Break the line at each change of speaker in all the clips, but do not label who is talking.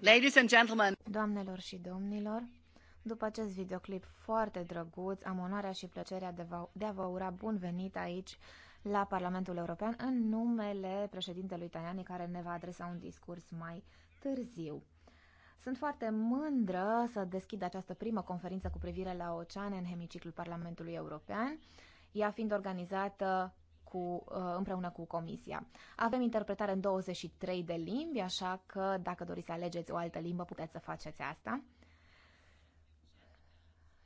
Ladies and gentlemen. Doamnelor și domnilor, după acest videoclip foarte drăguț, am onoarea și plăcerea de, va, de a vă ura bun venit aici la Parlamentul European în numele președintelui Tajani care ne va adresa un discurs mai târziu. Sunt foarte mândră să deschid această primă conferință cu privire la oceane în hemiciclul Parlamentului European, ea fiind organizată cu, uh, împreună cu Comisia. Avem interpretare în 23 de limbi, așa că dacă doriți să alegeți o altă limbă, puteți să faceți asta.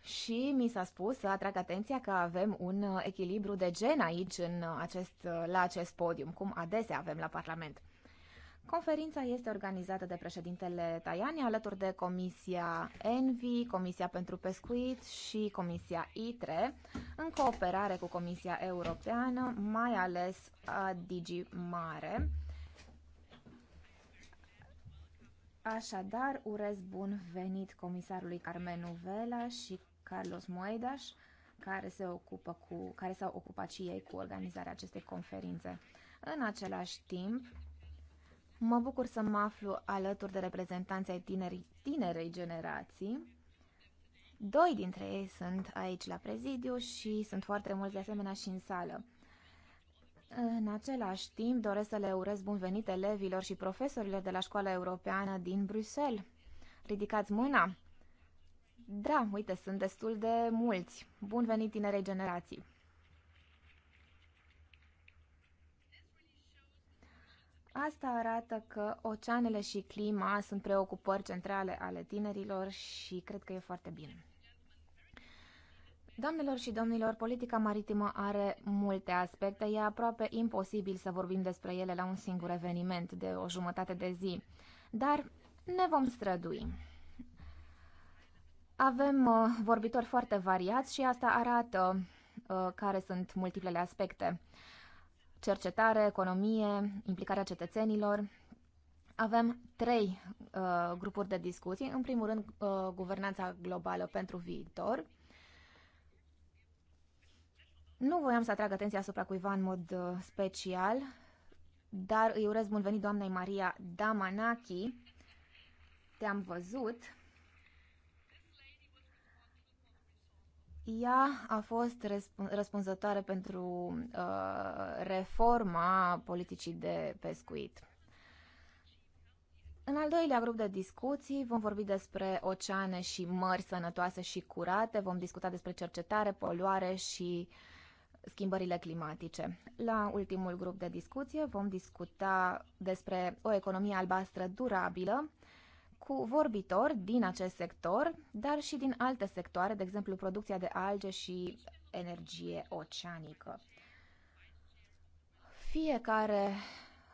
Și mi s-a spus să atrag atenția că avem un uh, echilibru de gen aici, în uh, acest, la acest podium, cum adesea avem la Parlament. Conferința este organizată de președintele Tajani alături de Comisia ENVI, Comisia pentru Pescuit și Comisia ITRE, în cooperare cu Comisia Europeană, mai ales a Digi Mare. Așadar, urez bun venit comisarului Carmenu Vela și Carlos Moedas, care se ocupă cu, care s-au ocupat și ei cu organizarea acestei conferințe. În același timp, Mă bucur să mă aflu alături de reprezentanții ai tinerii, tinerei generații. Doi dintre ei sunt aici la prezidiu și sunt foarte mulți de asemenea și în sală. În același timp, doresc să le urez bun venit elevilor și profesorilor de la Școala Europeană din Bruxelles. Ridicați mâna! Da, uite, sunt destul de mulți. Bun venit tinerei generații! Asta arată că oceanele și clima sunt preocupări centrale ale tinerilor și cred că e foarte bine. Doamnelor și domnilor, politica maritimă are multe aspecte, e aproape imposibil să vorbim despre ele la un singur eveniment de o jumătate de zi, dar ne vom strădui. Avem uh, vorbitori foarte variați și asta arată uh, care sunt multiplele aspecte. Uh, cercetare, economie, implicarea cetățenilor. Avem trei uh, grupuri de discuții. În primul rând, uh, guvernanța globală pentru viitor. Nu voiam să atrag atenția asupra cuiva în mod uh, special, dar îi urez bun venit doamnei Maria Damanaki. Te-am văzut. Ea a fost răspunzătoare pentru uh, reforma politicii de pescuit. În al doilea grup de discuții vom vorbi despre oceane și mări sănătoase și curate, vom discuta despre cercetare, poluare și schimbările climatice. La ultimul grup de discuție vom discuta despre o economie albastră durabilă, cu vorbitori din acest sector, dar și din alte sectoare, de exemplu producția de alge și energie oceanică. Fiecare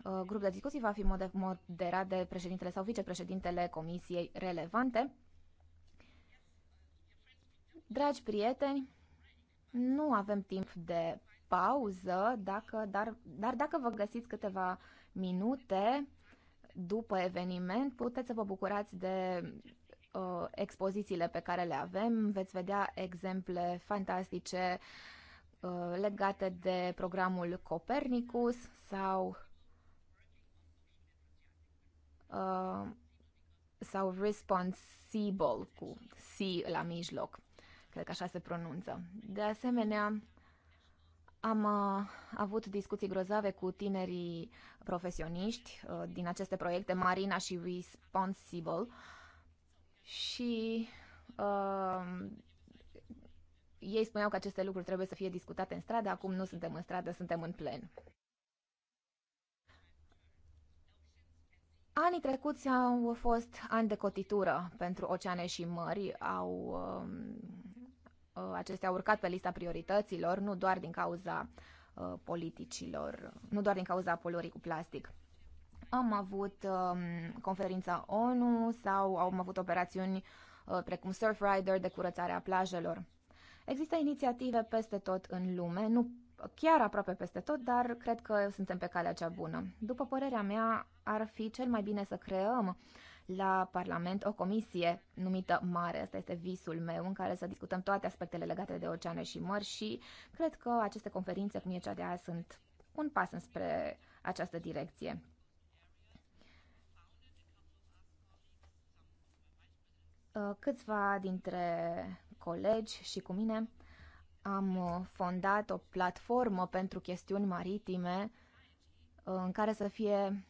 uh, grup de discuții va fi moderat de președintele sau vicepreședintele comisiei relevante. Dragi prieteni, nu avem timp de pauză, dacă, dar, dar dacă vă găsiți câteva minute, după eveniment puteți să vă bucurați de uh, expozițiile pe care le avem. Veți vedea exemple fantastice uh, legate de programul Copernicus sau uh, sau responsible cu C la mijloc. Cred că așa se pronunță. De asemenea, am uh, avut discuții grozave cu tinerii profesioniști uh, din aceste proiecte, Marina și Responsible, și uh, ei spuneau că aceste lucruri trebuie să fie discutate în stradă, acum nu suntem în stradă, suntem în plen. Anii trecuți au fost ani de cotitură pentru oceane și mări, au um, Uh, acestea urcat pe lista priorităților, nu doar din cauza uh, politicilor, nu doar din cauza poluării cu plastic. Am avut um, conferința ONU sau am avut operațiuni uh, precum Surf Rider de curățare a plajelor. Există inițiative peste tot în lume, nu chiar aproape peste tot, dar cred că suntem pe calea cea bună. După părerea mea, ar fi cel mai bine să creăm la Parlament o comisie numită Mare, asta este visul meu, în care să discutăm toate aspectele legate de oceane și mări și cred că aceste conferințe, cum e cea de azi, sunt un pas înspre această direcție. Uh, câțiva dintre colegi și cu mine am uh, fondat o platformă pentru chestiuni maritime uh, în care să fie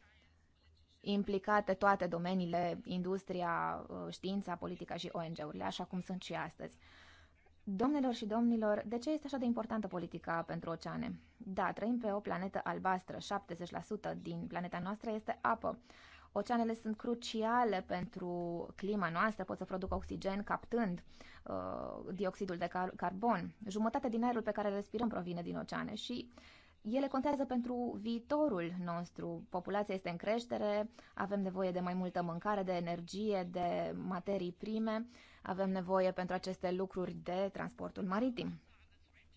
implicate toate domeniile, industria, uh, știința, politica și ONG-urile, așa cum sunt și astăzi. Domnilor și domnilor, de ce este așa de importantă politica pentru oceane? Da, trăim pe o planetă albastră, 70% din planeta noastră este apă. Oceanele sunt cruciale pentru clima noastră, pot să producă oxigen captând uh, dioxidul de car- carbon. Jumătate din aerul pe care îl respirăm provine din oceane și uh, ele contează pentru viitorul nostru. Populația este în creștere, avem nevoie de mai multă mâncare, de energie, de materii prime, avem nevoie pentru aceste lucruri de transportul maritim.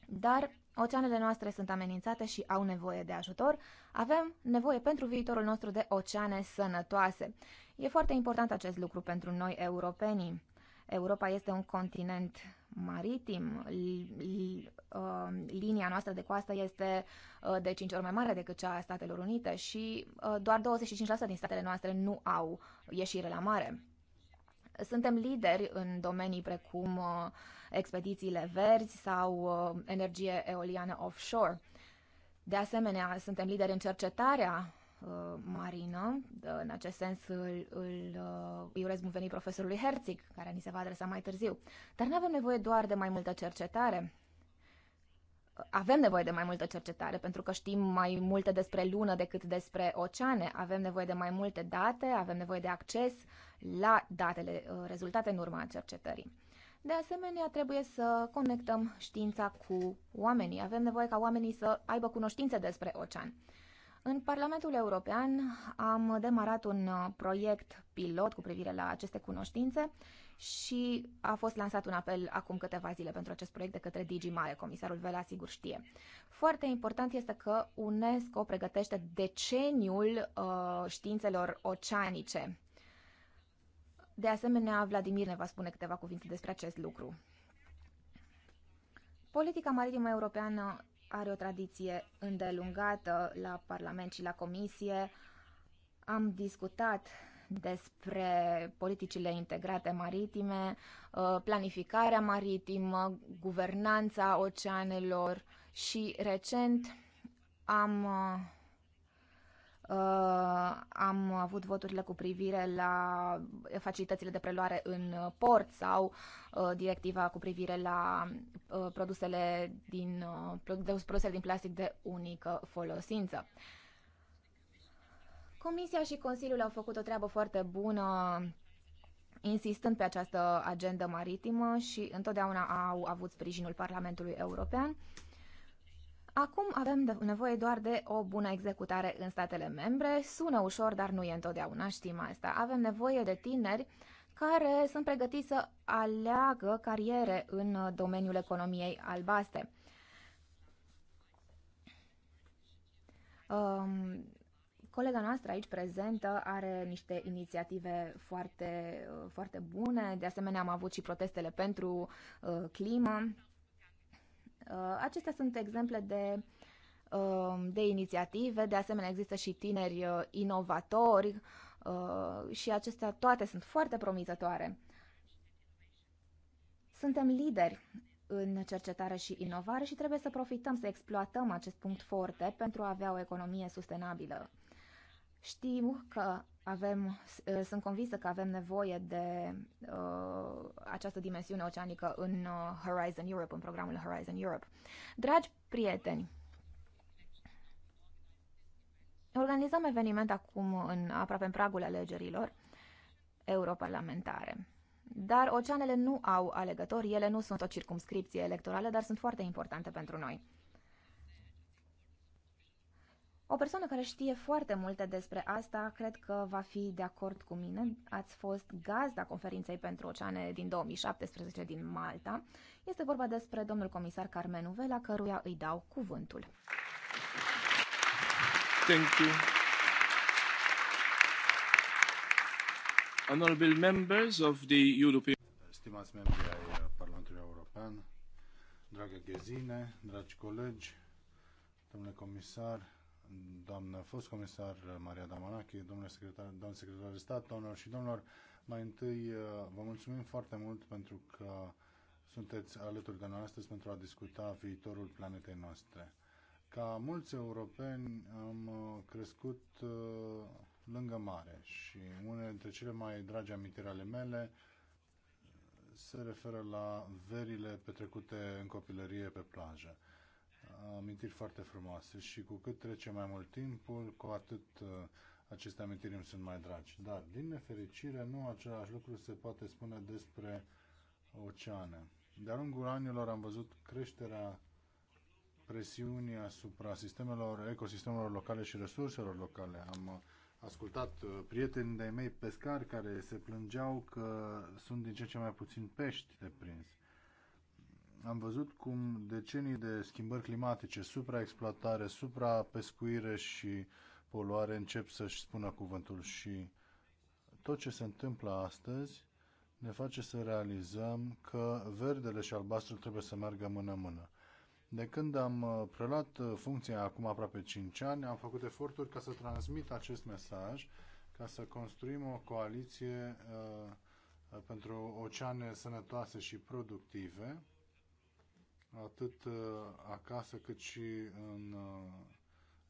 Dar oceanele noastre sunt amenințate și au nevoie de ajutor. Avem nevoie pentru viitorul nostru de oceane sănătoase. E foarte important acest lucru pentru noi, europenii. Europa este un continent maritim. Uh, linia noastră de coastă este uh, de 5 ori mai mare decât cea a Statelor Unite și uh, doar 25% din statele noastre nu au ieșire la mare. Suntem lideri în domenii precum expedițiile verzi sau energie eoliană offshore. De asemenea, suntem lideri în cercetarea Uh, marină. Uh, în acest sens îl, îl uh, îi urez bun venit profesorului Herzig, care ni se va adresa mai târziu. Dar nu avem nevoie doar de mai multă cercetare. Avem nevoie de mai multă cercetare, pentru că știm mai multe despre lună decât despre oceane. Avem nevoie de mai multe date, avem nevoie de acces la datele uh, rezultate în urma cercetării. De asemenea, trebuie să conectăm știința cu oamenii. Avem nevoie ca oamenii să aibă cunoștințe despre ocean. În Parlamentul European am demarat un uh, proiect pilot cu privire la aceste cunoștințe și a fost lansat un apel acum câteva zile pentru acest proiect de către Digi Mare, comisarul Vela sigur știe. Foarte important este că UNESCO pregătește deceniul uh, științelor oceanice. De asemenea, Vladimir ne va spune câteva cuvinte despre acest lucru. Politica maritimă europeană are o tradiție îndelungată la Parlament și la Comisie. Am discutat despre politicile integrate maritime, uh, planificarea maritimă, guvernanța oceanelor și recent am uh, Uh, am avut voturile cu privire la facilitățile de preluare în port sau uh, directiva cu privire la uh, produsele din, produsele din plastic de unică folosință. Comisia și Consiliul au făcut o treabă foarte bună insistând pe această agendă maritimă și întotdeauna au avut sprijinul Parlamentului European. Acum avem nevoie doar de o bună executare în statele membre. Sună ușor, dar nu e întotdeauna, știm asta. Avem nevoie de tineri care sunt pregătiți să aleagă cariere în domeniul economiei albaste. Um, colega noastră aici prezentă are niște inițiative foarte, foarte bune. De asemenea, am avut și protestele pentru uh, climă. Uh, acestea sunt exemple de, um, de inițiative, de asemenea există și tineri uh, inovatori uh, și acestea toate sunt foarte promițătoare. Suntem lideri în cercetare și inovare și trebuie să profităm, să exploatăm acest punct forte pentru a avea o economie sustenabilă. Știm că avem, eh, sunt convinsă că avem nevoie de uh, această dimensiune oceanică în uh, Horizon Europe, în programul Horizon Europe. Dragi prieteni, organizăm eveniment acum în, aproape în pragul alegerilor europarlamentare. Dar oceanele nu au alegători, ele nu sunt o circumscripție electorală, dar sunt foarte importante pentru noi. O persoană care știe foarte multe despre asta, cred că va fi de acord cu mine. Ați fost gazda conferinței pentru oceane din 2017 din Malta. Este vorba despre domnul comisar Carmen Uvela, căruia îi dau cuvântul. Thank you. Honorable
members of the European... Stimați membri ai Parlamentului European, dragă Ghezine, dragi colegi, domnule comisar, doamnă fost comisar Maria Damanache, domnule secretar, domnul secretar de stat, domnilor și domnilor, mai întâi uh, vă mulțumim foarte mult pentru că sunteți alături de noi astăzi pentru a discuta viitorul planetei noastre. Ca mulți europeni am uh, crescut uh, lângă mare și unele dintre cele mai dragi amintiri ale mele se referă la verile petrecute în copilărie pe plajă amintiri foarte frumoase și cu cât trece mai mult timpul, cu atât uh, aceste amintiri îmi sunt mai dragi. Dar, din nefericire, nu același lucru se poate spune despre oceane. De-a lungul anilor am văzut creșterea presiunii asupra sistemelor, ecosistemelor locale și resurselor locale. Am uh, ascultat uh, prieteni de mei pescari care se plângeau că sunt din ce ce mai puțin pești de prins am văzut cum decenii de schimbări climatice, supraexploatare, suprapescuire și poluare încep să-și spună cuvântul și tot ce se întâmplă astăzi ne face să realizăm că verdele și albastru trebuie să meargă mână-mână. De când am uh, preluat uh, funcția acum aproape 5 ani, am făcut eforturi ca să transmit acest mesaj, ca să construim o coaliție uh, uh pentru oceane sănătoase și productive atât uh, acasă cât și în uh,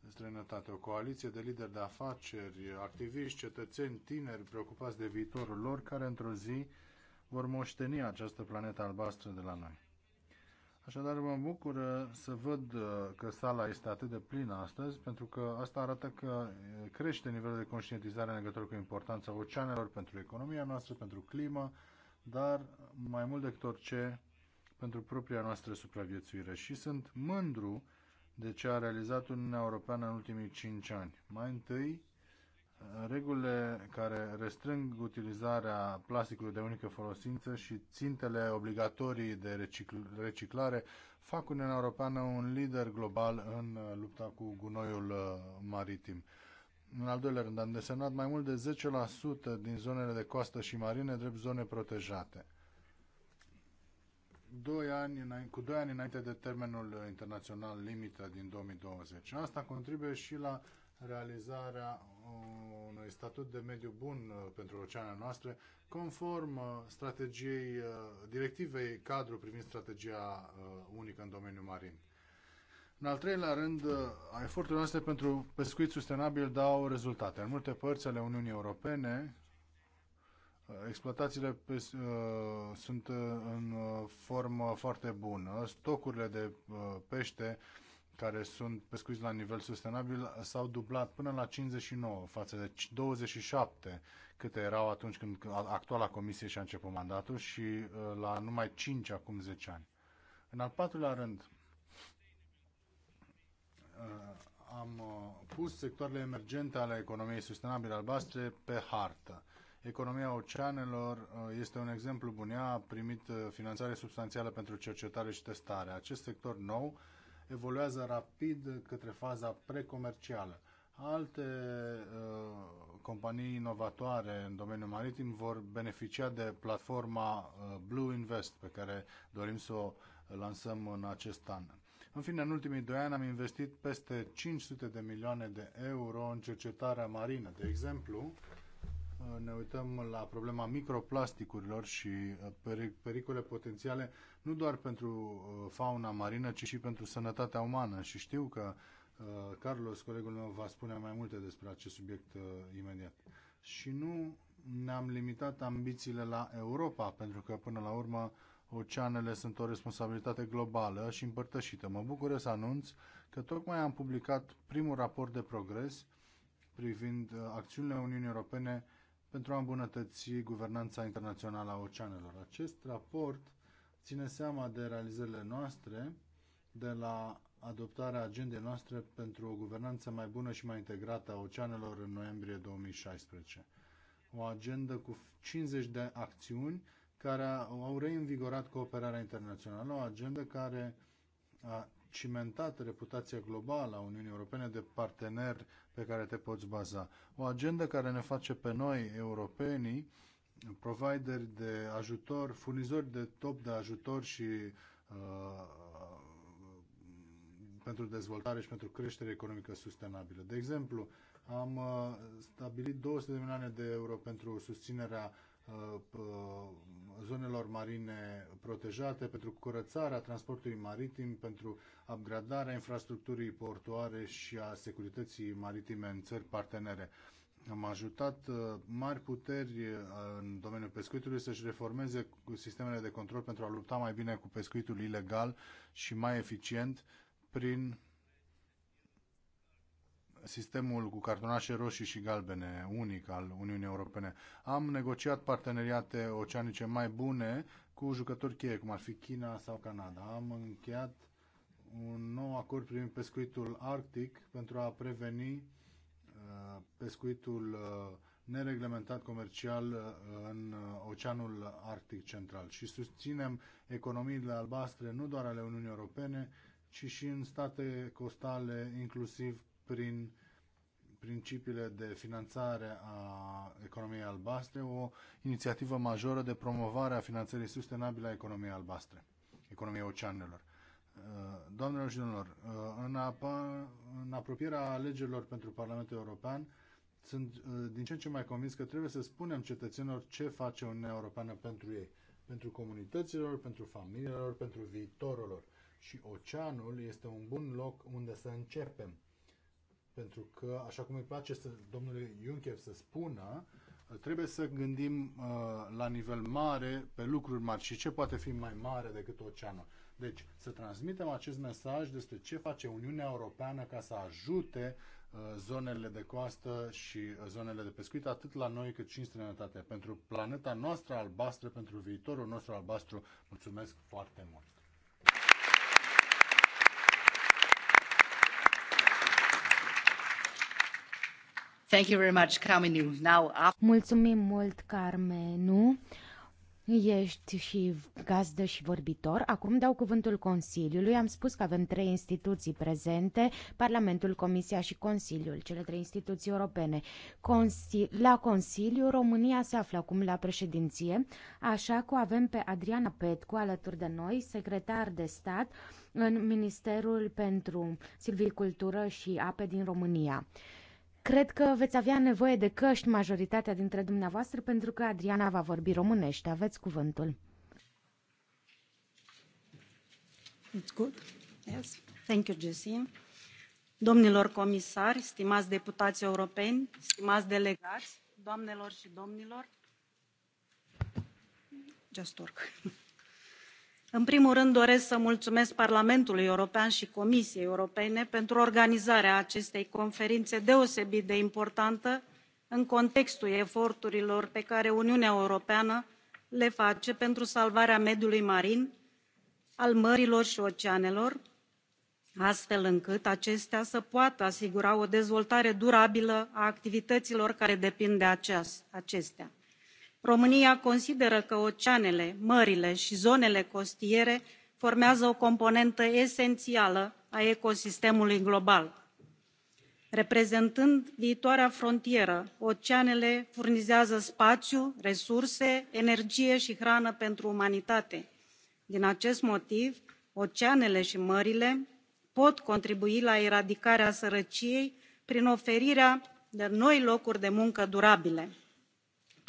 străinătate. O coaliție de lideri de afaceri, activiști, cetățeni, tineri preocupați de viitorul lor, care într-o zi vor moșteni această planetă albastră de la noi. Așadar, mă bucur uh, să văd că sala este atât de plină astăzi, pentru că asta arată că crește nivelul de conștientizare în legătură cu importanța oceanelor pentru economia noastră, pentru climă, dar mai mult decât orice, pentru propria noastră supraviețuire și sunt mândru de ce a realizat Uniunea Europeană în ultimii 5 ani. Mai întâi, regulile care restrâng utilizarea plasticului de unică folosință și țintele obligatorii de recicl- reciclare fac Uniunea Europeană un lider global în lupta cu gunoiul uh, maritim. În al doilea rând, am desemnat mai mult de 10% din zonele de coastă și marine drept zone protejate. 2 ani, cu 2 ani înainte de termenul internațional limită din 2020. Asta contribuie și la realizarea unui statut de mediu bun uh, pentru oceanele noastre, conform uh, strategiei, uh, directivei cadru privind strategia unică în domeniul marin. În al treilea rând, eforturile noastre pentru pescuit sustenabil dau rezultate. În multe părți ale Uniunii Europene, Exploatațiile pe, uh, sunt uh, în uh, formă foarte bună. Stocurile de uh, pește care sunt pescuiți la nivel sustenabil s-au dublat până la 59 față de 27 câte erau atunci când actuala comisie și-a început mandatul și uh, la numai 5 acum 10 ani. În al patrulea rând, uh, am pus sectoarele emergente ale economiei sustenabile albastre pe hartă. Economia oceanelor uh, este un exemplu bun. Ea a primit uh, finanțare substanțială pentru cercetare și testare. Acest sector nou evoluează rapid către faza precomercială. Alte uh, companii inovatoare în domeniul maritim vor beneficia de platforma uh, Blue Invest pe care dorim să o lansăm în acest an. În fine, în ultimii doi ani am investit peste 500 de milioane de euro în cercetarea marină. De exemplu, ne uităm la problema microplasticurilor și uh, pericole potențiale nu doar pentru uh, fauna marină, ci și pentru sănătatea umană. Și știu că uh, Carlos, colegul meu, va spune mai multe despre acest subiect imediat. Și nu ne-am limitat ambițiile la Europa, pentru că până la urmă oceanele sunt o responsabilitate globală și împărtășită. Mă bucur să anunț că tocmai am publicat primul raport de progres privind acțiunile Uniunii Europene pentru a îmbunătăți guvernanța internațională a oceanelor. Acest raport ține seama de realizările noastre de la adoptarea agendei noastre pentru o guvernanță mai bună și mai integrată a oceanelor în noiembrie 2016. O agendă cu 50 de acțiuni care au reinvigorat cooperarea internațională, o agendă care a cimentat reputația globală a Uniunii Europene de partener pe care te poți baza. O agendă care ne face pe noi, europenii, provideri de ajutor, furnizori de top de ajutor și uh, pentru dezvoltare și pentru creștere economică sustenabilă. De exemplu, am uh, stabilit 200 de milioane de euro pentru susținerea Uh, zonelor marine protejate, pentru curățarea transportului maritim, pentru upgradarea infrastructurii portoare și a securității maritime în țări partenere. Am ajutat uh, mari puteri uh, în domeniul pescuitului să-și reformeze sistemele de control pentru a lupta mai bine cu pescuitul ilegal și mai eficient prin sistemul cu cartonașe roșii și galbene unic al Uniunii Europene. Am negociat parteneriate oceanice mai bune cu jucători cheie, cum ar fi China sau Canada. Am încheiat un nou acord privind pescuitul arctic pentru a preveni uh, pescuitul uh, nereglementat comercial uh, în Oceanul Arctic Central și susținem economiile albastre nu doar ale Uniunii Europene, ci și în state costale, inclusiv prin principiile de finanțare a economiei albastre, o inițiativă majoră de promovare a finanțării sustenabile a economiei albastre, economiei oceanelor. Uh, doamnelor și domnilor, uh, în, apa, în apropierea alegerilor pentru Parlamentul European, sunt uh, din ce în ce mai convins că trebuie să spunem cetățenilor ce face Uniunea Europeană pentru ei, pentru comunităților, pentru familiilor, pentru viitorul lor. Și oceanul este un bun loc unde să începem pentru că, așa cum îi place să, domnului Juncker să spună, trebuie să gândim uh, la nivel mare pe lucruri mari și ce poate fi mai mare decât oceanul. Deci să transmitem acest mesaj despre ce face Uniunea Europeană ca să ajute uh, zonele de coastă și uh, zonele de pescuit atât la noi cât și în străinătate. Pentru planeta noastră albastră, pentru viitorul nostru albastru, mulțumesc foarte mult!
Thank you very much, Carmenu. Now,
Mulțumim mult, Carmenu. Ești și gazdă și vorbitor. Acum dau cuvântul Consiliului. Am spus că avem trei instituții prezente, Parlamentul, Comisia și Consiliul, cele trei instituții europene. Consili... la Consiliu, România se află acum la președinție, așa că avem pe Adriana Petcu alături de noi, secretar de stat în Ministerul pentru Silvicultură și Ape din România. Cred că veți avea nevoie de căști majoritatea dintre dumneavoastră pentru că Adriana va vorbi românește. Aveți cuvântul. It's good.
Yes. Thank you, Jessie. Domnilor comisari, stimați deputați europeni, stimați delegați, doamnelor și domnilor, just work în primul rând doresc să mulțumesc parlamentului european și comisiei europene pentru organizarea acestei conferințe deosebit de importante în contextul eforturilor pe care uniunea europeană le face pentru salvarea mediului marin al mărilor și oceanelor astfel încât acestea să poată asigura o dezvoltare durabilă a activităților care depind de acestea românia consideră că oceanele mările și zonele costiere formează o componentă esențială a ecosistemului global. reprezentând viitoarea frontieră oceanele furnizează spațiu resurse energie și hrană pentru umanitate. din acest motiv oceanele și mările pot contribui la eradicarea sărăciei prin oferirea de noi locuri de muncă durabile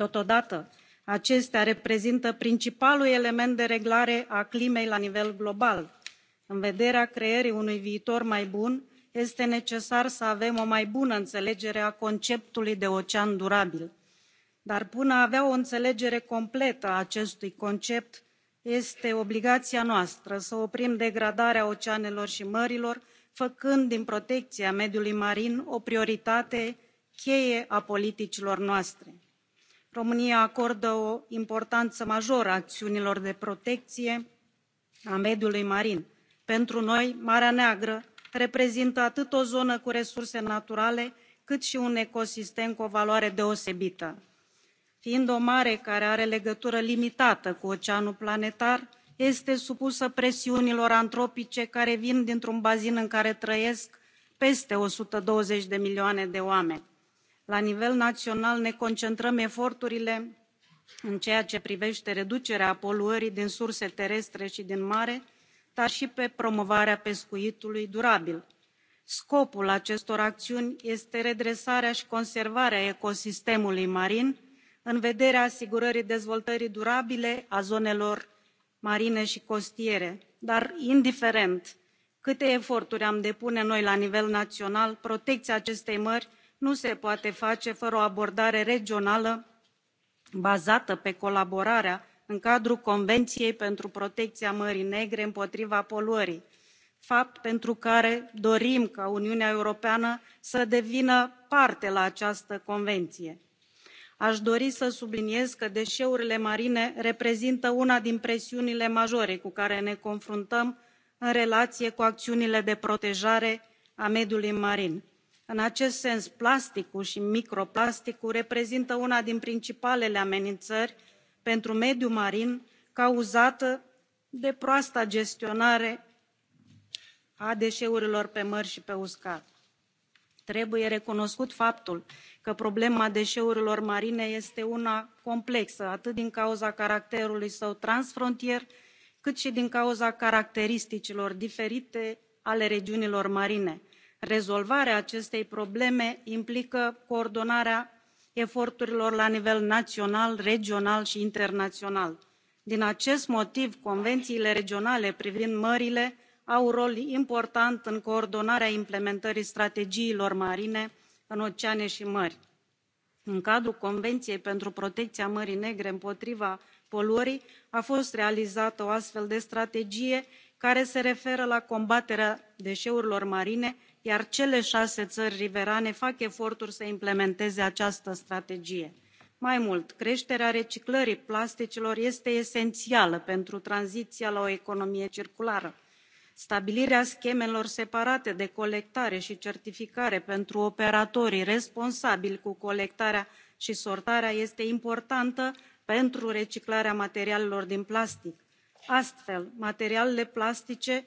totodată acestea reprezintă principalul element de reglare a climei la nivel global. în vederea creării unui viitor mai bun este necesar să avem o mai bună înțelegere a conceptului de ocean durabil dar până a avea o înțelegere completă a acestui concept este obligația noastră să oprim degradarea oceanelor și mărilor făcând din protecția mediului marin o prioritate cheie a politicilor noastre românia acordă o importanță majoră acțiunilor de protecție a mediului marin. pentru noi marea neagră reprezintă atât o zonă cu resurse naturale cât și un ecosistem cu o valoare deosebită. fiind o mare care are legătură limitată cu oceanul planetar este supusă presiunilor antropice care vin dintr un bazin în care trăiesc peste o sută douăzeci de milioane de oameni la nivel național ne concentrăm eforturile în ceea ce privește reducerea poluării din surse terestre și din mare dar și pe promovarea pescuitului durabil. scopul acestor acțiuni este redresarea și conservarea ecosistemului marin în vederea asigurării dezvoltării durabile a zonelor marine și costiere dar indiferent câte eforturi am depune noi la nivel național protecția acestei mări nu se poate face fără o abordare regională bazată pe colaborarea în cadrul convenției pentru protecția mării negre împotriva poluării fapt pentru care dorim ca uniunea europeană să devină parte la această convenție. aș dori să subliniez că deșeurile marine reprezintă una din presiunile majore cu care ne confruntăm în relație cu acțiunile de protejare a mediului marin în acest sens plasticul și microplasticul reprezintă una din principalele amenințări pentru mediul marin cauzată de proasta gestionare a deșeurilor pe mări și pe uscat. trebuie recunoscut faptul că problema deșeurilor marine este una complexă atât din cauza caracterului său transfrontier cât și din cauza caracteristicilor diferite ale regiunilor marine rezolvarea acestei probleme implică coordonarea eforturilor la nivel național regional și internațional. din acest motiv convențiile regionale privind mările au un rol important în coordonarea implementării strategiilor marine în oceane și mări. în cadrul convenției pentru protecția mării negre împotriva poluării a fost realizată o astfel de strategie care se referă la combaterea deșeurilor marine iar cele șase țări riverane fac eforturi să implementeze această strategie. mai mult creșterea reciclării plasticelor este esențială pentru tranziția la o economie circulară. stabilirea schemelor separate de colectare și certificare pentru operatorii responsabili cu colectarea și sortarea este importantă pentru reciclarea materialelor din plastic astfel materialele plastice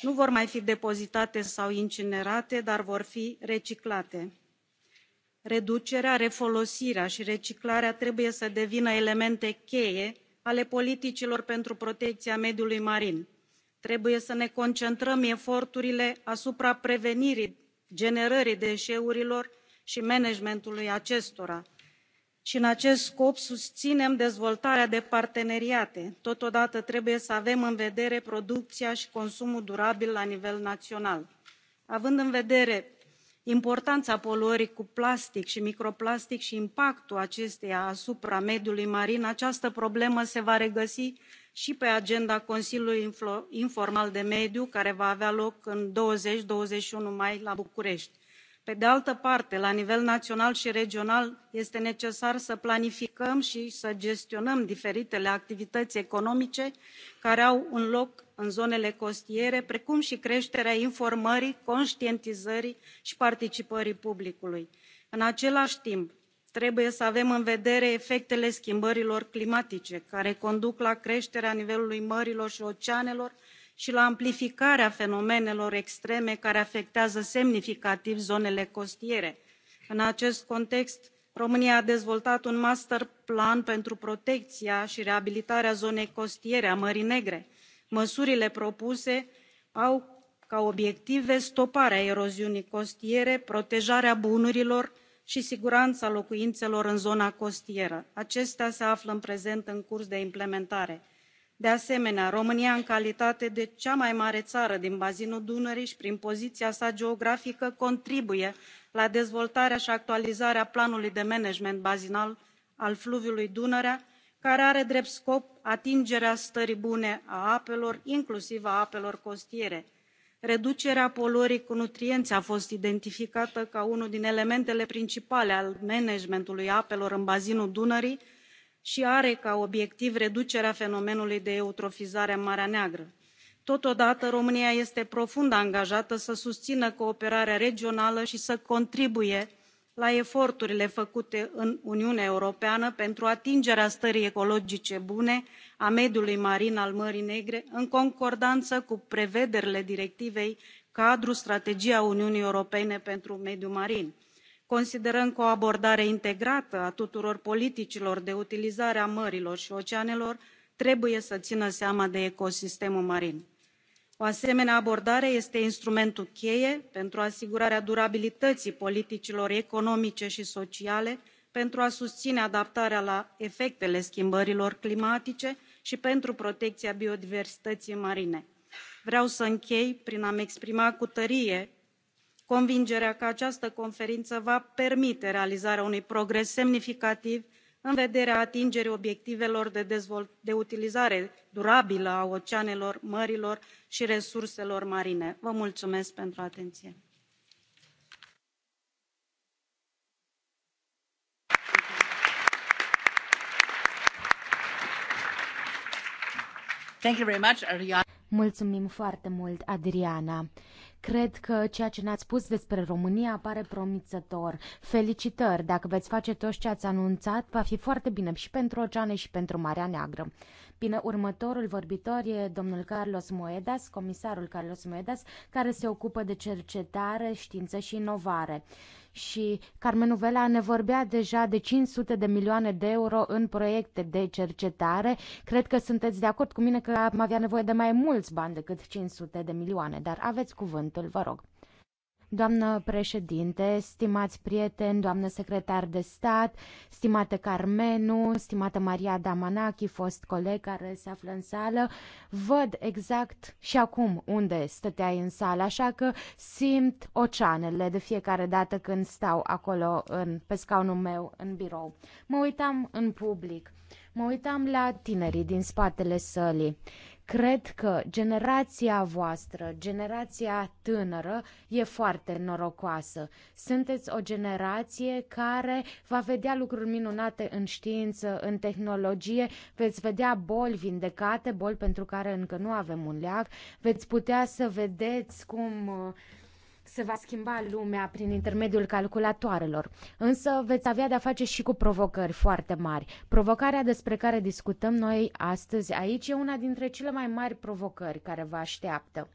nu vor mai fi depozitate sau incinerate dar vor fi reciclate. reducerea refolosirea și reciclarea trebuie să devină elemente cheie ale politicilor pentru protecția mediului marin. trebuie să ne concentrăm eforturile asupra prevenirii generării deșeurilor și managementului acestora și în acest scop susținem dezvoltarea de parteneriate totodată trebuie să avem în vedere producția și consumul durabil la nivel național. având în vedere importanța poluării cu plastic și microplastic și impactul acesteia asupra mediului marin această problemă se va regăsi și pe agenda consiliului informal de mediu care va avea loc în douăzeci douăzeci și unu mai la bucurești pe de altă parte la nivel național și regional este necesar să planificăm și să gestionăm diferitele activități economice care au un loc în zonele costiere precum și creșterea informării conștientizării și participării publicului. în același timp trebuie să avem în vedere efectele schimbărilor climatice care conduc la creșterea nivelului mărilor și oceanelor și la amplificarea fenomenelor extreme care afectează semnificativ zonele costiere. în acest context românia a dezvoltat un master plan pentru protecția și reabilitarea zonei costiere a mării negre. măsurile propuse au ca obiective stoparea eroziunii costiere protejarea bunurilor și siguranța locuințelor în zona costieră. acestea se află în prezent în curs de implementare de asemenea românia în calitate de cea mai mare țară din bazinul dunării și prin poziția sa geografică contribuie la dezvoltarea și actualizarea planului de management bazinal al fluviului dunărea care are drept scop atingerea stării bune a apelor inclusiv a apelor costiere. reducerea poluării cu nutrienți a fost identificată ca unul din elementele principale ale managementului apelor în bazinul dunării și are ca obiectiv reducerea fenomenului de eutrofizare în marea neagră. totodată românia este profund angajată să susțină cooperarea regională și să contribuie la eforturile făcute în uniunea europeană pentru atingerea stării ecologice bune a mediului marin al mării negre în concordanță cu prevederile directivei cadru strategia uniunii europene pentru mediul marin considerăm că o abordare integrată a tuturor politicilor de utilizare a mărilor și oceanelor trebuie să țină seama de ecosistemul marin. o asemenea abordare este instrumentul cheie pentru asigurarea durabilității politicilor economice și sociale pentru a susține adaptarea la efectele schimbărilor climatice și pentru protecția biodiversității marine. vreau să închei prin a mi exprima cu tărie convingerea că această conferință va permite realizarea unui progres semnificativ în vederea atingerii obiectivelor de utilizare durabilă a oceanelor mărilor și resurselor marine. vă mulțumesc pentru atenție.
Mulțumim foarte mult, Adriana. Cred că ceea ce ne-ați spus despre România pare promițător. Felicitări! Dacă veți face tot ce ați anunțat, va fi foarte bine și pentru oceane și pentru Marea Neagră. Bine, următorul vorbitor e domnul Carlos Moedas, comisarul Carlos Moedas, care se ocupă de cercetare, știință și inovare. Și Carmen Uvela ne vorbea deja de 500 de milioane de euro în proiecte de cercetare. Cred că sunteți de acord cu mine că am avea nevoie de mai mulți bani decât 500 de milioane, dar aveți cuvântul, vă rog. Doamnă președinte, stimați prieteni, doamnă secretar de stat, stimată Carmenu, stimată Maria Damanachi, fost coleg care se află în sală, văd exact și acum unde stăteai în sală, așa că simt oceanele de fiecare dată când stau acolo în, pe scaunul meu în birou. Mă uitam în public, mă uitam la tinerii din spatele sălii Cred că generația voastră, generația tânără, e foarte norocoasă. Sunteți o generație care va vedea lucruri minunate în știință, în tehnologie, veți vedea boli vindecate, boli pentru care încă nu avem un leac, veți putea să vedeți cum uh, se va schimba lumea prin intermediul calculatoarelor, însă veți avea de-a face și cu provocări foarte mari. Provocarea despre care discutăm noi astăzi aici e una dintre cele mai mari provocări care vă așteaptă.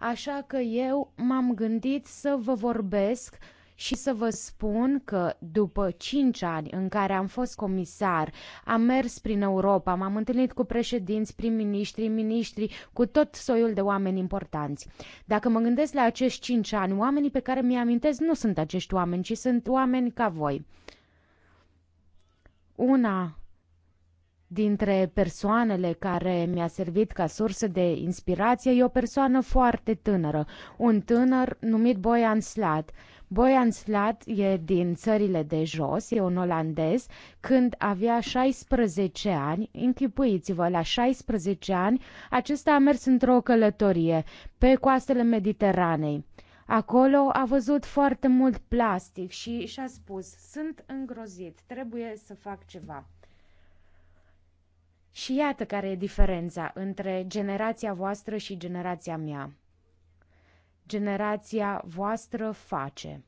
Așa că eu m-am gândit să vă vorbesc și să vă spun că după 5 ani în care am fost comisar, am mers prin Europa, m-am întâlnit cu președinți, prim-ministri, ministri, cu tot soiul de oameni importanți. Dacă mă gândesc la acești 5 ani, oamenii pe care mi-i amintesc nu sunt acești oameni, ci sunt oameni ca voi. Una dintre persoanele care mi-a servit ca sursă de inspirație e o persoană foarte tânără, un tânăr numit Boyan Slat. Boyan Slat e din țările de jos, e un olandez, când avea 16 ani, închipuiți-vă, la 16 ani, acesta a mers într-o călătorie pe coastele Mediteranei. Acolo a văzut foarte mult plastic și și-a spus, sunt îngrozit, trebuie să fac ceva. Și iată care e diferența între generația voastră și generația mea. Generația voastră face.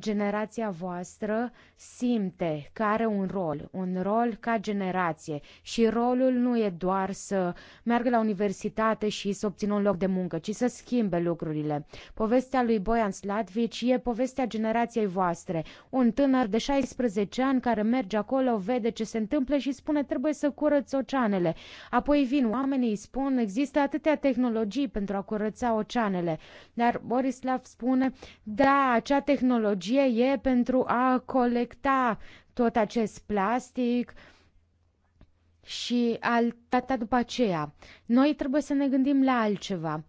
Generația voastră simte că are un rol, un rol ca generație și rolul nu e doar să meargă la universitate și să obțină un loc de muncă, ci să schimbe lucrurile. Povestea lui Bojan Slatvici e povestea generației voastre. Un tânăr de 16 ani care merge acolo, vede ce se întâmplă și spune trebuie să curăț oceanele. Apoi vin oamenii, îi spun există atâtea tehnologii pentru a curăța oceanele. Dar Borislav spune, da, acea tehnologie tehnologie e pentru a colecta tot acest plastic și al tata după aceea. Noi trebuie să ne gândim la altceva.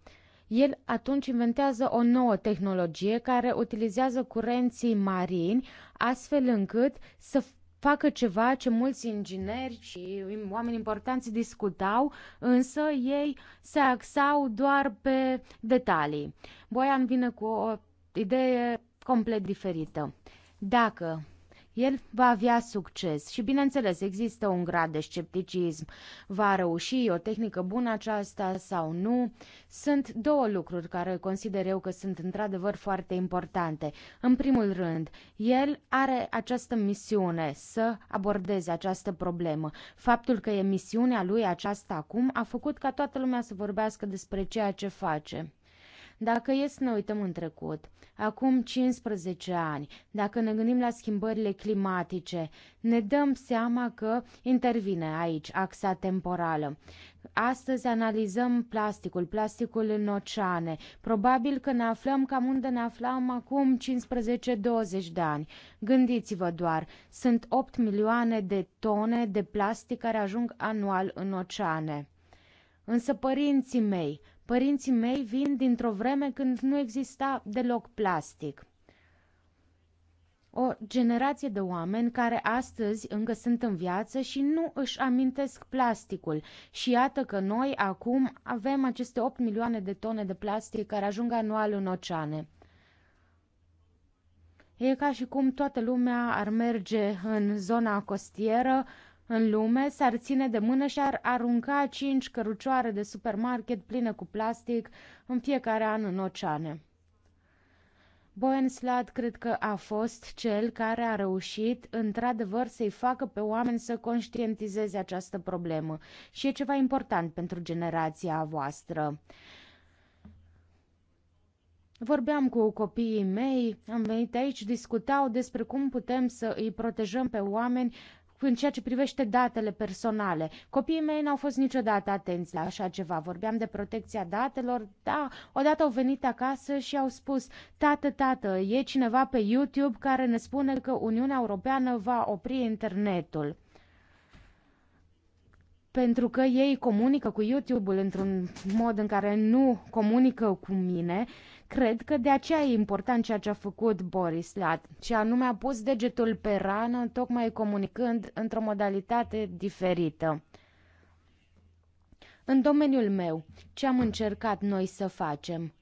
El atunci inventează o nouă tehnologie care utilizează curenții marini astfel încât să facă ceva ce mulți ingineri și oameni importanți discutau, însă ei se axau doar pe detalii. Boian vine cu o idee complet diferită. Dacă el va avea succes și, bineînțeles, există un grad de scepticism. Va reuși o tehnică bună aceasta sau nu? Sunt două lucruri care consider eu că sunt într-adevăr foarte importante. În primul rând, el are această misiune să abordeze această problemă. Faptul că e misiunea lui aceasta acum a făcut ca toată lumea să vorbească despre ceea ce face. Dacă e să ne uităm în trecut, acum 15 ani, dacă ne gândim la schimbările climatice, ne dăm seama că intervine aici axa temporală. Astăzi analizăm plasticul, plasticul în oceane. Probabil că ne aflăm cam unde ne aflam acum 15-20 de ani. Gândiți-vă doar, sunt 8 milioane de tone de plastic care ajung anual în oceane. Însă părinții mei, Părinții mei vin dintr-o vreme când nu exista deloc plastic. O generație de oameni care astăzi încă sunt în viață și nu își amintesc plasticul. Și iată că noi acum avem aceste 8 milioane de tone de plastic care ajung anual în oceane. E ca și cum toată lumea ar merge în zona costieră, uh, în lume s-ar ține de mână și ar arunca cinci cărucioare de supermarket pline cu plastic în fiecare an în oceane. Boenslad cred că a fost cel care a reușit într-adevăr să-i facă pe oameni să conștientizeze această problemă și e ceva important pentru generația voastră. Vorbeam cu copiii mei, am venit aici, discutau despre cum putem să îi protejăm pe oameni în ceea ce privește datele personale. Copiii mei n-au fost niciodată atenți la așa ceva. Vorbeam de protecția datelor, da, odată au venit acasă și au spus, tată, tată, e cineva pe YouTube care ne spune că Uniunea Europeană va opri internetul pentru că ei comunică cu YouTube-ul într-un mod în care nu comunică cu mine Cred că de aceea e important ceea ce a făcut Boris Lat, și anume a pus degetul pe rană, tocmai comunicând într-o modalitate diferită. În domeniul meu, ce am încercat noi să facem?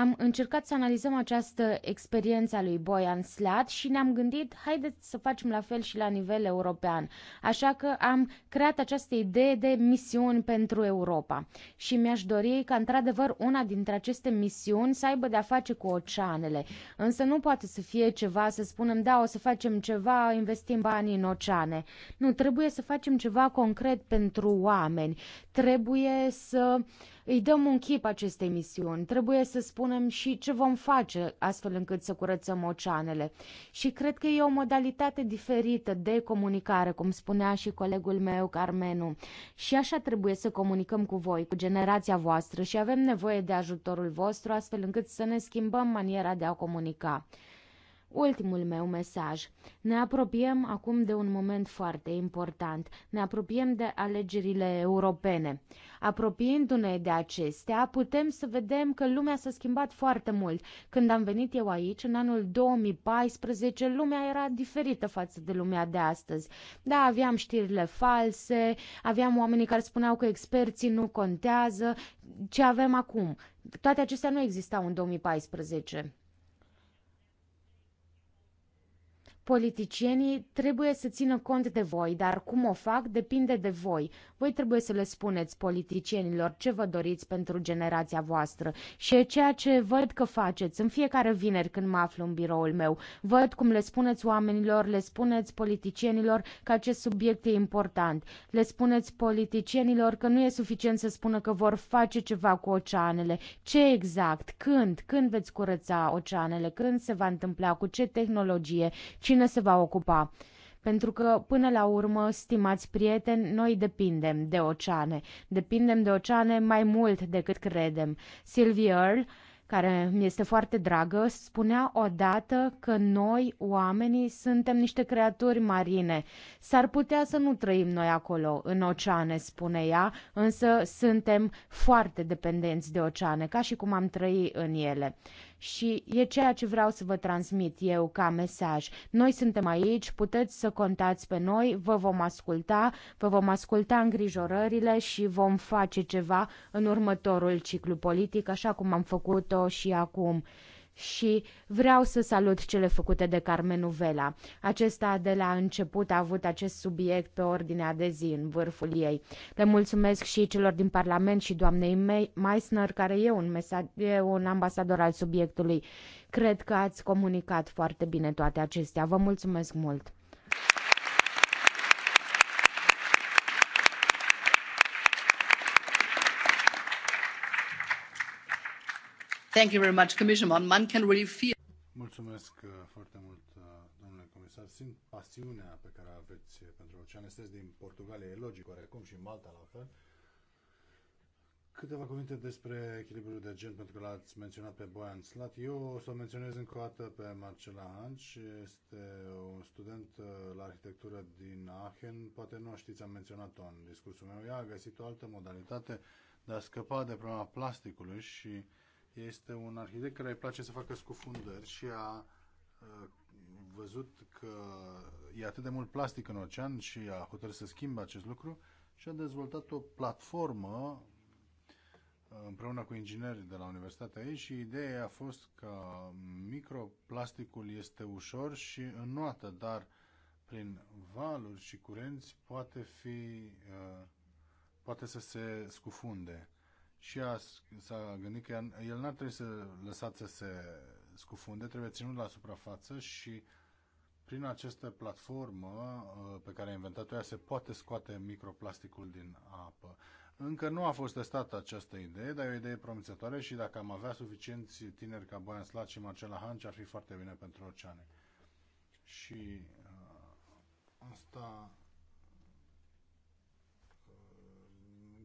Am încercat să analizăm această experiență a lui Boyan Slat și ne-am gândit, haideți să facem la fel și la nivel european. Așa că am creat această idee de misiuni pentru Europa. Și mi-aș dori ca, într-adevăr, una dintre aceste misiuni să aibă de-a face cu oceanele. Însă nu poate să fie ceva, să spunem, da, o să facem ceva, investim banii în oceane. Nu, trebuie să facem ceva concret pentru oameni. Trebuie să uh, îi dăm un chip acestei misiuni. Trebuie să spunem și ce vom face astfel încât să curățăm oceanele. Și cred că e o modalitate diferită de comunicare, cum spunea și colegul meu, Carmenu. Și așa trebuie să comunicăm cu voi, cu generația voastră și avem nevoie de ajutorul vostru astfel încât să ne schimbăm maniera de a comunica. Ultimul meu mesaj. Ne apropiem acum de un moment foarte important. Ne apropiem de alegerile europene. Apropiindu-ne de acestea, putem să vedem că lumea s-a schimbat foarte mult. Când am venit eu aici, în anul 2014, lumea era diferită față de lumea de astăzi. Da, aveam știrile false, aveam oamenii care spuneau că experții nu contează. Ce avem acum? Toate acestea nu existau în 2014. Politicienii trebuie să țină cont de voi, dar cum o fac depinde de voi. Voi trebuie să le spuneți politicienilor ce vă doriți pentru generația voastră și e ceea ce văd că faceți în fiecare vineri când mă aflu în biroul meu. Văd cum le spuneți oamenilor, le spuneți politicienilor că acest subiect e important. Le spuneți politicienilor că nu e suficient să spună că vor face ceva cu oceanele. Ce exact? Când? Când veți curăța oceanele? Când se va întâmpla? Cu ce tehnologie? Cine se va ocupa? Pentru că, până la urmă, stimați prieteni, noi depindem de oceane. Depindem de oceane mai mult decât credem. Sylvie Earle, care mi este foarte dragă, spunea odată că noi, oamenii, suntem niște creaturi marine. S-ar putea să nu trăim noi acolo, în oceane, spune ea, însă suntem foarte dependenți de oceane, ca și cum am trăi în ele. Și e ceea ce vreau să vă transmit eu ca mesaj. Noi suntem aici, puteți să contați pe noi, vă vom asculta, vă vom asculta îngrijorările și vom face ceva în următorul ciclu politic, așa cum am făcut-o și acum și vreau să salut cele făcute de Carmenu Vela. Acesta de la început a avut acest subiect pe ordinea de zi în vârful ei. Le mulțumesc și celor din Parlament și doamnei Meissner, care e un, mesaj, e un ambasador al subiectului. Cred că ați comunicat foarte bine toate acestea. Vă mulțumesc mult!
Mulțumesc
uh, foarte mult, uh, domnule comisar. Simt pasiunea pe care aveți pentru ocean. Sunteți din Portugalia, e logic, oarecum și Malta la fel. Câteva cuvinte despre echilibrul de gen, pentru că l-ați menționat pe Boyan Slat. Eu o să o menționez încă o dată pe Marcela Hanci, este un student uh, la arhitectură din Aachen. Poate nu știți, am menționat-o în discursul meu. Ea a găsit o altă modalitate de a scăpa de problema plasticului și este un arhitect care îi place să facă scufundări și a uh, văzut că e atât de mult plastic în ocean și a hotărât să schimbe acest lucru și a dezvoltat o platformă uh, împreună cu ingineri de la universitatea ei și ideea a fost că microplasticul este ușor și înnoată, dar prin valuri și curenți poate fi uh, poate să se scufunde și a, s-a gândit că el n-ar trebui să lăsați să se scufunde, trebuie ținut la suprafață și prin această platformă uh, pe care a inventat-o ea se poate scoate microplasticul din apă. Încă nu a fost testată această idee, dar e o idee promițătoare și dacă am avea suficienți tineri ca Boyan Slat și Marcela Hanci, ar fi foarte bine pentru oceane. Și uh, asta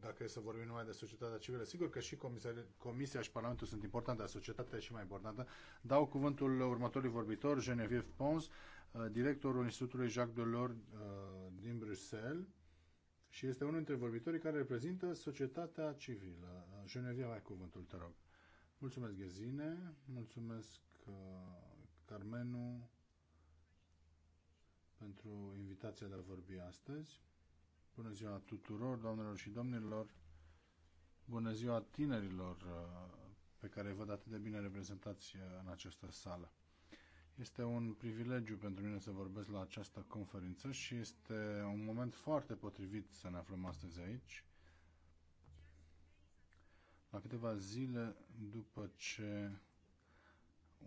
dacă e să vorbim numai de societatea civilă. Sigur că și comisia, comisia și Parlamentul sunt importante, dar societatea e și mai importantă. Dau cuvântul următorului vorbitor, Genevieve Pons, uh, directorul Institutului Jacques Delors uh, din Bruxelles și este unul dintre vorbitorii care reprezintă societatea civilă. Uh, Genevieve, ai cuvântul, te rog. Mulțumesc, Ghezine, mulțumesc, Carmenu, pentru invitația de a vorbi astăzi. Bună ziua tuturor, doamnelor și domnilor. Bună ziua tinerilor uh, pe care văd atât de bine reprezentați uh, în această sală. Este un privilegiu pentru mine să vorbesc la această conferință și este un moment foarte potrivit să ne aflăm astăzi aici. La câteva zile după ce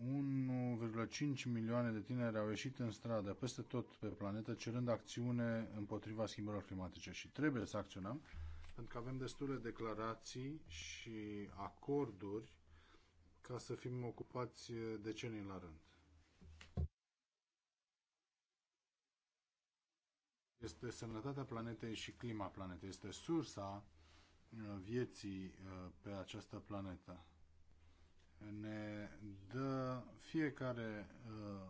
1,5 milioane de tineri au ieșit în stradă peste tot pe planetă cerând acțiune împotriva schimbărilor climatice și trebuie să acționăm pentru că avem destule declarații și acorduri ca să fim ocupați decenii la rând. Este sănătatea planetei și clima planetei. Este sursa uh, vieții uh, pe această planetă ne dă fiecare uh,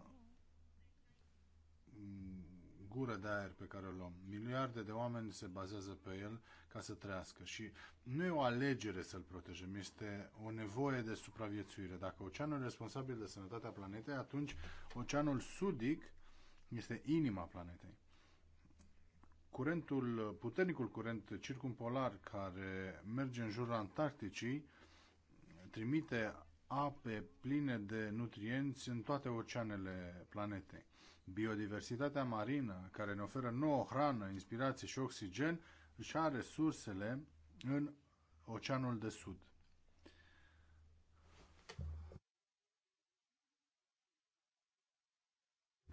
gură de aer pe care o luăm. Miliarde de oameni se bazează pe el ca să trăiască și nu e o alegere să-l protejăm, este o nevoie de supraviețuire. Dacă oceanul e responsabil de sănătatea planetei, atunci oceanul sudic este inima planetei. Curentul, puternicul curent circumpolar care merge în jurul Antarcticii trimite ape pline de nutrienți în toate oceanele planetei. Biodiversitatea marină, care ne oferă nouă hrană, inspirație și oxigen, își are resursele în Oceanul de Sud.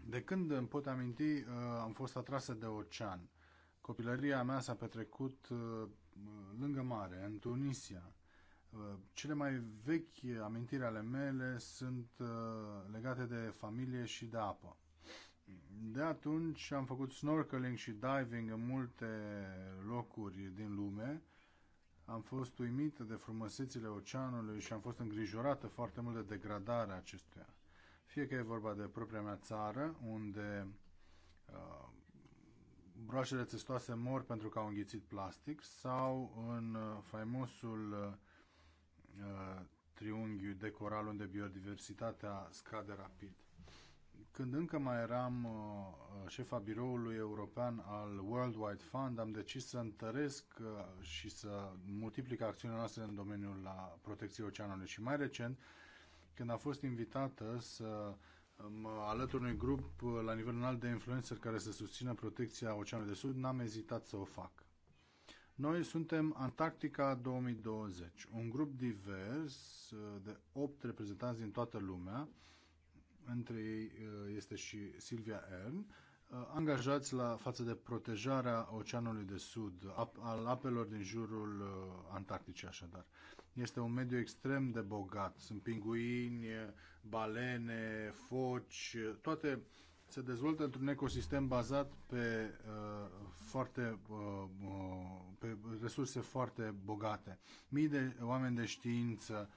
De când îmi pot aminti, uh, am fost atrasă de ocean. Copilăria mea s-a petrecut uh, lângă mare, în Tunisia. Uh, cele mai vechi amintiri ale mele sunt uh, legate de familie și de apă. De atunci am făcut snorkeling și diving în multe locuri din lume. Am fost uimită de frumusețile oceanului și am fost îngrijorată foarte mult de degradarea acestuia. Fie că e vorba de propria mea țară, unde uh, broașele testoase mor pentru că au înghițit plastic, sau în uh, faimosul uh, triunghiul de coral unde biodiversitatea scade rapid. Când încă mai eram uh, șefa biroului european al World Wide Fund, am decis să întăresc uh, și să multiplic acțiunile noastre în domeniul la protecției oceanului. Și mai recent, când a fost invitată să mă alătur unui grup uh, la nivel înalt de influencer care să susțină protecția Oceanului de Sud, n-am ezitat să o fac. Noi suntem Antarctica 2020, un grup divers uh, de 8 reprezentanți din toată lumea, între ei uh, este și Silvia Ern, uh, angajați la față de protejarea Oceanului de Sud, al apelor din jurul Antarcticii așadar. Este un mediu extrem de bogat. Sunt pinguini, balene, foci, toate se dezvoltă într-un ecosistem bazat pe, uh, foarte, uh, uh, pe resurse foarte bogate. Mii de oameni de știință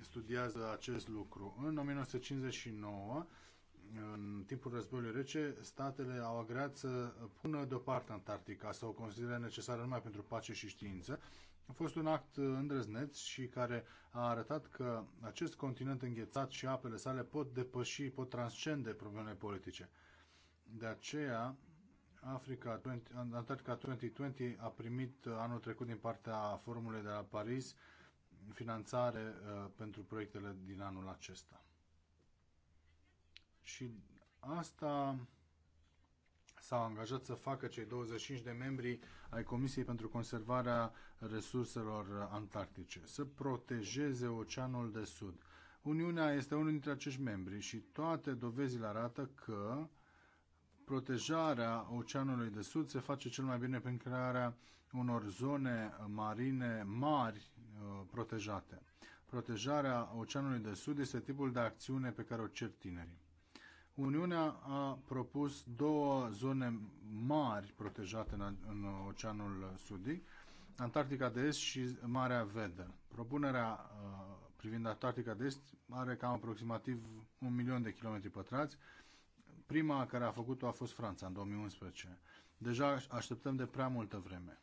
studiază acest lucru. În 1959, în timpul războiului rece, statele au agreat să pună deoparte Antarctica, să o consideră necesară numai pentru pace și știință a fost un act uh, îndrăzneț și care a arătat că acest continent înghețat și apele sale pot depăși, pot transcende problemele politice. De aceea, Africa 20, Antarctica 2020 a primit uh, anul trecut din partea forumului de la Paris finanțare uh, pentru proiectele din anul acesta. Și asta s-au angajat să facă cei 25 de membri ai Comisiei pentru Conservarea Resurselor Antarctice, să protejeze Oceanul de Sud. Uniunea este unul dintre acești membri și toate dovezile arată că protejarea Oceanului de Sud se face cel mai bine prin crearea unor zone marine mari uh, protejate. Protejarea Oceanului de Sud este tipul de acțiune pe care o cer tinerii. Uniunea a propus două zone mari protejate în, în Oceanul Sudic, Antarctica de Est și Marea Verde. Propunerea uh, privind Antarctica de Est are cam aproximativ un milion de kilometri pătrați. Prima care a făcut-o a fost Franța în 2011. Deja așteptăm de prea multă vreme.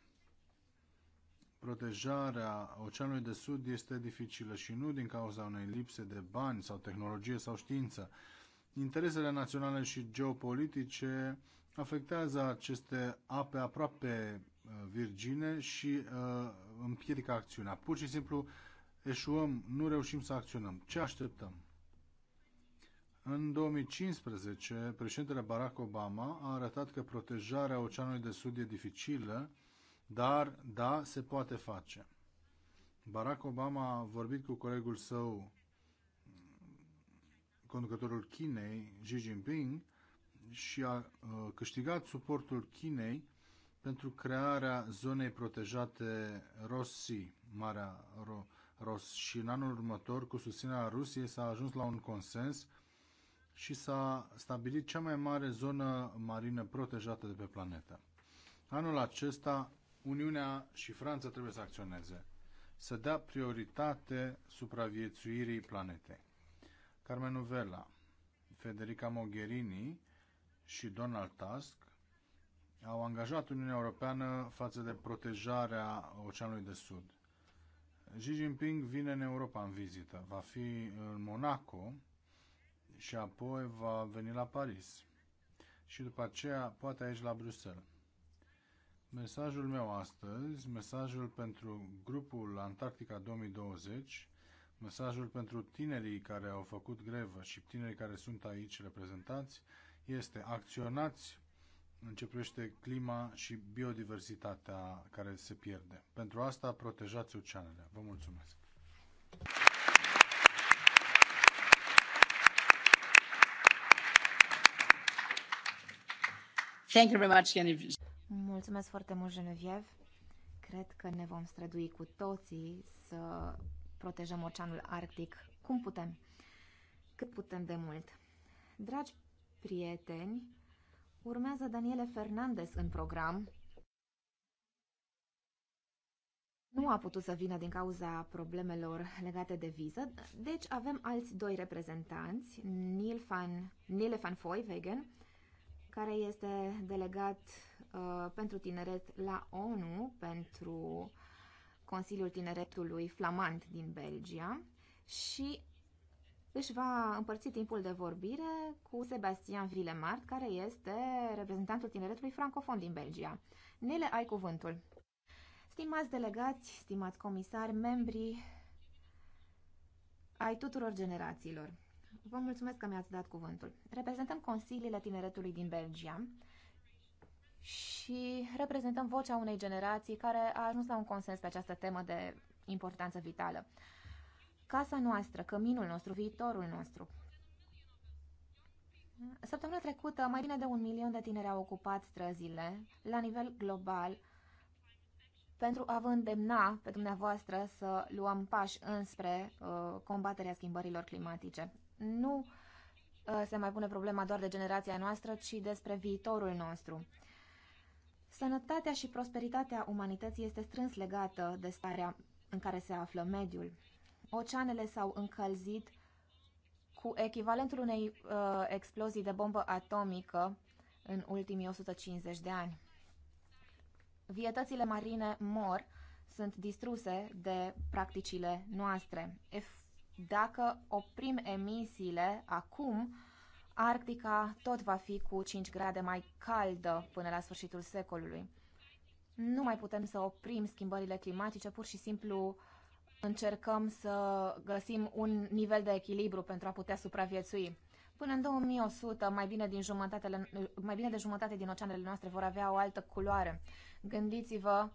Protejarea Oceanului de Sud este dificilă și nu din cauza unei lipse de bani sau tehnologie sau știință, interesele naționale și geopolitice afectează aceste ape aproape uh, virgine și uh, împiedică acțiunea. Pur și simplu eșuăm, nu reușim să acționăm. Ce așteptăm? În 2015, președintele Barack Obama a arătat că protejarea Oceanului de Sud e dificilă, dar, da, se poate face. Barack Obama a vorbit cu colegul său conducătorul Chinei, Xi Jinping, și a uh, câștigat suportul Chinei pentru crearea zonei protejate Rossi, Marea Ro- Ros. Și în anul următor, cu susținerea Rusiei, s-a ajuns la un consens și s-a stabilit cea mai mare zonă marină protejată de pe planetă. Anul acesta, Uniunea și Franța trebuie să acționeze, să dea prioritate supraviețuirii planetei. Carmen Uvela, Federica Mogherini și Donald Tusk au angajat Uniunea Europeană față de protejarea Oceanului de Sud. Xi Jinping vine în Europa în vizită. Va fi în Monaco și apoi va veni la Paris. Și după aceea, poate aici la Bruxelles. Mesajul meu astăzi, mesajul pentru grupul Antarctica 2020, Mesajul pentru tinerii care au făcut grevă și tinerii care sunt aici reprezentați este acționați începește clima și biodiversitatea care se pierde. Pentru asta protejați oceanele. Vă mulțumesc!
Thank you very much, Genevieve. Mulțumesc foarte mult, Genevieve. Cred că ne vom strădui cu toții să protejăm Oceanul Arctic cum putem, cât putem de mult. Dragi prieteni, urmează Daniele Fernandez în program. Nu a putut să vină din cauza problemelor legate de viză, deci avem alți doi reprezentanți, Neil van, Nile van Foyvegen, care este delegat uh, pentru tineret la ONU pentru Consiliul Tineretului Flamand din Belgia și își va împărți timpul de vorbire cu Sebastian Villemart, care este reprezentantul tineretului francofon din Belgia. Nele, ai cuvântul. Stimați delegați, stimați comisari, membri ai tuturor generațiilor. Vă mulțumesc că mi-ați dat cuvântul. Reprezentăm Consiliile Tineretului din Belgia, și reprezentăm vocea unei generații care a ajuns la un consens pe această temă de importanță vitală. Casa noastră, căminul nostru, viitorul nostru. Săptămâna trecută, mai bine de un milion de tineri au ocupat străzile la nivel global pentru a vă îndemna pe dumneavoastră să luăm pași înspre uh, combaterea schimbărilor climatice. Nu uh, se mai pune problema doar de generația noastră, ci despre viitorul nostru. Sănătatea și prosperitatea umanității este strâns legată de starea în care se află mediul. Oceanele s-au încălzit cu echivalentul unei uh, explozii de bombă atomică în ultimii 150 de ani. Vietățile marine mor, sunt distruse de practicile noastre. Dacă oprim emisiile acum, Arctica tot va fi cu 5 grade mai caldă până la sfârșitul secolului. Nu mai putem să oprim schimbările climatice, pur și simplu încercăm să găsim un nivel de echilibru pentru a putea supraviețui. Până în 2100, mai bine, din mai bine de jumătate din oceanele noastre vor avea o altă culoare. Gândiți-vă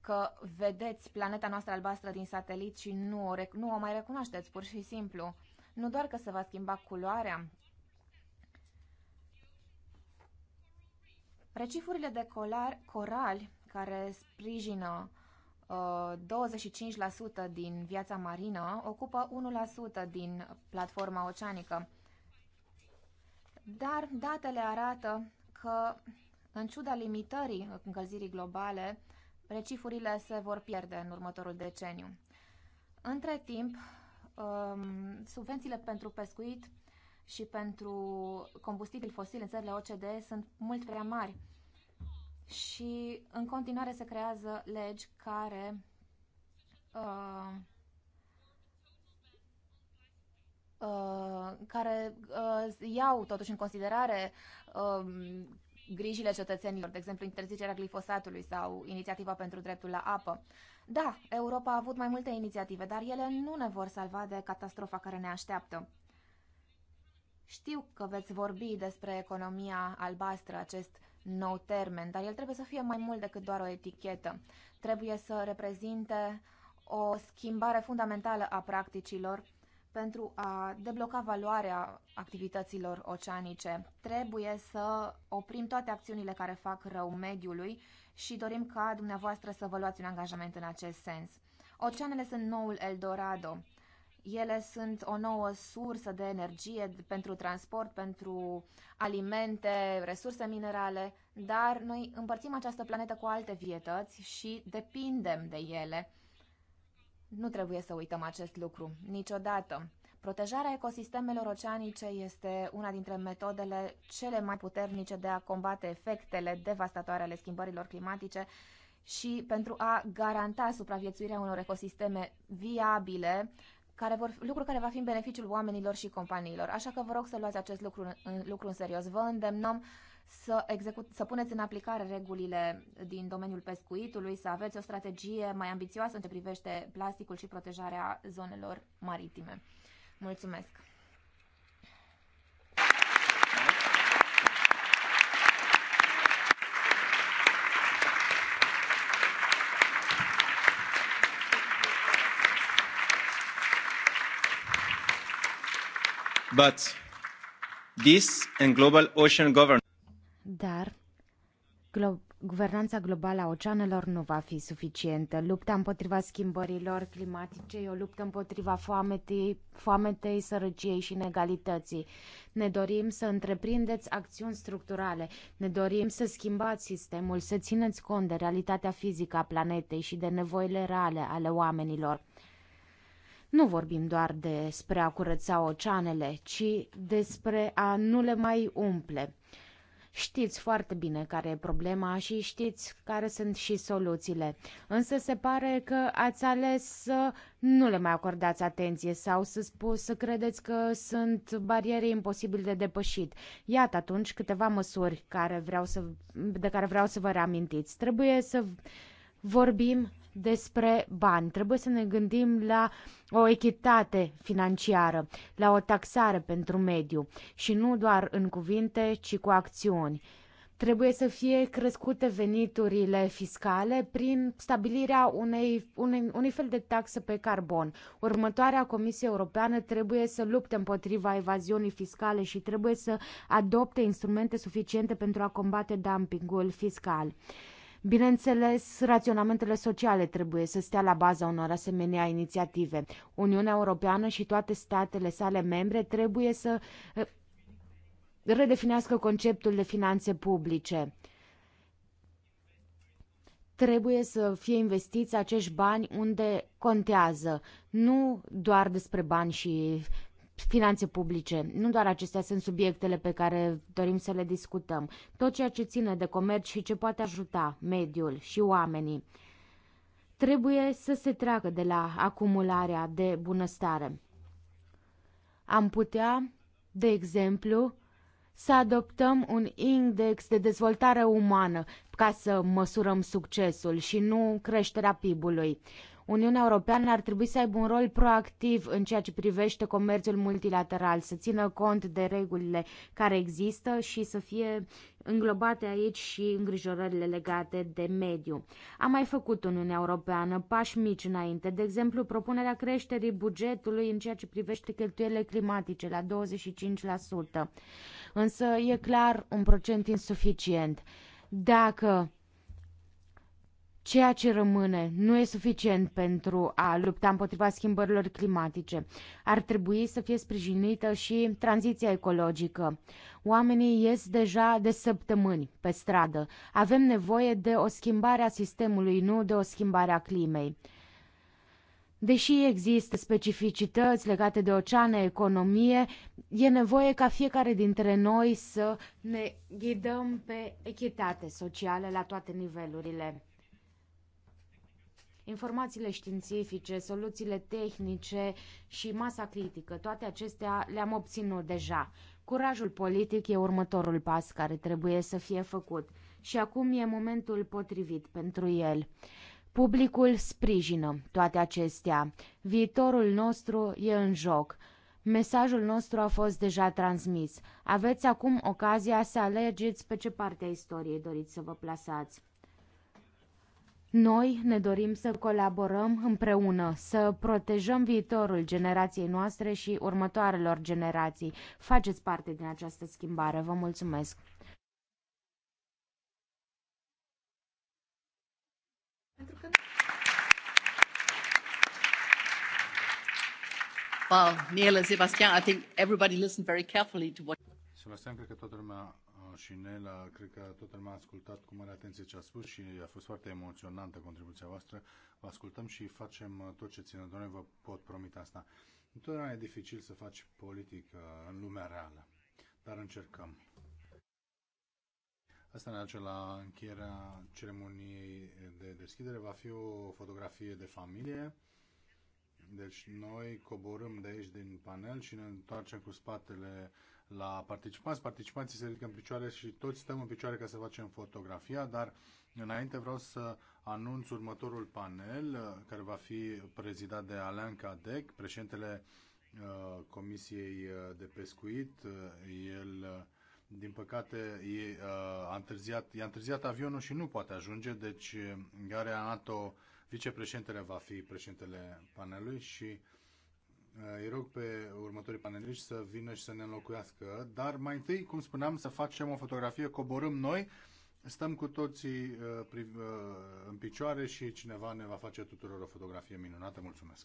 că vedeți planeta noastră albastră din satelit și nu o, nu o mai recunoașteți, pur și simplu. Nu doar că se va schimba culoarea, Recifurile de corali, care sprijină uh, 25% din viața marină, ocupă 1% din platforma oceanică. Dar datele arată că, în ciuda limitării încălzirii globale, recifurile se vor pierde în următorul deceniu. Între timp, um, subvențiile pentru pescuit și pentru combustibil fosil în țările OCD sunt mult prea mari. Și în continuare se creează legi care uh, uh, care uh, iau totuși în considerare uh, grijile cetățenilor, de exemplu interzicerea glifosatului sau inițiativa pentru dreptul la apă. Da, Europa a avut mai multe inițiative, dar ele nu ne vor salva de catastrofa care ne așteaptă. Știu că veți vorbi despre economia albastră, acest nou termen, dar el trebuie să fie mai mult decât doar o etichetă. Trebuie să reprezinte o schimbare fundamentală a practicilor pentru a debloca valoarea activităților oceanice. Trebuie să oprim toate acțiunile care fac rău mediului și dorim ca dumneavoastră să vă luați un angajament în acest sens. Oceanele sunt noul Eldorado. Ele sunt o nouă sursă de energie pentru transport, pentru alimente, resurse minerale, dar noi împărțim această planetă cu alte vietăți și depindem de ele. Nu trebuie să uităm acest lucru, niciodată. Protejarea ecosistemelor oceanice este una dintre metodele cele mai puternice de a combate efectele devastatoare ale schimbărilor climatice și pentru a garanta supraviețuirea unor ecosisteme viabile care vor, lucru care va fi în beneficiul oamenilor și companiilor. Așa că vă rog să luați acest lucru în, lucru în serios. Vă îndemnăm să, execut, să puneți în aplicare regulile din domeniul pescuitului, să aveți o strategie mai ambițioasă în ce privește plasticul și protejarea zonelor maritime. Mulțumesc!
But this and global ocean governance.
Dar glo- guvernanța globală a oceanelor nu va fi suficientă. Lupta împotriva schimbărilor climatice e o luptă împotriva foametei, foametei, sărăciei și inegalității. Ne dorim să întreprindeți acțiuni structurale, ne dorim să schimbați sistemul, să țineți cont de realitatea fizică a planetei și de nevoile reale ale oamenilor. Nu vorbim doar despre a curăța oceanele, ci despre a nu le mai umple. Știți foarte bine care e problema și știți care sunt și soluțiile. Însă se pare că ați ales să nu le mai acordați atenție sau să, spus, să credeți că sunt bariere imposibil de depășit. Iată atunci câteva măsuri care vreau să, de care vreau să vă reamintiți. Trebuie să vorbim despre bani. Trebuie să ne gândim la o echitate financiară, la o taxare pentru mediu și nu doar în cuvinte, ci cu acțiuni trebuie să fie crescute veniturile fiscale prin stabilirea unei, unei, unui fel de taxă pe carbon. Următoarea Comisie Europeană trebuie să lupte împotriva evaziunii fiscale și trebuie să adopte instrumente suficiente pentru a combate dumpingul fiscal. Bineînțeles, raționamentele sociale trebuie să stea la baza unor asemenea inițiative. Uniunea Europeană și toate statele sale membre trebuie să eh, redefinească conceptul de finanțe publice trebuie să fie investiți acești bani unde contează, nu doar despre bani și finanțe publice. Nu doar acestea sunt subiectele pe care dorim să le discutăm. Tot ceea ce ține de comerț și ce poate ajuta mediul și oamenii. Trebuie să se treacă de la acumularea de bunăstare. Am putea, de exemplu, să adoptăm un index de dezvoltare umană ca să măsurăm succesul și nu creșterea PIB-ului. Uniunea Europeană ar trebui să aibă un rol proactiv în ceea ce privește comerțul multilateral, să țină cont de regulile care există și să fie înglobate aici și îngrijorările legate de mediu. A mai făcut Uniunea Europeană pași mici înainte, de exemplu propunerea creșterii bugetului în ceea ce privește cheltuielile climatice la 25%, însă e clar un procent insuficient. Dacă Ceea ce rămâne nu e suficient pentru a lupta împotriva schimbărilor climatice. Ar trebui să fie sprijinită și tranziția ecologică. Oamenii ies deja de săptămâni pe stradă. Avem nevoie de o schimbare a sistemului, nu de o schimbare a climei. Deși există specificități legate de oceane, economie, e nevoie ca fiecare dintre noi să ne ghidăm pe echitate socială la toate nivelurile. Informațiile științifice, soluțiile tehnice și masa critică, toate acestea le-am obținut deja. Curajul politic e următorul pas care trebuie să fie făcut și acum e momentul potrivit pentru el. Publicul sprijină toate acestea. Viitorul nostru e în joc. Mesajul nostru a fost deja transmis. Aveți acum ocazia să alegeți pe ce parte a istoriei doriți să vă plasați. Noi ne dorim să colaborăm împreună, să protejăm viitorul generației noastre și următoarelor generații. Faceți parte din această schimbare. Vă mulțumesc!
Wow, Neil and
Sebastian, I think everybody listened very carefully to what...
Sebastian, cred că toată lumea și Nela, cred că toată lumea a ascultat cu mare atenție ce a spus și a fost foarte emoționantă contribuția voastră. Vă ascultăm și facem uh, tot ce ține de noi, vă pot promite asta. Întotdeauna e dificil să faci politică în lumea reală, dar încercăm. Asta ne aduce la încheierea ceremoniei de deschidere. Va fi o fotografie de familie. Deci noi coborâm de aici din panel și ne întoarcem cu spatele la participanți. Participanții se ridică în picioare și toți stăm în picioare ca să facem fotografia, dar înainte vreau să anunț următorul panel uh, care va fi prezidat de Alain Cadec, președintele uh, Comisiei uh, de Pescuit. El, din păcate, e, a întârziat, i-a întârziat avionul și nu poate ajunge, deci Garea NATO, vicepreședintele, va fi președintele panelului și Eh, îi rog pe următorii paneliști să vină și să ne înlocuiască, dar mai întâi, cum spuneam, să facem o fotografie, coborâm noi, stăm cu toții eh, eh, în picioare și cineva ne va face tuturor o fotografie minunată. Mulțumesc!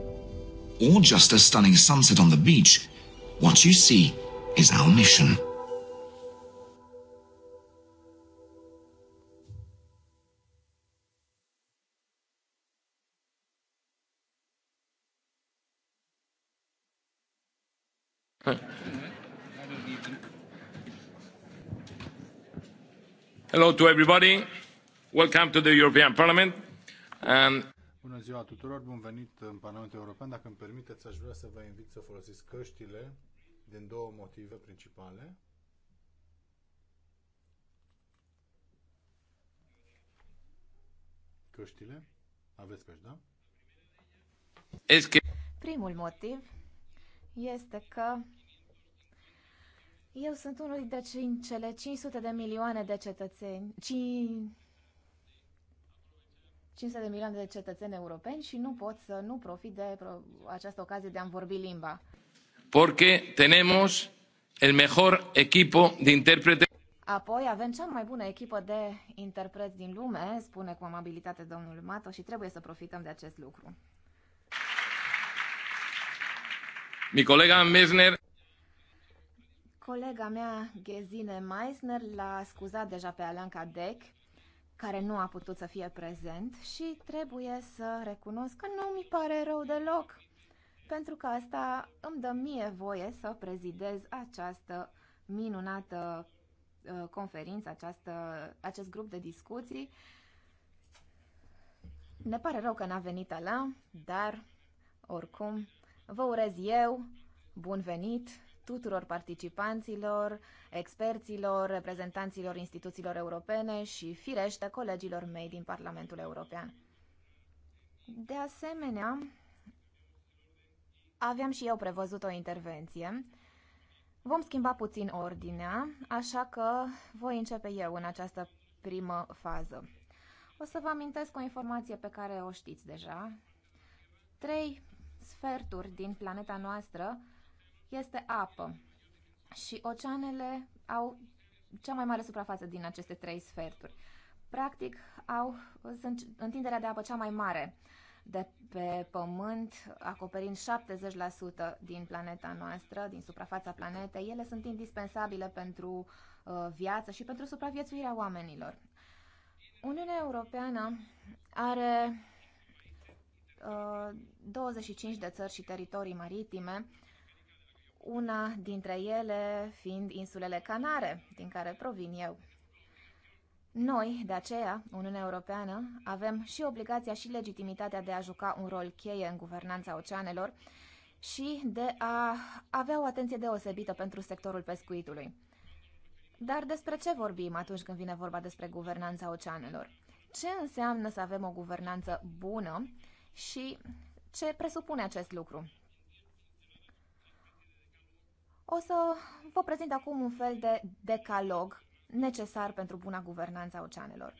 or just a stunning sunset on the beach, what you see is our mission. Hello to everybody. Welcome to the European Parliament. And
Bună ziua tuturor, bun venit în Parlamentul European. Dacă îmi permiteți, aș vrea să vă invit să folosiți căștile din două motive principale. Căștile? Aveți căști, da?
Primul motiv este că eu sunt unul dintre cele 500 de milioane de cetățeni, 500 de milioane de cetățeni europeni și nu pot să nu profit de această ocazie de a-mi vorbi limba.
Porque tenemos el mejor equipo de intérprete.
Apoi avem cea mai bună echipă de interpreți din lume, spune cu amabilitate domnul Mato și trebuie să profităm de acest lucru.
Mi colega Mesner
Colega mea, Gesine Meisner l-a scuzat deja pe Alanca Cadec care nu a putut să fie prezent și trebuie să recunosc că nu mi pare rău deloc, pentru că asta îmi dă mie voie să prezidez această minunată uh, conferință, această, acest grup de discuții. Ne pare rău că n-a venit ala, dar, oricum, vă urez eu bun venit tuturor participanților, experților, reprezentanților instituțiilor europene și, firește, colegilor mei din Parlamentul European. De asemenea, aveam și eu prevăzut o intervenție. Vom schimba puțin ordinea, așa că voi începe eu în această primă fază. O să vă amintesc o informație pe care o știți deja. Trei sferturi din planeta noastră este apă. Și oceanele au cea mai mare suprafață din aceste trei sferturi. Practic, au, sunt întinderea de apă cea mai mare de pe Pământ, acoperind 70% din planeta noastră, din suprafața planetei. Ele sunt indispensabile pentru uh, viață și pentru supraviețuirea oamenilor. Uniunea Europeană are uh, 25 de țări și teritorii maritime una dintre ele fiind insulele Canare, din care provin eu. Noi, de aceea, Uniunea Europeană, avem și obligația și legitimitatea de a juca un rol cheie în guvernanța oceanelor și de a avea o atenție deosebită pentru sectorul pescuitului. Dar despre ce vorbim atunci când vine vorba despre guvernanța oceanelor? Ce înseamnă să avem o guvernanță bună și ce presupune acest lucru? O să vă prezint acum un fel de decalog necesar pentru buna guvernanță a oceanelor.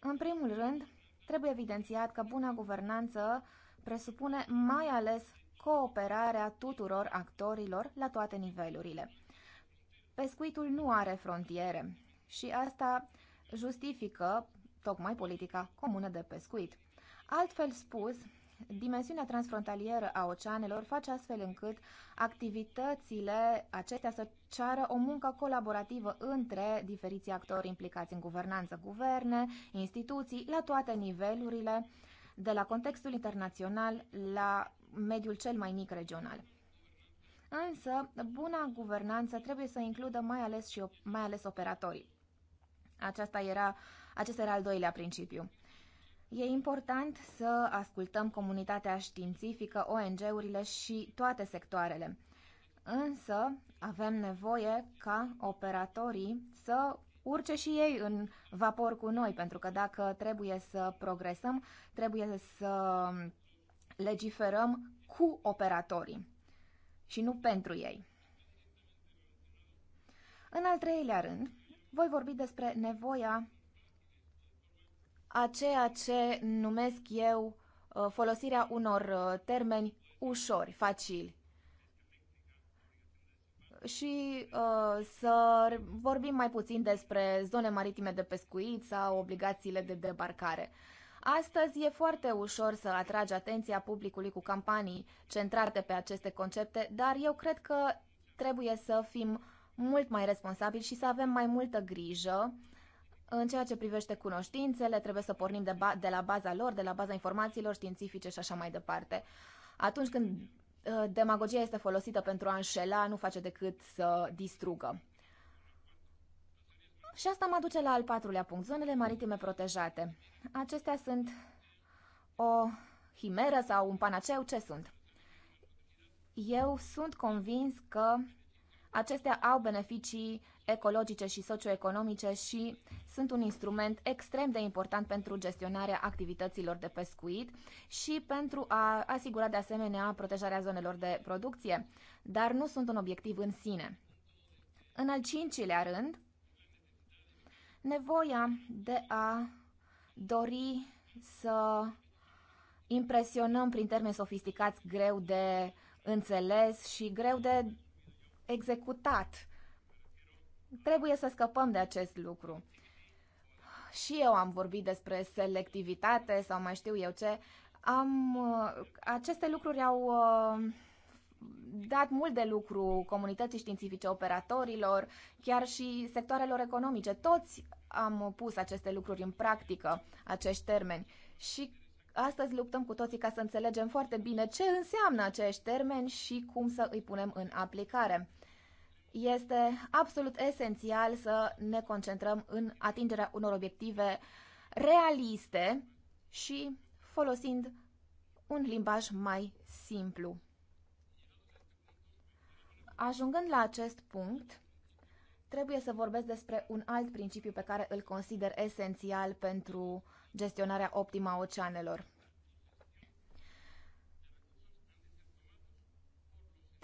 În primul rând, trebuie evidențiat că buna guvernanță presupune mai ales cooperarea tuturor actorilor la toate nivelurile. Pescuitul nu are frontiere și asta justifică tocmai politica comună de pescuit. Altfel spus, Dimensiunea transfrontalieră a oceanelor face astfel încât activitățile acestea să ceară o muncă colaborativă între diferiții actori implicați în guvernanță, guverne, instituții, la toate nivelurile, de la contextul internațional la mediul cel mai mic regional. Însă, buna guvernanță trebuie să includă mai ales, și, mai ales operatorii. Aceasta era, acesta era al doilea principiu. E important să ascultăm comunitatea științifică, ONG-urile și toate sectoarele. Însă avem nevoie ca operatorii să urce și ei în vapor cu noi, pentru că dacă trebuie să progresăm, trebuie să legiferăm cu operatorii și nu pentru ei. În al treilea rând, voi vorbi despre nevoia a ceea ce numesc eu uh, folosirea unor uh, termeni ușori, facili. Și uh, să vorbim mai puțin despre zone maritime de pescuit sau obligațiile de debarcare. Astăzi e foarte ușor să atragi atenția publicului cu campanii centrate pe aceste concepte, dar eu cred că trebuie să fim mult mai responsabili și să avem mai multă grijă uh, în ceea ce privește cunoștințele, trebuie să pornim de, ba- de la baza lor, de la baza informațiilor științifice și așa mai departe. Atunci când ă, demagogia este folosită pentru a înșela, nu face decât să distrugă. Și asta mă duce la al patrulea punct, zonele maritime protejate. Acestea sunt o himeră sau un panaceu, ce sunt? Eu sunt convins că acestea au beneficii ecologice și socioeconomice și sunt un instrument extrem de important pentru gestionarea activităților de pescuit și pentru a asigura de asemenea protejarea zonelor de producție, dar nu sunt un obiectiv în sine. În al cincilea rând, nevoia de a dori să impresionăm prin termeni sofisticați greu de înțeles și greu de executat Trebuie să scăpăm de acest lucru. Și eu am vorbit despre selectivitate sau mai știu eu ce. Am, uh, aceste lucruri au uh, dat mult de lucru comunității științifice, operatorilor, chiar și sectoarelor economice. Toți am pus aceste lucruri în practică, acești termeni. Și astăzi luptăm cu toții ca să înțelegem foarte bine ce înseamnă acești termeni și cum să îi punem în aplicare este absolut esențial să ne concentrăm în atingerea unor obiective realiste și folosind un limbaj mai simplu. Ajungând la acest punct, trebuie să vorbesc despre un alt principiu pe care îl consider esențial pentru gestionarea optimă a oceanelor.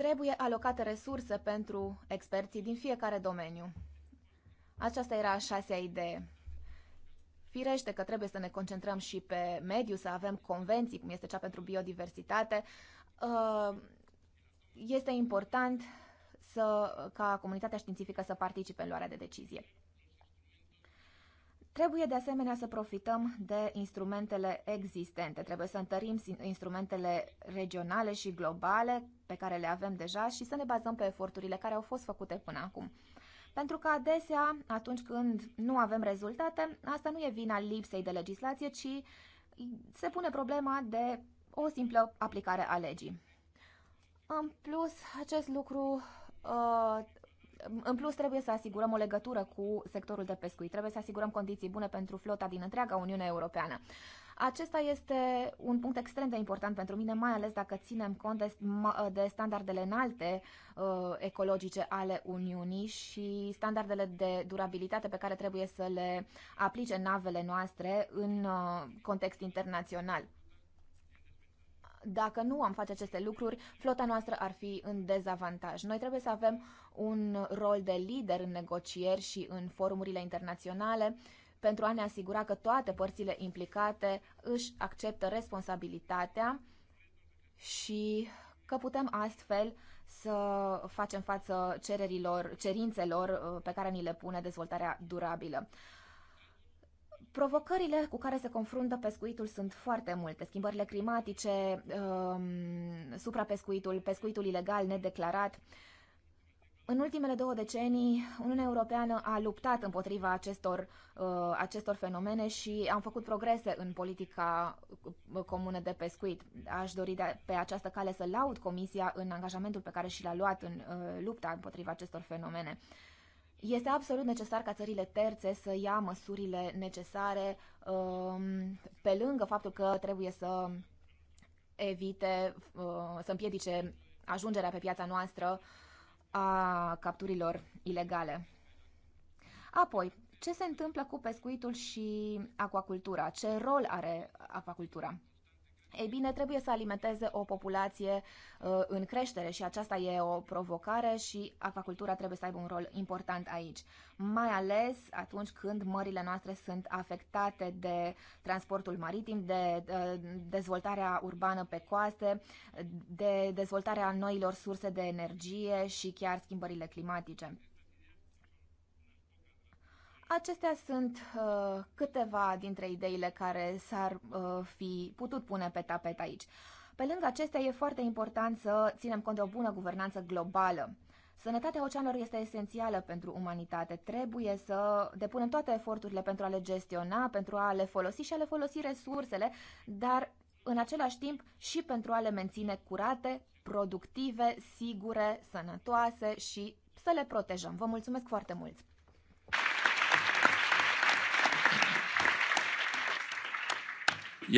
Trebuie alocate resurse pentru experții din fiecare domeniu. Aceasta era a șasea idee. Firește că trebuie să ne concentrăm și pe mediu, să avem convenții, cum este cea pentru biodiversitate. Uh, este important să, ca comunitatea științifică să participe în luarea de decizie. Trebuie de asemenea să profităm de instrumentele existente. Trebuie să întărim instrumentele regionale și globale pe care le avem deja și să ne bazăm pe eforturile care au fost făcute până acum. Pentru că adesea, atunci când nu avem rezultate, asta nu e vina lipsei de legislație, ci se pune problema de o simplă aplicare a legii. În plus, acest lucru uh, în plus, trebuie să asigurăm o legătură cu sectorul de pescuit. Trebuie să asigurăm condiții bune pentru flota din întreaga Uniune Europeană. Acesta este un punct extrem de important pentru mine, mai ales dacă ținem cont de, de standardele înalte uh, ecologice ale Uniunii și standardele de durabilitate pe care trebuie să le aplice navele noastre în uh, context internațional. Dacă nu am face aceste lucruri, flota noastră ar fi în dezavantaj. Noi trebuie să avem un rol de lider în negocieri și în forumurile internaționale uh, pentru a ne asigura că toate părțile implicate își acceptă responsabilitatea și că putem astfel să facem față cererilor, cerințelor uh, pe care ni le pune dezvoltarea durabilă. Provocările cu care se confruntă pescuitul sunt foarte multe. Schimbările climatice, um, suprapescuitul, pescuitul ilegal nedeclarat, în ultimele două decenii, Uniunea Europeană a luptat împotriva acestor, uh, acestor fenomene și am făcut progrese în politica uh, comună de pescuit. Aș dori de, pe această cale să laud Comisia în angajamentul pe care și l-a luat în uh, lupta împotriva acestor fenomene. Este absolut necesar ca țările terțe să ia măsurile necesare, uh, pe lângă faptul că trebuie să evite, uh, să împiedice ajungerea pe piața noastră uh, a capturilor ilegale. Apoi, ce se întâmplă cu pescuitul și acuacultura? Ce rol are acuacultura? ei bine, trebuie să alimenteze o populație uh, în creștere și aceasta e o provocare și acvacultura trebuie să aibă un rol important aici, mai ales atunci când mările noastre sunt afectate de transportul maritim, de uh, dezvoltarea urbană pe coaste, de dezvoltarea noilor surse de energie și chiar schimbările climatice. Acestea sunt uh, câteva dintre ideile care s-ar uh, fi putut pune pe tapet aici. Pe lângă acestea, e foarte important să ținem cont de o bună guvernanță globală. Sănătatea oceanelor este esențială pentru umanitate. Trebuie să depunem toate eforturile pentru a le gestiona, pentru a le folosi și a le folosi resursele, dar în același timp și pentru a le menține curate, productive, sigure, sănătoase și să le protejăm. Vă mulțumesc foarte mult!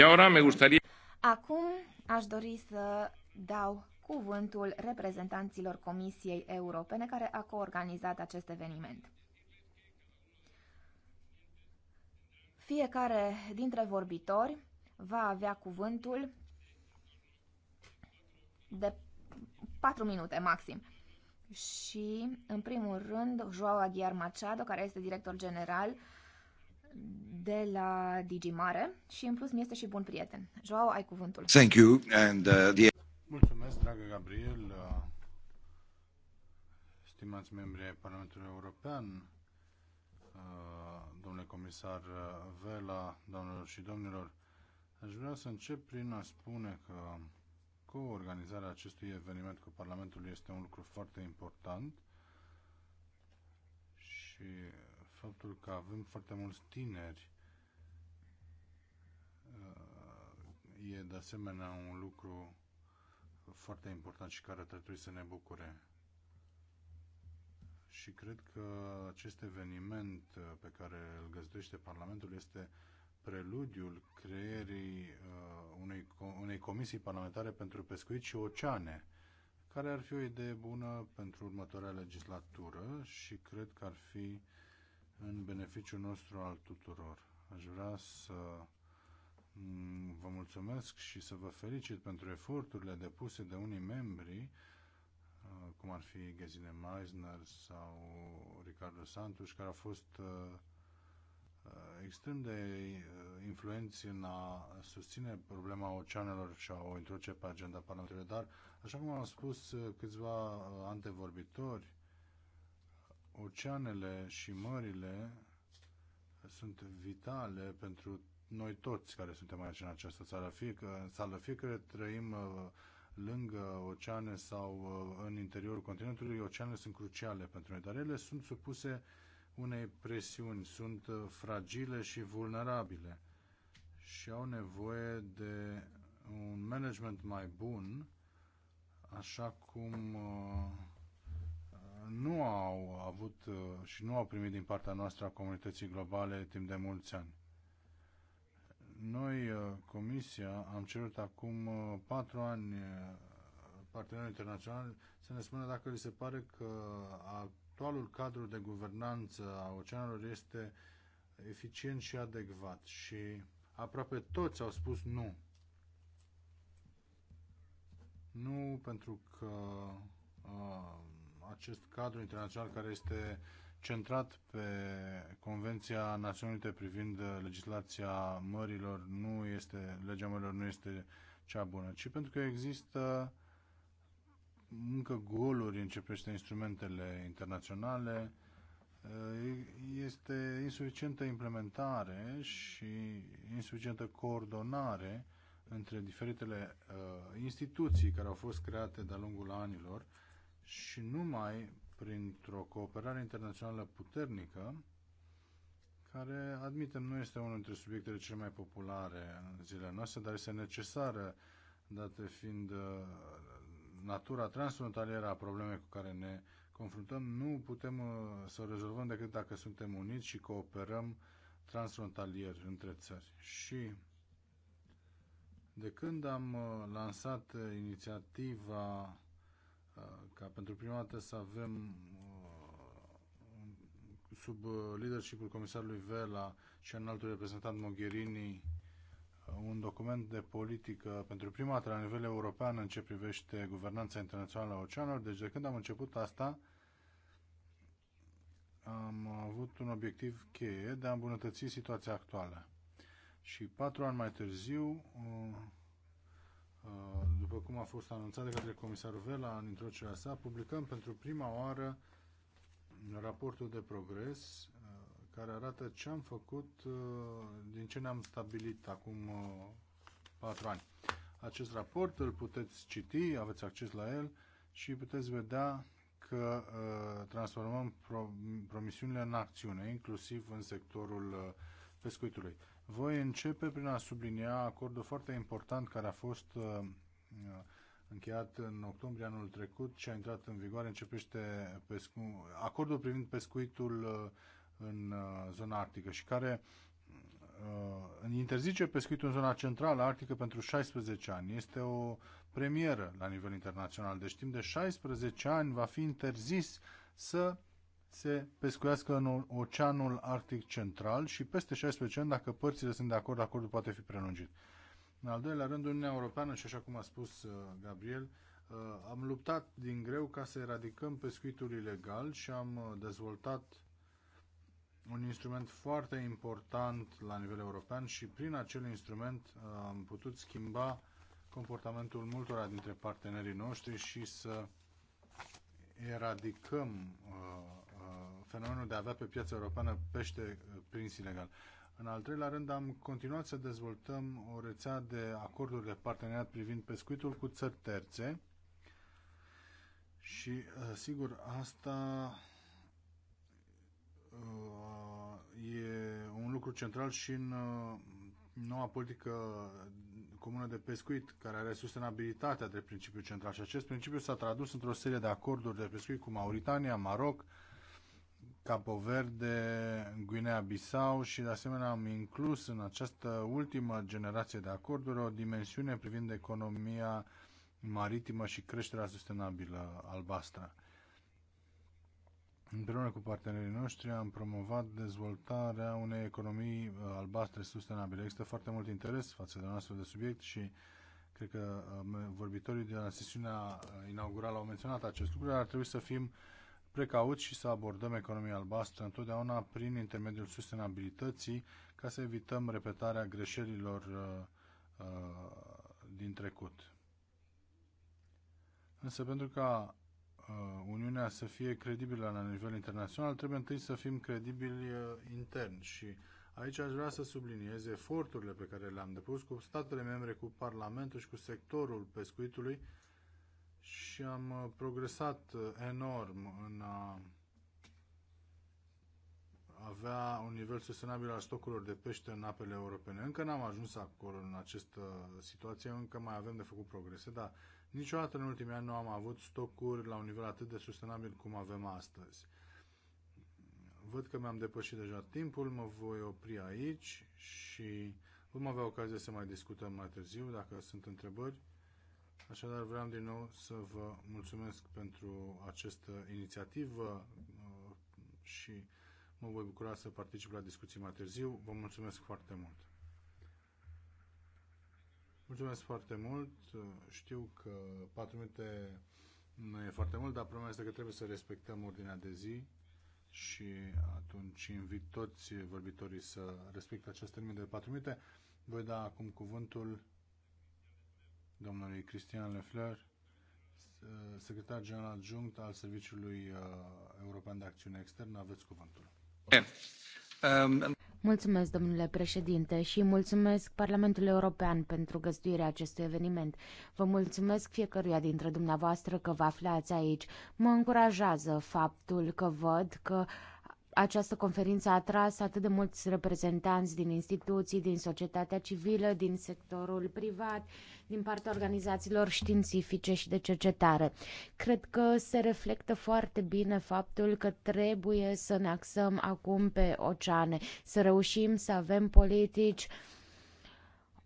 ahora me gustaría...
Acum aș dori să dau cuvântul reprezentanților Comisiei Europene care a coorganizat acest eveniment. Fiecare dintre vorbitori va avea cuvântul de 4 minute maxim. Și, în primul rând, Joao Aguiar Machado, care este director general de la Digimare și în plus mi este și bun prieten. Joao, ai cuvântul. Thank
you and uh, the...
Mulțumesc, dragă Gabriel, uh, stimați membri ai Parlamentului European, uh, domnule comisar uh, Vela, doamnelor și domnilor, aș vrea să încep prin a spune că coorganizarea acestui eveniment cu Parlamentul este un lucru foarte important și faptul că avem foarte mulți tineri uh, e de asemenea un lucru foarte important și care trebuie să ne bucure. Și cred că acest eveniment uh, pe care îl găzduiește Parlamentul este preludiul creierii uh, unei, unei comisii parlamentare pentru pescuit și oceane, care ar fi o idee bună pentru următoarea legislatură și cred că ar fi în beneficiul nostru al tuturor. Aș vrea să vă mulțumesc și să vă felicit pentru eforturile depuse de unii membri, cum ar fi Gesine Meisner sau Ricardo Santos, care au fost uh, uh, extrem de uh, influenți în a susține problema oceanelor și a o introduce pe agenda parlamentară, dar, așa cum au spus câțiva antevorbitori, oceanele și mările sunt vitale pentru noi toți care suntem aici în această țară, fie că, în sală, fie că trăim uh, lângă oceane sau uh, în interiorul continentului, oceanele sunt cruciale pentru noi, dar ele sunt supuse unei presiuni, sunt uh, fragile și vulnerabile și au nevoie de un management mai bun, așa cum uh, nu au avut uh, și nu au primit din partea noastră a comunității globale timp de mulți ani. Noi, uh, Comisia, am cerut acum uh, patru ani partenerilor internaționali să ne spună dacă li se pare că actualul cadru de guvernanță a oceanelor este eficient și adecvat și aproape toți au spus nu. Nu pentru că uh, acest cadru internațional care este centrat pe Convenția Națiunilor Unite privind legislația mărilor, nu este, legea mărilor nu este cea bună, ci pentru că există încă goluri în ce privește instrumentele internaționale, este insuficientă implementare și insuficientă coordonare între diferitele uh, instituții care au fost create de-a lungul anilor și numai printr-o cooperare internațională puternică, care, admitem, nu este unul dintre subiectele cele mai populare în zilele noastre, dar este necesară, dată fiind uh, natura transfrontalieră a problemei cu care ne confruntăm, nu putem uh, să o rezolvăm decât dacă suntem uniți și cooperăm transfrontalier între țări. Și de când am uh, lansat inițiativa ca pentru prima dată să avem uh, sub leadership-ul comisarului Vela și înaltul reprezentant Mogherini uh, un document de politică pentru prima dată la nivel european în ce privește guvernanța internațională a oceanelor. Deci de când am început asta, am avut un obiectiv cheie de a îmbunătăți situația actuală. Și patru ani mai târziu, uh, Uh, după cum a fost anunțat de către comisarul Vela în introducerea sa, publicăm pentru prima oară raportul de progres uh, care arată ce am făcut uh, din ce ne-am stabilit acum patru ani. Acest raport îl puteți citi, aveți acces la el și puteți vedea că transformăm promisiunile în acțiune, inclusiv în sectorul pescuitului. Voi începe prin a sublinia acordul foarte important care a fost uh, uh, încheiat în octombrie anul trecut și a intrat în vigoare, începește pescu... acordul privind pescuitul uh, în zona arctică și care interzice pescuitul în zona centrală arctică pentru 16 ani. Este o premieră la nivel internațional. Deci timp de 16 ani va fi interzis să se pescuiască în Oceanul Arctic Central și peste 16 ani, dacă părțile sunt de acord, acordul poate fi prelungit. În al doilea rând, Uniunea Europeană, și așa cum a spus uh, Gabriel, uh, am luptat din greu ca să eradicăm pescuitul ilegal și am uh, dezvoltat un instrument foarte important la nivel european și prin acel instrument am putut schimba comportamentul multora dintre partenerii noștri și să eradicăm uh, fenomenul de a avea pe piața europeană pește eh, prins ilegal. În al treilea rând, am continuat să dezvoltăm o rețea de acorduri de parteneriat privind pescuitul cu țări terțe și, eh, sigur, asta eh, e un lucru central și în noua politică comună de pescuit, care are sustenabilitatea de principiu central. Și acest principiu s-a tradus într-o serie de acorduri de pescuit cu Mauritania, Maroc, Capo Verde, Guinea-Bissau și de asemenea am inclus în această ultimă generație de acorduri o dimensiune privind economia maritimă și creșterea sustenabilă albastră. Împreună cu partenerii noștri am promovat dezvoltarea unei economii uh, albastre sustenabile. Există foarte mult interes față de noastră de subiect și cred că uh, vorbitorii de la sesiunea uh, inaugurală au menționat acest lucru, ar trebui să fim uh, precauți și să abordăm economia albastră întotdeauna prin intermediul sustenabilității ca să evităm repetarea greșelilor uh, uh, din trecut. Însă pentru ca uh, Uniunea să fie credibilă la nivel internațional, trebuie întâi să fim credibili uh, intern și aici aș vrea să subliniez eforturile pe care le-am depus cu statele membre, cu Parlamentul și cu sectorul pescuitului uh, și am uh, progresat uh, enorm în a avea un nivel sustenabil al stocurilor de pește în apele europene. Încă n-am ajuns acolo în această situație, încă mai avem de făcut progrese, dar niciodată în ultimii ani nu am avut stocuri la un nivel atât de sustenabil cum avem astăzi. Văd că mi-am depășit deja timpul, mă voi opri aici și vom avea ocazia să mai discutăm mai târziu dacă sunt întrebări. Așadar, vreau din nou să vă mulțumesc pentru această inițiativă uh, și mă voi bucura să particip la discuții mai târziu. Vă mulțumesc foarte mult! Mulțumesc foarte mult! Știu că 4 minute nu e foarte mult, dar problema este că trebuie să respectăm ordinea de zi și atunci invit toți vorbitorii să respecte acest termen de 4 minute. Voi da acum cuvântul domnului Cristian Lefleur, secretar general adjunct al Serviciului uh, European de Acțiune Externă. Aveți cuvântul.
Um,
mulțumesc, domnule președinte, și mulțumesc Parlamentului European pentru găzduirea acestui eveniment. Vă mulțumesc fiecăruia dintre dumneavoastră că vă aflați aici. Mă încurajează faptul că văd că această conferință a atras atât de mulți reprezentanți din instituții, din societatea civilă, din sectorul privat, din partea organizațiilor științifice și de cercetare. Cred că se reflectă foarte bine faptul că trebuie să ne axăm acum pe oceane, să reușim să avem politici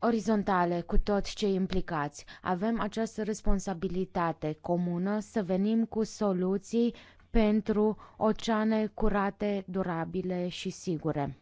orizontale cu toți cei implicați. Avem această responsabilitate comună să venim cu soluții pentru oceane curate, durabile și sigure.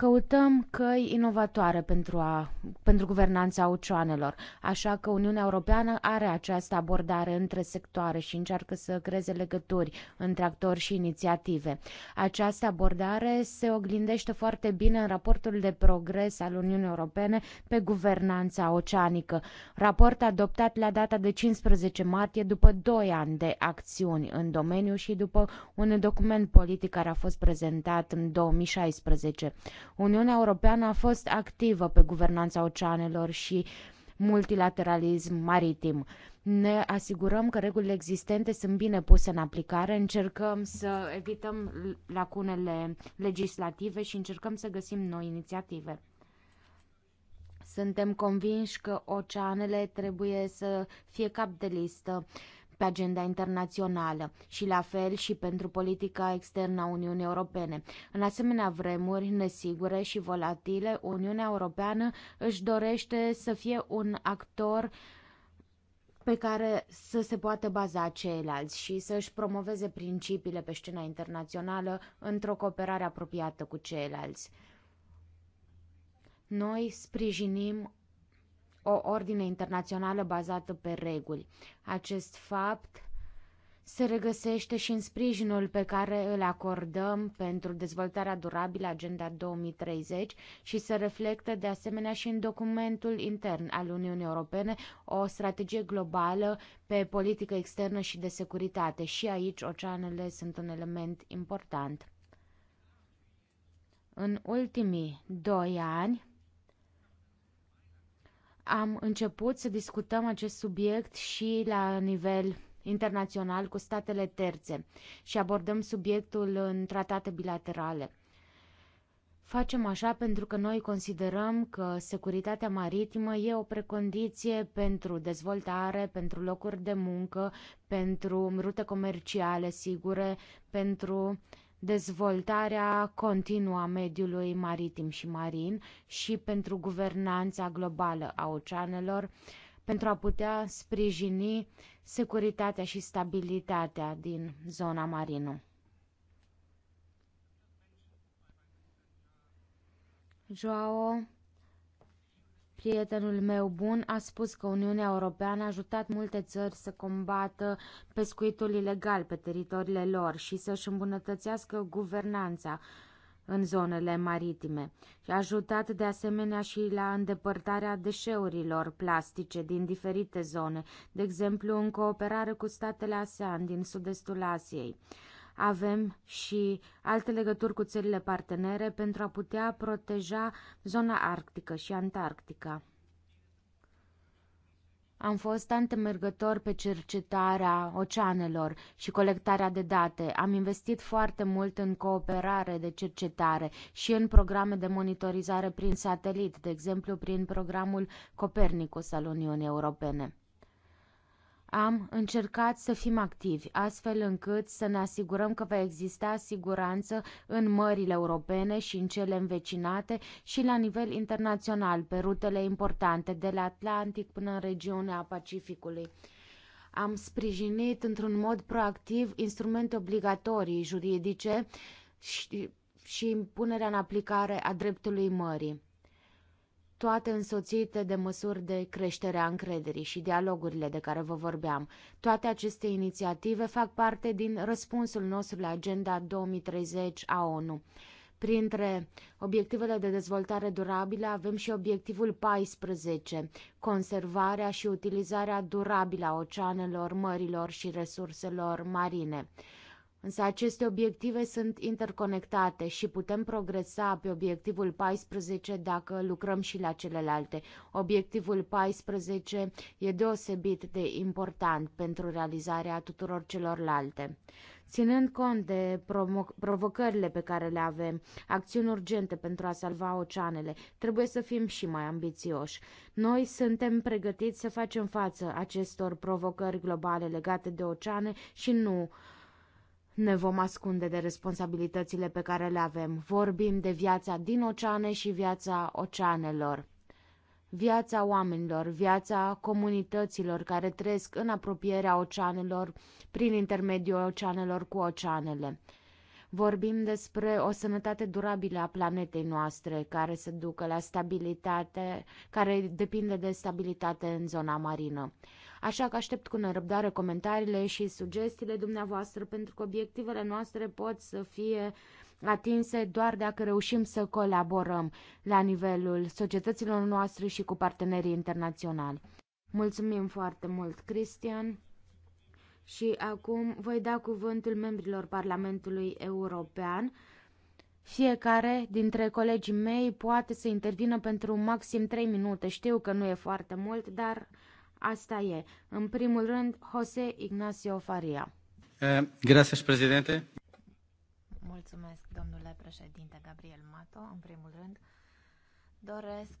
Căutăm căi inovatoare pentru, a, pentru guvernanța ucioanelor, așa că Uniunea Europeană are această abordare între sectoare și încearcă să creeze legături între actori și inițiative. Această abordare se oglindește foarte bine în raportul de progres al Uniunii Europene pe guvernanța oceanică, raport adoptat la data de 15 martie după 2 ani de acțiuni în domeniu și după un document politic care a fost prezentat în 2016. Uniunea Europeană a fost activă pe guvernanța oceanelor și multilateralism maritim. Ne asigurăm că regulile existente sunt bine puse în aplicare, încercăm să evităm lacunele legislative și încercăm să găsim noi inițiative. Suntem convinși că oceanele trebuie să fie cap de listă pe agenda internațională și la fel și pentru politica externă a Uniunii Europene. În asemenea vremuri nesigure și volatile, Uniunea Europeană își dorește să fie un actor pe care să se poată baza ceilalți și să își promoveze principiile pe scena internațională într-o cooperare apropiată cu ceilalți. Noi sprijinim o ordine internațională bazată pe reguli. Acest fapt se regăsește și în sprijinul pe care îl acordăm pentru dezvoltarea durabilă Agenda 2030 și se reflectă de asemenea și în documentul intern al Uniunii Europene, o strategie globală pe politică externă și de securitate. Și aici oceanele sunt un element important. În ultimii doi ani, am început să discutăm acest subiect și la nivel internațional cu statele terțe și abordăm subiectul în tratate bilaterale. Facem așa pentru că noi considerăm că securitatea maritimă e o precondiție pentru dezvoltare, pentru locuri de muncă, pentru rute comerciale sigure, pentru dezvoltarea continuă a mediului maritim și marin și pentru guvernanța globală a oceanelor, pentru a putea sprijini securitatea și stabilitatea din zona marină. João Prietenul meu bun a spus că Uniunea Europeană a ajutat multe țări să combată pescuitul ilegal pe teritoriile lor și să-și îmbunătățească guvernanța în zonele maritime și a ajutat de asemenea și la îndepărtarea deșeurilor plastice din diferite zone, de exemplu în cooperare cu statele ASEAN din sud-estul Asiei. Avem și alte legături cu țările partenere pentru a putea proteja zona arctică și antarctica. Am fost antemergător pe cercetarea oceanelor și colectarea de date. Am investit foarte mult în cooperare de cercetare și în programe de monitorizare prin satelit, de exemplu prin programul Copernicus al Uniunii Europene. Am încercat să fim activi, astfel încât să ne asigurăm că va exista siguranță în mările europene și în cele învecinate și la nivel internațional, pe rutele importante, de la Atlantic până în regiunea Pacificului. Am sprijinit într-un mod proactiv instrumente obligatorii juridice și, și impunerea în aplicare a dreptului mării toate însoțite de măsuri de creștere a încrederii și dialogurile de care vă vorbeam. Toate aceste inițiative fac parte din răspunsul nostru la Agenda 2030 a ONU. Printre obiectivele de dezvoltare durabilă avem și obiectivul 14, conservarea și utilizarea durabilă a oceanelor, mărilor și resurselor marine. Însă aceste obiective sunt interconectate și putem progresa pe obiectivul 14 dacă lucrăm și la celelalte. Obiectivul 14 e deosebit de important pentru realizarea tuturor celorlalte. Ținând cont de provocările pe care le avem, acțiuni urgente pentru a salva oceanele, trebuie să fim și mai ambițioși. Noi suntem pregătiți să facem față acestor provocări globale legate de oceane și nu uh, ne vom ascunde de responsabilitățile pe care le avem. Vorbim de viața din oceane și viața oceanelor. Viața oamenilor, viața comunităților care trăiesc în apropierea oceanelor, prin intermediul oceanelor cu oceanele. Vorbim despre o sănătate durabilă a planetei noastre, care se ducă la stabilitate, care depinde de stabilitate în zona marină. Așa că aștept cu nerăbdare comentariile și sugestiile dumneavoastră, pentru că obiectivele noastre pot să fie atinse doar dacă reușim să colaborăm la nivelul societăților noastre și cu partenerii internaționali. Mulțumim foarte mult, Cristian! Și acum voi da cuvântul membrilor Parlamentului European. Fiecare dintre colegii mei poate să intervină pentru maxim 3 minute. Știu că nu e foarte mult, dar Asta e, în primul rând, Jose Ignacio Faria.
Eh, gracias, președinte.
Mulțumesc, domnule președinte Gabriel Mato. În primul rând, doresc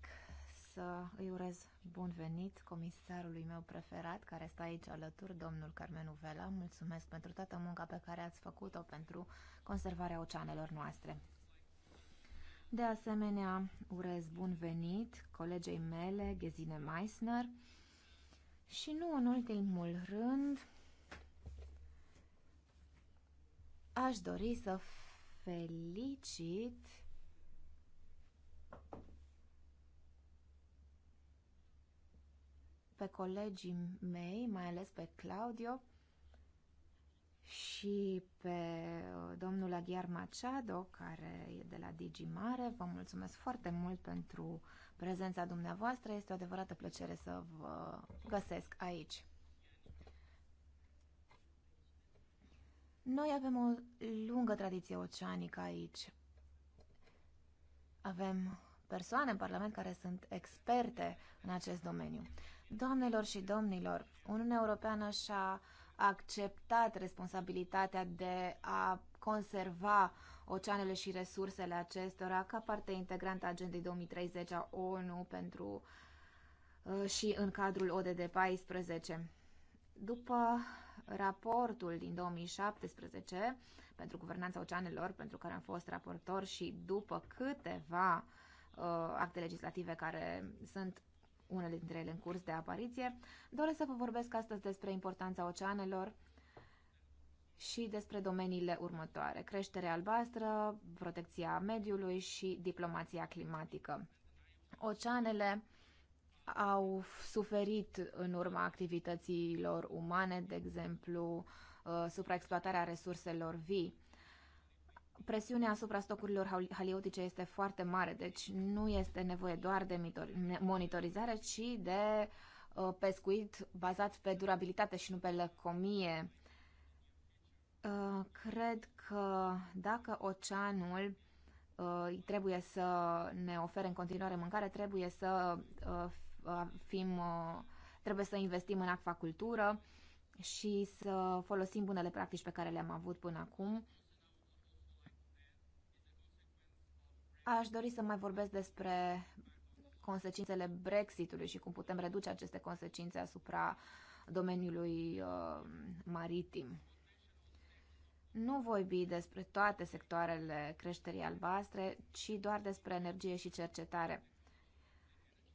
să îi urez bun venit comisarului meu preferat, care stă aici alături, domnul Carmenu Vela. Mulțumesc pentru toată munca pe care ați făcut-o pentru conservarea oceanelor noastre. De asemenea, urez bun venit colegei mele, Gesine Meissner, și nu în ultimul rând, aș dori să felicit pe colegii mei, mai ales pe Claudio și pe uh, domnul Aghiar Machado, care e de la Digimare. Vă mulțumesc foarte mult pentru prezența dumneavoastră. Este o adevărată plăcere să vă găsesc aici. Noi avem o lungă tradiție oceanică aici. Avem persoane în Parlament care sunt experte în acest domeniu. Doamnelor și domnilor, Uniunea Europeană și-a acceptat responsabilitatea de a conserva oceanele și resursele acestora ca parte integrantă a agendei 2030 a ONU pentru uh, și în cadrul ODD 14. După raportul din 2017 pentru guvernanța oceanelor, pentru care am fost raportor și după câteva uh, acte legislative care sunt unele dintre ele în curs de apariție, doresc să vă vorbesc astăzi despre importanța oceanelor, și despre domeniile următoare, creșterea albastră, protecția mediului și diplomația climatică. Oceanele au suferit în urma activităților umane, de exemplu, uh, supraexploatarea resurselor vii. Presiunea asupra stocurilor haliotice este foarte mare, deci nu este nevoie doar de monitorizare, ci de uh, pescuit bazat pe durabilitate și nu pe lăcomie Uh, cred că dacă oceanul uh, trebuie să ne ofere în continuare mâncare, trebuie să uh, fim, trebuie să investim în acvacultură și să folosim bunele practici pe care le-am avut până acum. Aș dori să mai vorbesc despre consecințele Brexitului și cum putem reduce aceste consecințe asupra domeniului uh, maritim nu vorbi despre toate sectoarele creșterii albastre, ci doar despre energie și cercetare.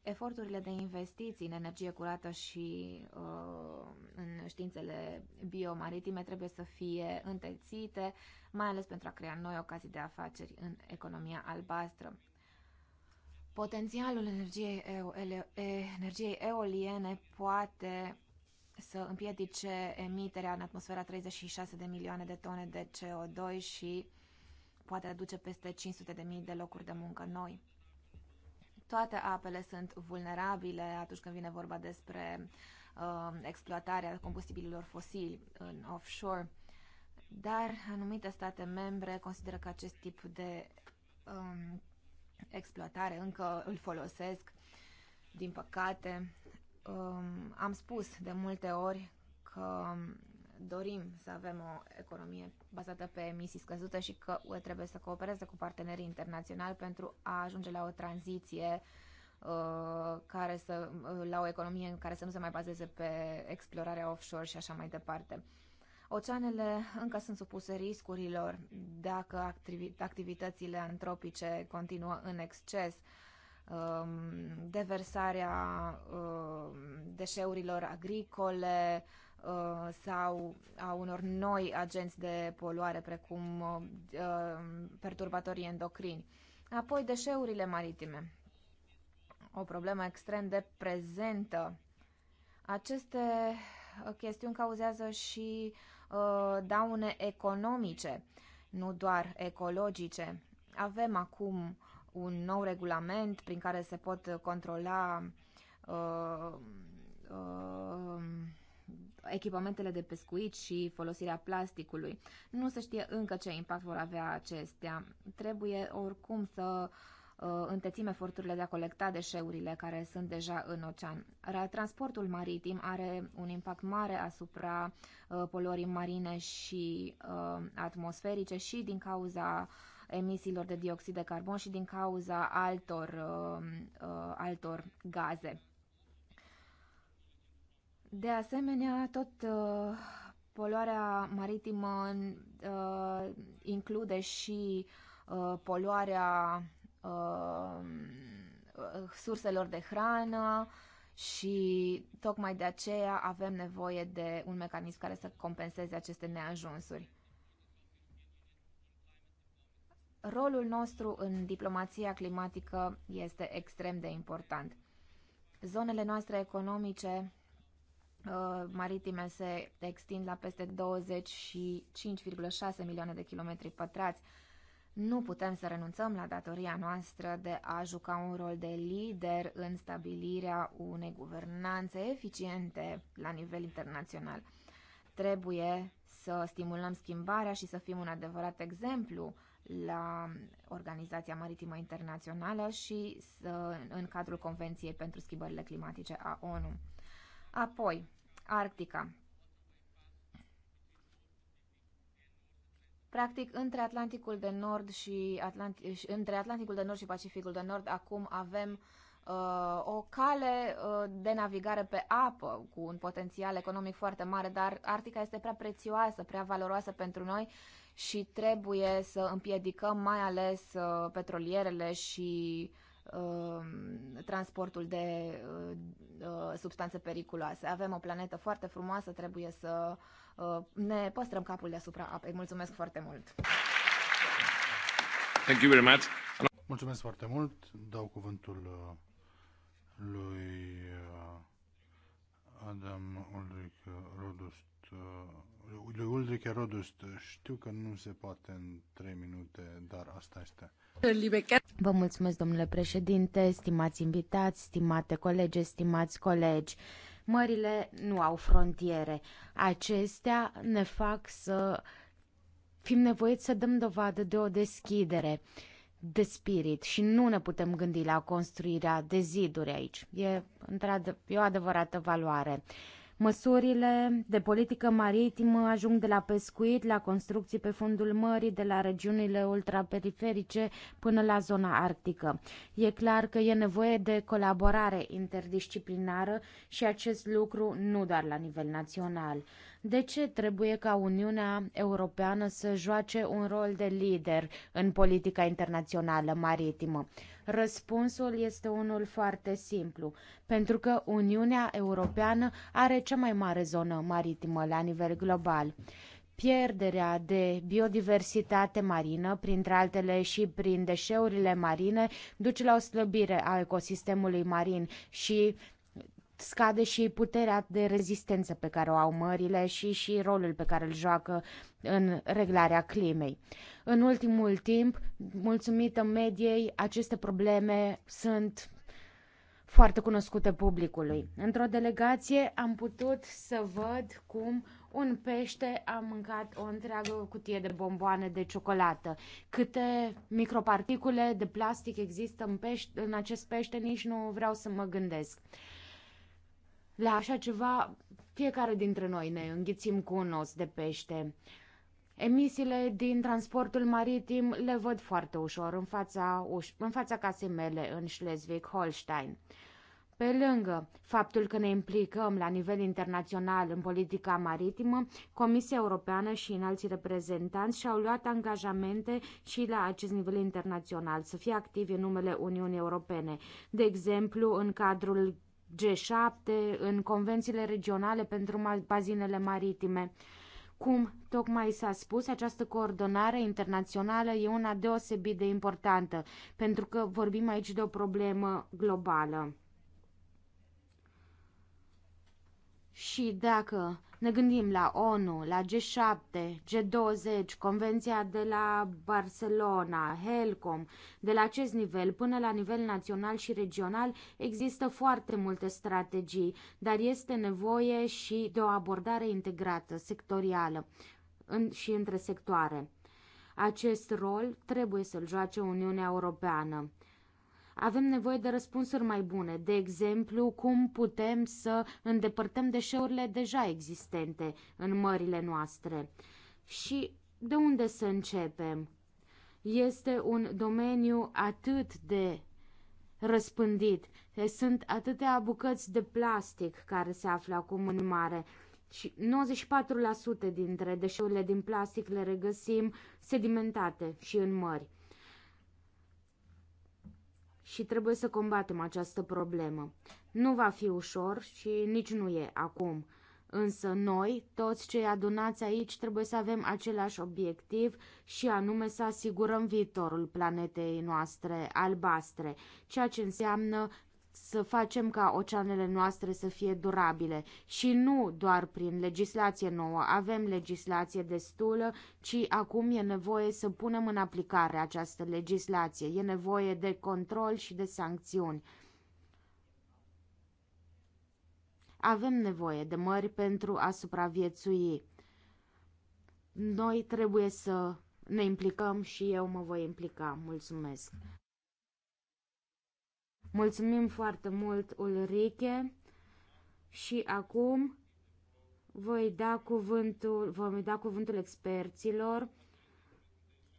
Eforturile de investiții în energie curată și uh, în științele biomaritime trebuie să fie întețite, mai ales pentru a crea noi ocazii de afaceri în economia albastră. Potențialul energiei, energiei eoliene poate să împiedice emiterea în atmosfera 36 de milioane de tone de CO2 și poate aduce peste 500 de mii de locuri de muncă noi. Toate apele sunt vulnerabile atunci când vine vorba despre uh, exploatarea combustibililor fosili în offshore, dar anumite state membre consideră că acest tip de um, exploatare încă îl folosesc, din păcate, um, am spus de multe ori că dorim să avem o economie bazată pe emisii scăzute și că UE trebuie să coopereze cu partenerii internaționali pentru a ajunge la o tranziție uh, care să, uh, la o economie în care să nu se mai bazeze pe explorarea offshore și așa mai departe. Oceanele încă sunt supuse riscurilor dacă activitățile antropice continuă în exces. Uh, Um, deversarea um, deșeurilor agricole uh, sau a unor noi agenți de poluare, precum uh, perturbatorii endocrini. Apoi deșeurile maritime, o problemă extrem de prezentă. Aceste uh, chestiuni cauzează și daune economice, nu doar ecologice. Avem acum un nou regulament prin care se pot controla uh, uh, echipamentele de pescuit și folosirea plasticului. Nu se știe încă ce impact vor avea acestea. Trebuie oricum să uh, întețim eforturile de a colecta deșeurile care sunt deja în ocean. Transportul maritim are un impact mare asupra uh, poluării marine și uh, atmosferice și din cauza uh, emisiilor de dioxid de carbon și din cauza altor, um, uh, altor gaze. De asemenea, tot uh, poluarea maritimă uh, include și uh, poluarea um, uh, surselor de hrană și tocmai de aceea avem nevoie de un mecanism care să compenseze aceste neajunsuri. rolul nostru în diplomația climatică este extrem de important. Zonele noastre economice uh, maritime se extind la peste 25,6 milioane de kilometri pătrați. Nu putem să renunțăm la datoria noastră de a juca un rol de lider în stabilirea unei guvernanțe eficiente la nivel internațional. Trebuie să stimulăm schimbarea și să fim un adevărat exemplu la Organizația Maritimă Internațională și să, în cadrul Convenției pentru Schimbările Climatice a ONU. Apoi, Arctica. Practic, între Atlanticul de Nord și, Atlantic, între Atlanticul de Nord și Pacificul de Nord, acum avem uh, o cale uh, de navigare pe apă cu un potențial economic foarte mare, dar Arctica este prea prețioasă, prea valoroasă pentru noi și trebuie să împiedicăm mai ales uh, petrolierele și um, transportul de uh, uh, substanțe periculoase. Avem o planetă foarte frumoasă, trebuie să ne păstrăm capul deasupra apei. Mulțumesc foarte mult!
Thank you very much. Mulțumesc foarte mult. Dau cuvântul lui Adam Ulrich Rodust lui Ulrike Rodust, știu că nu se poate în trei minute, dar asta este.
Vă mulțumesc, domnule președinte, stimați invitați, stimate colegi, stimați colegi. Mările nu au frontiere. Acestea ne fac să fim nevoiți să dăm dovadă de o deschidere de spirit și nu ne putem gândi la construirea de ziduri aici. E, într-adevăr, o adevărată valoare. Măsurile de politică maritimă ajung de la pescuit, la construcții pe fundul mării, de la regiunile ultraperiferice până la zona arctică. E clar că e nevoie de colaborare interdisciplinară și acest lucru nu doar la nivel național. De ce trebuie ca Uniunea Europeană să joace un rol de lider în politica internațională maritimă? Răspunsul este unul foarte simplu, pentru că Uniunea Europeană are cea mai mare zonă maritimă la nivel global pierderea de biodiversitate marină, printre altele și prin deșeurile marine, duce la o slăbire a ecosistemului marin și scade și puterea de rezistență pe care o au mările și, și rolul pe care îl joacă în reglarea climei. În ultimul timp, mulțumită mediei, aceste probleme sunt foarte cunoscute publicului. Într-o delegație am putut să văd cum un pește a mâncat o întreagă cutie de bomboane de ciocolată. Câte microparticule de plastic există în, pește, în acest pește, nici nu vreau să mă gândesc. Uh, la așa ceva, fiecare dintre noi ne înghițim cu un os de pește. Emisiile din transportul maritim le văd foarte ușor în fața, uș- în fața casei mele în Schleswig-Holstein. Pe lângă faptul că ne implicăm la nivel internațional în politica maritimă, Comisia Europeană și alții reprezentanți și-au luat angajamente și la acest nivel internațional să fie activi în numele Uniunii Europene, de exemplu în cadrul G7, în convențiile regionale pentru bazinele maritime. Cum tocmai s-a spus, această coordonare internațională e una deosebit de importantă, pentru că vorbim aici de o problemă globală. Și dacă ne gândim la ONU, la G7, G20, Convenția de la Barcelona, Helcom, de la acest nivel până la nivel național și regional există foarte multe strategii, dar este nevoie și de o abordare integrată, sectorială în, și între sectoare. Acest rol trebuie să-l joace Uniunea Europeană. Avem nevoie de răspunsuri mai bune, de exemplu, cum putem să îndepărtăm deșeurile deja existente în mările noastre. Și de unde să începem? Este un domeniu atât de răspândit. Sunt atâtea bucăți de plastic care se află acum în mare și 94% dintre deșeurile din plastic le regăsim sedimentate și în mări și trebuie să combatem această problemă. Nu va fi ușor și nici nu e acum. Însă noi, toți cei adunați aici, trebuie să avem același obiectiv și anume să asigurăm viitorul planetei noastre albastre, ceea ce înseamnă să facem ca oceanele noastre să fie durabile și nu doar prin legislație nouă. Avem legislație destulă, ci acum e nevoie să punem în aplicare această legislație. E nevoie de control și de sancțiuni. Avem nevoie de mări pentru a supraviețui. Noi trebuie să ne implicăm și eu mă voi implica. Mulțumesc! Mulțumim foarte mult, Ulrike. Și acum voi da cuvântul, vom da cuvântul experților.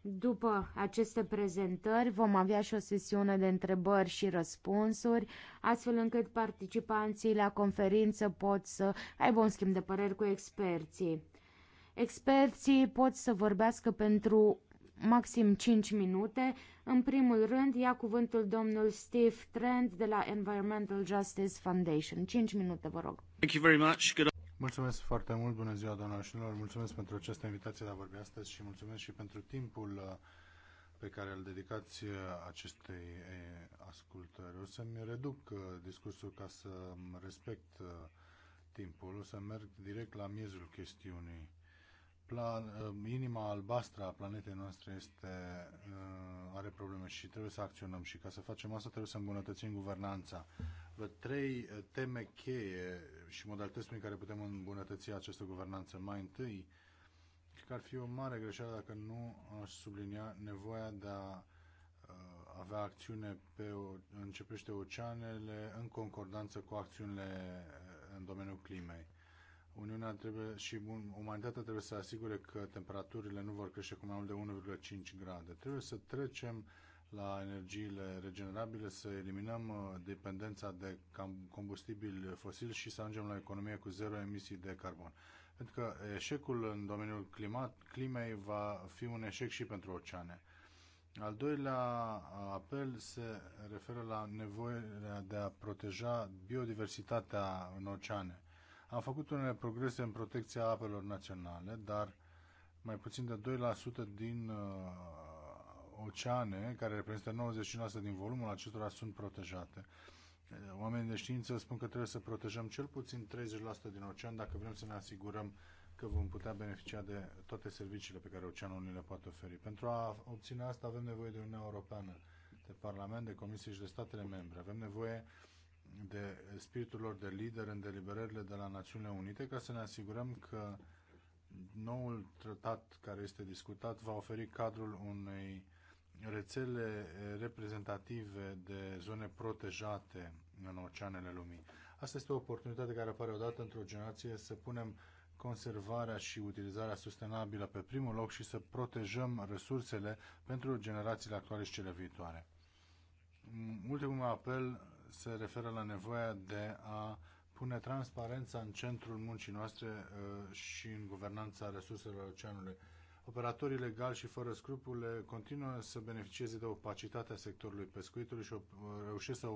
După aceste prezentări vom avea și o sesiune de întrebări și răspunsuri, astfel încât participanții la conferință pot să aibă un schimb de păreri cu experții. Experții pot să vorbească pentru maxim 5 minute. În primul rând ia cuvântul domnul Steve Trent de la Environmental Justice Foundation. 5 minute, vă rog.
Thank you very
much. Good Mulțumesc foarte mult, bună ziua doamnelor și domnilor, mulțumesc pentru această invitație de a vorbi astăzi și mulțumesc și pentru timpul uh, pe care îl dedicați uh, acestei uh, ascultări. O să-mi reduc discursul ca să respect timpul, o să merg direct la miezul chestiunii plan, uh, inima albastră a planetei noastre este, uh, are probleme și trebuie să acționăm și ca să facem asta trebuie să îmbunătățim guvernanța. Văd trei uh, teme cheie și modalități prin care putem îmbunătăți această guvernanță. Mai întâi, că ar fi o mare greșeală dacă nu aș sublinia nevoia de a avea acțiune pe o, începește oceanele în concordanță cu acțiunile în domeniul climei. Uniunea trebuie și umanitatea trebuie să asigure că temperaturile nu vor crește cu mai mult de 1,5 grade. Trebuie să trecem la energiile regenerabile, să eliminăm uh, dependența de combustibili fosili și să ajungem la economie cu zero emisii de carbon. Pentru că eșecul în domeniul climat, climei va fi un eșec și pentru oceane. Al doilea uh, apel se referă la nevoia de a proteja biodiversitatea în oceane am făcut unele progrese în protecția apelor naționale, dar mai puțin de 2% din uh, oceane, care reprezintă 99% din volumul acestora, sunt protejate. Uh, oamenii de știință spun că trebuie să protejăm cel puțin 30% din ocean dacă vrem să ne asigurăm că vom putea beneficia de toate serviciile pe care oceanul ne le poate oferi. Pentru a obține asta avem nevoie de Uniunea Europeană, de Parlament, de Comisie și de statele membre. Avem nevoie de spiritul lor de lider în deliberările de la Națiunile Unite ca să ne asigurăm că noul tratat care este discutat va oferi cadrul unei rețele reprezentative de zone protejate în oceanele lumii. Asta este o oportunitate care apare odată într-o generație să punem conservarea și utilizarea sustenabilă pe primul loc și să protejăm resursele pentru generațiile actuale și cele viitoare. Ultimul apel se referă la nevoia de a pune transparența în centrul muncii noastre uh, și în guvernanța resurselor oceanului. Operatorii legali și fără scrupule continuă să beneficieze de opacitatea sectorului pescuitului și reușesc să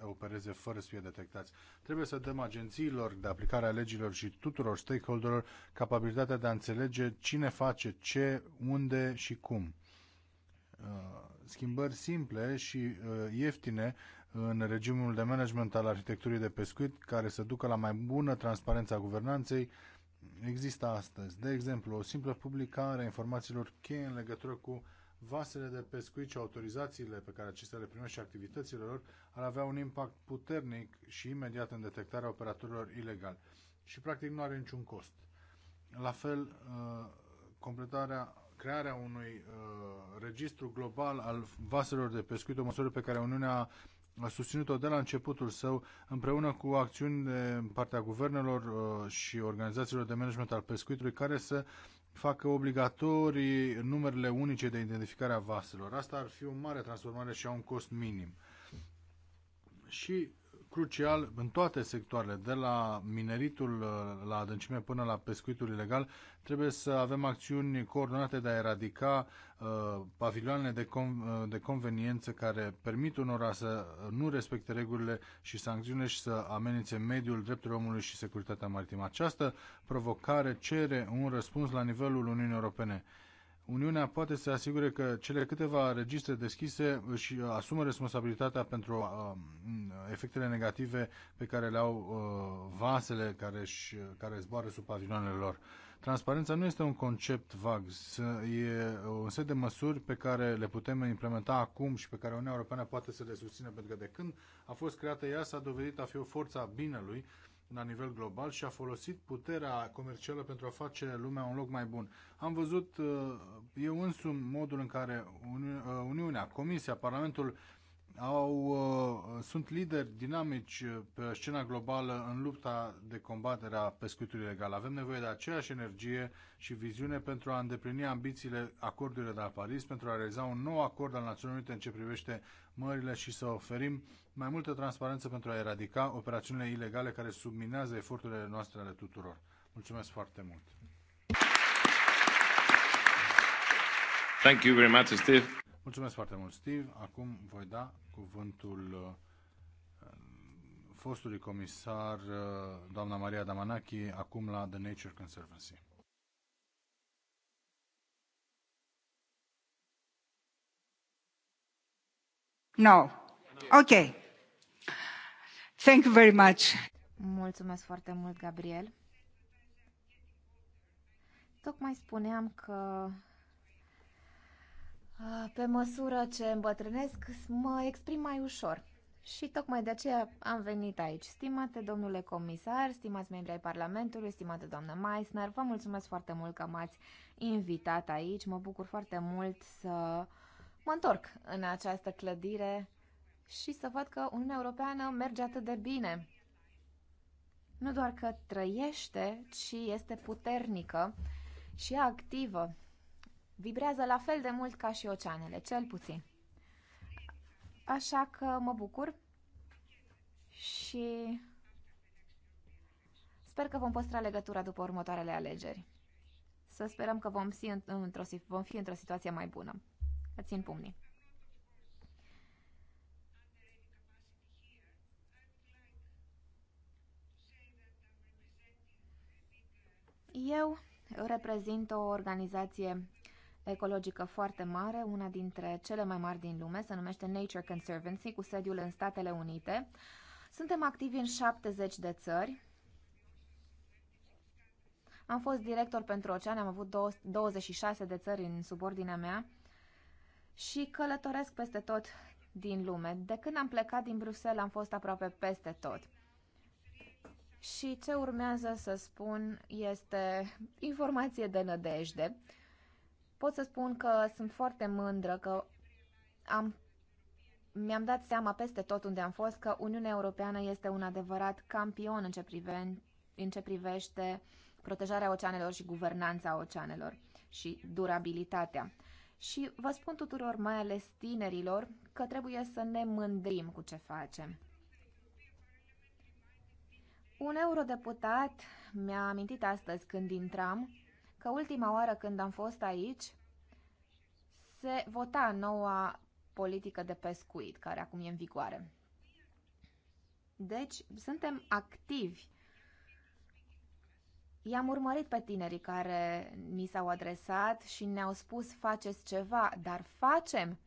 opereze fără să fie detectați. Trebuie să dăm agențiilor de aplicare a legilor și tuturor stakeholderilor capabilitatea de a înțelege cine face ce, unde și cum. Uh, schimbări simple și uh, ieftine în regimul de management al arhitecturii de pescuit care să ducă la mai bună transparență a guvernanței există astăzi. De exemplu, o simplă publicare a informațiilor cheie în legătură cu vasele de pescuit și autorizațiile pe care acestea le primește și activitățile lor ar avea un impact puternic și imediat în detectarea operatorilor ilegali și practic nu are niciun cost. La fel, uh, completarea, crearea unui uh, registru global al vaselor de pescuit, o măsură pe care Uniunea a susținut-o de la începutul său împreună cu acțiuni de partea guvernelor uh, și organizațiilor de management al pescuitului care să facă obligatorii numerele unice de identificare a vaselor. Asta ar fi o mare transformare și a un cost minim. Și crucial în toate sectoarele, de la mineritul uh, la adâncime până la pescuitul ilegal, trebuie să avem acțiuni coordonate de a eradica uh, pavilioanele de, con- uh, de conveniență care permit unora să nu respecte regulile și sancțiunile și să amenințe mediul, drepturile omului și securitatea maritimă. Această provocare cere un răspuns la nivelul Uniunii Europene. Uh, Uniunea poate să asigure că cele câteva registre deschise își uh, asumă responsabilitatea pentru uh, efectele negative pe care le au uh, vasele care, își, care zboară sub pavilioanele lor. Transparența nu este un concept vag, e un set de măsuri pe care le putem implementa acum și pe care Uniunea Europeană poate să le susțină, pentru că de când a fost creată ea s-a dovedit a fi o forță a binelui la nivel global și a folosit puterea comercială pentru a face lumea un loc mai bun. Am văzut uh, eu însumi modul în care Uni uh, Uniunea, Comisia, Parlamentul au, uh, sunt lideri dinamici pe scena globală în lupta de combatere a pescuitului ilegal. Avem nevoie de aceeași energie și viziune pentru a îndeplini ambițiile acordurilor de la Paris, pentru a realiza un nou acord al Națiunilor Unite în ce privește mările și să oferim mai multă transparență pentru a eradica operațiunile ilegale care subminează eforturile noastre ale tuturor. Mulțumesc foarte mult!
Thank you very much, Steve.
Mulțumesc foarte mult, Steve. Acum voi da cuvântul uh, fostului comisar, uh, doamna Maria Damanachi, acum la The Nature Conservancy.
No.
Ok. Thank you very much. Mulțumesc foarte mult, Gabriel. Tocmai spuneam că pe măsură ce îmbătrânesc, mă exprim mai ușor. Și tocmai de aceea am venit aici. Stimate domnule comisar, stimați membri ai Parlamentului, stimată doamnă Meissner, vă mulțumesc foarte mult că m-ați invitat aici. Mă bucur foarte mult să mă întorc în această clădire și să văd că Uniunea Europeană merge atât de bine. Nu doar că trăiește, ci este puternică și activă. Vibrează la fel de mult ca și oceanele, cel puțin. Așa că mă bucur și sper că vom păstra legătura după următoarele alegeri. Să sperăm că vom fi, într-o, vom fi într-o situație mai bună. Îți țin pumnii. Eu reprezint o organizație ecologică foarte mare, una dintre cele mai mari din lume, se numește Nature Conservancy, cu sediul în Statele Unite. Suntem activi în 70 de țări. Am fost director pentru ocean, am avut 26 de țări în subordinea mea și călătoresc peste tot din lume. De când am plecat din Bruxelles am fost aproape peste tot. Și ce urmează să spun este informație de nădejde. Pot să spun că sunt foarte mândră că am, mi-am dat seama peste tot unde am fost că Uniunea Europeană este un adevărat campion în ce, prive, în ce privește protejarea oceanelor și guvernanța oceanelor și durabilitatea. Și vă spun tuturor, mai ales tinerilor, că trebuie să ne mândrim cu ce facem. Un eurodeputat mi-a amintit astăzi când intram că ultima oară când am fost aici se vota noua politică de pescuit care acum e în vigoare. Deci suntem activi I-am urmărit pe tinerii care ni s-au adresat și ne-au spus faceți ceva, dar facem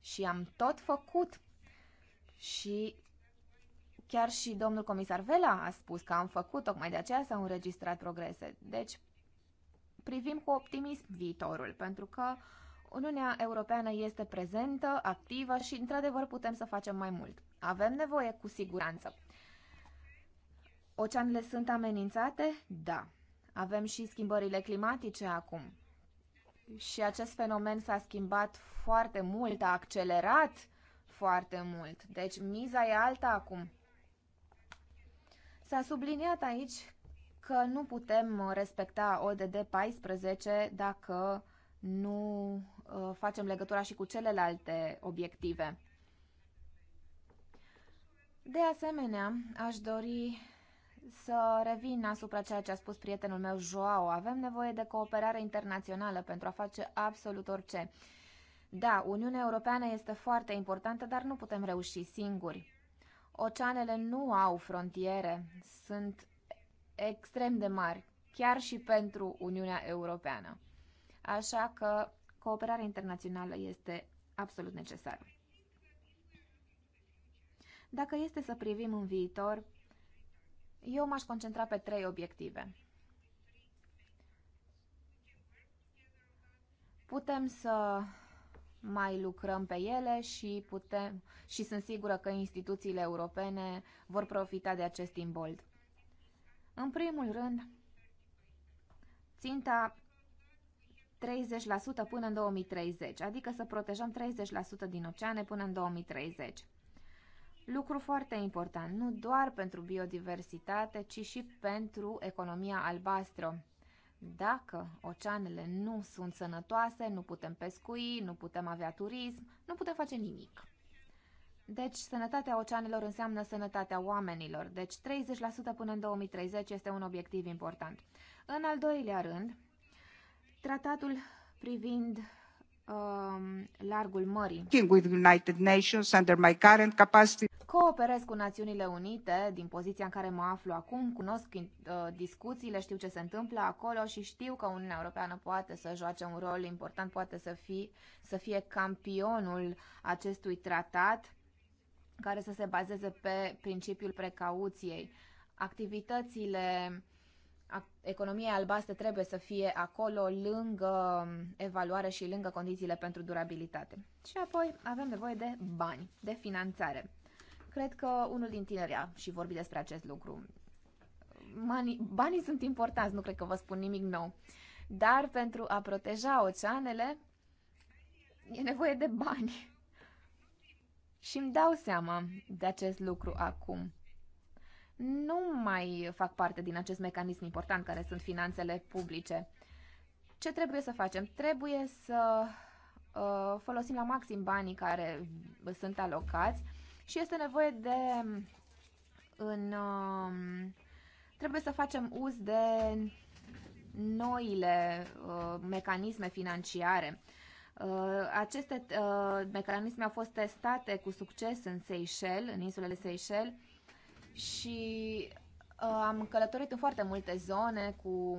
și am tot făcut. Și chiar și domnul comisar Vela a spus că am făcut, tocmai de aceea s-au înregistrat progrese. Deci privim cu optimism viitorul, pentru că Uniunea Europeană este prezentă, activă și, într-adevăr, putem să facem mai mult. Avem nevoie, cu siguranță. Oceanele sunt amenințate? Da. Avem și schimbările climatice acum. Și acest fenomen s-a schimbat foarte mult, a accelerat foarte mult. Deci miza e alta acum. S-a subliniat aici că nu putem respecta ODD 14 dacă nu ă, facem legătura și cu celelalte obiective. De asemenea, aș dori să revin asupra ceea ce a spus prietenul meu Joao. Avem nevoie de cooperare internațională pentru a face absolut orice. Da, Uniunea Europeană este foarte importantă, dar nu putem reuși singuri. Oceanele nu au frontiere, sunt extrem de mari, chiar și pentru Uniunea Europeană. Așa că cooperarea internațională este absolut necesară. Dacă este să privim în viitor, eu m-aș concentra pe trei obiective. Putem să mai lucrăm pe ele și, putem, și sunt sigură că instituțiile europene vor profita de acest imbold. În primul rând, ținta 30% până în 2030, adică să protejăm 30% din oceane până în 2030. Lucru foarte important, nu doar pentru biodiversitate, ci și pentru economia albastră. Dacă oceanele nu sunt sănătoase, nu putem pescui, nu putem avea turism, nu putem face nimic. Deci, sănătatea oceanelor înseamnă sănătatea oamenilor, deci 30% până în 2030 este un obiectiv important. În al doilea rând, tratatul privind um, largul mării.
United Nations under my current capacity
Cooperez cu Națiunile Unite din poziția în care mă aflu acum, cunosc uh, discuțiile, știu ce se întâmplă acolo și știu că Uniunea Europeană poate să joace un rol important, poate să, fi, să fie campionul acestui tratat care să se bazeze pe principiul precauției. Activitățile economiei albastre trebuie să fie acolo lângă evaluare și lângă condițiile pentru durabilitate. Și apoi avem nevoie de bani, de finanțare cred că unul din tineri a și vorbi despre acest lucru. Money, banii sunt importanți, nu cred că vă spun nimic nou. Dar pentru a proteja oceanele e nevoie de bani. Și îmi dau seama de acest lucru acum. Nu mai fac parte din acest mecanism important care sunt finanțele publice. Ce trebuie să facem? Trebuie să uh, folosim la maxim banii care sunt alocați și este nevoie de în um, trebuie să facem uz de noile uh, mecanisme financiare. Uh, aceste uh, mecanisme au fost testate cu succes în Seychelles, în insulele Seychelles și am călătorit în foarte multe zone cu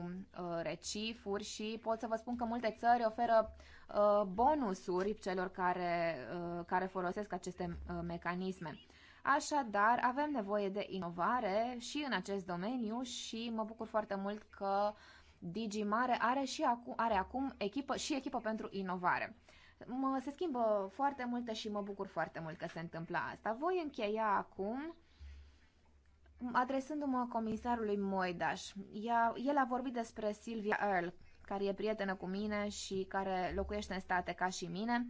recifuri și pot să vă spun că multe țări oferă Uh, bonusuri celor care, uh, care folosesc aceste uh, mecanisme. Așadar, avem nevoie de inovare și în acest domeniu și mă bucur foarte mult că Digimare are și acu- are acum echipă, și echipă pentru inovare. Mă, se schimbă foarte multe și mă bucur foarte mult că se întâmplă asta. Voi încheia acum adresându-mă comisarului Moidaș. el a vorbit despre Silvia Earle, care e prietenă cu mine și care locuiește în state ca și mine,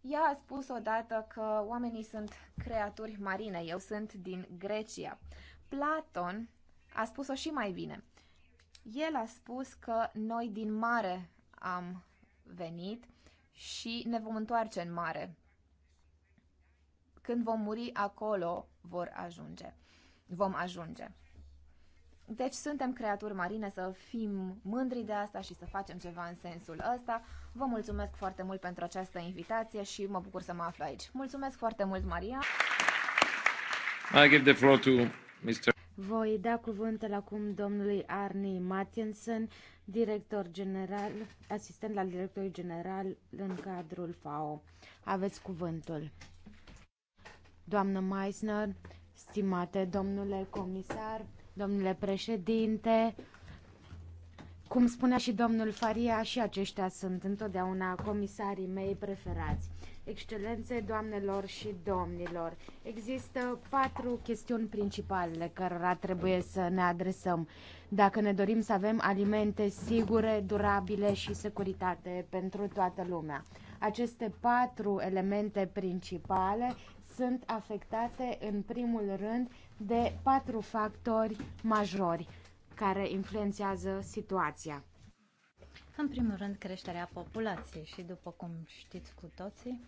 ea a spus odată că oamenii sunt creaturi marine, eu sunt din Grecia. Platon a spus-o și mai bine. El a spus că noi din mare am venit și ne vom întoarce în mare. Când vom muri acolo, vor ajunge. Vom ajunge. Deci suntem creaturi marine, să fim mândri de asta și să facem ceva în sensul ăsta. Vă mulțumesc foarte mult pentru această invitație și mă bucur să mă aflu aici. Mulțumesc foarte mult, Maria!
I give the floor to Mr.
Voi da cuvântul acum domnului
Arne Mattinson, director general, asistent la directorul general în cadrul FAO. Aveți cuvântul. Doamnă Meisner, stimate domnule comisar, Domnule președinte, cum spunea și domnul Faria, și aceștia sunt întotdeauna comisarii mei preferați. Excelențe, doamnelor și domnilor, există patru chestiuni principale cărora trebuie să ne adresăm dacă ne dorim să avem alimente sigure, durabile și securitate pentru toată lumea. Aceste patru elemente principale sunt afectate în primul rând de patru factori majori care
influențează situația. În primul rând, creșterea populației și, după cum știți cu toții,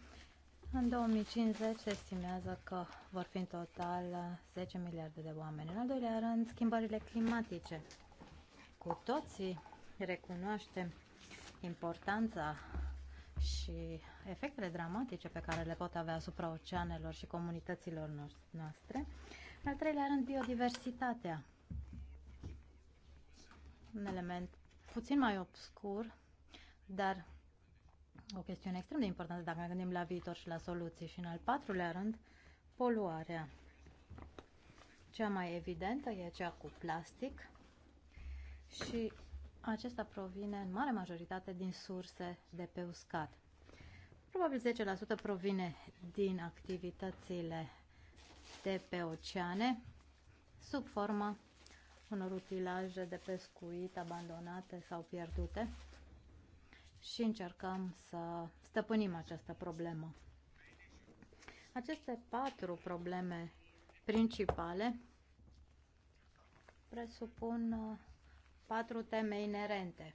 în 2050 se estimează că vor fi în total 10 miliarde de oameni. În al doilea rând, schimbările climatice. Cu toții recunoaștem importanța și efectele dramatice pe care le pot avea asupra oceanelor și comunităților noastre. În al treilea rând, biodiversitatea. Un element puțin mai obscur, dar o chestiune extrem de importantă dacă ne gândim la viitor și la soluții. Și în al patrulea rând, poluarea. Cea mai evidentă e cea cu plastic și acesta provine în mare majoritate din surse de pe uscat. Probabil 10% provine din activitățile de pe oceane sub forma unor utilaje de pescuit abandonate sau pierdute și încercăm să stăpânim această problemă. Aceste patru probleme principale presupun uh, patru teme inerente.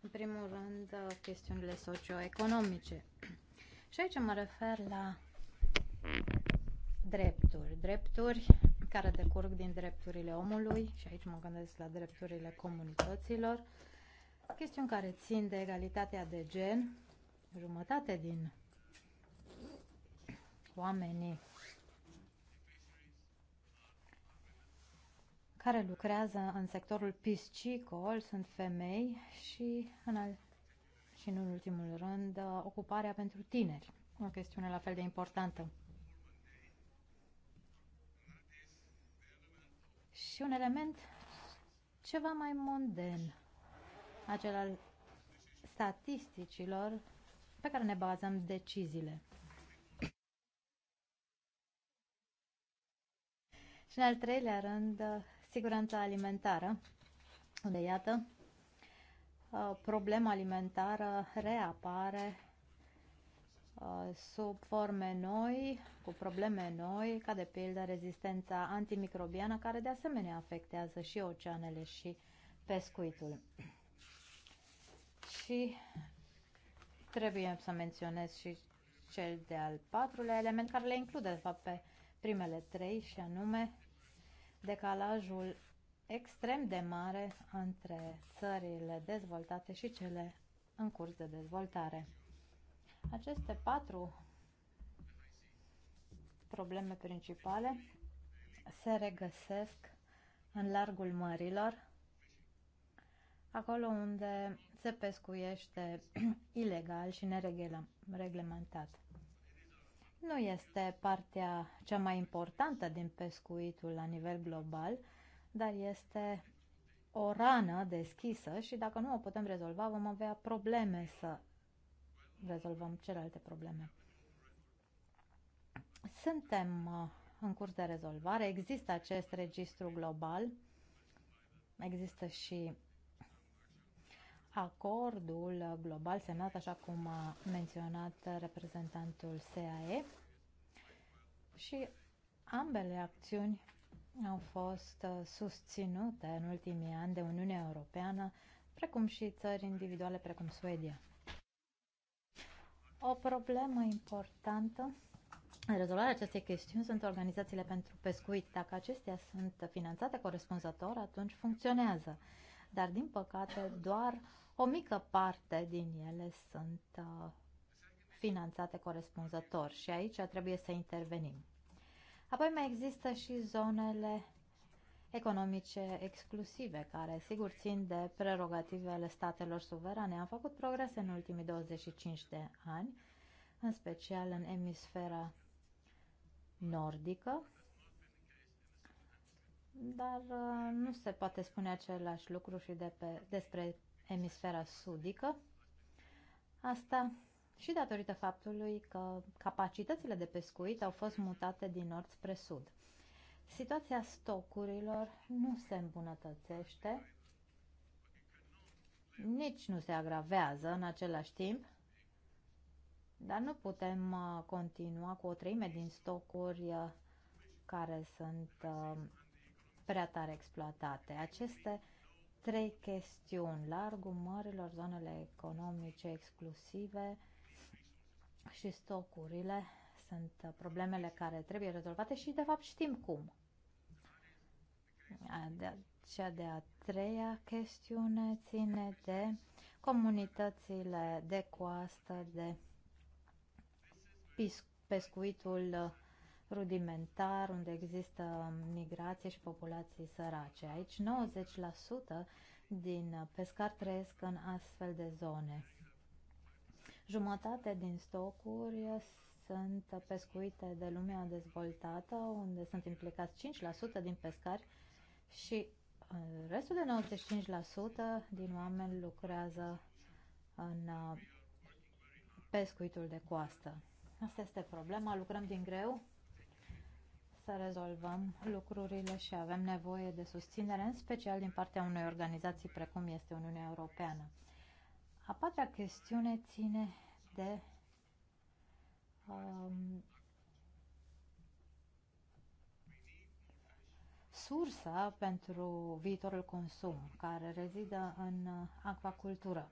În primul rând, uh, chestiunile socioeconomice. Și aici mă refer la drepturi. Drepturi care decurg din drepturile omului, și aici mă gândesc la drepturile comunităților, chestiuni care țin de egalitatea de gen. Jumătate din oamenii care lucrează în sectorul piscicol sunt femei și în, al, și în ultimul rând ocuparea pentru tineri. O chestiune la fel de importantă. și un element ceva mai monden, acel al statisticilor pe care ne bazăm deciziile. Și în al treilea rând, siguranța alimentară, unde, iată, uh, problema alimentară reapare Uh, sub forme noi, cu probleme noi, ca de pildă rezistența antimicrobiană, care de asemenea afectează și oceanele și pescuitul. Și trebuie să menționez și cel de-al patrulea element care le include, de fapt, pe primele trei, și anume decalajul extrem de mare între țările dezvoltate și cele în curs de dezvoltare. Aceste patru probleme principale se regăsesc în largul mărilor, acolo unde se pescuiește ilegal și nereglementat. Nu este partea cea mai importantă din pescuitul la nivel global, dar este o rană deschisă și dacă nu o putem rezolva, vom avea probleme să rezolvăm celelalte probleme. Suntem uh, în curs de rezolvare, există acest registru global, există și acordul global semnat, așa cum a menționat reprezentantul SAE și ambele acțiuni au fost uh, susținute în ultimii ani de Uniunea Europeană, precum și țări individuale precum Suedia. O problemă importantă în rezolvarea acestei chestiuni sunt organizațiile pentru pescuit. Dacă acestea sunt finanțate corespunzător, atunci funcționează. Dar, din păcate, doar o mică parte din ele sunt uh, finanțate corespunzător și aici trebuie să intervenim. Apoi mai există și zonele economice exclusive, care sigur țin de prerogativele statelor suverane. Am făcut progrese în ultimii 25 de ani, în special în emisfera nordică, dar uh, nu se poate spune același lucru și de pe, despre emisfera sudică. Asta și datorită faptului că capacitățile de pescuit au fost mutate din nord spre sud situația stocurilor nu se îmbunătățește, nici nu se agravează în același timp, dar nu putem uh, continua cu o treime din stocuri uh, care sunt uh, prea tare exploatate. Aceste trei chestiuni, largul mărilor, zonele economice exclusive și stocurile, sunt problemele care trebuie rezolvate și de fapt știm cum cea de-a treia chestiune ține de comunitățile de coastă, de pescuitul rudimentar, unde există migrație și populații sărace. Aici 90% din pescar trăiesc în astfel de zone. Jumătate din stocuri sunt pescuite de lumea dezvoltată, unde sunt implicați 5% din pescari și restul de 95% din oameni lucrează în uh, pescuitul de coastă. Asta este problema, lucrăm din greu să rezolvăm lucrurile și avem nevoie de susținere, în special din partea unei organizații precum este Uniunea Europeană. A patra chestiune ține de um, resursă pentru viitorul consum care rezidă în acvacultură.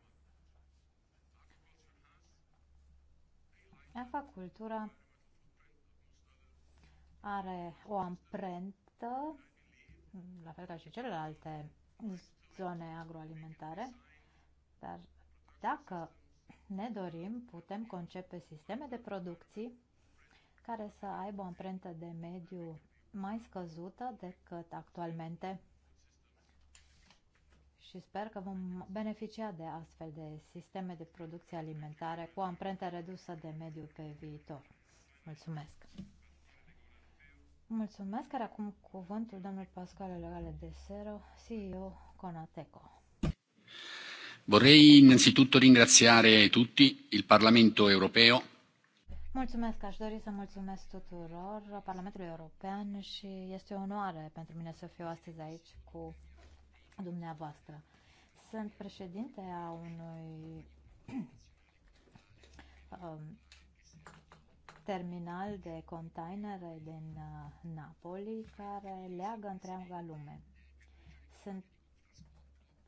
Acvacultura are o amprentă, la fel ca și celelalte zone agroalimentare, dar dacă ne dorim, putem concepe sisteme de producții care să aibă o amprentă de mediu mai scăzută decât actualmente și sper că vom beneficia de astfel de sisteme de producție alimentare cu amprentă redusă de mediu pe viitor. Mulțumesc! Mulțumesc, care acum cuvântul domnul Pascal Legale de Sero, CEO Conateco.
Vorrei innanzitutto ringraziare tutti, il Parlamento europeo
Mulțumesc, aș dori să mulțumesc tuturor Parlamentului European și este o onoare pentru mine să fiu astăzi aici cu dumneavoastră. Sunt președinte a unui um, terminal de containere din uh, Napoli care leagă întreaga lume. Sunt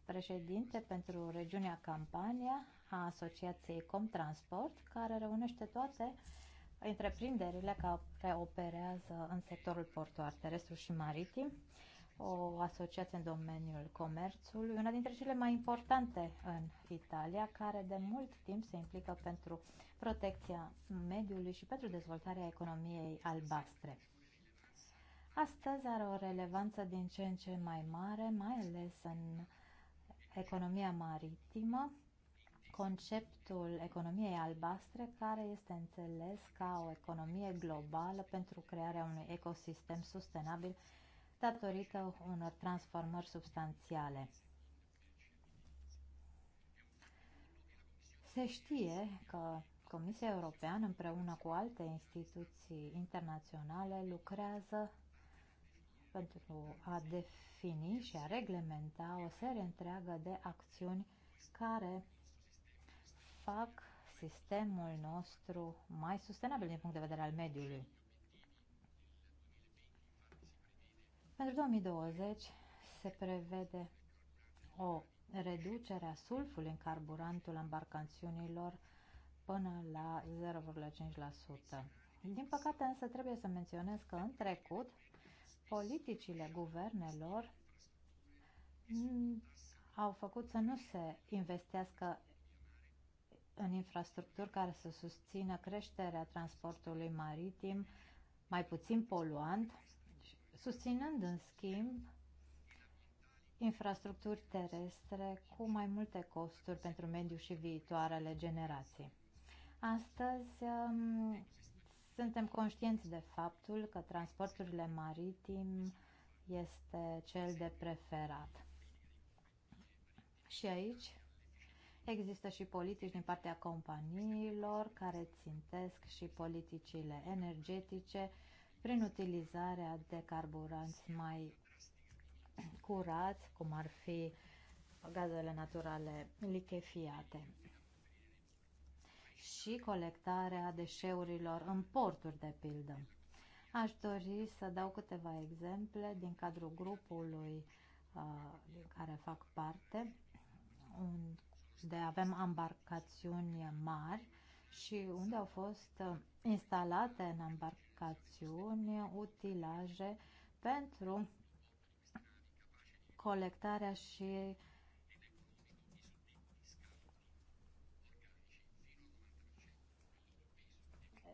președinte pentru regiunea Campania a Asociației Comtransport, care reunește toate întreprinderile care operează în sectorul portuar, terestru și maritim, o asociație în domeniul comerțului, una dintre cele mai importante în Italia, care de mult timp se implică pentru protecția mediului și pentru dezvoltarea economiei albastre. Astăzi are o relevanță din ce în ce mai mare, mai ales în economia maritimă, conceptul economiei albastre, care este înțeles ca o economie globală pentru crearea unui ecosistem sustenabil datorită unor transformări substanțiale. Se știe că Comisia Europeană împreună cu alte instituții internaționale lucrează pentru a defini și a reglementa o serie întreagă de acțiuni care fac sistemul nostru mai sustenabil din punct de vedere al mediului. Pentru 2020 se prevede o reducere a sulfului în carburantul embarcațiunilor până la 0,5%. Din păcate însă trebuie să menționez că în trecut politicile guvernelor au făcut să nu se investească în infrastructuri care să susțină creșterea transportului maritim mai puțin poluant, susținând în schimb infrastructuri terestre cu mai multe costuri pentru mediu și viitoarele generații. Astăzi um, suntem conștienți de faptul că transporturile maritim este cel de preferat. Și aici Există și politici din partea companiilor care țintesc și politicile energetice prin utilizarea de carburanți mai curați, cum ar fi gazele naturale lichefiate și colectarea deșeurilor în porturi, de pildă. Aș dori să dau câteva exemple din cadrul grupului uh, din care fac parte, un de avem embarcațiuni mari și unde au fost uh, instalate în embarcațiuni utilaje pentru colectarea și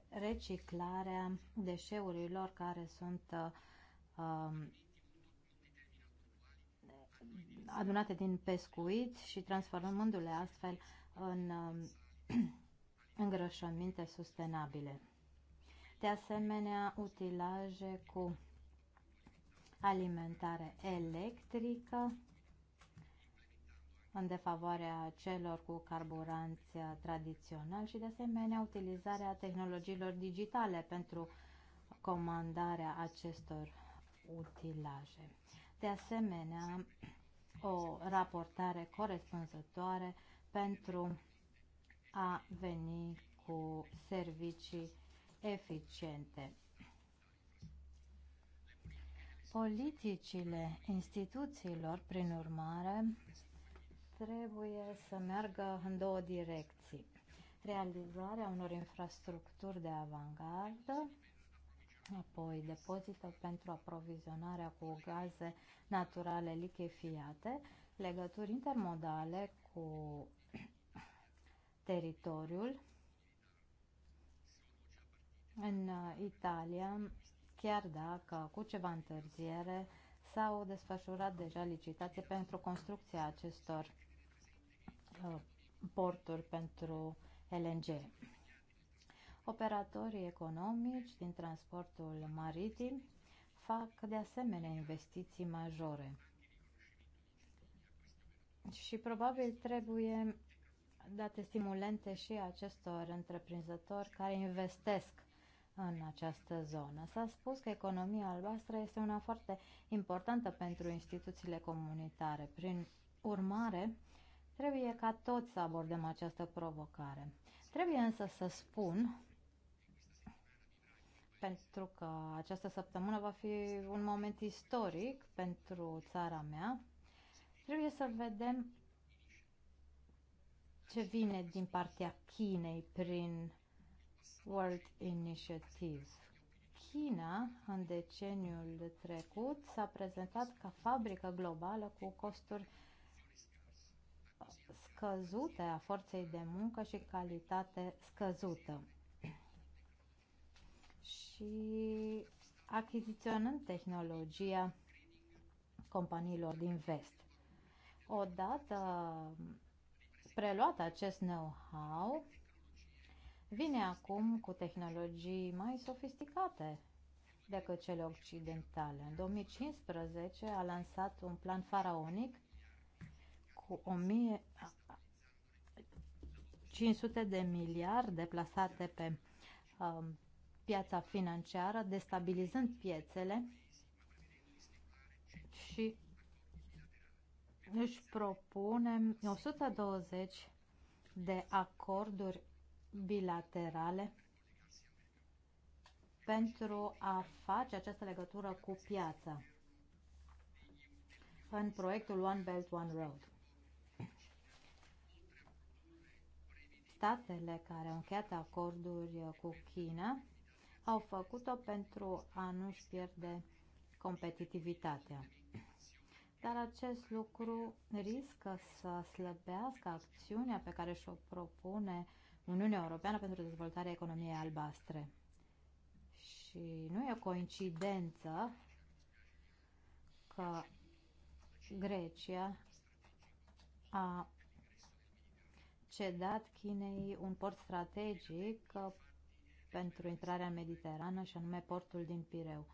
reciclarea deșeurilor care sunt uh, um, adunate din pescuit și transformându-le astfel în um, îngrășăminte sustenabile. De asemenea, utilaje cu alimentare electrică în defavoarea celor cu carburanți tradițional și, de asemenea, utilizarea tehnologiilor digitale pentru comandarea acestor utilaje. De asemenea, o raportare corespunzătoare pentru a veni cu servicii eficiente. Politicile instituțiilor, prin urmare, trebuie să meargă în două direcții. Realizarea unor infrastructuri de avangardă apoi depozită pentru aprovizionarea cu gaze naturale lichefiate, legături intermodale cu teritoriul. În Italia, chiar dacă cu ceva întârziere, s-au desfășurat deja licitații pentru construcția acestor uh, porturi pentru LNG. Operatorii economici din transportul maritim fac de asemenea investiții majore. Și probabil trebuie date stimulente și acestor întreprinzători care investesc în această zonă. S-a spus că economia albastră este una foarte importantă pentru instituțiile comunitare. Prin urmare, trebuie ca toți să abordăm această provocare. Trebuie însă să spun pentru că această săptămână va fi un moment istoric pentru țara mea. Trebuie să vedem ce vine din partea Chinei prin World Initiative. China, în deceniul trecut, s-a prezentat ca fabrică globală cu costuri scăzute a forței de muncă și calitate scăzută și achiziționând tehnologia companiilor din vest. Odată preluat acest know-how, vine acum cu tehnologii mai sofisticate decât cele occidentale. În 2015 a lansat un plan faraonic cu 1500 de miliarde plasate pe um, piața financiară, destabilizând piețele și își propunem 120 de acorduri bilaterale pentru a face această legătură cu piața în proiectul One Belt, One Road. Statele care au încheiat acorduri cu China au făcut-o pentru a nu-și pierde competitivitatea. Dar acest lucru riscă să slăbească acțiunea pe care și-o propune Uniunea Europeană pentru dezvoltarea economiei albastre. Și nu e o coincidență că Grecia a cedat Chinei un port strategic pentru intrarea în Mediterană și anume portul din Pireu.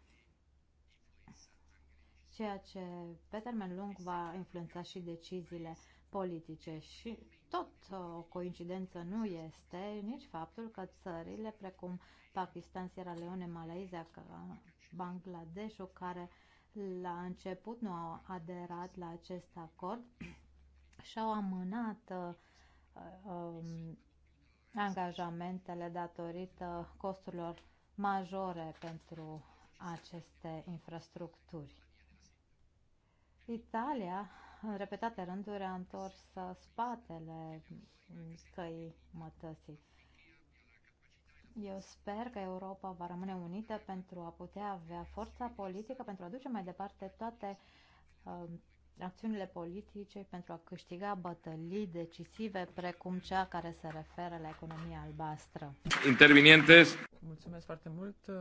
Ceea ce pe termen lung va influența și deciziile politice și tot uh, o coincidență nu este nici faptul că țările precum Pakistan, Sierra Leone, Malaysia, Bangladeshul, care la început nu au aderat la acest acord și-au amânat uh, um, da. angajamentele datorită costurilor majore pentru aceste infrastructuri. Italia, în repetate rânduri, a întors uh, spatele căii mătăsii. Eu sper că Europa va rămâne unită pentru a putea avea forța politică pentru a duce mai departe toate uh, acțiunile politice pentru a câștiga bătălii decisive precum cea care se referă la economia
albastră.
Intervinientes!
Mulțumesc foarte mult uh,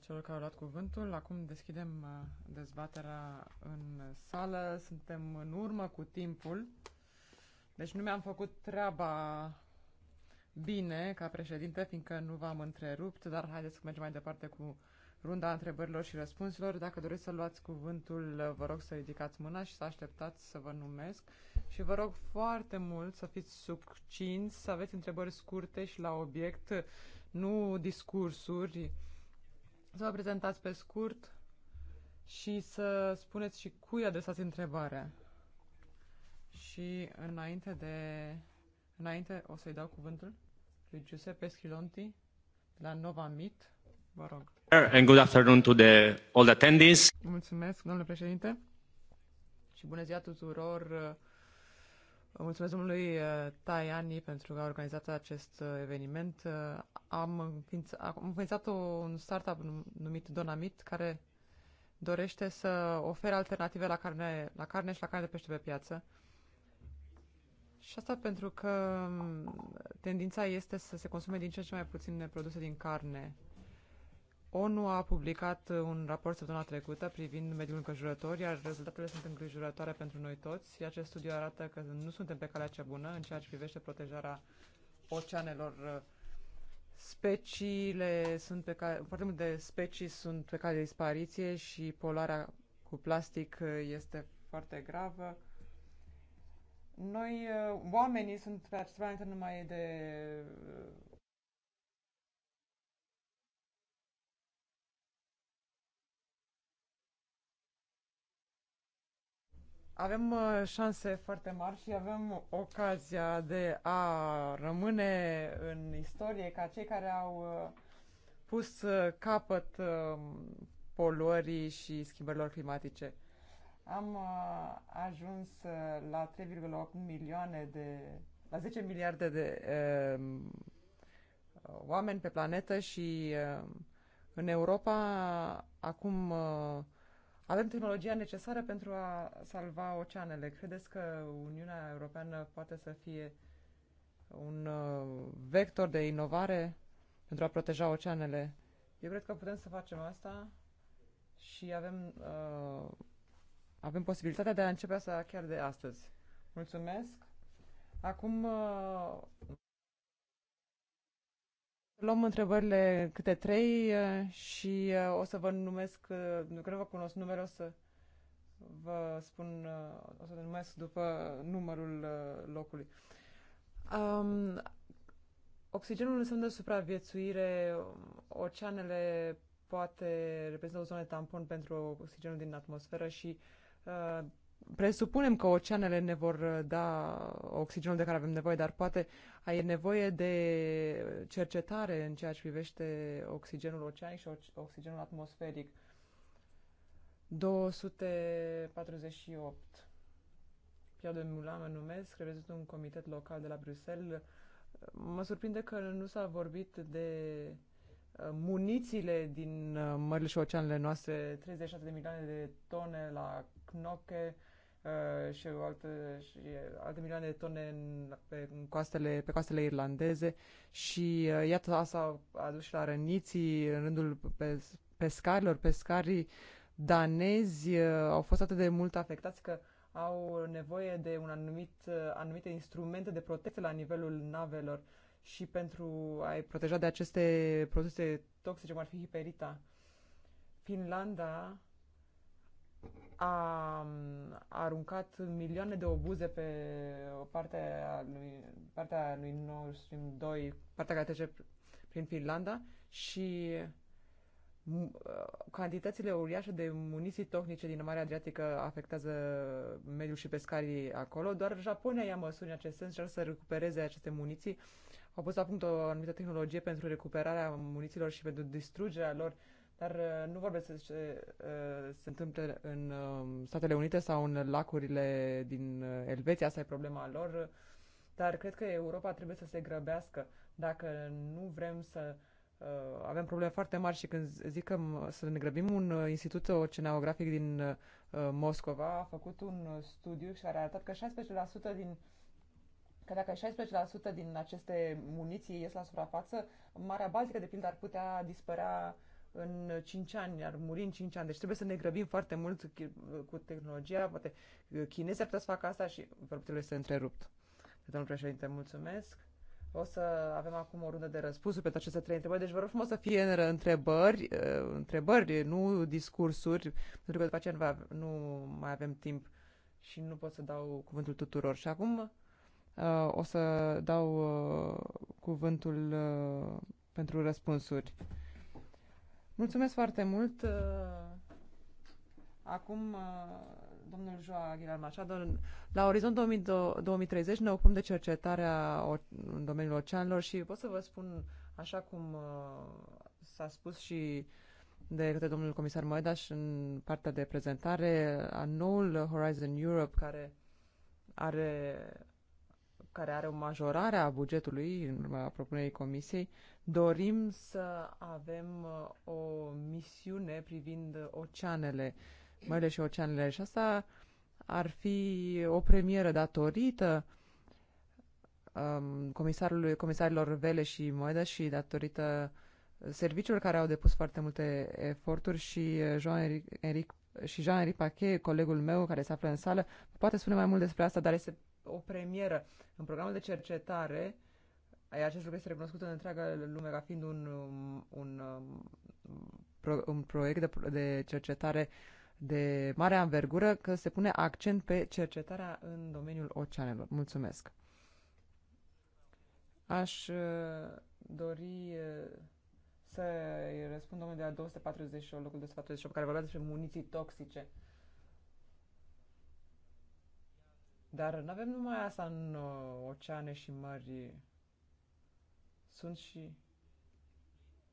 celor care au luat cuvântul. Acum deschidem uh, dezbaterea în sală. Suntem în urmă cu timpul. Deci nu mi-am făcut treaba bine ca președinte, fiindcă nu v-am întrerupt, dar haideți să mergem mai departe cu runda întrebărilor și răspunsurilor. Dacă doriți să luați cuvântul, vă rog să ridicați mâna și să așteptați să vă numesc. Și vă rog foarte mult să fiți succinți, să aveți întrebări scurte și la obiect, nu discursuri. Să vă prezentați pe scurt și să spuneți și cui adresați întrebarea. Și înainte de... Înainte o să-i dau cuvântul lui Giuseppe Schilonti de la Nova Mit Vă rog.
And good afternoon to the all
attendees. Mulțumesc, domnule președinte. Și bună ziua tuturor. Mulțumesc domnului uh, Taiani pentru că a organizat acest uh, eveniment. Uh, am înființat, am înființat un startup numit Donamit care dorește să ofere alternative la carne, la carne și la carne de pește pe piață. Și asta pentru că um, tendința este să se consume din ce în ce mai puține produse din carne. ONU a publicat uh, un raport săptămâna trecută privind mediul înconjurător, iar rezultatele sunt îngrijorătoare pentru noi toți. Acest studiu arată că nu suntem pe calea cea bună în ceea ce privește protejarea oceanelor. Uh, speciile sunt pe care, foarte multe specii sunt pe cale de dispariție și poluarea cu plastic uh, este foarte gravă. Noi, oamenii, sunt pe acest planetă numai de Avem uh, șanse foarte mari și avem ocazia de a rămâne în istorie ca cei care au uh, pus uh, capăt poluării și schimbărilor climatice. Am ajuns la 3,8 milioane de la 10 miliarde de uh, oameni pe planetă și uh, în Europa acum uh, avem tehnologia necesară pentru a salva oceanele. Credeți că Uniunea Europeană poate să fie un uh, vector de inovare pentru a proteja oceanele? Eu cred că putem să facem asta și avem, uh, avem posibilitatea de a începe asta chiar de astăzi. Mulțumesc! Acum uh, Luăm întrebările câte trei uh, și uh, o să vă numesc, uh, nu cred că vă cunosc numele, o să vă spun, o să vă numesc după numărul locului. Um, oxigenul înseamnă supraviețuire, oceanele poate reprezintă o zonă tampon pentru oxigenul din atmosferă și uh, presupunem că oceanele ne vor uh, da oxigenul de care avem nevoie, dar poate ai nevoie de cercetare în ceea ce privește oxigenul oceanic și oxigenul atmosferic. 248. Pierre de Moulin mă numesc, reprezint un comitet local de la Bruxelles. Mă surprinde că nu s-a vorbit de uh, munițiile din uh, mările și oceanele noastre, 37 de milioane de tone la Knoche, Uh, și, alte, și alte milioane de tone în, pe, în coastele, pe coastele irlandeze și uh, iată asta a dus și la răniții în rândul pes, pescarilor. Pescarii danezi uh, au fost atât de mult afectați că au nevoie de un anumit, uh, anumite instrumente de protecție la nivelul navelor și pentru a-i proteja de aceste produse toxice, cum ar fi hiperita. Finlanda a aruncat milioane de obuze pe partea lui, partea lui Nord Stream 2, partea care trece prin Finlanda și uh, cantitățile uriașe de muniții tocnice din Marea Adriatică afectează mediul și pescarii acolo. Doar Japonia ia măsuri în acest sens și să recupereze aceste muniții. Au pus la punct o anumită tehnologie pentru recuperarea muniților și pentru distrugerea lor dar uh, nu vorbesc ce uh, se întâmplă în um, Statele Unite sau în lacurile din uh, Elveția, asta e problema lor, dar cred că Europa trebuie să se grăbească dacă nu vrem să uh, avem probleme foarte mari și când zic că să ne grăbim, un institut oceanografic din Moscova a făcut un studiu și a arătat că 16% din că dacă 16% din aceste muniții ies la suprafață, Marea Baltică, de pildă, ar putea dispărea în 5 ani, ar muri în 5 ani. Deci trebuie să ne grăbim foarte mult cu tehnologia. Poate chinezii ar putea să facă asta și vorbitorile este întrerupt. Domnul președinte, mulțumesc. O să avem acum o rundă de răspunsuri pentru aceste trei întrebări. Deci vă rog frumos să fie întrebări, eh, întrebări, nu discursuri, pentru că după aceea nu, mai avem timp și nu pot să dau cuvântul tuturor. Și acum eh, o să dau eh, cuvântul pentru răspunsuri. Mulțumesc foarte mult. Uh, acum, uh, domnul Joa Aguilar Machado, la orizont 2030 ne ocupăm de cercetarea în domeniul oceanelor și pot să vă spun, așa cum uh, s-a spus și de către domnul comisar Moedas în partea de prezentare a noul Horizon Europe care are care are o majorare a bugetului în urma propunerii comisiei, dorim să avem uh, o misiune privind oceanele, mările și oceanele. Și asta ar fi o premieră datorită um, comisarului, comisarilor Vele și Moeda și datorită serviciilor care au depus foarte multe eforturi și uh, Jean-Eric și jean Paquet, colegul meu care se află în sală, poate spune mai mult despre asta, dar este o premieră. În programul de cercetare, acest lucru este recunoscut în întreaga lume ca fiind un, um, un, um, un, proiect de, de cercetare de mare anvergură, că se pune accent pe cercetarea în domeniul oceanelor. Mulțumesc! Aș uh, dori uh, să-i răspund domnul de la 248, locul 248, care vorbea despre muniții toxice. Dar nu avem numai asta în uh, oceane și mări. Sunt și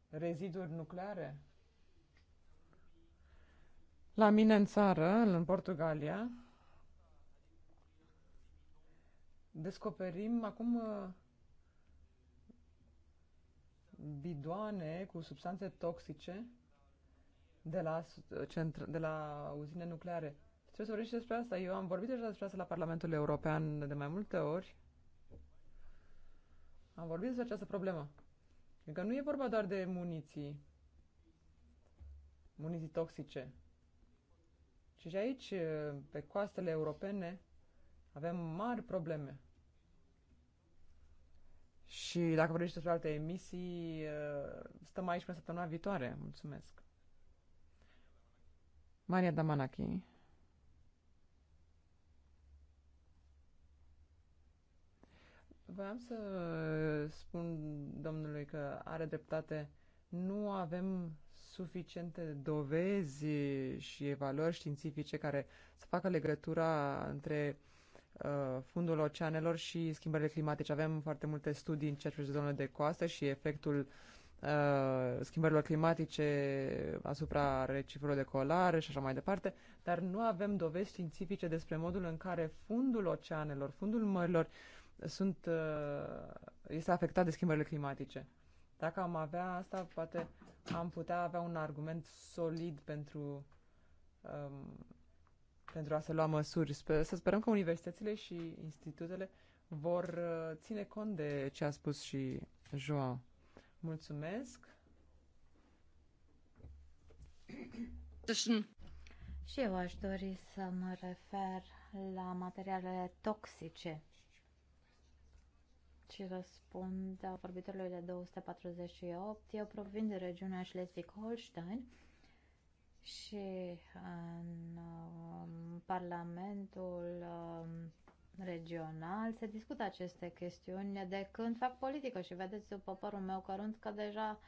reziduri nucleare. La mine în țară, în Portugalia, descoperim acum uh, bidoane cu substanțe toxice de la, de la uzine nucleare. Trebuie să vorbim și despre asta. Eu am vorbit deja despre asta la Parlamentul European de mai multe ori. Am vorbit despre această problemă. Că adică nu e vorba doar de muniții, muniții toxice. Și și aici, pe coastele europene, avem mari probleme. Și dacă și despre alte emisii, ă, stăm aici pe săptămâna viitoare. Mulțumesc. Maria Damanachi. Voiam să spun domnului că are dreptate. Nu avem suficiente dovezi și evaluări științifice care să facă legătura între uh, fundul oceanelor și schimbările climatice. Avem foarte multe studii în ceea ce privește zonele de coastă și efectul uh, schimbărilor climatice asupra recifelor de colare și așa mai departe, dar nu avem dovezi științifice despre modul în care fundul oceanelor, fundul mărilor uh, sunt, uh, este afectat de schimbările climatice. Dacă am avea asta, poate am putea avea un argument solid pentru, um, pentru a se lua măsuri. Sper, să sperăm că universitățile și institutele vor uh, ține cont de ce a spus și Joao. Mulțumesc!
Și eu aș dori să mă refer la materialele toxice și răspund vorbitorului de 248. Eu provin din regiunea Schleswig-Holstein și în um, Parlamentul um, regional se discută aceste chestiuni de când fac politică și vedeți după părul meu cărunt că deja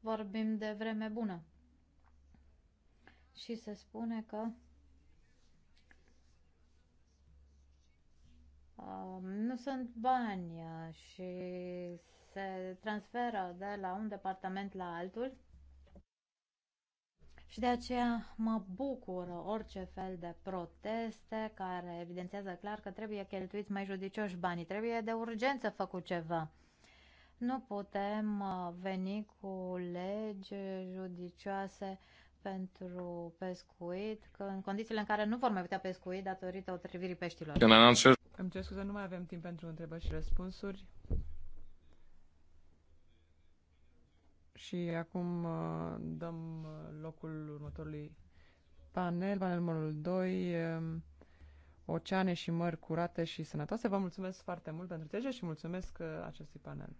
vorbim de vreme bună. Și se spune că Um, nu sunt bani uh, și se transferă de la un departament la altul. Și de aceea mă bucură orice fel de proteste care evidențiază clar că trebuie cheltuiți mai judicioși banii, trebuie de urgență făcut ceva. Nu putem uh, veni cu legi judicioase pentru pescuit, că în condițiile în care nu vor mai putea pescuit datorită otrivirii peștilor. Îmi cer scuze,
nu mai avem timp pentru întrebări și răspunsuri. Și acum uh, dăm uh, locul următorului panel, panel numărul 2, um, oceane și mări curate și sănătoase. Vă mulțumesc foarte mult pentru teze și mulțumesc uh, acestui panel.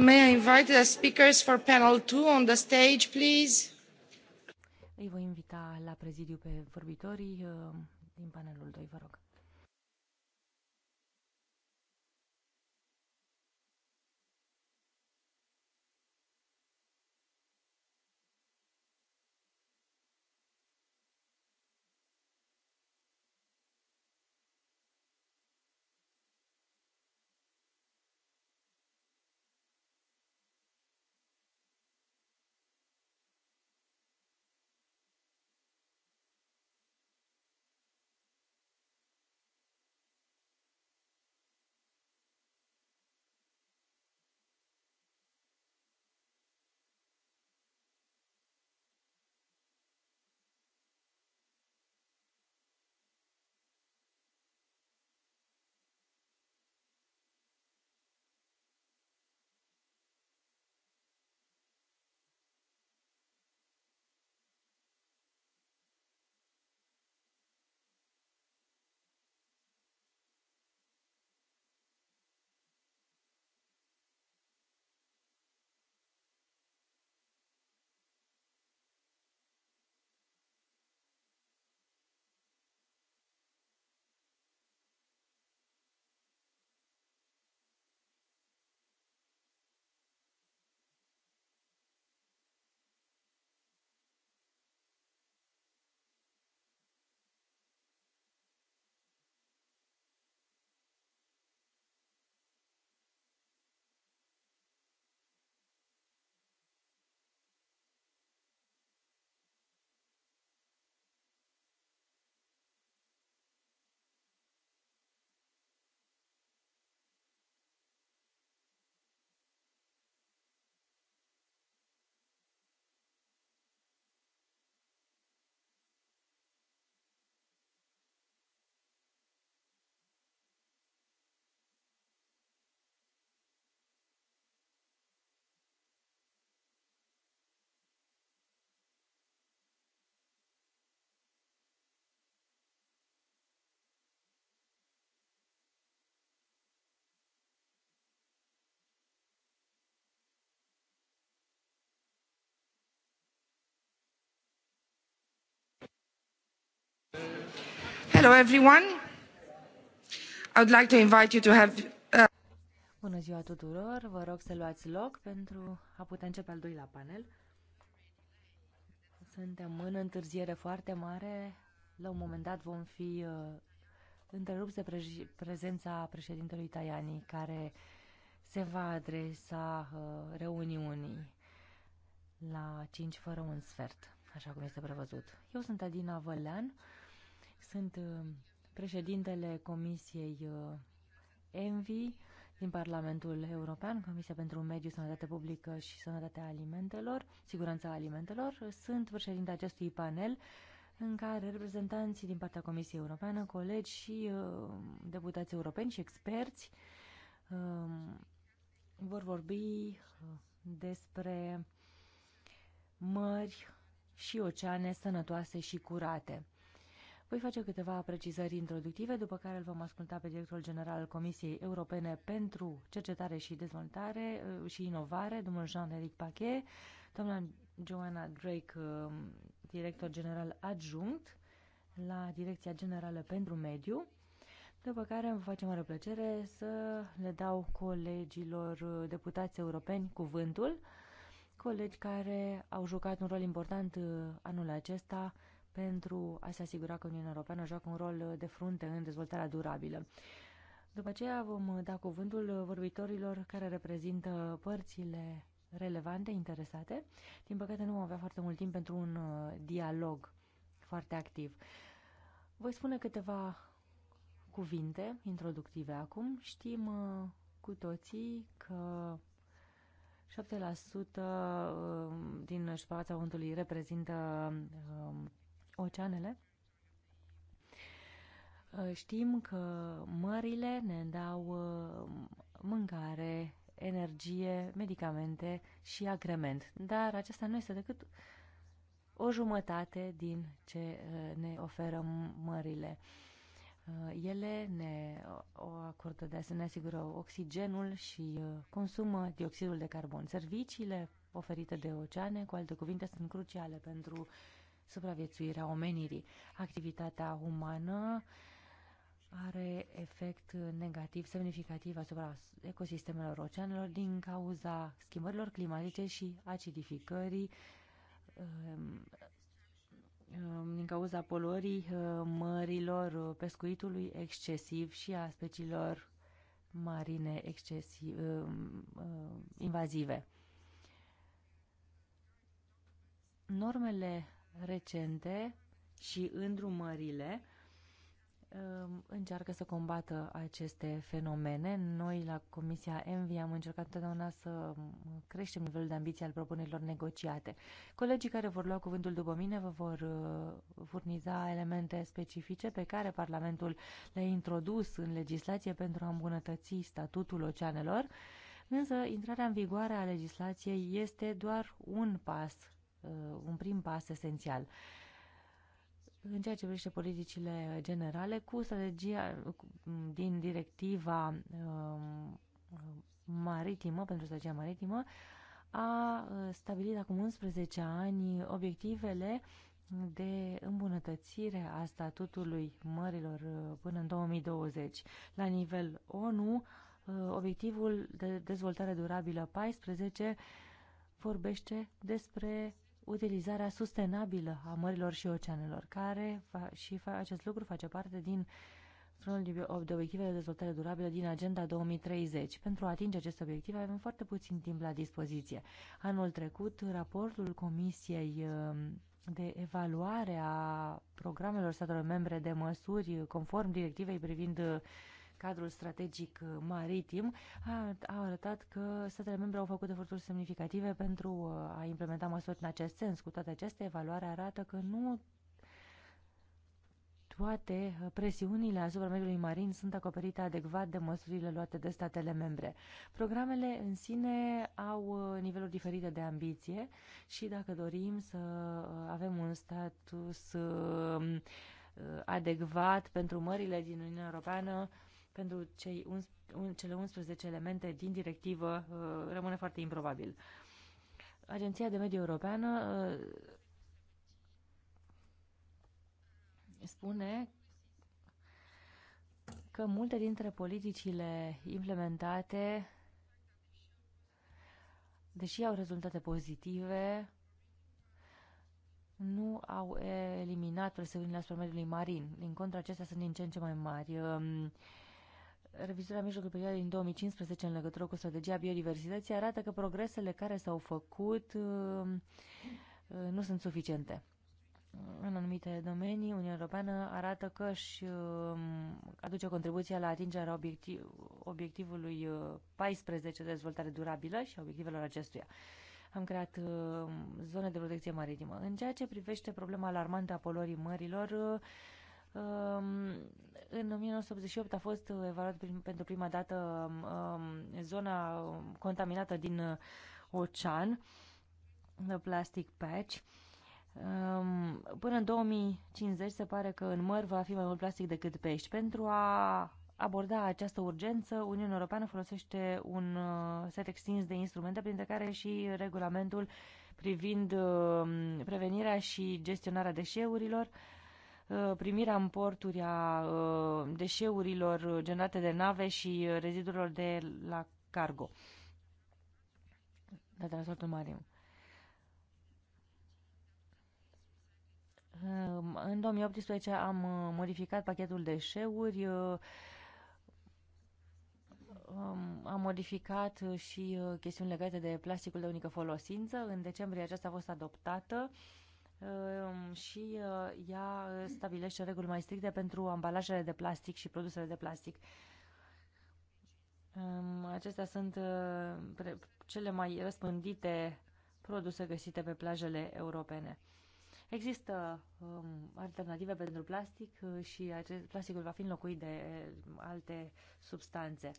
May I invite the
speakers for panel 2 on the
stage, please?
Îi voi invita la prezidiu pe vorbitorii uh, din panelul 2, vă rog.
Hello everyone. I would like to invite you to have uh,
Bună ziua tuturor. Vă rog să luați loc pentru a putea începe al doilea panel. Suntem în întârziere foarte mare. La un moment dat vom fi uh, întrerupți de pre- prezența președintelui Tajani, care se va adresa uh, reuniunii la 5 fără un sfert, așa cum este prevăzut. Eu sunt Adina Vălean sunt uh, președintele Comisiei uh, ENVI din Parlamentul European, Comisia pentru Mediu, Sănătate Publică și Sănătatea Alimentelor, Siguranța Alimentelor. Sunt președinte acestui panel în care reprezentanții din partea Comisiei Europeană, colegi și uh, deputați europeni și experți um, vor vorbi despre mări și oceane sănătoase și curate. Voi face câteva precizări introductive, după care îl vom asculta pe directorul general al Comisiei Europene pentru Cercetare și Dezvoltare uh, și Inovare, domnul Jean-Éric Paquet, doamna Joanna Drake, um, director general adjunct la Direcția Generală pentru Mediu, după care îmi face mare plăcere să le dau colegilor uh, deputați europeni cuvântul, colegi care au jucat un rol important uh, anul acesta pentru a se asigura că Uniunea Europeană joacă un rol de frunte în dezvoltarea durabilă. După aceea vom da cuvântul vorbitorilor care reprezintă părțile relevante, interesate. Din păcate nu vom avea foarte mult timp pentru un uh, dialog foarte activ. Voi spune câteva cuvinte introductive acum. Știm uh, cu toții că 7% uh, din suprafața Pământului reprezintă um, oceanele. Uh, știm că mările ne dau uh, mâncare, energie, medicamente și agrement, dar acesta nu este decât o jumătate din ce uh, ne oferă mările. Ele ne acordă de asemenea, asigură oxigenul și consumă dioxidul de carbon. Serviciile oferite de oceane, cu alte cuvinte, sunt cruciale pentru supraviețuirea omenirii. Activitatea umană are efect negativ semnificativ asupra ecosistemelor oceanelor din cauza schimbărilor climatice și acidificării um, um, din cauza poluării uh, mărilor, uh, pescuitului excesiv și a speciilor marine excesiv, um, invazive. Normele recente și îndrumările um, încearcă să combată aceste fenomene. Noi la Comisia Envi am încercat întotdeauna să creștem nivelul de ambiție al propunerilor negociate. Colegii care vor lua cuvântul după mine vă vor uh, furniza elemente specifice pe care Parlamentul le-a introdus în legislație pentru a îmbunătăți statutul oceanelor, însă intrarea în vigoare a legislației este doar un pas Uh, un prim pas esențial. În ceea ce privește politicile generale, cu strategia din directiva um, maritimă, pentru strategia maritimă, a uh, stabilit acum 11 ani obiectivele de îmbunătățire a statutului mărilor uh, până în 2020. La nivel ONU, obiectivul de dezvoltare durabilă 14 vorbește despre utilizarea sustenabilă a mărilor și oceanelor, care fa și fa acest lucru face parte din unul de obiective de dezvoltare durabilă din Agenda 2030. Pentru a atinge acest obiectiv avem foarte puțin timp la dispoziție. Anul trecut, raportul Comisiei um, de evaluare a programelor statelor membre de măsuri conform directivei privind uh, cadrul strategic uh, maritim a, a arătat că statele membre au făcut eforturi semnificative pentru uh, a implementa măsuri în acest sens. Cu toate acestea, evaluarea arată că nu toate uh, presiunile asupra mediului marin sunt acoperite adecvat de măsurile luate de statele membre. Programele în sine au niveluri diferite de ambiție și dacă dorim să avem un status adecvat pentru mările din Uniunea Europeană, pentru cei un, un, cele 11 elemente din directivă uh, rămâne foarte improbabil. Agenția de Mediu Europeană uh, spune că multe dintre politicile implementate, deși au rezultate pozitive, nu au eliminat presiunile asupra mediului marin. Din contra, acestea sunt din ce în ce mai mari. Um, revizuirea mijlocului perioadei din 2015 în legătură cu strategia biodiversității arată că progresele care s-au făcut um, nu sunt suficiente. În anumite domenii, Uniunea Europeană arată că își um, aduce contribuția la atingerea obiectiv, obiectivului 14 uh, de dezvoltare durabilă și a obiectivelor acestuia am creat um, zone de protecție maritimă. În ceea ce privește problema alarmantă a poluării mărilor, uh, în 1988 a fost uh, evaluat prim, pentru prima dată um, um zona um, contaminată din uh, ocean, plastic patch. Um, până în 2050 se pare că în măr va fi mai mult plastic decât pești. Pentru a aborda această urgență, Uniunea Europeană folosește un uh, set extins de instrumente, printre care și regulamentul privind um, prevenirea și gestionarea deșeurilor, uh, Uh, primirea în porturi a uh, deșeurilor generate de nave și uh, rezidurilor de la cargo, de transportul mare. Um, în 2018 am modificat pachetul deșeuri, um, am modificat și chestiuni legate de plasticul de unică folosință. În decembrie aceasta a fost adoptată. Ehm, și uh, ea uh, stabilește reguli mai stricte pentru ambalajele de plastic și produsele de plastic. Ehm, acestea sunt uh, cele mai răspândite produse găsite pe plajele europene. Există um, alternative pentru plastic și acest, plasticul va fi înlocuit de alte substanțe.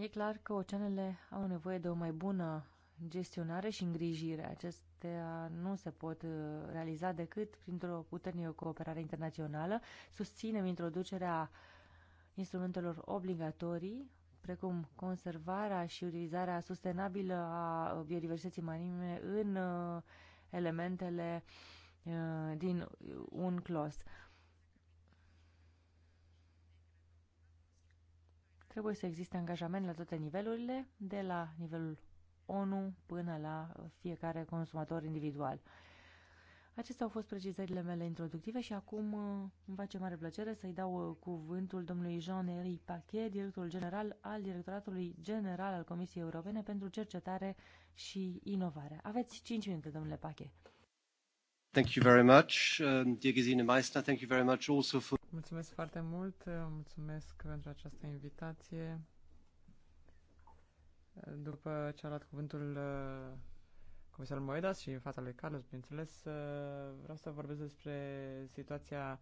E clar că oceanele au nevoie de o mai bună gestionare și îngrijire. Acestea nu se pot uh, realiza decât printr-o puternică cooperare internațională. Susținem introducerea instrumentelor obligatorii, precum conservarea și utilizarea sustenabilă a biodiversității marine în uh, elementele uh, din un clos. Trebuie să existe angajament la toate nivelurile, de la nivelul ONU până la fiecare consumator individual. Acestea au fost precizările mele introductive și acum uh, îmi face mare plăcere să-i dau uh, cuvântul domnului Jean-Henri Paquet, directorul general al Directoratului General al Comisiei Europene pentru Cercetare și Inovare. Aveți 5 minute, domnule Paquet.
Thank you very much, um, dear Gesine Meister. Thank you very much also for
Mulțumesc foarte mult, mulțumesc pentru această invitație. După ce a luat cuvântul uh, comisarul Moedas și în fața lui Carlos, bineînțeles, uh, vreau să vorbesc despre situația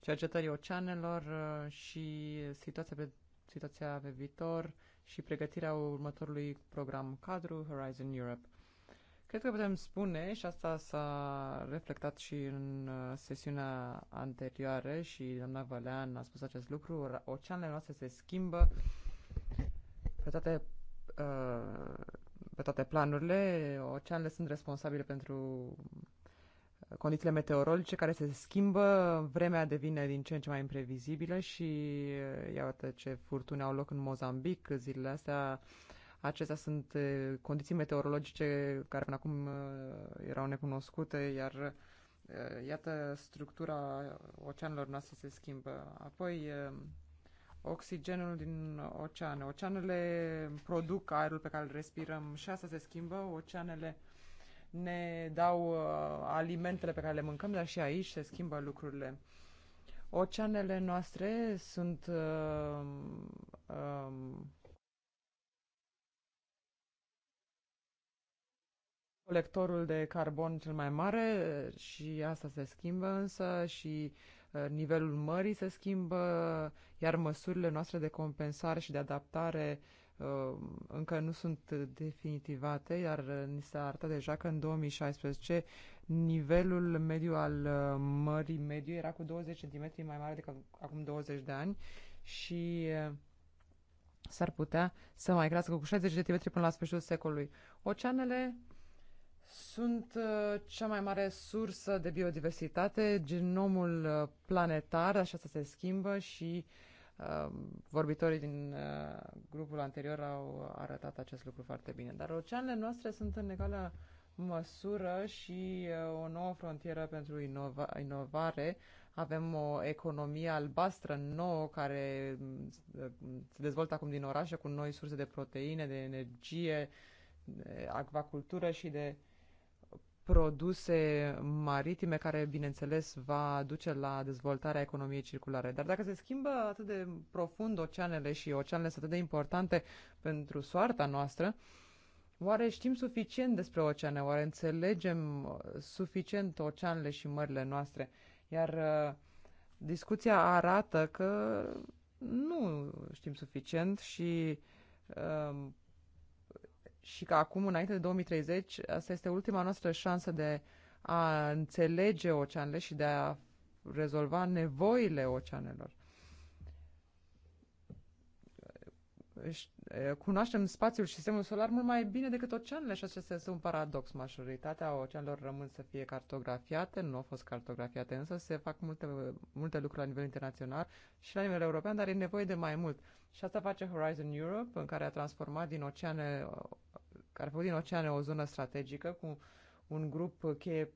cercetării oceanelor uh, și situația pe, situația pe viitor și pregătirea următorului program cadru Horizon Europe. Cred că putem spune, și asta s-a reflectat și în uh, sesiunea anterioară și doamna Valean a spus acest lucru, oceanele noastre se schimbă pe toate, uh, pe toate planurile, oceanele sunt responsabile pentru uh, condițiile meteorologice care se schimbă, vremea devine din ce în ce mai imprevizibilă și iată ce furtuni au loc în Mozambic zilele astea, Acestea sunt condiții meteorologice care până acum erau necunoscute, iar iată structura oceanelor noastre se schimbă. Apoi oxigenul din oceane. Oceanele produc aerul pe care îl respirăm și asta se schimbă. Oceanele ne dau alimentele pe care le mâncăm, dar și aici se schimbă lucrurile. Oceanele noastre sunt uh, uh, colectorul de carbon cel mai mare și asta se schimbă însă și uh, nivelul mării se schimbă, iar măsurile noastre de compensare și de adaptare uh, încă nu sunt definitivate, iar uh, ni se arată deja că în 2016 nivelul mediu al mării mediu era cu 20 cm mai mare decât acum 20 de ani și s-ar putea să mai crească cu 60 de cm până la sfârșitul secolului. Oceanele sunt uh, cea mai mare sursă de biodiversitate, genomul uh, planetar, așa să se schimbă și uh, vorbitorii din uh, grupul anterior au arătat acest lucru foarte bine. Dar oceanele noastre sunt în egală măsură și uh, o nouă frontieră pentru inova inovare. Avem o economie albastră nouă care uh, se dezvoltă acum din orașe cu noi surse de proteine, de energie, de acvacultură și de produse maritime, care, bineînțeles, va duce la dezvoltarea economiei circulare. Dar dacă se schimbă atât de profund oceanele și oceanele sunt atât de importante pentru soarta noastră, oare știm suficient despre oceane? Oare înțelegem uh, suficient oceanele și mările noastre? Iar uh, discuția arată că nu știm suficient și uh, și că acum, înainte de 2030, asta este ultima noastră șansă de a înțelege oceanele și de a rezolva nevoile oceanelor. Cunoaștem spațiul și sistemul solar mult mai bine decât oceanele și acesta este un paradox. Majoritatea oceanelor rămân să fie cartografiate, nu au fost cartografiate, însă se fac multe, multe lucruri la nivel internațional și la nivel european, dar e nevoie de mai mult. Și asta face Horizon Europe, în care a transformat din oceane care a făcut din oceane o zonă strategică cu un grup cheie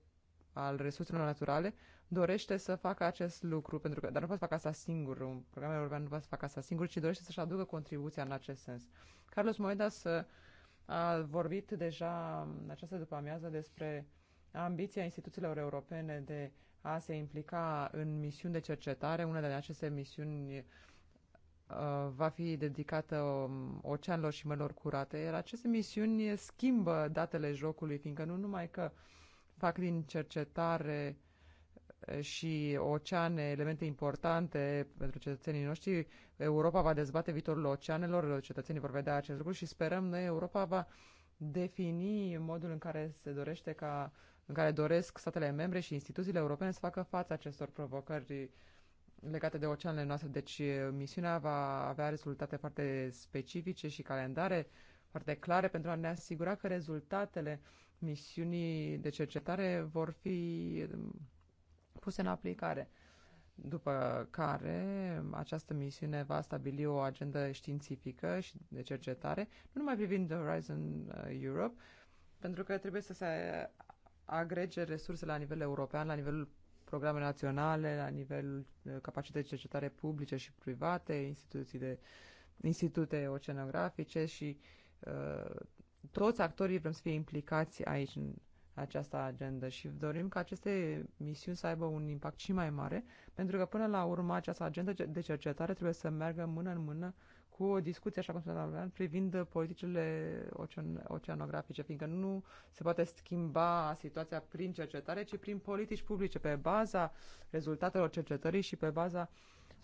al resurselor naturale, dorește să facă acest lucru, pentru că, dar nu poate să facă asta singur, un program european nu poate să facă asta singur, ci dorește să-și aducă contribuția în acest sens. Carlos Moedas a vorbit deja în această după amiază despre ambiția instituțiilor europene de a se implica în misiuni de cercetare. Una din aceste misiuni Uh, va fi dedicată um, oceanelor și mărilor curate, iar aceste misiuni schimbă datele jocului, fiindcă nu numai că fac din cercetare uh, și oceane elemente importante pentru cetățenii noștri, Europa va dezbate viitorul oceanelor, cetățenii vor vedea acest lucru și sperăm noi Europa va defini modul în care se dorește ca în care doresc statele membre și instituțiile europene să facă față acestor provocări legate de oceanele noastre. Deci eh, misiunea va avea rezultate foarte specifice și calendare foarte clare pentru a ne asigura că rezultatele misiunii de cercetare vor fi eh, puse în aplicare. După care, această misiune va stabili o agendă științifică și de cercetare, nu numai privind Horizon eh, Europe, pentru că trebuie să se agrege resurse la nivel european, la nivelul programe naționale la nivelul eh, capacității de cercetare publice și private, instituții de institute oceanografice și uh, toți actorii vrem să fie implicați aici în această agendă și dorim ca aceste misiuni să aibă un impact și mai mare, pentru că până la urmă această agendă de cercetare trebuie să meargă mână în mână cu o discuție, așa cum spuneam, privind politicile oceanografice, fiindcă nu se poate schimba situația prin cercetare, ci prin politici publice, pe baza rezultatelor cercetării și pe baza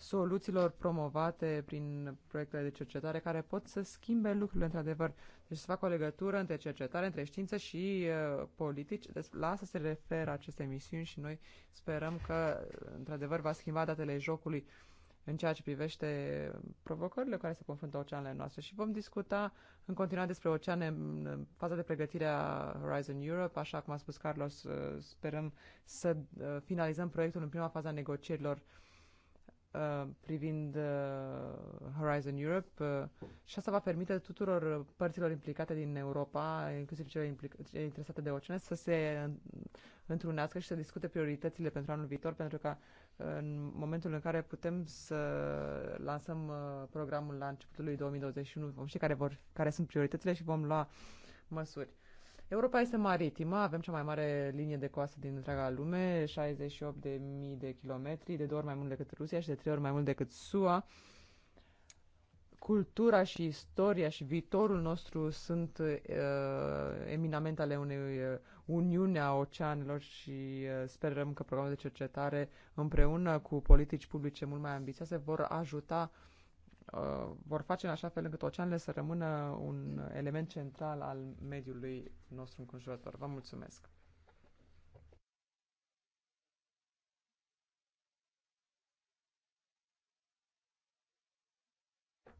soluțiilor promovate prin proiectele de cercetare care pot să schimbe lucrurile într-adevăr. Deci să facă o legătură între cercetare, între știință și uh, politici. Deci, la asta se referă aceste emisiuni și noi sperăm că într-adevăr va schimba datele jocului uh, în ceea ce privește provocările care se confruntă oceanele noastre și vom discuta în continuare despre oceane în faza de pregătire a Horizon Europe. Așa cum a spus Carlos, uh, sperăm să uh, finalizăm proiectul în prima fază a negocierilor uh, privind Horizon Europe și asta va permite tuturor părților implicate din Europa, inclusiv cele, interesate de oceane, să se întrunească și să discute prioritățile pentru anul viitor, pentru că în momentul în care putem să lansăm uh, programul la începutul lui 2021, vom ști care, vor, care sunt prioritățile și vom lua măsuri. Europa este maritimă, avem cea mai mare linie de coastă din întreaga lume, 68.000 de kilometri, de două ori mai mult decât Rusia și de trei ori mai mult decât SUA. Uh, cultura și istoria și viitorul nostru sunt uh, eminamente ale unei uh, uniune a oceanelor și uh, sperăm că programul de cercetare împreună cu politici publice mult mai ambițioase vor ajuta uh, vor face în așa fel încât oceanele să rămână un element central al mediului nostru înconjurător. Vă mulțumesc!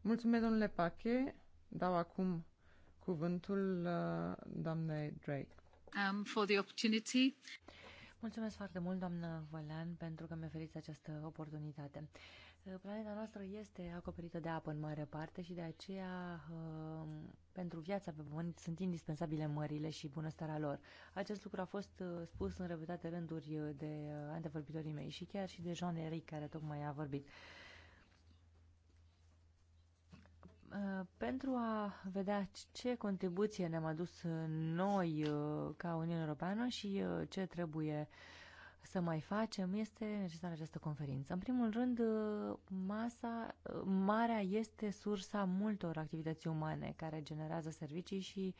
Mulțumesc, domnule Pache. Dau acum cuvântul uh, doamnei Drake.
Um, for the opportunity. Mulțumesc foarte mult, doamnă Vălean, pentru că mi-a oferit această oportunitate. Uh, planeta noastră este acoperită de apă în mare parte și de aceea uh, pentru viața pe pământ sunt indispensabile mările și bunăstarea lor. Acest lucru a fost spus în repetate rânduri de antevorbitorii mei și chiar și de Jean Eric care tocmai a vorbit. Uh, pentru a vedea ce contribuție ne-am adus noi uh, ca Uniunea Europeană și uh, ce trebuie să mai facem, este necesară această conferință. În primul rând, masa, marea este sursa multor activități umane care generează servicii și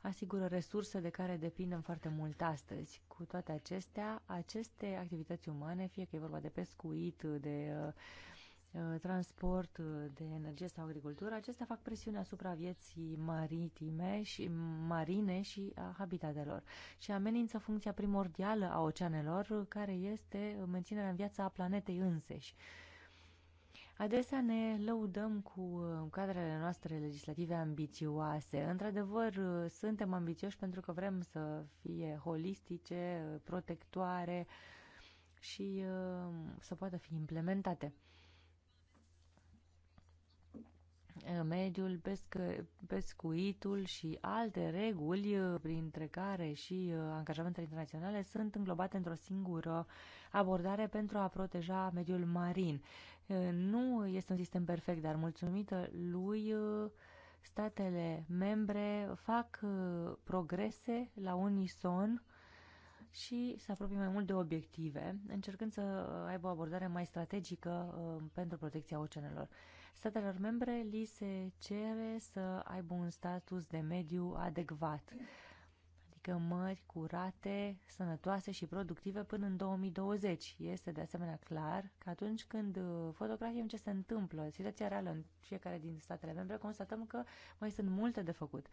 asigură resurse de care depindem foarte mult astăzi. Cu toate acestea, aceste activități umane, fie că e vorba de pescuit, de uh, Uh, transport, uh, de energie sau agricultură, acestea fac presiune asupra vieții maritime și marine și a habitatelor și amenință funcția primordială a oceanelor, care este menținerea în viața a planetei înseși. Adesea ne lăudăm cu uh, cadrele noastre legislative ambițioase. Într-adevăr, suntem ambițioși pentru că vrem să fie holistice, protectoare și să poată fi implementate. Eh, mediul, pescuitul și alte reguli, eh, printre care și eh, angajamentele internaționale, sunt înglobate într-o singură abordare pentru a proteja mediul marin. Nu este un sistem perfect, dar mulțumită lui statele membre fac progrese la unison și să apropie mai mult de obiective, încercând să aibă o abordare mai strategică pentru protecția oceanelor. Statelor membre li se cere să aibă un status de mediu adecvat, adică mări curate, sănătoase și productive până în 2020. Este de asemenea clar că atunci când uh, fotografiem ce se întâmplă, situația reală în fiecare din statele membre, constatăm că mai sunt multe de făcut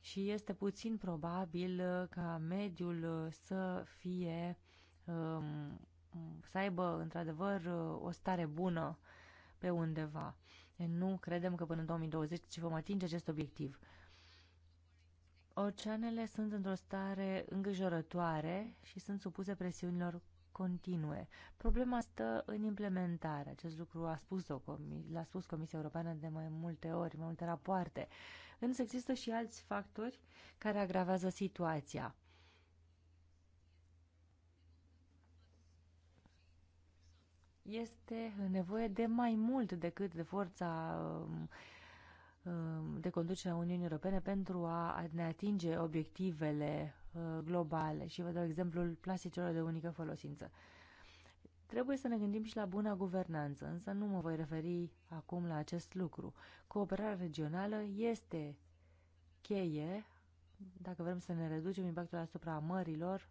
și este puțin probabil uh, ca mediul uh, să fie um, să aibă într-adevăr o stare bună pe undeva. Deci nu credem că până în 2020 vom atinge acest obiectiv. Oceanele sunt într-o stare îngrijorătoare și sunt supuse presiunilor continue. Problema stă în implementare. Acest lucru a spus-o, l-a spus Comisia Europeană de mai multe ori, mai multe rapoarte. Însă există și alți factori care agravează situația. este nevoie de mai mult decât de forța um, um, de conducere a Uniunii Europene pentru a ne atinge obiectivele uh, globale. Și vă dau exemplul plasticelor de unică folosință. Trebuie să ne gândim și la buna guvernanță, însă nu mă voi referi acum la acest lucru. Cooperarea regională este cheie dacă vrem să ne reducem impactul asupra mărilor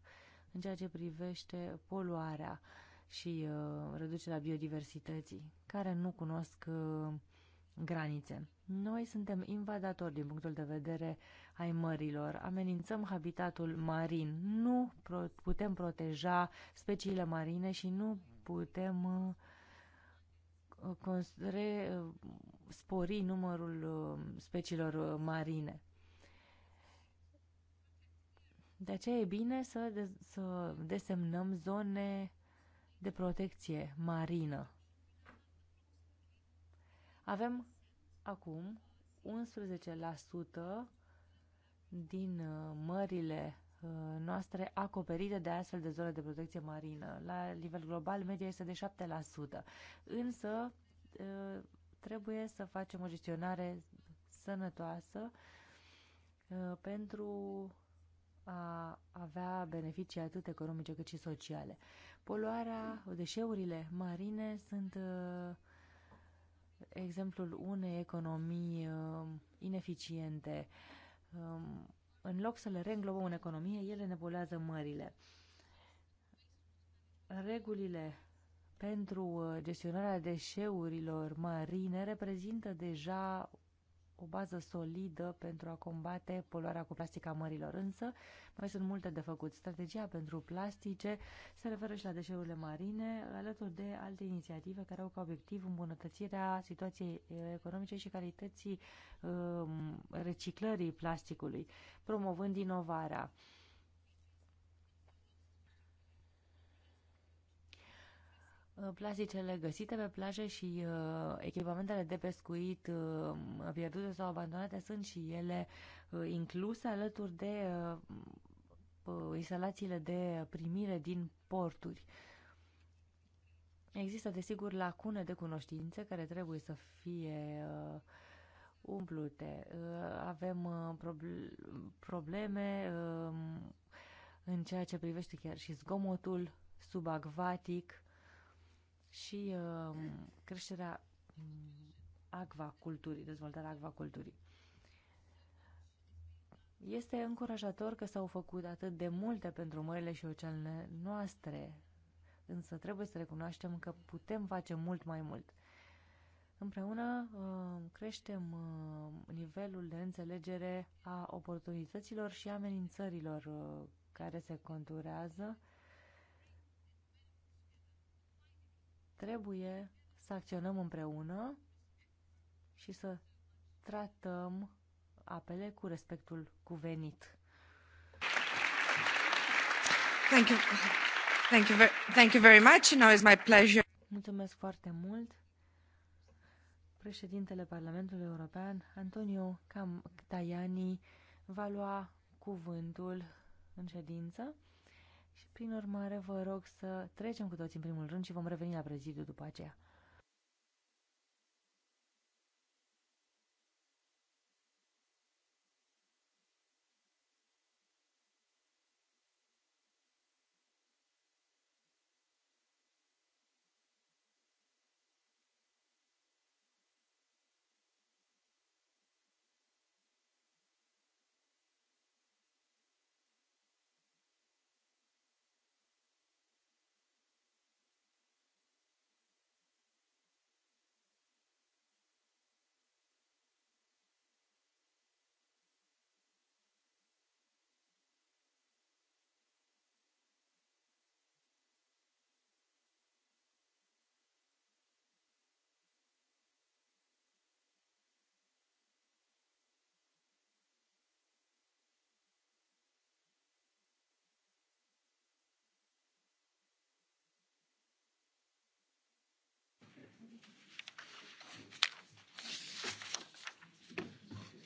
în ceea ce privește poluarea. Uh, și uh, reducerea biodiversității, care nu cunosc uh, granițe. Noi suntem invadatori din punctul de vedere ai mărilor, amenințăm habitatul marin, nu putem proteja speciile marine și nu putem uh, spori numărul speciilor marine. De aceea e bine să, de- să desemnăm zone de protecție marină. Avem acum 11% din uh, mările uh, noastre acoperite de astfel de zone de protecție marină. La nivel global, media este de 7%. Însă, uh, trebuie să facem o gestionare sănătoasă pentru a avea beneficii atât economice cât și sociale. Poluarea, deșeurile marine sunt uh, exemplul unei economii uh, ineficiente. Um, în loc să le reînglobăm în economie, ele ne poluează mările. Regulile pentru uh, gestionarea deșeurilor marine reprezintă deja o bază solidă pentru a combate poluarea cu plastica mărilor, însă mai sunt multe de făcut. Strategia pentru plastice se referă și la deșeurile marine, alături de alte inițiative care au ca obiectiv îmbunătățirea situației economice și calității um, reciclării plasticului, promovând inovarea. Uh, plasticele găsite pe plajă și uh, echipamentele de pescuit uh, pierdute sau abandonate sunt și ele uh, incluse alături de uh, uh, instalațiile de primire din porturi. Există, desigur, lacune de cunoștințe care trebuie să fie uh, umplute. Uh, avem uh, proble probleme uh, în ceea ce privește chiar și zgomotul subacvatic, și um, creșterea um, acvaculturii, dezvoltarea acvaculturii. Este încurajator că s-au făcut atât de multe pentru mările și oceanele noastre, însă trebuie să recunoaștem că putem face mult mai mult. Împreună um, creștem nivelul de înțelegere a oportunităților și amenințărilor uh, care se conturează Trebuie să acționăm împreună și să tratăm apele cu respectul cuvenit. Thank you. Thank you, very, thank you very much. Now is my pleasure. Mulțumesc foarte mult. Președintele Parlamentului European, Antonio Cam Tajani, va lua cuvântul în ședință. Prin urmare, vă rog să trecem cu toți în primul rând și vom reveni la prezidiu după aceea.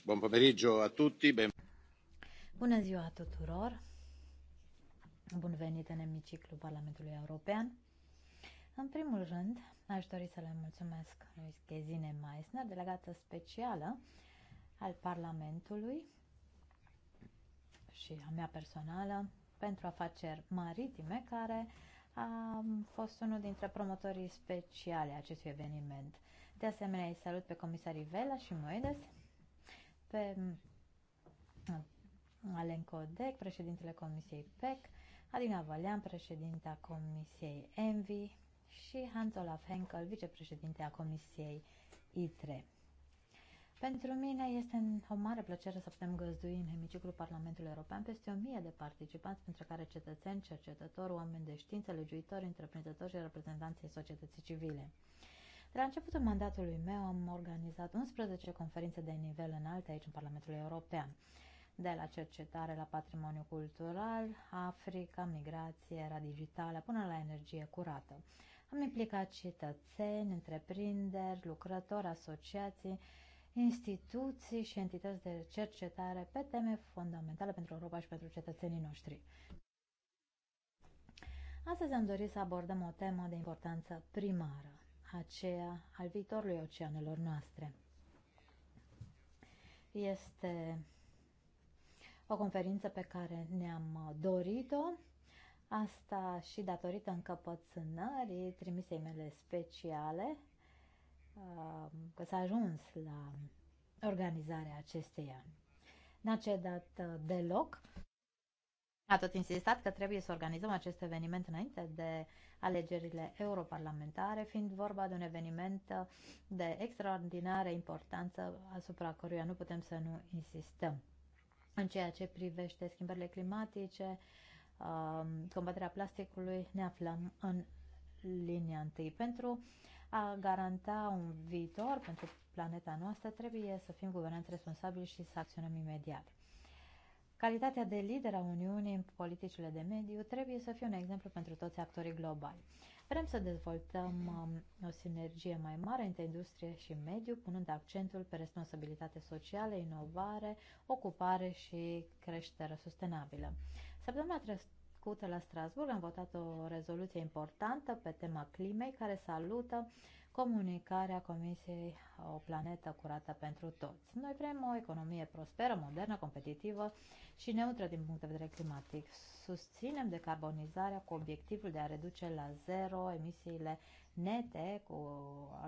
Bun pomeriggio a tutti. Ben...
Bună ziua tuturor. Bun venit în emiciclu Parlamentului European. În primul rând, aș dori să le mulțumesc lui Ghezine Meissner, delegată specială al Parlamentului și a mea personală pentru afaceri maritime, care a fost unul dintre promotorii speciale acestui eveniment. De asemenea, îi salut pe comisarii Vela și Moedes, pe mm, Alen Codec, președintele Comisiei PEC, Adina Valean, președinta Comisiei ENVI și Hans Olaf Henkel, vicepreședinte a Comisiei ITRE. Pentru mine este o mare plăcere să putem găzdui în hemiciclul Parlamentului European peste o mie de participanți, printre care cetățeni, cercetători, oameni de știință, legiuitori, întreprinzători și reprezentanții societății civile. De la începutul mandatului meu am organizat 11 conferințe de nivel înalt aici în Parlamentul European de la cercetare la patrimoniu cultural, Africa, migrație, era digitală, până la energie curată. Am implicat cetățeni, întreprinderi, lucrători, asociații, instituții și entități de cercetare pe teme fundamentale pentru Europa și pentru cetățenii noștri. Astăzi am dorit să abordăm o temă de importanță primară aceea al viitorului oceanelor noastre. Este o conferință pe care ne-am dorit-o, asta și datorită încăpățânării trimisei mele speciale, um, că s-a ajuns la organizarea acesteia. N-a cedat uh, deloc. A tot insistat că trebuie să organizăm acest eveniment înainte de alegerile europarlamentare, fiind vorba de un eveniment uh, de extraordinară importanță asupra căruia nu putem să nu insistăm. În ceea ce privește schimbările climatice, um, combaterea plasticului, ne aflăm în linia întâi. Pentru a garanta un viitor pentru planeta noastră, trebuie să fim guvernanți responsabili și să acționăm imediat. Calitatea de lider a Uniunii în politicile de mediu trebuie să fie un exemplu pentru toți actorii globali. Vrem să dezvoltăm um, o sinergie mai mare între industrie și mediu, punând accentul pe responsabilitate socială, inovare, ocupare și creștere sustenabilă. Săptămâna trecută la Strasburg am votat o rezoluție importantă pe tema climei care salută comunicarea Comisiei O planetă curată pentru toți. Noi vrem o economie prosperă, modernă, competitivă și neutră din punct de vedere climatic. Susținem decarbonizarea cu obiectivul de a reduce la zero emisiile nete cu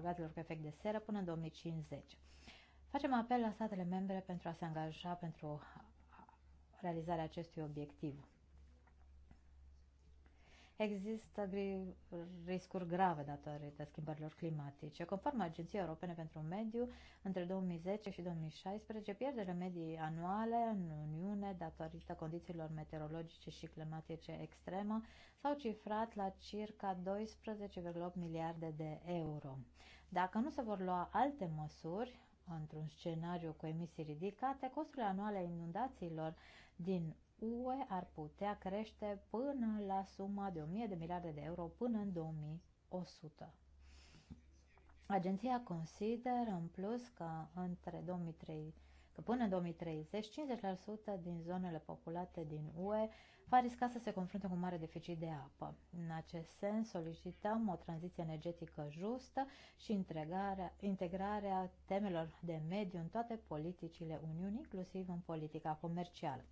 gazelor cu efect de seră până în 2050. Facem apel la statele membre pentru a se angaja pentru realizarea acestui obiectiv există riscuri grave datorită schimbărilor climatice. Conform Agenției Europene pentru Mediu, între 2010 și 2016, pierderile medii anuale în Uniune datorită condițiilor meteorologice și climatice extremă s-au cifrat la circa 12,8 miliarde de euro. Dacă nu se vor lua alte măsuri, într-un scenariu cu emisii ridicate, costurile anuale a inundațiilor din UE ar putea crește până la suma de 1000 de miliarde de euro până în 2100. Agenția consideră în plus că, între 2003, că până în 2030 50% din zonele populate din UE va risca să se confrunte cu un mare deficit de apă. În acest sens solicităm o tranziție energetică justă și integrarea temelor de mediu în toate politicile Uniunii, inclusiv în politica comercială.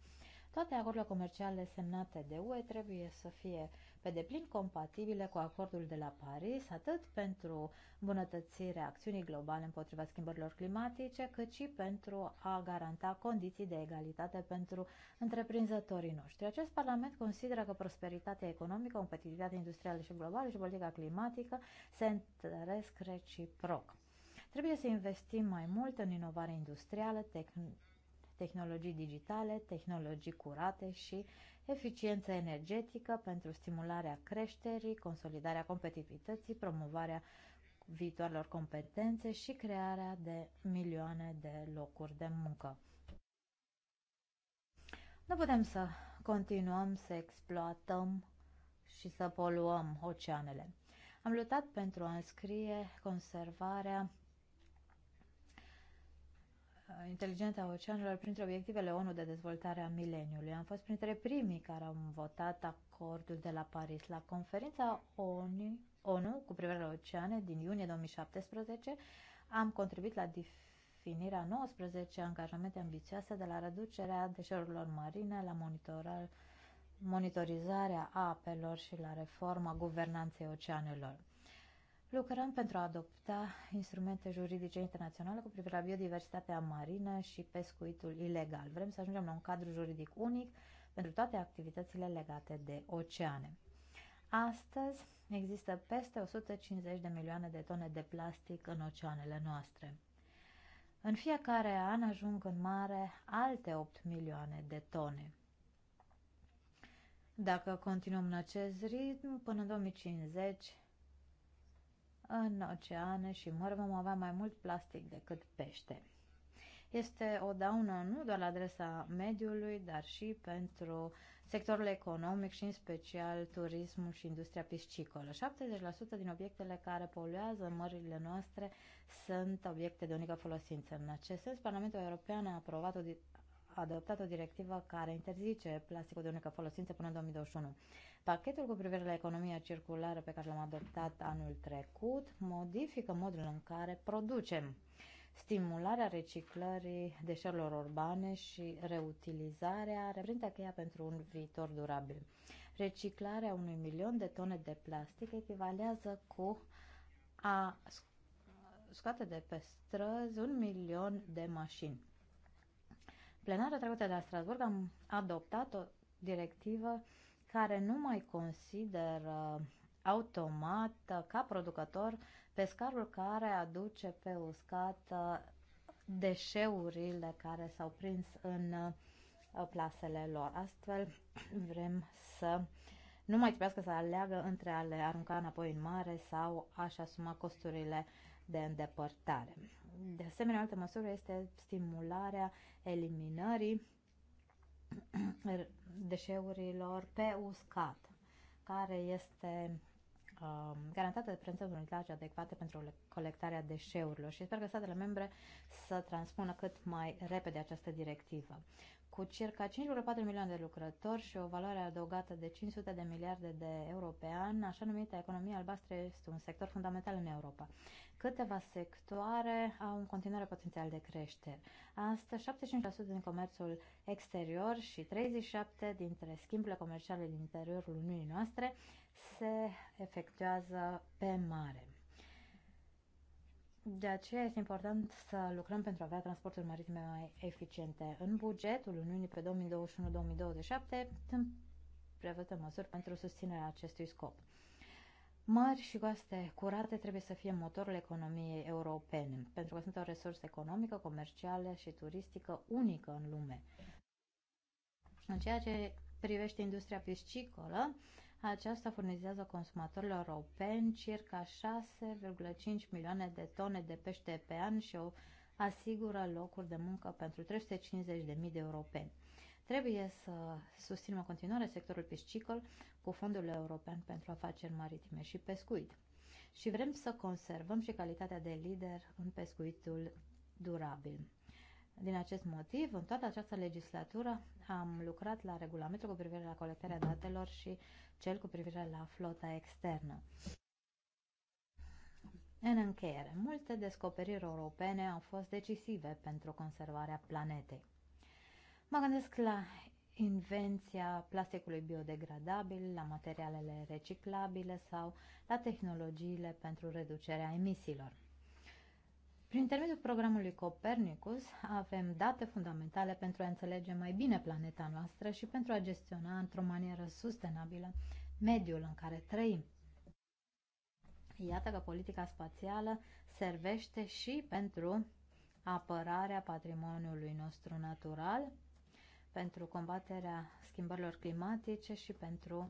Toate acordurile comerciale semnate de UE trebuie să fie pe deplin compatibile cu acordul de la Paris, atât pentru îmbunătățirea acțiunii globale împotriva schimbărilor climatice, cât și pentru a garanta condiții de egalitate pentru întreprinzătorii noștri. Acest Parlament consideră că prosperitatea economică, competitivitatea industrială și globală și politica climatică se întăresc reciproc. Trebuie să investim mai mult în inovare industrială, tehnică, tehnologii digitale, tehnologii curate și eficiență energetică pentru stimularea creșterii, consolidarea competitivității, promovarea viitoarelor competențe și crearea de milioane de locuri de muncă. Nu putem să continuăm să exploatăm și să poluăm oceanele. Am luptat pentru a înscrie conservarea Uh, inteligența oceanelor printre obiectivele ONU de dezvoltare a mileniului. Am fost printre primii care au votat acordul de la Paris. La conferința ONU, ONU cu privire la oceane din iunie 2017 am contribuit la definirea 19 angajamente ambițioase de la reducerea deșeurilor marine, la monitorizarea apelor și la reforma guvernanței oceanelor. Lucrăm pentru a adopta instrumente juridice internaționale cu privire la biodiversitatea marină și pescuitul ilegal. Vrem să ajungem la un cadru juridic unic pentru toate activitățile legate de oceane. Astăzi există peste 150 de milioane de tone de plastic în oceanele noastre. În fiecare an ajung în mare alte 8 milioane de tone. Dacă continuăm în acest ritm, până în 2050 în oceane și mări vom avea mai mult plastic decât pește. Este o daună nu doar la adresa mediului, dar și pentru sectorul economic și în special turismul și industria piscicolă. 70% din obiectele care poluează mările noastre sunt obiecte de unică folosință. În acest sens, Parlamentul European a aprobat o adoptat o directivă care interzice plasticul de unică folosință până în 2021. Pachetul cu privire la economia circulară pe care l-am adoptat anul trecut modifică modul în care producem stimularea reciclării deșeurilor urbane și reutilizarea reprezintă cheia pentru un viitor durabil. Reciclarea unui milion de tone de plastic echivalează cu a scoate de pe străzi un milion de mașini. Plenarea trecută de la Strasburg am adoptat o directivă care nu mai consideră automat ca producător pescarul care aduce pe uscat uh, deșeurile care s-au prins în uh, plasele lor. Astfel vrem să nu mai trebuiască să aleagă între a le arunca înapoi în mare sau a-și asuma costurile de îndepărtare. De asemenea, altă măsură este stimularea eliminării deșeurilor pe uscat, care este uh, garantată de prezența unui lage adecvate pentru colectarea deșeurilor și sper că statele membre să transpună cât mai repede această directivă cu circa 5,4 milioane de lucrători și o valoare adăugată de 500 de miliarde de euro pe an, așa numită economie albastră este un sector fundamental în Europa. Câteva sectoare au în continuare potențial de creștere. Astăzi, 75% din comerțul exterior și 37% dintre schimburile comerciale din interiorul Uniunii noastre se efectuează pe mare. De aceea este important să lucrăm pentru a avea transporturi maritime mai eficiente. În bugetul Uniunii pe 2021-2027 sunt prevăzute măsuri pentru susținerea acestui scop. Mări și coaste curate trebuie să fie motorul economiei europene, pentru că sunt o resursă economică, comercială și turistică unică în lume. În ceea ce privește industria piscicolă, aceasta furnizează consumatorilor europeni circa 6,5 milioane de tone de pește pe an și o asigură locuri de muncă pentru 350.000 de europeni. Trebuie să susținem în continuare sectorul piscicol cu Fondul European pentru Afaceri Maritime și Pescuit. Și vrem să conservăm și calitatea de lider în pescuitul durabil. Din acest motiv, în toată această legislatură am lucrat la regulamentul cu privire la colectarea datelor și cel cu privire la flota externă. În încheiere, multe descoperiri europene au fost decisive pentru conservarea planetei. Mă gândesc la invenția plasticului biodegradabil, la materialele reciclabile sau la tehnologiile pentru reducerea emisiilor. Prin intermediul programului Copernicus avem date fundamentale pentru a înțelege mai bine planeta noastră și pentru a gestiona într-o manieră sustenabilă mediul în care trăim. Iată că politica spațială servește și pentru apărarea patrimoniului nostru natural, pentru combaterea schimbărilor climatice și pentru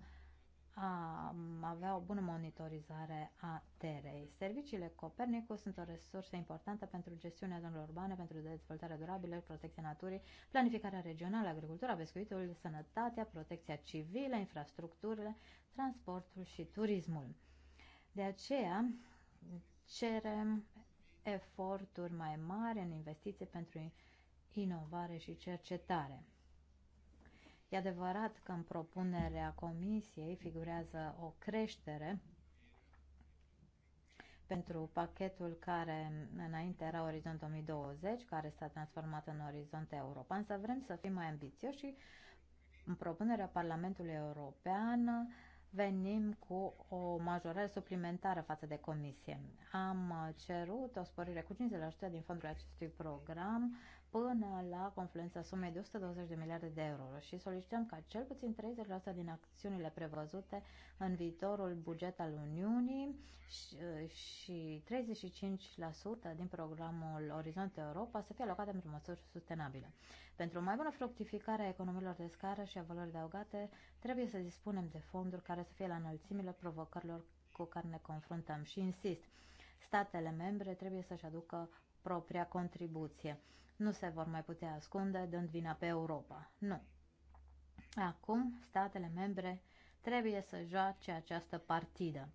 a avea o bună monitorizare a terei. Serviciile Copernicus sunt o resursă importantă pentru gestiunea zonelor urbane, pentru dezvoltarea durabilă, protecția naturii, planificarea regională, agricultura, pescuitul, sănătatea, protecția civilă, infrastructurile, transportul și turismul. De aceea cerem eforturi mai mari în investiții pentru inovare și cercetare. E adevărat că în propunerea comisiei figurează o creștere pentru pachetul care înainte era Orizont 2020, care s-a transformat în Orizont Europa, însă vrem să fim mai ambițioși și în propunerea Parlamentului European venim cu o majorare suplimentară față de comisie. Am cerut o sporire cu 50% din fondul acestui program până la confluența sumei de 120 de miliarde de euro și solicităm ca cel puțin 30% din acțiunile prevăzute în viitorul buget al Uniunii și, și 35% din programul Orizont Europa să fie alocate pentru măsuri sustenabile. Pentru o mai bună fructificare a economiilor de scară și a valorii adăugate, trebuie să dispunem de fonduri care să fie la înălțimile provocărilor cu care ne confruntăm și insist, statele membre trebuie să-și aducă propria contribuție nu se vor mai putea ascunde dând vina pe Europa. Nu. Acum, statele membre trebuie să joace această partidă.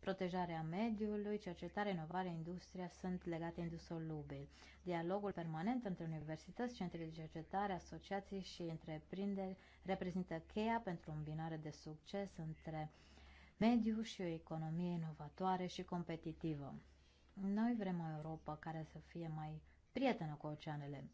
Protejarea mediului, cercetare, inovare, industria sunt legate indusolubil. Dialogul permanent între universități, centre de cercetare, asociații și întreprinderi reprezintă cheia pentru un binare de succes între mediu și o economie inovatoare și competitivă. Noi vrem o Europa care să fie mai prietenă cu oceanele.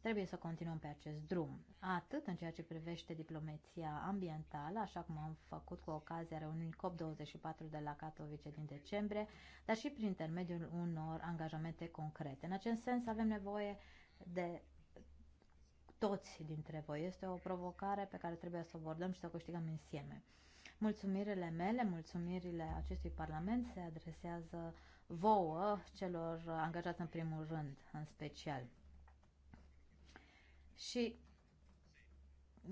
Trebuie să continuăm pe acest drum, atât în ceea ce privește diplomația ambientală, așa cum am făcut cu ocazia reuniunii COP24 de la Katowice din decembrie, dar și prin intermediul unor angajamente concrete. În acest sens avem nevoie de toți dintre voi. Este o provocare pe care trebuie să o abordăm și să o câștigăm insieme. Mulțumirile mele, mulțumirile acestui Parlament se adresează vouă celor angajați în primul rând, în special. Și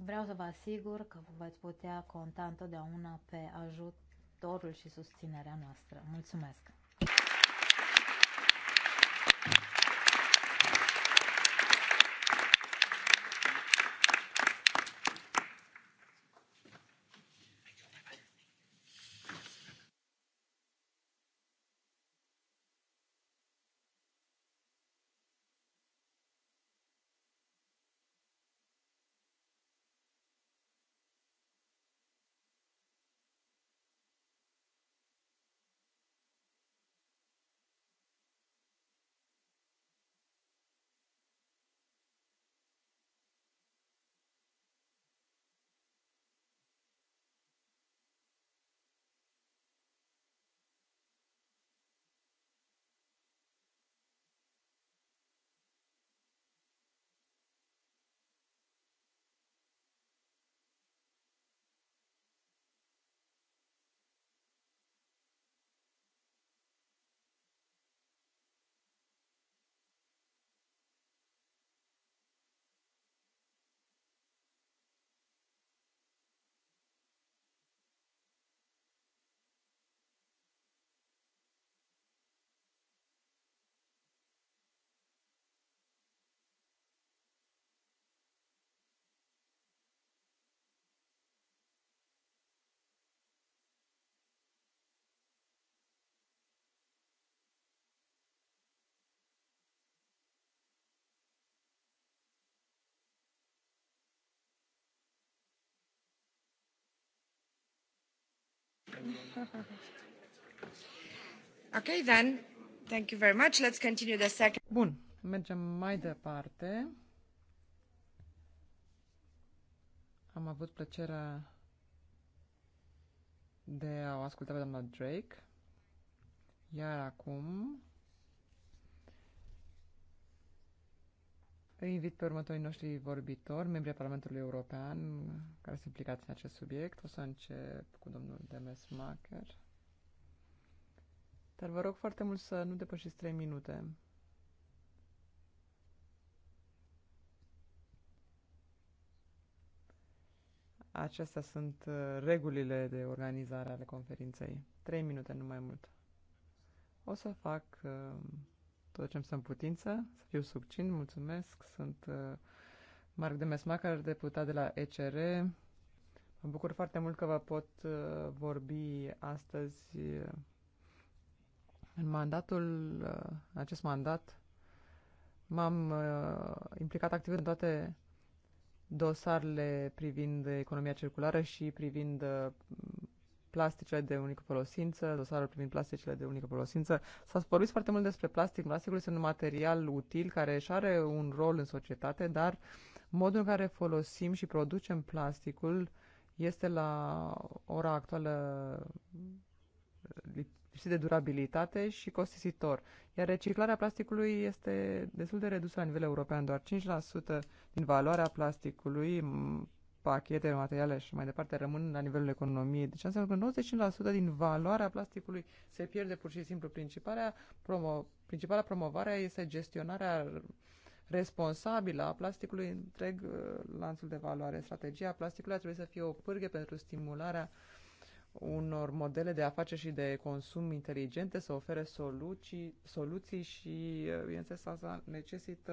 vreau să vă asigur că veți putea conta întotdeauna pe ajutorul și susținerea noastră. Mulțumesc!
Okay, then. Thank you very much. Let's continue
the second. Bun, mergem mai departe. Am avut plăcerea de a o asculta pe doamna Drake. Iar acum Îi invit pe următorii noștri vorbitori, membrii Parlamentului European, care sunt implicați în acest subiect. O să încep cu domnul Demes Macher. Dar vă rog foarte mult să nu depășiți 3 minute. Acestea sunt uh, regulile de organizare ale conferinței. 3 minute, nu mai mult. O să fac uh, tot ce îmi putință, să fiu subțin, mulțumesc. Sunt uh, Marc de Mesmacar, deputat de la ECR. Mă bucur foarte mult că vă pot uh, vorbi astăzi uh, în mandatul, în acest mandat. M-am implicat activ în toate dosarele privind economia circulară și privind plasticele de unică folosință, dosarul privind plasticele de unică folosință. S-a vorbit foarte mult despre plastic. Plasticul este un material util care își are un rol în societate, dar modul în care folosim și producem plasticul este la ora actuală lipsit de durabilitate și costisitor. Iar reciclarea plasticului este destul de redusă la nivel european, doar 5% din valoarea plasticului pachete, materiale și mai departe rămân la nivelul economiei. Deci asta înseamnă că 95% din valoarea plasticului se pierde pur și simplu. Principala, promo- principala promovare este gestionarea responsabilă a plasticului întreg uh, lanțul de valoare. Strategia plasticului trebuie să fie o pârghie pentru stimularea uh, unor modele de afaceri și de consum inteligente, să ofere soluții, soluții și, uh, bineînțeles, asta necesită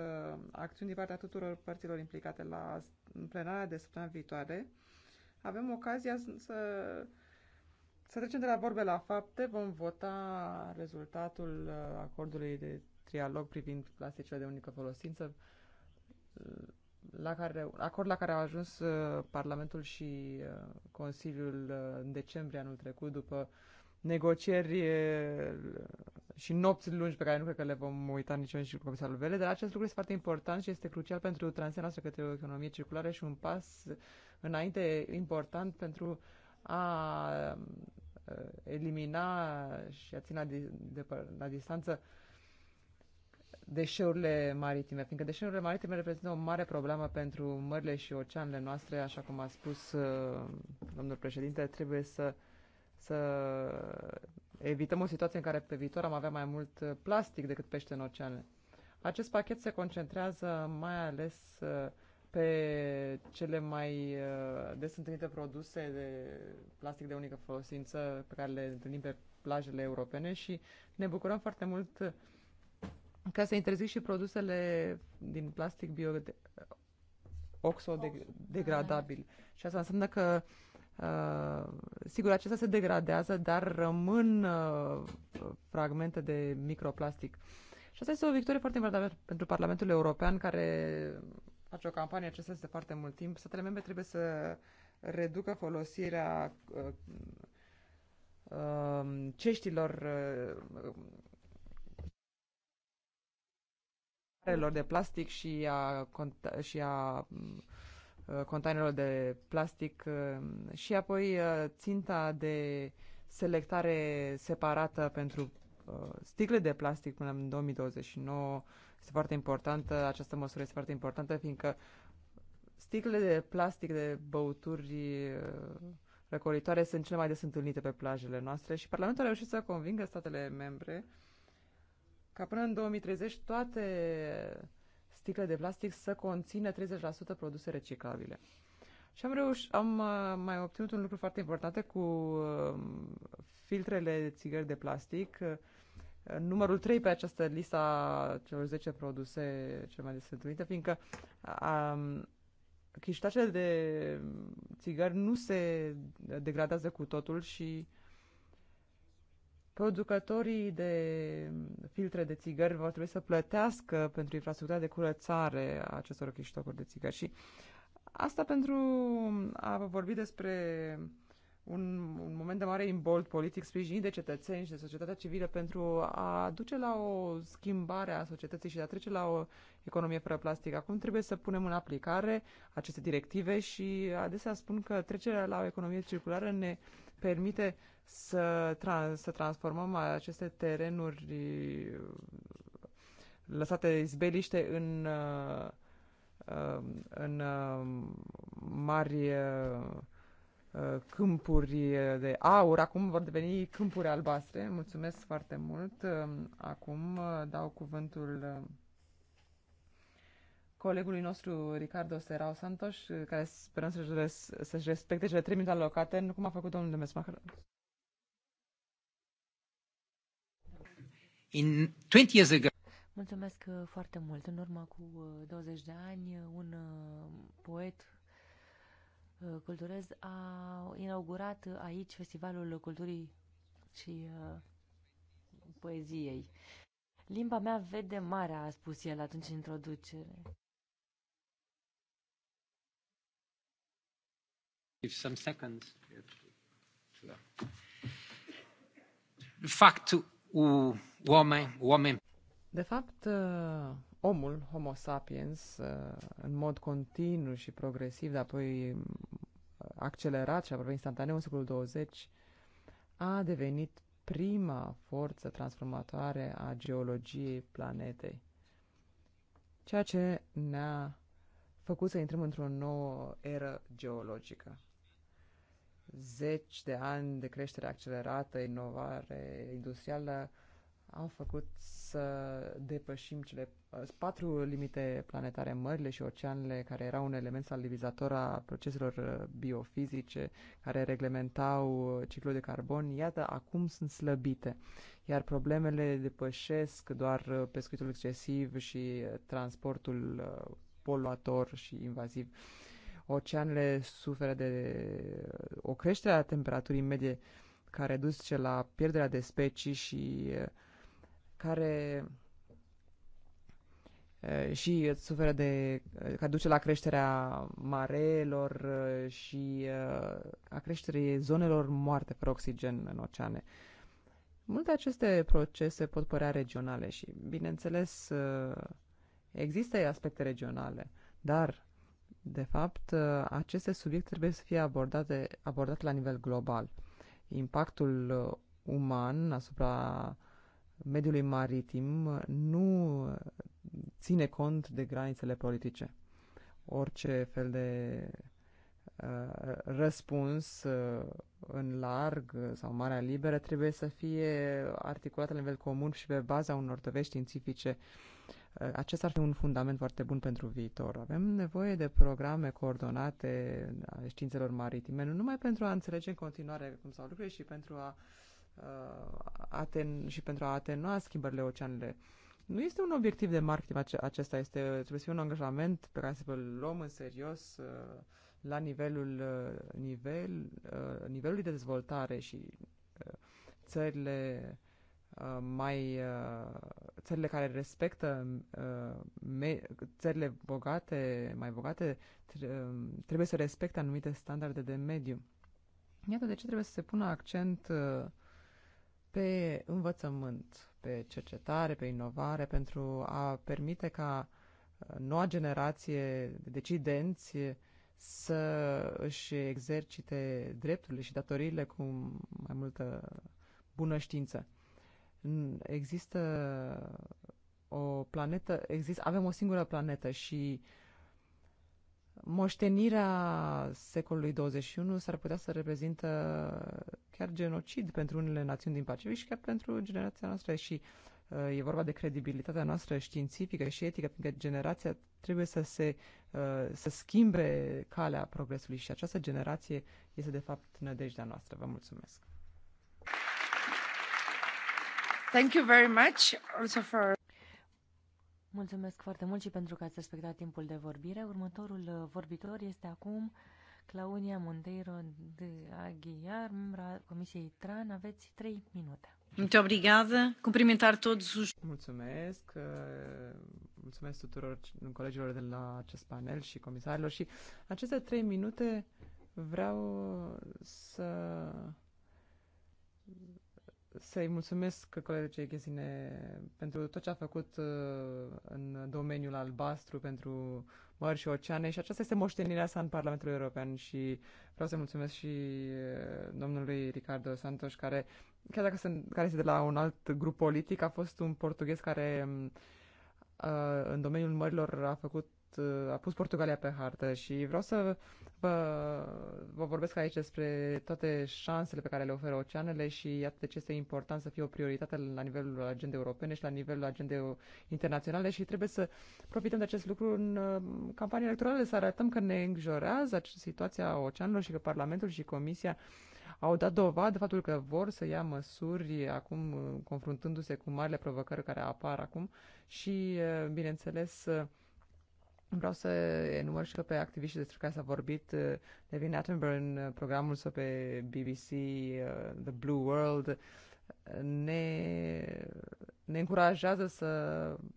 acțiuni din partea tuturor părților implicate la plenarea de săptămâna viitoare. Avem ocazia să, să trecem de la vorbe la fapte. Vom vota rezultatul uh, acordului de trialog privind plasticele de unică folosință uh, la care, acord la care au ajuns uh, Parlamentul și uh, Consiliul uh, în decembrie anul trecut după negocieri și nopți lungi pe care nu cred că le vom uita niciodată și cu comisarul Vele, dar acest lucru este foarte important și este crucial pentru transiția noastră către o economie circulară și un pas înainte important pentru a elimina și a ține la, de, la distanță uh, deșeurile maritime, fiindcă deșeurile maritime reprezintă o mare problemă pentru mările și oceanele noastre, așa cum a spus uh, domnul președinte, trebuie să, să evităm o situație în care pe viitor am avea mai mult uh, plastic decât pește în oceane. Acest pachet se concentrează mai ales uh, pe cele mai des întâlnite produse de plastic de unică folosință pe care le întâlnim pe plajele europene și ne bucurăm foarte mult ca să interzic și produsele din plastic biode- oxodegradabil. Și asta înseamnă că Uh, sigur, acestea se degradează, dar rămân uh, fragmente de microplastic. Și asta este o victorie foarte importantă pentru Parlamentul European, care face o campanie acestea de foarte mult timp. Statele membre trebuie să reducă folosirea uh, uh ceștilor uh, lor de plastic și a, și a uh, containerul de plastic uh, și apoi uh, ținta de selectare separată pentru sticle de plastic până în 2029 este foarte importantă, această măsură este foarte importantă, fiindcă sticlele de plastic de băuturi răcoritoare sunt cele mai des întâlnite pe plajele noastre și Parlamentul a reușit să convingă statele membre ca până în 2030 toate sticle de plastic să conțină 30% produse reciclabile. Și am reușit, am uh, mai obținut un lucru foarte important cu uh, filtrele de țigări de plastic, uh, numărul 3 pe această lista celor 10 produse cel mai întâlnite, fiindcă um, chiștacele de țigări nu se degradează cu totul și uh, producătorii de filtre de țigări vor trebui să plătească pentru infrastructura de curățare a acestor chiștocuri de țigări. Și asta pentru a vorbi despre un, un moment de mare imbold politic sprijinit de cetățeni și de societatea civilă pentru a duce la o schimbare a societății și de a trece la o economie fără plastic. Acum trebuie să punem în aplicare aceste directive și adesea spun că trecerea la o economie circulară ne permite să, trans, să transformăm aceste terenuri uh, lăsate izbeliște în, uh, um, în um, mari uh, câmpuri de aur, acum vor deveni câmpuri albastre. Mulțumesc foarte mult. Um, acum dau cuvântul colegului nostru Ricardo Serau Santos, care sperăm să-și, res- să respecte cele trei minute alocate, nu cum a făcut domnul Demesmacher. In 20 years ago,
Mulțumesc uh, foarte mult. În urmă cu 20 uh, de ani, uh, un poet culturez a inaugurat aici Festivalul Culturii și Poeziei. Limba mea vede marea, a spus el atunci în introducere.
If some seconds.
Factul oameni, oameni.
De fapt, uh, omul, Homo sapiens, uh, în mod continuu și progresiv, dar apoi um, accelerat și aproape instantaneu în secolul 20, a devenit prima forță transformatoare a geologiei planetei. Ceea ce ne-a făcut să intrăm într-o nouă eră geologică. Zeci de ani de creștere accelerată, inovare industrială, au făcut să depășim cele uh, patru limite planetare, mările și oceanele, care erau un element salvizator a proceselor uh, biofizice, care reglementau uh, ciclul de carbon, iată, acum sunt slăbite. Iar problemele depășesc doar pescuitul excesiv și transportul poluator și invaziv. Oceanele suferă de o creștere a temperaturii medie care duce la pierderea de specii și uh, care și îți suferă de, care duce la creșterea marelor și a creșterii zonelor moarte pe oxigen în oceane. Multe aceste procese pot părea regionale și, bineînțeles, există aspecte regionale, dar, de fapt, aceste subiecte trebuie să fie abordate, abordate la nivel global. Impactul uman asupra mediului maritim nu ține cont de granițele politice. Orice fel de uh, răspuns uh, în larg sau marea liberă trebuie să fie articulat la nivel comun și pe baza unor dovești științifice. Uh, acesta ar fi un fundament foarte bun pentru viitor. Avem nevoie de programe coordonate ale științelor maritime, nu numai pentru a înțelege în continuare cum s-au lucrurile și pentru a uh, Uh, aten- și pentru a atenua schimbările oceanele. Nu este un obiectiv de marketing acesta, este, trebuie să fie un angajament pe care să l luăm în serios uh, la nivelul uh, nivel, nivelului de dezvoltare și țările mai țările care respectă țările bogate, mai bogate trebuie să respecte anumite standarde de mediu. Iată de ce trebuie să se pună accent pe învățământ, pe cercetare, pe inovare, pentru a permite ca uh, noua generație de decidenți să își exercite drepturile și datoriile cu mai multă bună știință. Există o planetă, există, avem o singură planetă și uh, moștenirea secolului 21 s-ar putea să reprezintă chiar genocid pentru unele națiuni din Pacific și chiar pentru generația noastră și uh, e vorba de credibilitatea noastră științifică și etică, pentru că generația trebuie să se uh, să schimbe calea progresului și această generație este de fapt nădejdea noastră. Vă mulțumesc!
Thank you very much also for Mulțumesc foarte mult și pentru că ați respectat timpul de vorbire. Următorul uh, vorbitor este acum Claudia Monteiro de Aguiar, membra Comisiei TRAN. Aveți 3 minute. Muito obrigada.
Cumprimentar todos os... Mulțumesc. Uh, mulțumesc tuturor colegilor de la acest panel și comisarilor. Și aceste trei minute vreau să să-i mulțumesc colegii Ghezine pentru tot ce a făcut uh, în domeniul albastru, pentru mări și oceane și aceasta este moștenirea sa în Parlamentul European și vreau să mulțumesc și uh, domnului Ricardo Santos, care, chiar dacă sunt, care este de la un alt grup politic, a fost un portughez care uh, în domeniul mărilor a făcut a pus Portugalia pe hartă și vreau să vă, vă vorbesc aici despre toate șansele pe care le oferă oceanele și iată de ce este important să fie o prioritate la nivelul agendei europene și la nivelul agendei internaționale și trebuie să profităm de acest lucru în uh, campanii electorale, să arătăm că ne îngrijorează situația oceanelor și că Parlamentul și Comisia au dat dovadă de faptul că vor să ia măsuri acum uh, confruntându-se cu marile provocări care apar acum și, uh, bineînțeles, Vreau să enumăr și că pe activiștii despre care s-a vorbit, David uh, Attenborough, în uh, programul său pe BBC, uh, The Blue World, ne, ne încurajează să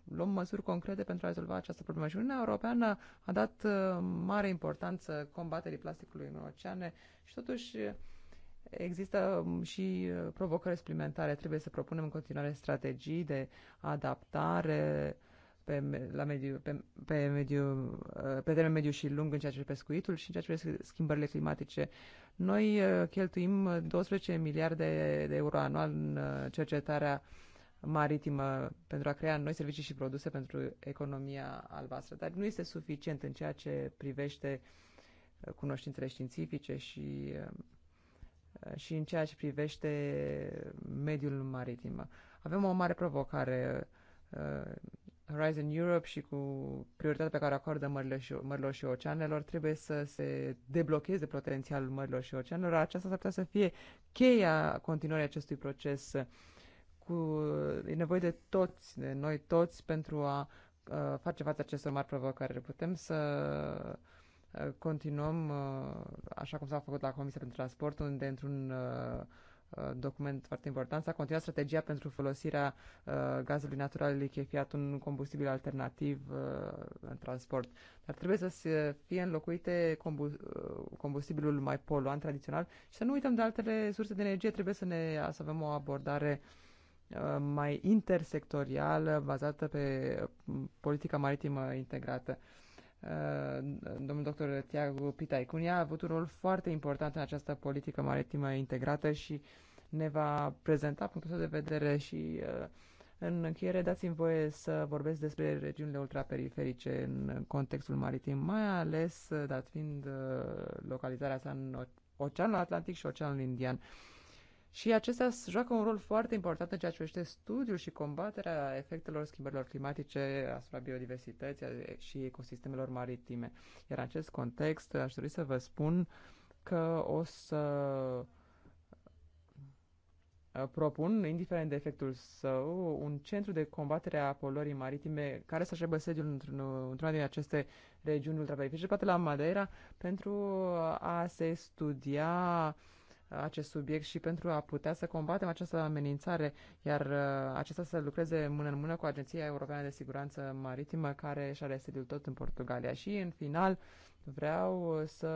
luăm măsuri concrete pentru a rezolva această problemă. Și Uniunea Europeană a dat mare importanță combaterii plasticului în oceane și totuși Există um, și provocări suplimentare. Trebuie să propunem în continuare strategii de adaptare pe, la mediu, pe, pe, mediu, uh, pe termen mediu și lung în ceea ce privește pescuitul și în ceea ce privește schimbările climatice. Noi uh, cheltuim 12 miliarde de euro anual în uh, cercetarea maritimă pentru a crea noi servicii și produse pentru economia albastră, dar nu este suficient în ceea ce privește cunoștințele științifice și, și în ceea ce privește mediul maritim. Avem o mare provocare Horizon Europe și cu prioritatea pe care o acordă mărilor și, mărilor și oceanelor, trebuie să se deblocheze potențialul mărilor și oceanelor. Aceasta s-ar putea să fie cheia continuării acestui proces. Cu, e nevoie de toți, de noi toți, pentru a, uh, face față acestor mari provocări. Putem să uh, continuăm, uh, așa cum s-a făcut la Comisia pentru Transport, unde într-un uh, Uh, document foarte important, s-a continuat strategia pentru folosirea uh, gazului natural lichefiat, un combustibil alternativ uh, în transport. Dar trebuie să se fie înlocuite combustibilul mai poluant tradițional și să nu uităm de altele surse de energie, trebuie să, ne, să avem o abordare mai intersectorială, bazată pe politica maritimă integrată. Uh, domnul doctor Tiago Pitaicunia a avut un rol foarte important în această politică maritimă integrată și ne va prezenta punctul de vedere și uh, în încheiere dați-mi voie să vorbesc despre regiunile ultraperiferice în contextul maritim, mai ales uh, dat fiind localizarea sa în Oceanul Atlantic și Oceanul Indian. Și acestea joacă un rol foarte important în ceea ce este studiul și combaterea efectelor schimbărilor climatice asupra biodiversității și ecosistemelor maritime. Iar în acest context aș dori să vă spun că o să propun, indiferent de efectul său, un centru de combatere a poluării maritime care să-și aibă sediul într-una din aceste regiuni ultraperiferice, poate la Madeira, pentru a se studia uh, acest subiect și pentru a putea să combatem această amenințare, iar uh, acesta să lucreze mână în mână cu Agenția Europeană de Siguranță Maritimă, care și are sediul tot în Portugalia. Și, în final, vreau să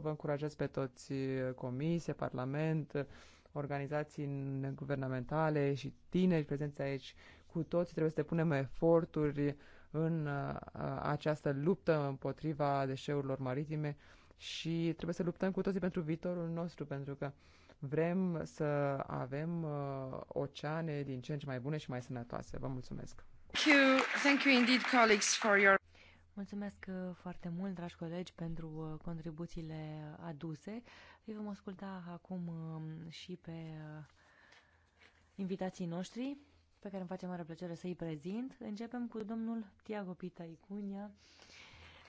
vă încurajez pe toți uh, comisie, parlament, organizații guvernamentale și tineri prezenți aici. Cu toți trebuie să depunem eforturi în uh, această luptă împotriva deșeurilor maritime și trebuie să luptăm cu toții pentru viitorul nostru, pentru că vrem să avem uh, oceane din ce în ce mai bune și mai sănătoase. Vă mulțumesc!
Thank you,
thank you indeed, colleagues, for your... Mulțumesc uh, foarte mult, dragi colegi, pentru uh, contribuțiile aduse. Îi vom asculta acum um, și pe uh, invitații noștri, pe care îmi face mare plăcere să-i prezint. Începem cu domnul Tiago Pita Icunia,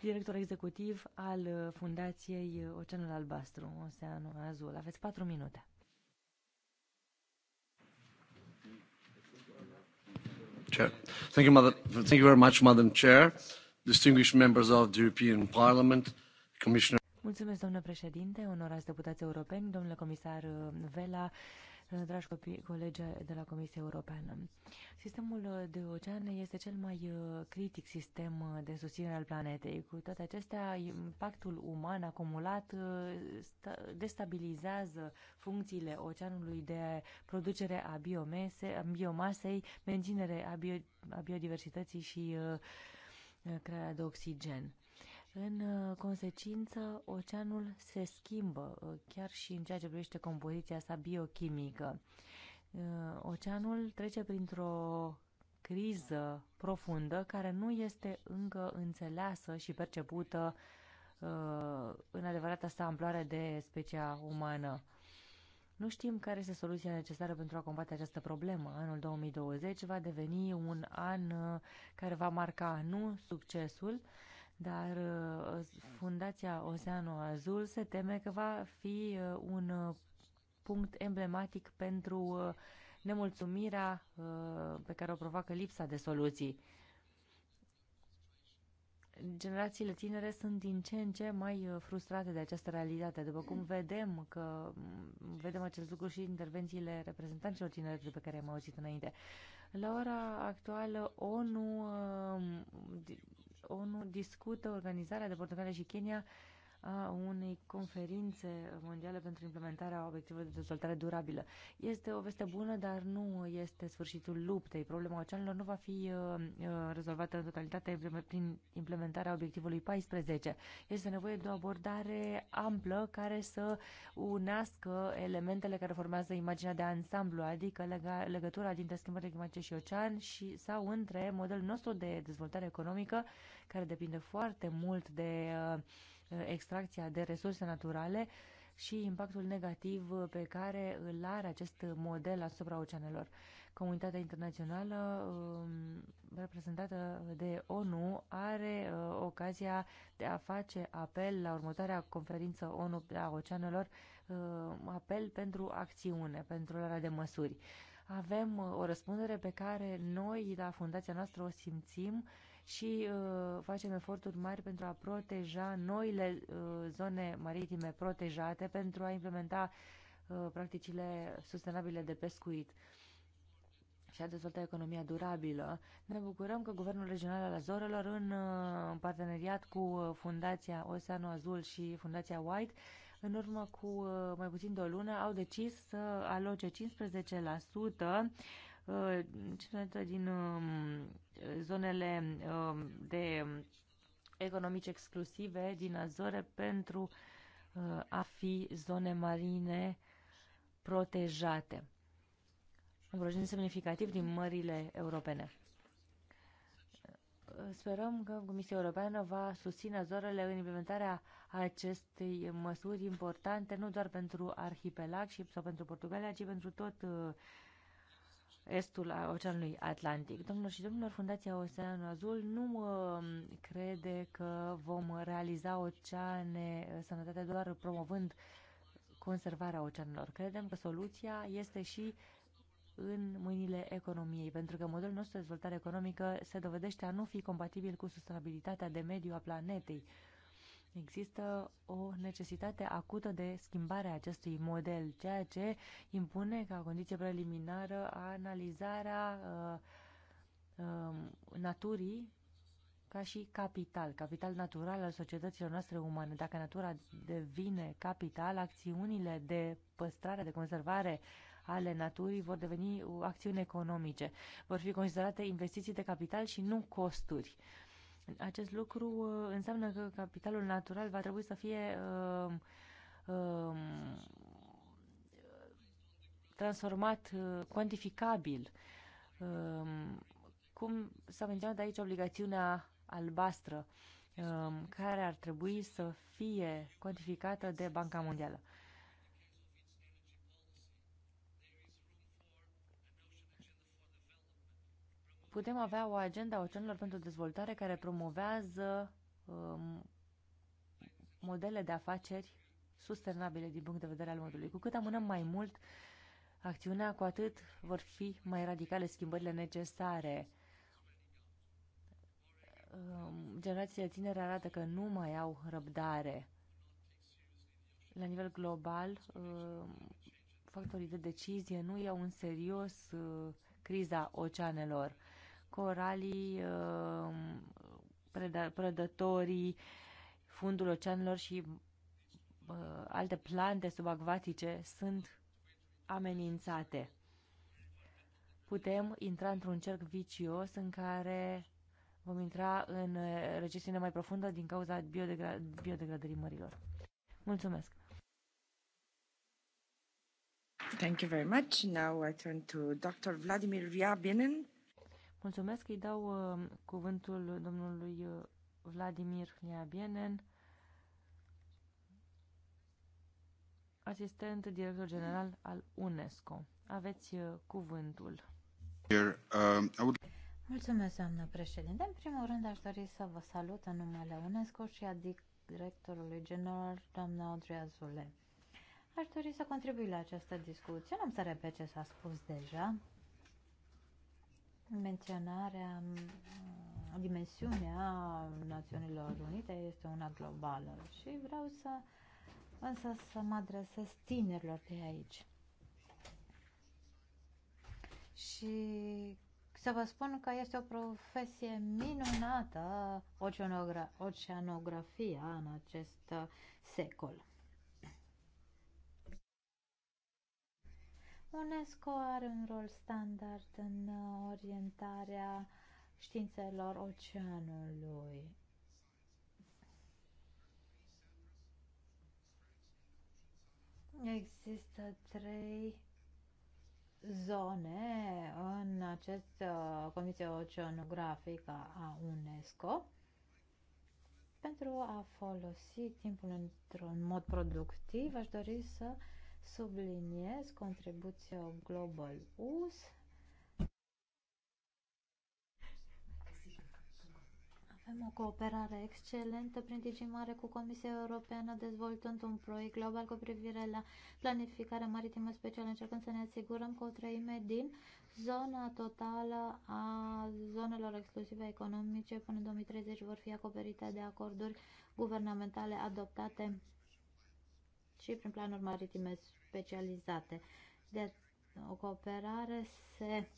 director executiv al uh, Fundației uh, Oceanul Albastru, Oceanul Azul. Aveți patru minute.
Chair. Thank you, Mother. thank you very much, Madam Chair, distinguished members of the European Parliament, Commissioner.
Mulțumesc, domnule președinte, onorați deputați europeni, domnule comisar uh, Vela, dragi copii, colegi de la Comisia Europeană. Sistemul de oceane este cel mai uh, critic sistem uh, de susținere al planetei. Cu toate acestea, impactul uman acumulat uh, destabilizează funcțiile oceanului de producere a, biomese, biomasei, menținere a, bio, a biodiversității și crearea de oxigen. În uh, consecință, oceanul se schimbă, uh, chiar și în ceea ce privește compoziția sa biochimică. Uh, oceanul trece printr-o criză profundă care nu este încă înțeleasă și percepută în adevărata sa amploare de specia umană. Nu știm care este soluția necesară pentru a combate această problemă. Anul 2020 va deveni un an care va marca nu succesul, dar uh, Fundația Oceanul Azul se teme că va fi uh, un uh, punct emblematic pentru nemulțumirea pe care o provoacă lipsa de soluții. Generațiile tinere sunt din ce în ce mai frustrate de această realitate, după cum vedem că vedem acest lucru și intervențiile reprezentanților de pe care am auzit înainte. La ora actuală, ONU ONU discută organizarea de Portugalia și Kenya a unei conferințe mondiale pentru implementarea obiectivelor de dezvoltare durabilă. Este o veste bună, dar nu este sfârșitul luptei. Problema oceanelor nu va fi uh, uh, rezolvată în totalitate prin implementarea obiectivului 14. Este nevoie de o abordare amplă care să unească elementele care formează imaginea de ansamblu, adică lega, legătura dintre schimbările climatice și ocean și sau între modelul nostru de dezvoltare economică, care depinde foarte mult de uh, extracția de resurse naturale și impactul negativ pe care îl are acest model asupra oceanelor. Comunitatea internațională um, reprezentată de ONU are uh, ocazia de a face apel la următoarea conferință ONU a oceanelor, uh, apel pentru acțiune, pentru luarea de măsuri. Avem uh, o răspundere pe care noi la fundația noastră o simțim și uh, facem eforturi mari pentru a proteja noile uh, zone maritime protejate, pentru a implementa uh, practicile sustenabile de pescuit și a dezvolta economia durabilă. Ne bucurăm că Guvernul Regional al Azorelor, în parteneriat cu Fundația Oceanul Azul și Fundația White, în urmă cu mai puțin de o lună, au decis să aloce 15% Uh, cele din um, zonele um, de economici exclusive din Azore pentru uh, a fi zone marine protejate. Un proiect semnificativ din mările europene. Uh, sperăm că Comisia Europeană va susține Azorele în implementarea acestei măsuri importante, nu doar pentru arhipelag și, sau pentru Portugalia, ci pentru tot estul Oceanului Atlantic. Domnilor și domnilor, Fundația Oceanul Azul nu uh, crede că vom realiza oceane uh, sănătate doar promovând conservarea oceanelor. Credem că soluția este și în mâinile economiei, pentru că modelul nostru de dezvoltare economică se dovedește a nu fi compatibil cu sustenabilitatea de mediu a planetei. Uh, Există o necesitate acută de schimbare a acestui model, ceea ce impune ca condiție preliminară analizarea uh, uh, naturii ca și capital, capital natural al societăților noastre umane. Dacă natura devine capital, acțiunile de păstrare, de conservare ale naturii vor deveni acțiuni economice. Vor fi considerate investiții de capital și nu costuri. Uh, acest lucru uh, înseamnă că capitalul natural va trebui să fie uh, uh, transformat, uh, cuantificabil. Um, cum s-a menționat aici obligațiunea albastră, um, care ar trebui să fie cuantificată de Banca Mondială. putem avea o agenda oceanelor pentru dezvoltare care promovează um, modele de afaceri sustenabile din punct de vedere al modului. Cu cât amânăm mai mult acțiunea, cu atât vor fi mai radicale schimbările necesare. Um, generațiile tinere arată că nu mai au răbdare. La nivel global, um, factorii de decizie nu iau în serios uh, criza oceanelor coralii, um, prădătorii, fundul oceanelor și uh, alte plante subacvatice sunt amenințate. Putem intra într-un cerc vicios în care vom intra în recesiune mai profundă din cauza biodegra biodegradării mărilor. Mulțumesc! Thank you very much. Now I turn to Dr. Vladimir Ryabinin Mulțumesc, îi dau uh, cuvântul domnului uh, Vladimir Liabienen, asistent director general al UNESCO. Aveți uh, cuvântul.
Um,
Mulțumesc, doamnă președinte. În
primul rând, aș dori să vă salut în numele UNESCO și a directorului general, doamna Audrey Azule. Aș dori să contribui la această discuție. Nu am să repet ce s-a spus deja menționarea, mm, dimensiunea Națiunilor Unite este una globală și vreau să însă să mă adresez tinerilor de aici. Și să vă spun că este o profesie minunată oceanografia în acest uh, secol. UNESCO are un rol standard în orientarea științelor oceanului. Există trei zone în această uh, comisie oceanografică a UNESCO pentru a folosi timpul într-un mod productiv. Aș dori să subliniez contribuția Global US Avem o cooperare excelentă prin Digimare cu Comisia Europeană, dezvoltând un proiect global cu privire la planificarea maritimă specială, încercând să ne asigurăm că o treime din zona totală a zonelor exclusive economice până în 2030 vor fi acoperite de acorduri guvernamentale adoptate și prin planuri maritime specializate. De o cooperare se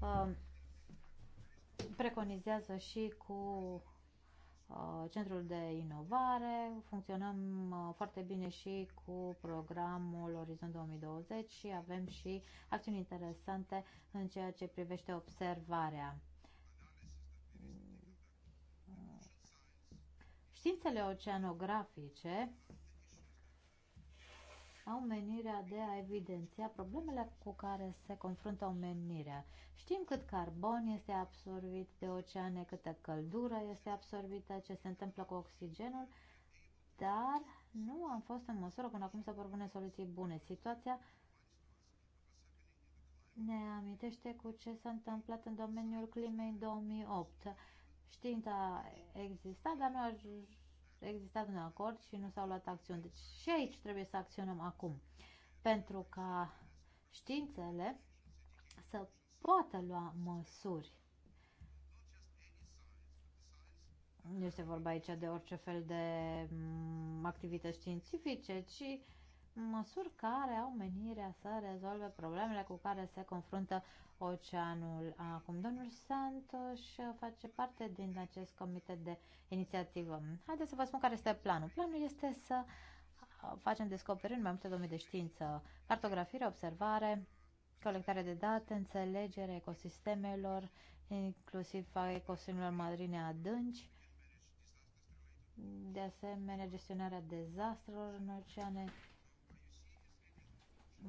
uh, preconizează și cu uh, Centrul de Inovare, funcționăm uh, foarte bine și cu programul Orizont 2020 și avem și acțiuni interesante în ceea ce privește observarea. Științele oceanografice au menirea de a evidenția problemele cu care se confruntă omenirea. Știm cât carbon este absorbit de oceane, câtă căldură este absorbită, ce se întâmplă cu oxigenul, dar nu am fost în măsură până acum să propunem soluții bune. Situația ne amintește cu ce s-a întâmplat în domeniul climei în 2008. Știința exista, dar nu a existat un acord și nu s-au luat acțiuni. Deci și aici trebuie să acționăm acum, pentru ca științele să poată lua măsuri. Nu este vorba aici de orice fel de activități științifice, ci măsuri care au menirea să rezolve problemele cu care se confruntă oceanul acum. Domnul Santos face parte din acest comitet de inițiativă. Haideți să vă spun care este planul. Planul este să facem descoperiri în mai multe domenii de știință, cartografire, observare, colectare de date, înțelegere ecosistemelor, inclusiv a ecosistemelor marine adânci, de asemenea gestionarea dezastrelor în oceane,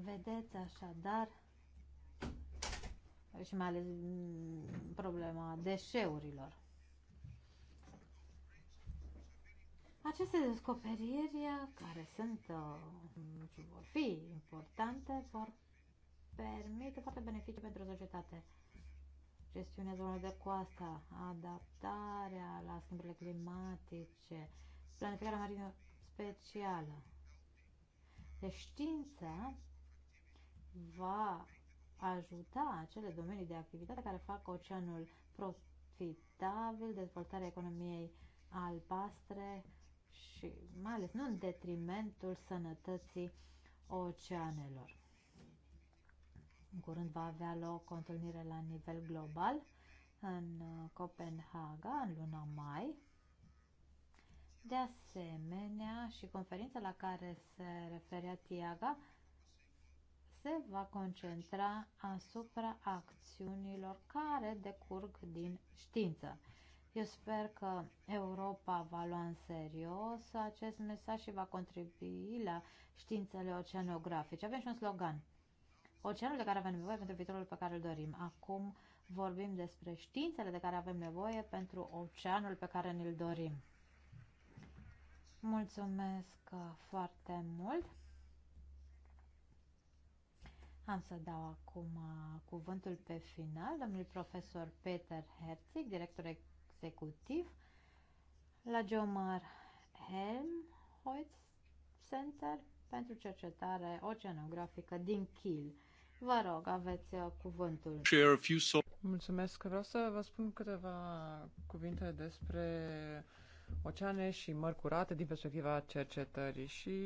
Vedeți așadar și mai ales mm, problema deșeurilor. Aceste descoperiri, care sunt uh, și vor fi importante, vor permite foarte beneficii pentru societate. Gestiunea zonelor de coastă, adaptarea la schimbările climatice, planificarea marină specială. Deci știința va ajuta acele domenii de activitate care fac oceanul profitabil, dezvoltarea economiei albastre și mai ales nu în detrimentul sănătății oceanelor. În curând va avea loc o întâlnire la nivel global în uh, Copenhaga, în luna mai. De asemenea, și conferința la care se referea Tiaga se va concentra asupra acțiunilor care decurg din știință. Eu sper că Europa va lua în serios acest mesaj și va contribui la științele oceanografice. Avem și un slogan. Oceanul de care avem nevoie pentru viitorul pe care îl dorim. Acum vorbim despre științele de care avem nevoie pentru oceanul pe care ne-l dorim. Mulțumesc foarte mult! Am să dau acum uh, cuvântul pe final domnului profesor Peter Herzig, director executiv la Geomar Helmholtz Center pentru cercetare oceanografică din Kiel. Vă
rog, aveți uh, cuvântul. Mulțumesc. Vreau să vă spun câteva cuvinte despre oceane și mări curate din perspectiva cercetării și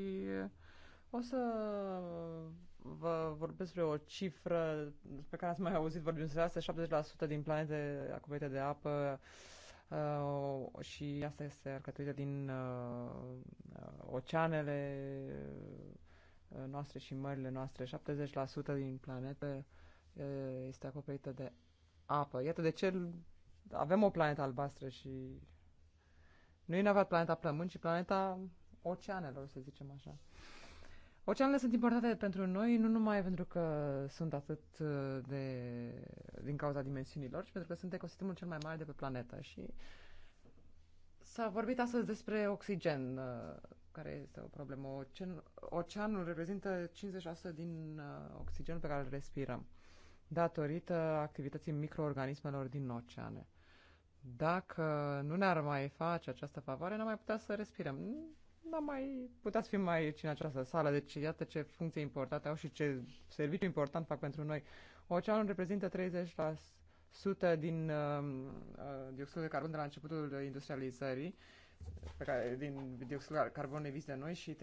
o să vă vorbesc despre o cifră pe care ați mai auzit vorbim despre asta, 70% din planete acoperite de apă uh, și asta este alcătuită din uh, oceanele uh, noastre și mările noastre. 70% din planetă uh, este acoperită de apă. Iată de ce avem o planetă albastră și nu e neapărat planeta plămâni, ci planeta oceanelor, să zicem așa. Oceanele sunt importante pentru noi, nu numai pentru că sunt atât uh, de, din cauza dimensiunilor, ci pentru că sunt ecosistemul cel mai mare de pe planetă. Și s-a vorbit astăzi despre oxigen, uh, care este o problemă. Ocean, oceanul reprezintă 50% din uh, oxigenul pe care îl respirăm, datorită activității microorganismelor din oceane. Dacă nu ne-ar mai face această favoare, n-am mai putea să respirăm dar mai să fi mai aici în această sală. Deci iată ce funcție importante au și ce serviciu important fac pentru noi. Oceanul reprezintă 30% din um, uh, dioxidul de carbon de la începutul industrializării, pe care, din dioxidul de carbon emis de noi și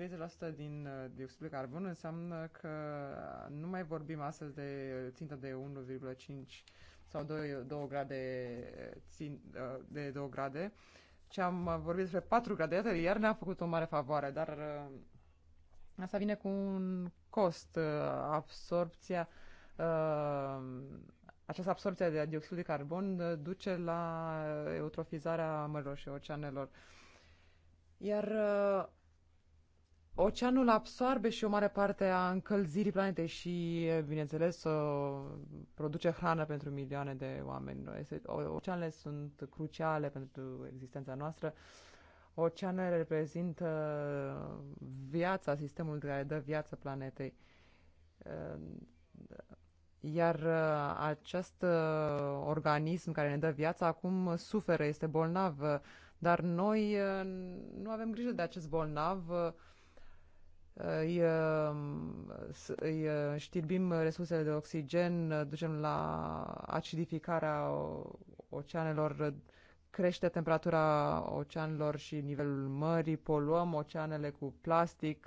30% din uh, dioxidul de carbon înseamnă că nu mai vorbim astăzi de țintă de 1,5 sau 2, 2 grade, uh, țin, uh, de 2 grade, și am vorbit despre 4 grade, iată, iar ne-a făcut o mare favoare, dar uh, asta vine cu un cost, uh, absorpția, uh, această absorpție de dioxid de carbon uh, duce la uh, eutrofizarea mărilor și oceanelor. Iar uh, Oceanul absorbe și o mare parte a încălzirii planetei și, bineînțeles, produce hrană pentru milioane de oameni. Oceanele sunt cruciale pentru existența noastră. Oceanele reprezintă viața, sistemul care dă viață planetei. Iar uh, acest uh, organism care ne dă viața acum suferă, este bolnav, dar noi uh, nu avem grijă de acest bolnav îi, um, îi uh, știrbim resursele de oxigen, uh, ducem la acidificarea oceanelor, uh, crește temperatura oceanelor și nivelul mării, poluăm oceanele cu plastic.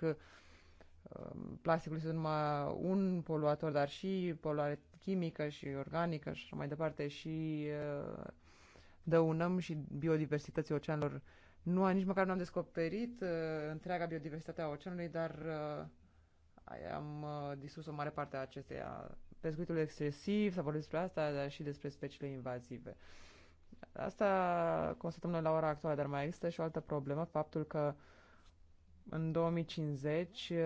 Plasticul este numai un poluator, dar și poluare chimică și organică și mai departe și dăunăm și biodiversității oceanelor nu, nici măcar nu am descoperit uh, întreaga biodiversitate a oceanului, dar uh, am uh, distrus o mare parte a acesteia. Pescuitul excesiv, s-a vorbit despre asta, dar și despre speciile invazive. Asta constatăm noi la ora actuală, dar mai există și o altă problemă, faptul că în 2050 uh,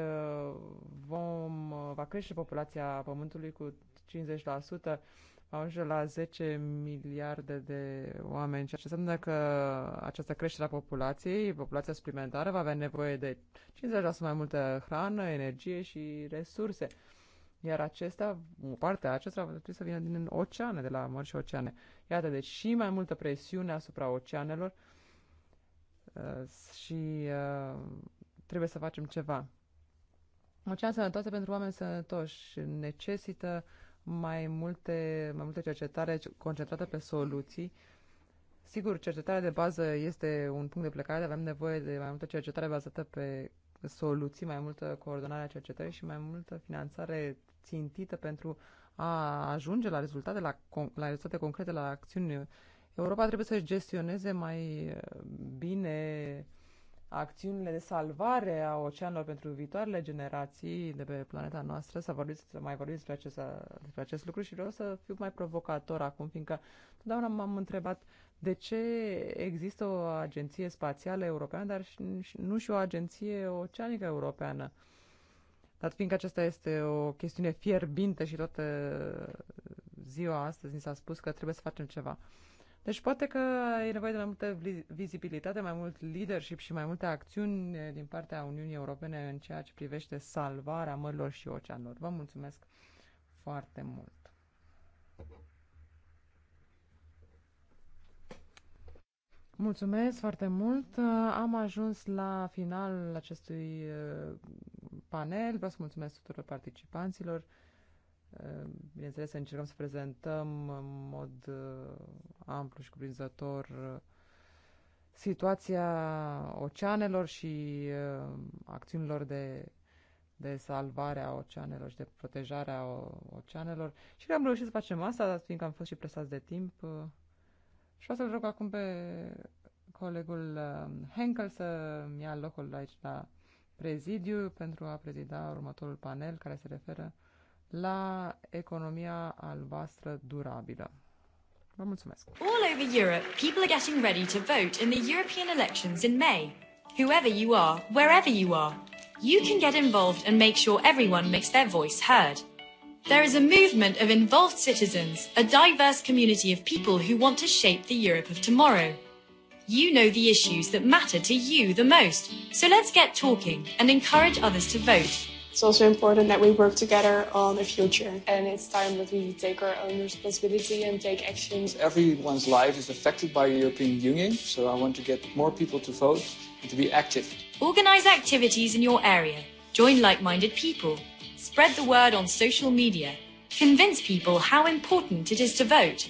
vom, uh, va crește populația Pământului cu 50%, ajunge la 10 miliarde de oameni, ceea ce înseamnă că această creștere a populației, populația suplimentară, va avea nevoie de 50% mai multă hrană, energie și resurse. Iar acestea, a acestea va trebui să vină din oceane, de la mări și oceane. Iată, deci și mai multă presiune asupra oceanelor uh, și uh, trebuie să facem ceva. Ocean sănătoase pentru oameni sănătoși necesită uh, mai multe, mai multe cercetare concentrată pe soluții. Sigur, cercetarea de bază este un punct de plecare, dar avem nevoie de mai multă cercetare bazată pe soluții, mai multă coordonare a cercetării și mai multă finanțare țintită pentru a ajunge la rezultate, la, la rezultate concrete, la acțiuni. Europa trebuie să-și gestioneze mai bine acțiunile de salvare a oceanelor pentru viitoarele generații de pe planeta noastră, să, vorbiți, să mai vorbiți despre acest, despre acest lucru și vreau să fiu mai provocator acum, fiindcă totdeauna m-am întrebat de ce există o agenție spațială europeană, dar și, nu și o agenție oceanică europeană. Dar fiindcă aceasta este o chestiune fierbinte și toată ziua astăzi ni s-a spus că trebuie să facem ceva. Uh, deci poate că e nevoie de mai multă vizibilitate, mai mult leadership și mai multe acțiuni din partea Uniunii Europene în ceea ce privește salvarea mărilor și oceanelor. Vă mulțumesc foarte mult! Mulțumesc foarte mult! Am ajuns la final acestui eh, panel. Vă mulțumesc tuturor participanților. Bineînțeles, să încercăm să prezentăm în mod uh, amplu și cuprinzător uh, situația oceanelor și uh, acțiunilor de, de salvare a oceanelor și de protejare a oceanelor. Și am reușit să facem asta, dar fiindcă am fost și presați de timp. Și o să-l rog acum pe colegul Henkel să ia locul aici la prezidiu pentru a prezida următorul panel care se referă la economia albastră durabilă. Vă mulțumesc! All over Europe, people are
getting ready to vote in the European elections in May. Whoever you are, wherever you are,
you can get involved and make sure everyone makes their voice heard. There is a movement of involved citizens, a diverse community of people who want to shape the Europe of tomorrow.
You know the issues that matter to you the most, so let's get talking
and encourage others to vote. It's also important that we work together on the future, and it's time that we take our own responsibility and take actions.
Everyone's life is affected by the
European Union, so I want to get more people to vote and to be active.
Organize activities in your area. Join like-minded people. Spread the word on social media. Convince people how important it is to vote.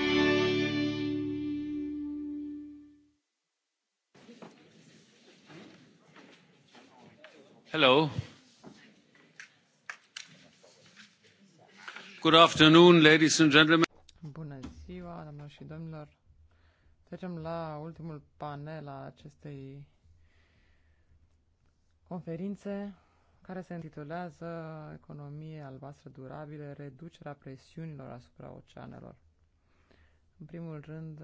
Hello. Good afternoon, ladies and gentlemen.
Bună ziua, doamnelor și domnilor. Trecem la ultimul panel a acestei conferințe care se intitulează Economie albastră durabilă, reducerea presiunilor asupra oceanelor. În primul rând,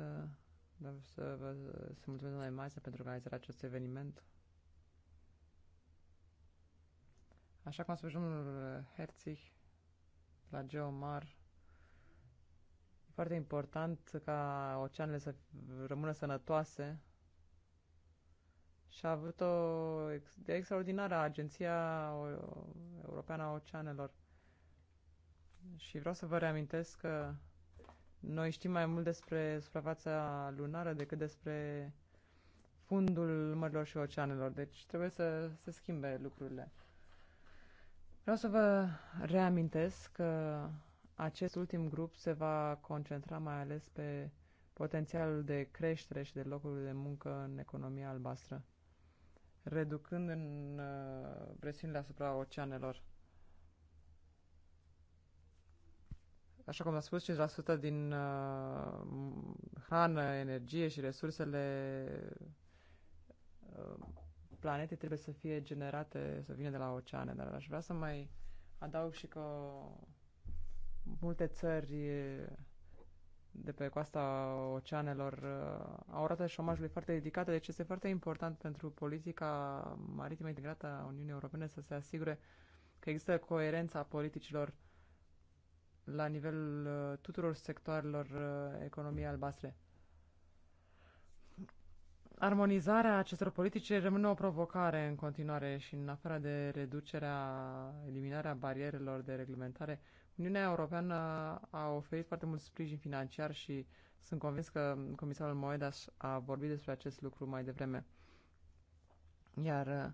vreau să vă mulțumesc doamna Maise pentru organizarea acest eveniment Așa cum a spus domnul Herzig la Geomar, e foarte important ca oceanele să rămână sănătoase și a avut o de extraordinară Agenția Europeană a Oceanelor. Și vreau să vă reamintesc că noi știm mai mult despre suprafața lunară decât despre fundul mărilor și oceanelor, deci trebuie să se schimbe lucrurile. Vreau să vă reamintesc că acest ultim grup se va concentra mai ales pe potențialul de creștere și de locuri de muncă în economia albastră, reducând în uh, presiunile asupra oceanelor. Așa cum am spus, 5% din uh, hrană, energie și resursele uh, planete trebuie să fie generate, să vină de la oceane, dar aș vrea să mai adaug și că multe țări de pe coasta oceanelor uh, au o rată șomajului foarte ridicată, deci este foarte important pentru politica maritimă integrată a Uniunii Europene să se asigure că există coerența politicilor la nivel uh, tuturor sectoarelor uh, economiei albastre. Armonizarea acestor politici rămâne o provocare în continuare și în afară de reducerea, eliminarea barierelor de reglementare, Uniunea Europeană a oferit foarte mult sprijin financiar și sunt convins că comisarul Moedas a vorbit despre acest lucru mai devreme. Iar uh,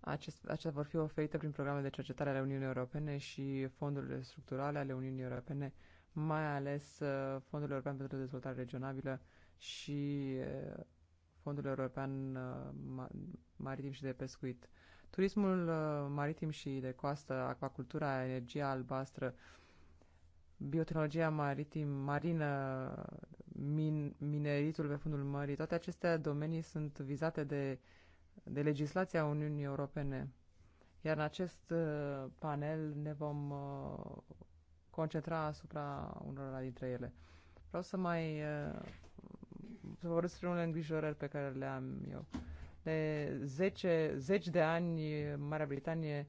acest, acestea vor fi oferite prin programe de cercetare ale Uniunii Europene și fondurile structurale ale Uniunii Europene, mai ales uh, Fondul European pentru Dezvoltare Regionabilă, și Fondul European Maritim și de Pescuit. Turismul maritim și de coastă, acvacultura, energia albastră, biotehnologia maritim, marină, min, mineritul pe fundul mării, toate aceste domenii sunt vizate de, de legislația Uniunii Europene. Iar în acest panel ne vom concentra asupra unor dintre ele. Vreau să mai să vorbesc despre unele îngrijorări pe care le am eu. De 10, 10 de ani, Marea Britanie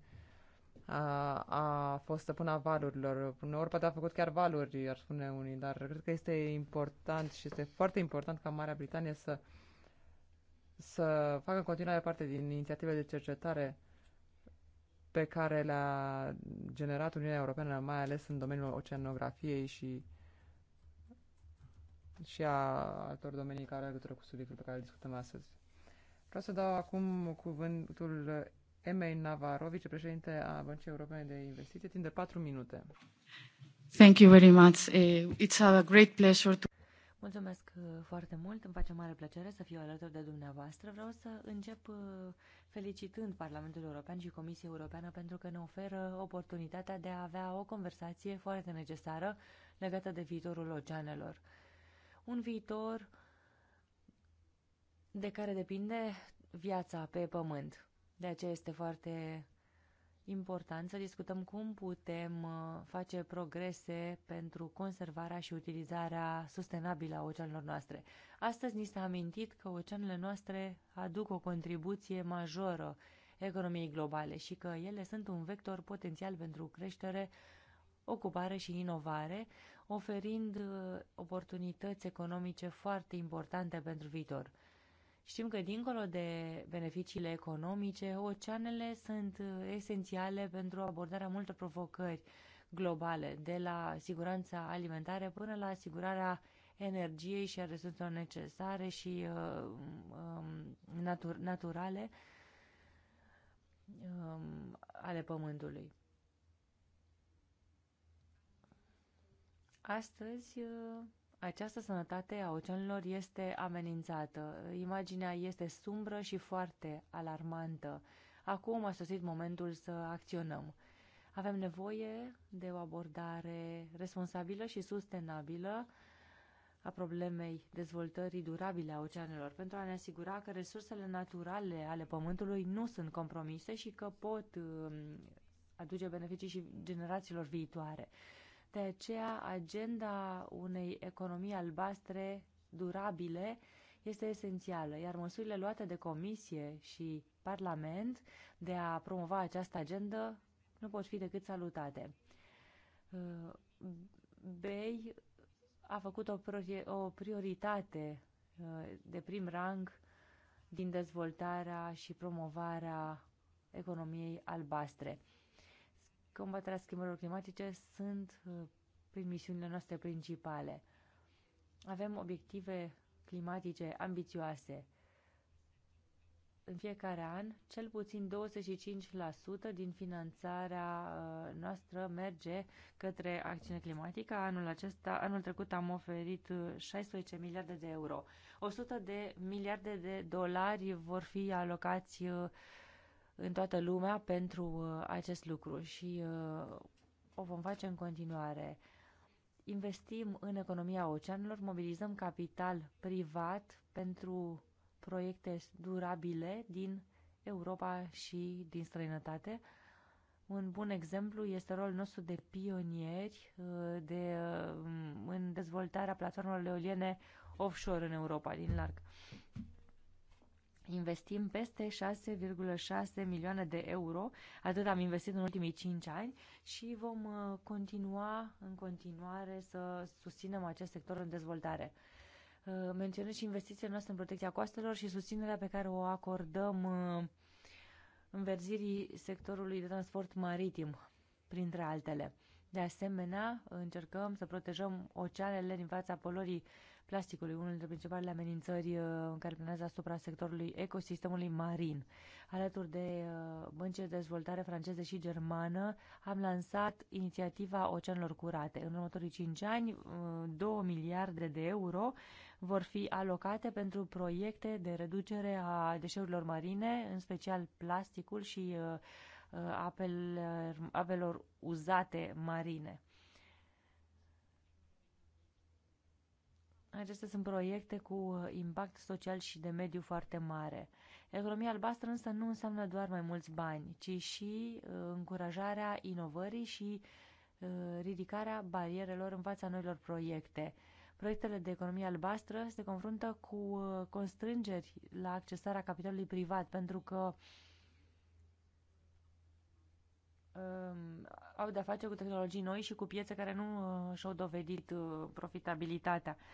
a, a fost stăpâna valurilor. Ori poate a făcut chiar valuri, ar spune unii, dar cred că este important și este foarte important ca Marea Britanie să, să facă în continuare parte din inițiativele de cercetare pe care le-a generat Uniunea Europeană, mai ales în domeniul oceanografiei și și a altor domenii care au legătură cu subiectul pe care îl discutăm astăzi. Vreau să dau acum cuvântul Emei Navarro, vicepreședinte a Băncii Europene de Investiții, timp de patru minute.
Thank you very much. Eh, it's a great pleasure to...
Mulțumesc eh, foarte mult, îmi face mare plăcere să fiu alături de dumneavoastră. Vreau să încep eh, felicitând Parlamentul European și Comisia Europeană pentru că ne oferă oportunitatea de a avea o conversație foarte necesară legată de viitorul oceanelor un viitor de care depinde viața pe pământ. De aceea este foarte important să discutăm cum putem uh, face progrese pentru conservarea și utilizarea sustenabilă a oceanelor noastre. Astăzi ni s-a amintit că oceanele noastre aduc o contribuție majoră economiei globale și că ele sunt un vector potențial pentru creștere, ocupare și inovare, oferind uh, oportunități economice foarte importante pentru viitor. Știm că, dincolo de beneficiile economice, oceanele sunt uh, esențiale pentru abordarea multor provocări globale, de la siguranța alimentară până la asigurarea energiei și a resurselor necesare și uh, um, natur- naturale um, ale pământului. Astăzi, uh, această sănătate a oceanelor este amenințată. Imaginea este sumbră și foarte alarmantă. Acum a sosit momentul să acționăm. Avem nevoie de o abordare responsabilă și sustenabilă a problemei dezvoltării durabile a oceanelor pentru a ne asigura că resursele naturale ale Pământului nu sunt compromise și că pot um, aduce beneficii și generațiilor viitoare. De aceea, agenda unei economii albastre durabile este esențială, iar măsurile luate de Comisie și Parlament de a promova această agendă nu pot fi decât salutate. Uh, BEI a făcut o prioritate uh, de prim rang din dezvoltarea și promovarea economiei albastre combaterea schimbărilor climatice sunt uh, prin misiunile noastre principale. Avem obiective climatice ambițioase. În fiecare an, cel puțin 25% din finanțarea uh, noastră merge către acțiune climatică. Anul, acesta, anul trecut am oferit 16 uh, miliarde de euro. 100 de miliarde de dolari vor fi alocați în toată lumea pentru uh, acest lucru și uh, o vom face în continuare. Investim în economia oceanelor, mobilizăm capital privat pentru proiecte durabile din Europa și din străinătate. Un bun exemplu este rolul nostru de pionieri uh, de, um, în dezvoltarea platformelor eoliene offshore în Europa, din larg investim peste 6,6 milioane de euro, atât am investit în ultimii 5 ani și vom uh, continua în continuare să susținem acest sector în dezvoltare. Uh, menționez și investițiile noastre în protecția coastelor și susținerea pe care o acordăm uh, înverzirii sectorului de transport maritim, printre altele. De asemenea, încercăm să protejăm oceanele din fața polorii plasticului, unul dintre principalele amenințări uh, care planează asupra sectorului ecosistemului marin. Alături de uh, băncile de dezvoltare franceze și germană, am lansat inițiativa Oceanelor Curate. În următorii 5 ani, 2 uh, miliarde de euro vor fi alocate pentru proiecte de reducere a deșeurilor marine, în special plasticul și apelor, apelor uzate marine. Acestea sunt proiecte cu uh, impact social și de mediu foarte mare. Economia albastră însă nu înseamnă doar mai mulți bani, ci și uh, încurajarea inovării și uh, ridicarea barierelor în fața noilor proiecte. Proiectele de economie albastră se confruntă cu constrângeri la accesarea capitalului privat, pentru că um, au de-a face cu tehnologii noi și cu piețe care nu uh, și-au dovedit uh, profitabilitatea. Uh,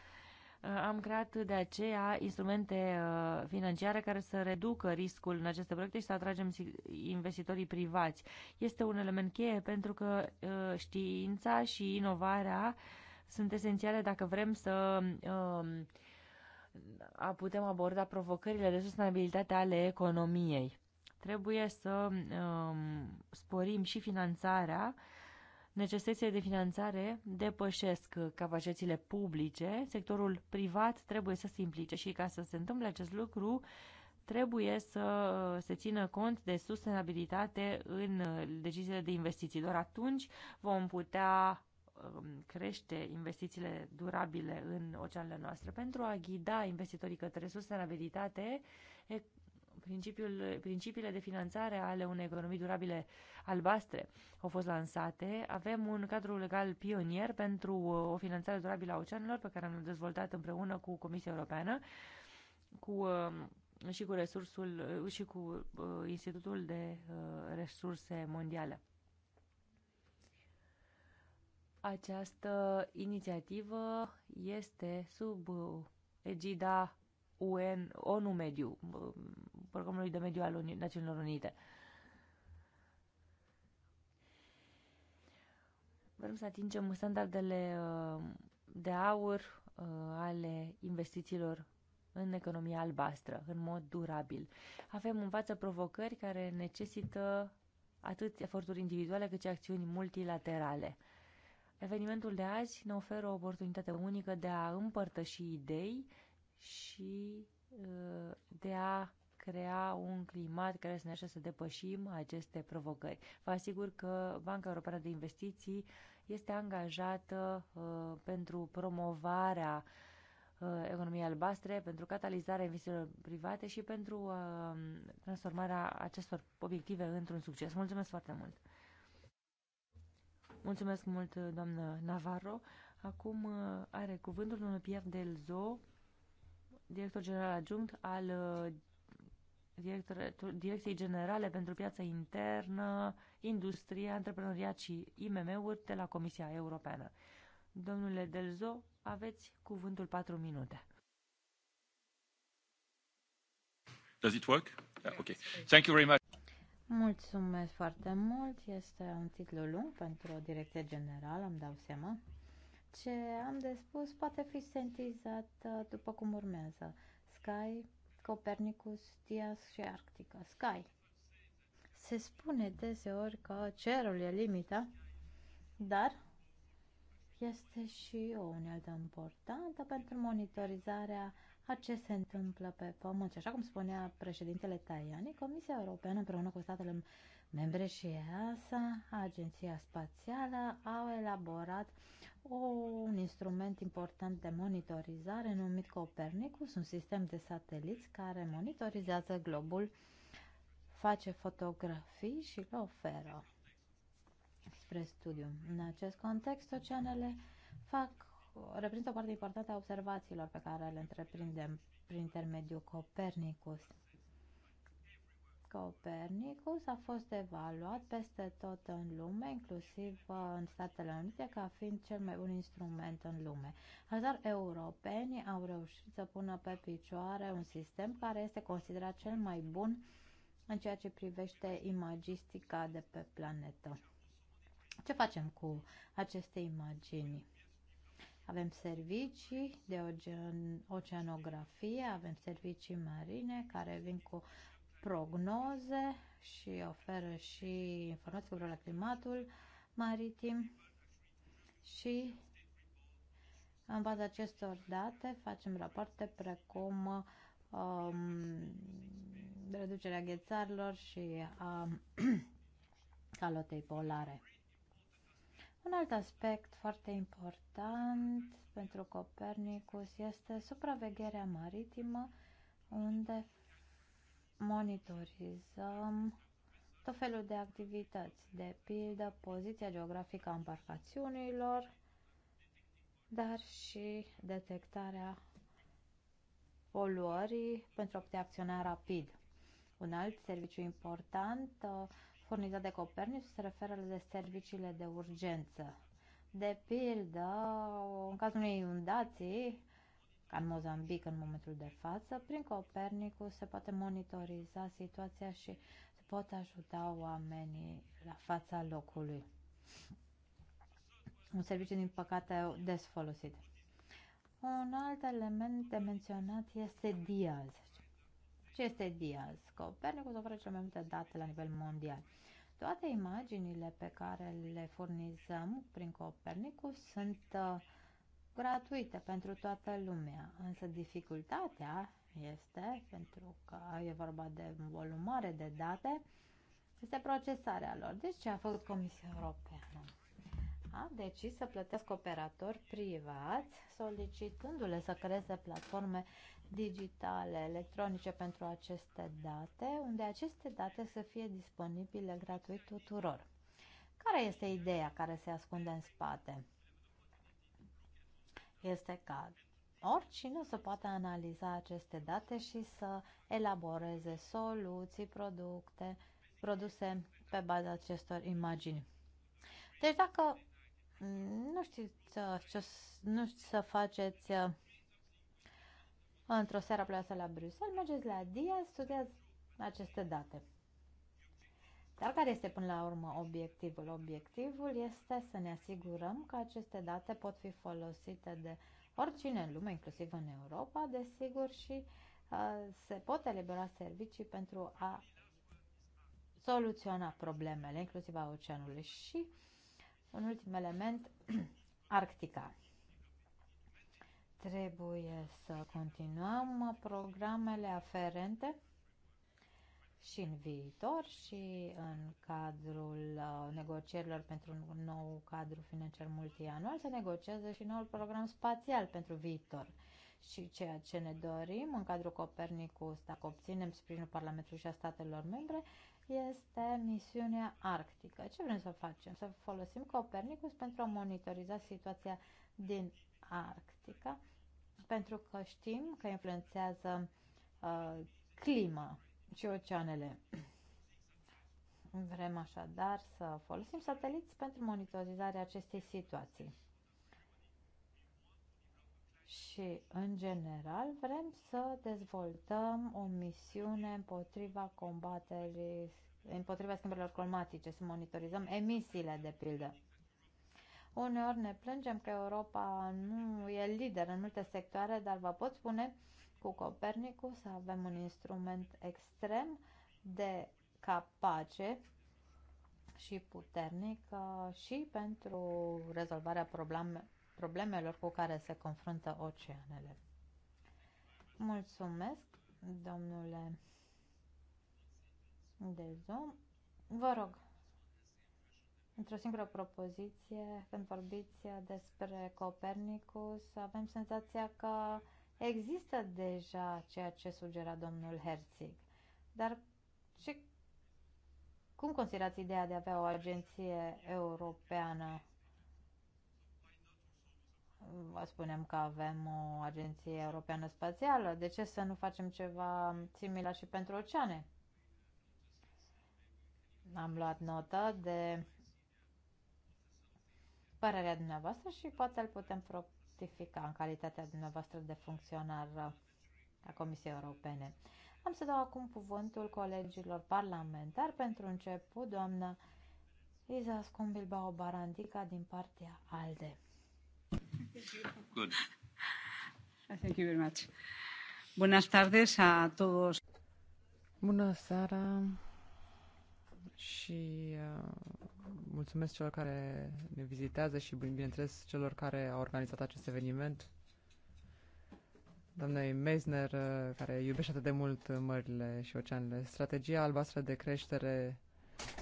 Uh, am creat de aceea instrumente uh, financiare care să reducă riscul în aceste proiecte și să atragem investitorii privați. Este un element cheie pentru că uh, știința și inovarea sunt esențiale dacă vrem să um, a putem aborda provocările de sustenabilitate ale economiei. Trebuie să um, sporim și finanțarea necesitățile de finanțare depășesc capacitățile publice, sectorul privat trebuie să se implice și ca să se întâmple acest lucru, trebuie să se țină cont de sustenabilitate în deciziile de investiții. Doar atunci vom putea um, crește investițiile durabile în oceanele noastre. Pentru a ghida investitorii către sustenabilitate, principiul, principiile de finanțare ale unei economii durabile albastre au fost lansate. Avem un cadru legal pionier pentru uh, o finanțare durabilă a oceanelor pe care am dezvoltat împreună cu Comisia Europeană cu, um, și cu resursul uh, și cu uh, Institutul de Resurse Mondiale. Această inițiativă este sub egida UN, ONU Mediu, programului de mediu al Uni Națiunilor Unite. Vrem să atingem standardele uh, de aur uh, ale investițiilor în economia albastră, în mod durabil. Avem în față provocări care necesită atât eforturi individuale cât și acțiuni multilaterale. Evenimentul de azi ne oferă o oportunitate unică de a împărtăși idei și uh, de a crea un climat care să ne așa să depășim aceste provocări. Vă asigur că Banca Europeană de Investiții este angajată uh, pentru promovarea uh, economiei albastre, pentru catalizarea investițiilor private și pentru uh, transformarea acestor obiective într-un succes. Mulțumesc foarte mult! Mulțumesc mult, doamnă Navarro. Acum uh, are cuvântul domnul Pierre Delzo, director general adjunct al uh, Direcției Generale pentru Piața Internă, Industrie, Antreprenoriat și IMM-uri de la Comisia Europeană. Domnule Delzo, aveți cuvântul 4 minute.
Does it work? Yeah, okay. Thank you very much.
Mulțumesc foarte mult. Este un titlu lung pentru o direcție generală, îmi dau seama ce am de spus poate fi sentizat uh, după cum urmează. Sky, Copernicus, Dias și Arctica. Sky. Se spune deseori că cerul e limita, dar este și o unealtă importantă pentru monitorizarea a ce se întâmplă pe Pământ. Și așa cum spunea președintele Tajani, Comisia Europeană împreună cu statele membre și EASA, Agenția Spațială, au elaborat o, un instrument important de monitorizare numit Copernicus, un sistem de sateliți care monitorizează globul, face fotografii și le oferă spre studiu. În acest context, oceanele fac, reprezintă o parte importantă a observațiilor pe care le întreprindem prin intermediul Copernicus. Copernicus a fost evaluat peste tot în lume, inclusiv uh, în Statele Unite, ca fiind cel mai bun instrument în lume. Așadar, europenii au reușit să pună pe picioare un sistem care este considerat cel mai bun în ceea ce privește imagistica de pe planetă. Ce facem cu aceste imagini? Avem servicii de oceanografie, avem servicii marine care vin cu prognoze și oferă și informații cu la climatul maritim și în baza acestor date facem rapoarte precum um, reducerea ghețarilor și a calotei polare. Un alt aspect foarte important pentru Copernicus este supravegherea maritimă, unde monitorizăm tot felul de activități, de pildă poziția geografică a embarcațiunilor, dar și detectarea poluării pentru a putea acționa rapid. Un alt serviciu important uh, furnizat de Copernicus se referă la serviciile de urgență. De pildă, în cazul unei inundații, ca în Mozambic în momentul de față, prin Copernicus se poate monitoriza situația și se pot ajuta oamenii la fața locului. Un serviciu, din păcate, des folosit. Un alt element de menționat este Diaz. Ce este Diaz? Copernicus oferă cele mai multe date la nivel mondial. Toate imaginile pe care le furnizăm prin Copernicus sunt uh, gratuită pentru toată lumea, însă dificultatea este, pentru că e vorba de un volum mare de date, este procesarea lor. Deci ce a făcut Comisia Europeană? A decis să plătească operatori privați, solicitându-le să creeze platforme digitale, electronice pentru aceste date, unde aceste date să fie disponibile gratuit tuturor. Care este ideea care se ascunde în spate? este ca oricine să poate analiza aceste date și să elaboreze soluții, producte, produse pe baza acestor imagini. Deci dacă nu știți ce nu știți să faceți uh, într-o seară ploioasă la Bruxelles, mergeți la DIA, studiați aceste date. Dar care este până la urmă obiectivul? Obiectivul este să ne asigurăm că aceste date pot fi folosite de oricine în lume, inclusiv în Europa, desigur, și uh, se pot elibera servicii pentru a soluționa problemele, inclusiv a oceanului. Și un ultim element, Arctica. Trebuie să continuăm programele aferente și în viitor și în cadrul uh, negocierilor pentru un nou cadru financiar multianual se negociază și noul program spațial pentru viitor. Și ceea ce ne dorim în cadrul Copernicus, dacă obținem sprijinul Parlamentului și a statelor membre, este misiunea arctică. Ce vrem să facem? Să folosim Copernicus pentru a monitoriza situația din Arctica, pentru că știm că influențează uh, clima și oceanele. Vrem așadar să folosim sateliți pentru monitorizarea acestei situații. Și, în general, vrem să dezvoltăm o misiune împotriva combaterii, împotriva schimbărilor climatice, să monitorizăm emisiile, de pildă. Uneori ne plângem că Europa nu e lider în multe sectoare, dar vă pot spune cu Copernicus avem un instrument extrem de capace și puternic uh, și pentru rezolvarea probleme, problemelor cu care se confruntă oceanele. Mulțumesc, domnule Dezum. Vă rog, într-o singură propoziție, când vorbiți despre Copernicus, avem senzația că Există deja ceea ce sugera domnul Herzig, dar ce, cum considerați ideea de a avea o agenție europeană? Vă spunem că avem o agenție europeană spațială. De ce să nu facem ceva similar și pentru oceane? Am luat notă de părerea dumneavoastră și poate îl putem propune justifica în calitatea dumneavoastră de funcționar a Comisiei Europene. Am să dau acum cuvântul colegilor parlamentari. Pentru început, doamna Iza Scumbilbao Barandica din partea ALDE. Good. Thank you very much.
Buenas tardes a todos. Bună seara și uh, mulțumesc celor care ne vizitează și, bineînțeles, celor care au organizat acest eveniment. Doamnei Meisner, uh, care iubește atât de mult uh, mările și oceanele. Strategia albastră de creștere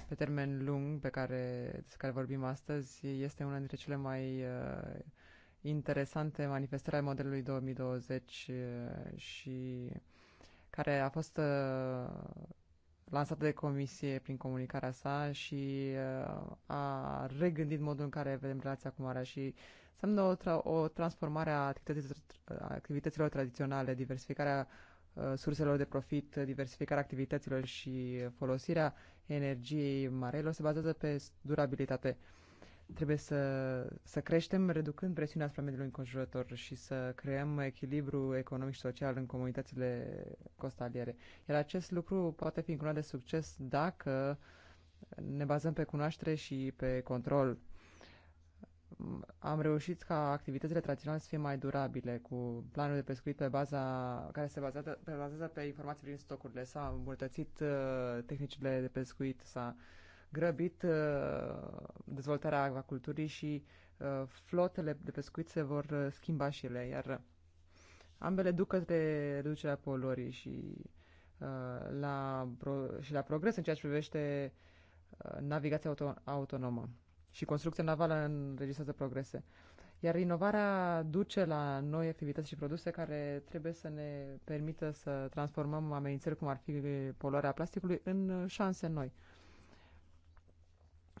pe termen lung pe care, despre care vorbim astăzi este una dintre cele mai uh, interesante manifestări ale modelului 2020 uh, și care a fost uh, lansată de comisie prin comunicarea sa și uh, a regândit modul în care vedem relația cu marea și înseamnă o, tra- o transformare a activităților, tradiționale, diversificarea uh, surselor de profit, diversificarea activităților și folosirea energiei marelor se bazează pe durabilitate. Uh, Trebuie să, să creștem reducând presiunea asupra mediului înconjurător și să creăm echilibru economic și social în comunitățile costaliere. Iar acest lucru poate fi încunat de succes dacă ne bazăm pe cunoaștere și pe control am reușit ca activitățile tradiționale să fie mai durabile, cu planul de pescuit pe baza, care se bazează pe, bazează pe informații din stocurile. S-au îmbunătățit uh, tehnicile de pescuit, s-a uh, grăbit uh, dezvoltarea acvaculturii și uh, flotele de pescuit se vor uh, schimba și ele, iar ambele duc către reducerea poluării și la, și la progres în ceea ce privește navigația auto, autonomă. Și construcția navală înregistrează progrese. Iar inovarea duce la noi activități și produse care trebuie să ne permită să transformăm amenințări cum ar fi poluarea plasticului în șanse noi.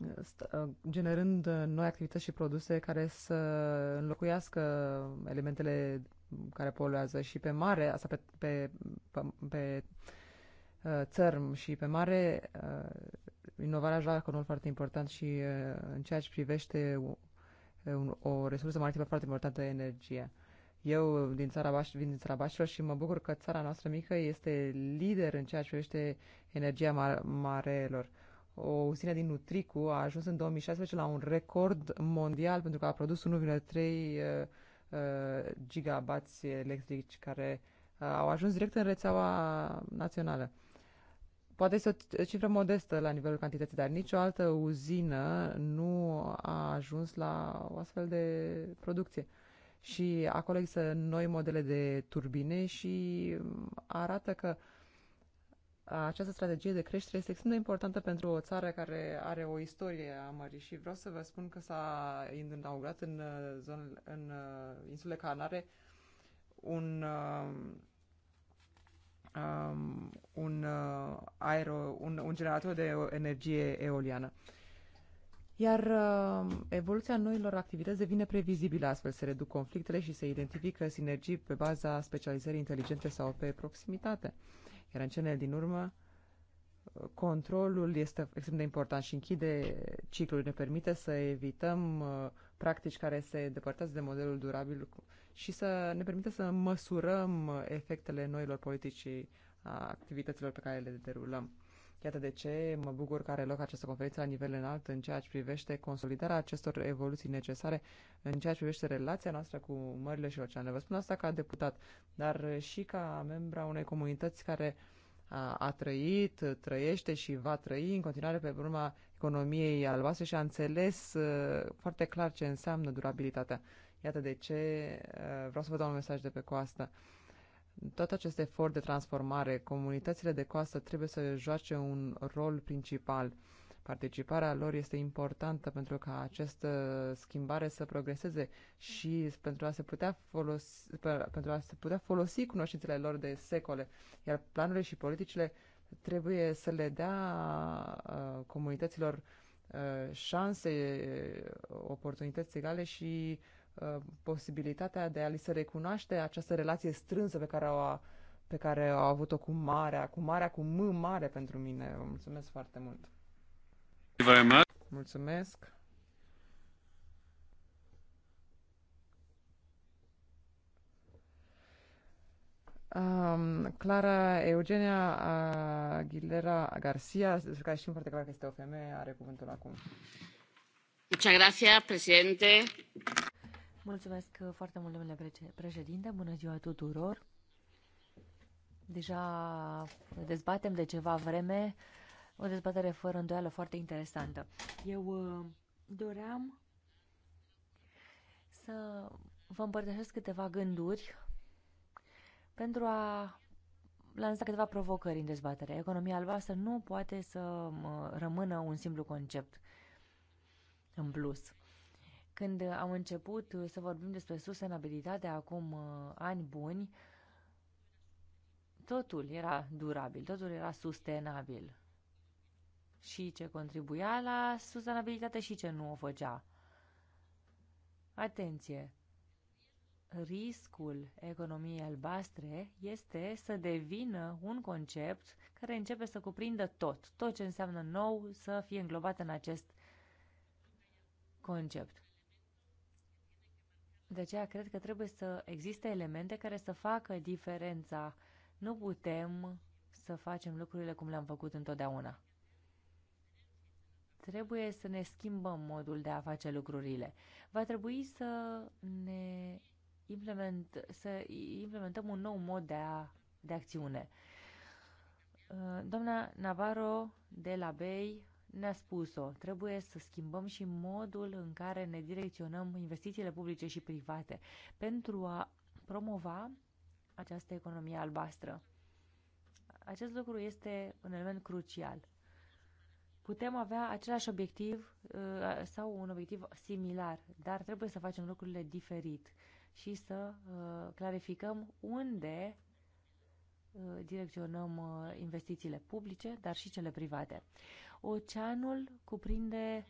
Uh, generând uh, noi activități și produse care să înlocuiască elementele care poluează și pe mare, asta pe, pe, pe, pe uh, țărm și pe mare, inovarea joacă un rol foarte important și în ceea ce privește o, o resursă maritimă foarte importantă, energia. Eu din țara Baș, vin din țara Bașilor și mă bucur că țara noastră mică este lider în ceea ce privește energia mar- marelor o usină din Nutricu a ajuns în 2016 la un record mondial pentru că a produs 1,3 uh, uh, gigabați electrici care uh, au ajuns direct în rețeaua națională. Poate este o cifră modestă la nivelul cantității, dar nicio altă uzină nu a ajuns la o astfel de producție. Și acolo există noi modele de turbine și arată că uh, această strategie de creștere este extrem de importantă pentru o țară care are o istorie a mării și vreau să vă spun că s-a inaugurat în, uh, zonă, în uh, insule Canare un, uh, um, un, aero, un, un generator de energie eoliană. Iar uh, evoluția noilor activități devine previzibilă, astfel se reduc conflictele și se identifică sinergii pe baza specializării inteligente sau pe proximitate. Uh, iar în cele din urmă, controlul este extrem de important și închide ciclul, ne permite să evităm uh, practici care se depărtează de modelul durabil și să ne permite să măsurăm uh, efectele noilor politici a activităților pe care le derulăm. Iată de ce mă bucur că are loc această conferință la nivel înalt în ceea ce privește consolidarea acestor evoluții necesare, în ceea ce privește relația noastră cu mările și oceanele. Vă spun asta ca deputat, dar și ca membra unei comunități care a, a trăit, trăiește și va trăi în continuare pe urma economiei albastre și a înțeles uh, foarte clar ce înseamnă durabilitatea. Iată de ce uh, vreau să vă dau un mesaj de pe coastă. Uh, tot acest efort de transformare, comunitățile de coastă trebuie să joace un rol principal. Participarea lor este importantă pentru ca această schimbare să progreseze și pentru a se putea folosi, pentru a se putea folosi cunoștințele lor de secole, iar planurile și politicile trebuie să le dea uh, comunităților uh, șanse, uh, oportunități egale și uh, Uh, posibilitatea de a li se recunoaște această relație strânsă pe care o, pe care au avut-o cu Marea, cu Marea, cu M mare pentru mine. Vă mulțumesc foarte mult! Mulțumesc! Um, Clara Eugenia Aguilera Garcia, despre care
știm foarte clar că este o femeie, are cuvântul acum. Muchas gracias, presidente. Mulțumesc uh, foarte mult, domnule președinte. Bună ziua tuturor. Deja dezbatem de ceva vreme o dezbatere fără îndoială foarte interesantă. Eu uh, doream să vă împărtășesc câteva gânduri pentru a lansa câteva provocări în dezbatere. Economia albastră nu poate să uh, rămână un simplu concept în plus. Când am început uh, să vorbim despre sustenabilitate acum uh, ani buni, totul era durabil, totul era sustenabil. Și ce contribuia la sustenabilitate și ce nu o făcea. Atenție! Riscul economiei albastre este să devină un concept care începe să cuprindă tot. Tot ce înseamnă nou să fie înglobat în acest concept. De aceea cred că trebuie să existe elemente care să facă diferența. Nu putem să facem lucrurile cum le-am făcut întotdeauna. Trebuie să ne schimbăm modul de a face lucrurile. Va trebui să ne implement, să implementăm un nou mod de, a, de acțiune. Doamna Navarro de la Bay ne-a spus-o. Trebuie să schimbăm și modul în care ne direcționăm investițiile publice și private pentru a promova această economie albastră. Acest lucru este un element crucial. Putem avea același obiectiv uh, sau un obiectiv similar, dar trebuie să facem lucrurile diferit și să uh, clarificăm unde uh, direcționăm investițiile publice, dar și cele private. Oceanul cuprinde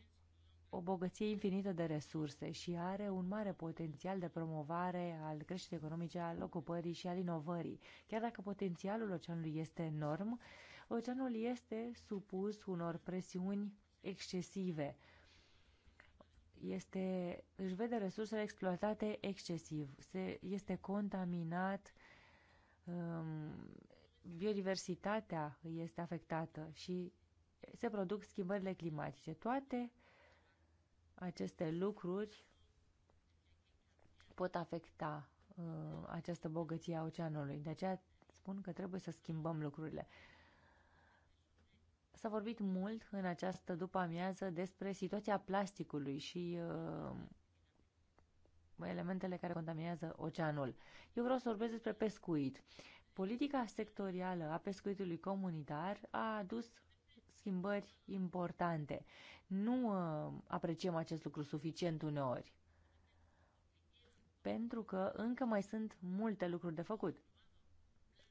o bogăție infinită de resurse și are un mare potențial de promovare al creșterii economice, al ocupării și al inovării. Chiar dacă potențialul oceanului este enorm, oceanul este supus unor presiuni excesive. Este, își vede resursele exploatate excesiv, se, este contaminat, um, biodiversitatea este afectată și se produc schimbările climatice. Toate aceste lucruri pot afecta uh, această bogăție a oceanului. De aceea spun că trebuie să schimbăm lucrurile. S-a vorbit mult în această după-amiază despre situația plasticului și uh, elementele care contaminează oceanul. Eu vreau să vorbesc despre pescuit. Politica sectorială a pescuitului comunitar a adus schimbări importante. Nu ă, apreciem acest lucru suficient uneori, pentru că încă mai sunt multe lucruri de făcut.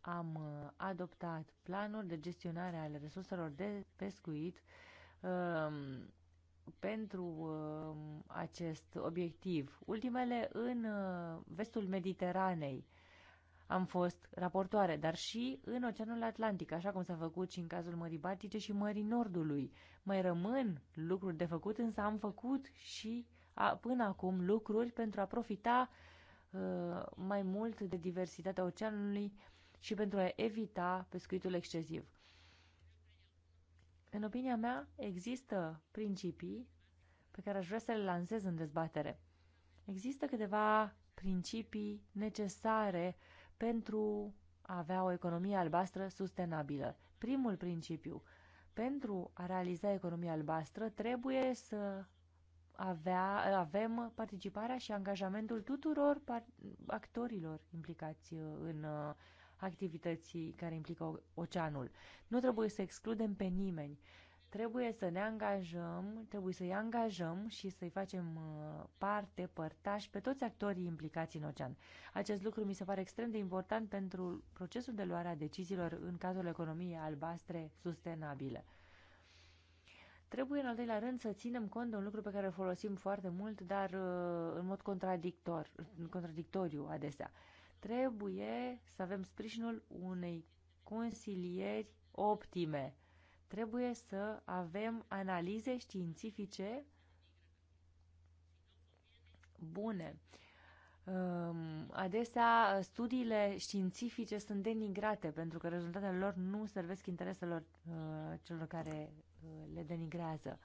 Am ă, adoptat planul de gestionare ale resurselor de pescuit ă, pentru acest obiectiv. Ultimele în vestul Mediteranei am fost raportoare, dar și în Oceanul Atlantic, așa cum s-a făcut și în cazul Mării Baltice și Mării Nordului. Mai rămân lucruri de făcut, însă am făcut și a, până acum lucruri pentru a profita uh, mai mult de diversitatea oceanului și pentru a evita pescuitul excesiv. În opinia mea, există principii pe care aș vrea să le lansez în dezbatere. Există câteva principii necesare pentru a avea o economie albastră sustenabilă. Primul principiu, pentru a realiza economia albastră trebuie să avea, avem participarea și angajamentul tuturor actorilor implicați uh, în uh, activității care implică oceanul. Nu trebuie să excludem pe nimeni. Trebuie să ne angajăm, trebuie să-i angajăm și să-i facem uh, parte, părtași pe toți actorii implicați în ocean. Acest lucru mi se pare extrem de important pentru procesul de luare a deciziilor în cazul economiei albastre sustenabile. Trebuie, în al doilea rând, să ținem cont de un lucru pe care îl folosim foarte mult, dar uh, în mod contradictor, contradictoriu adesea. Trebuie să avem sprijinul unei consilieri optime. Trebuie să avem analize științifice bune. Um, adesea, studiile științifice sunt denigrate pentru că rezultatele lor nu servesc intereselor uh, celor care uh, le denigrează.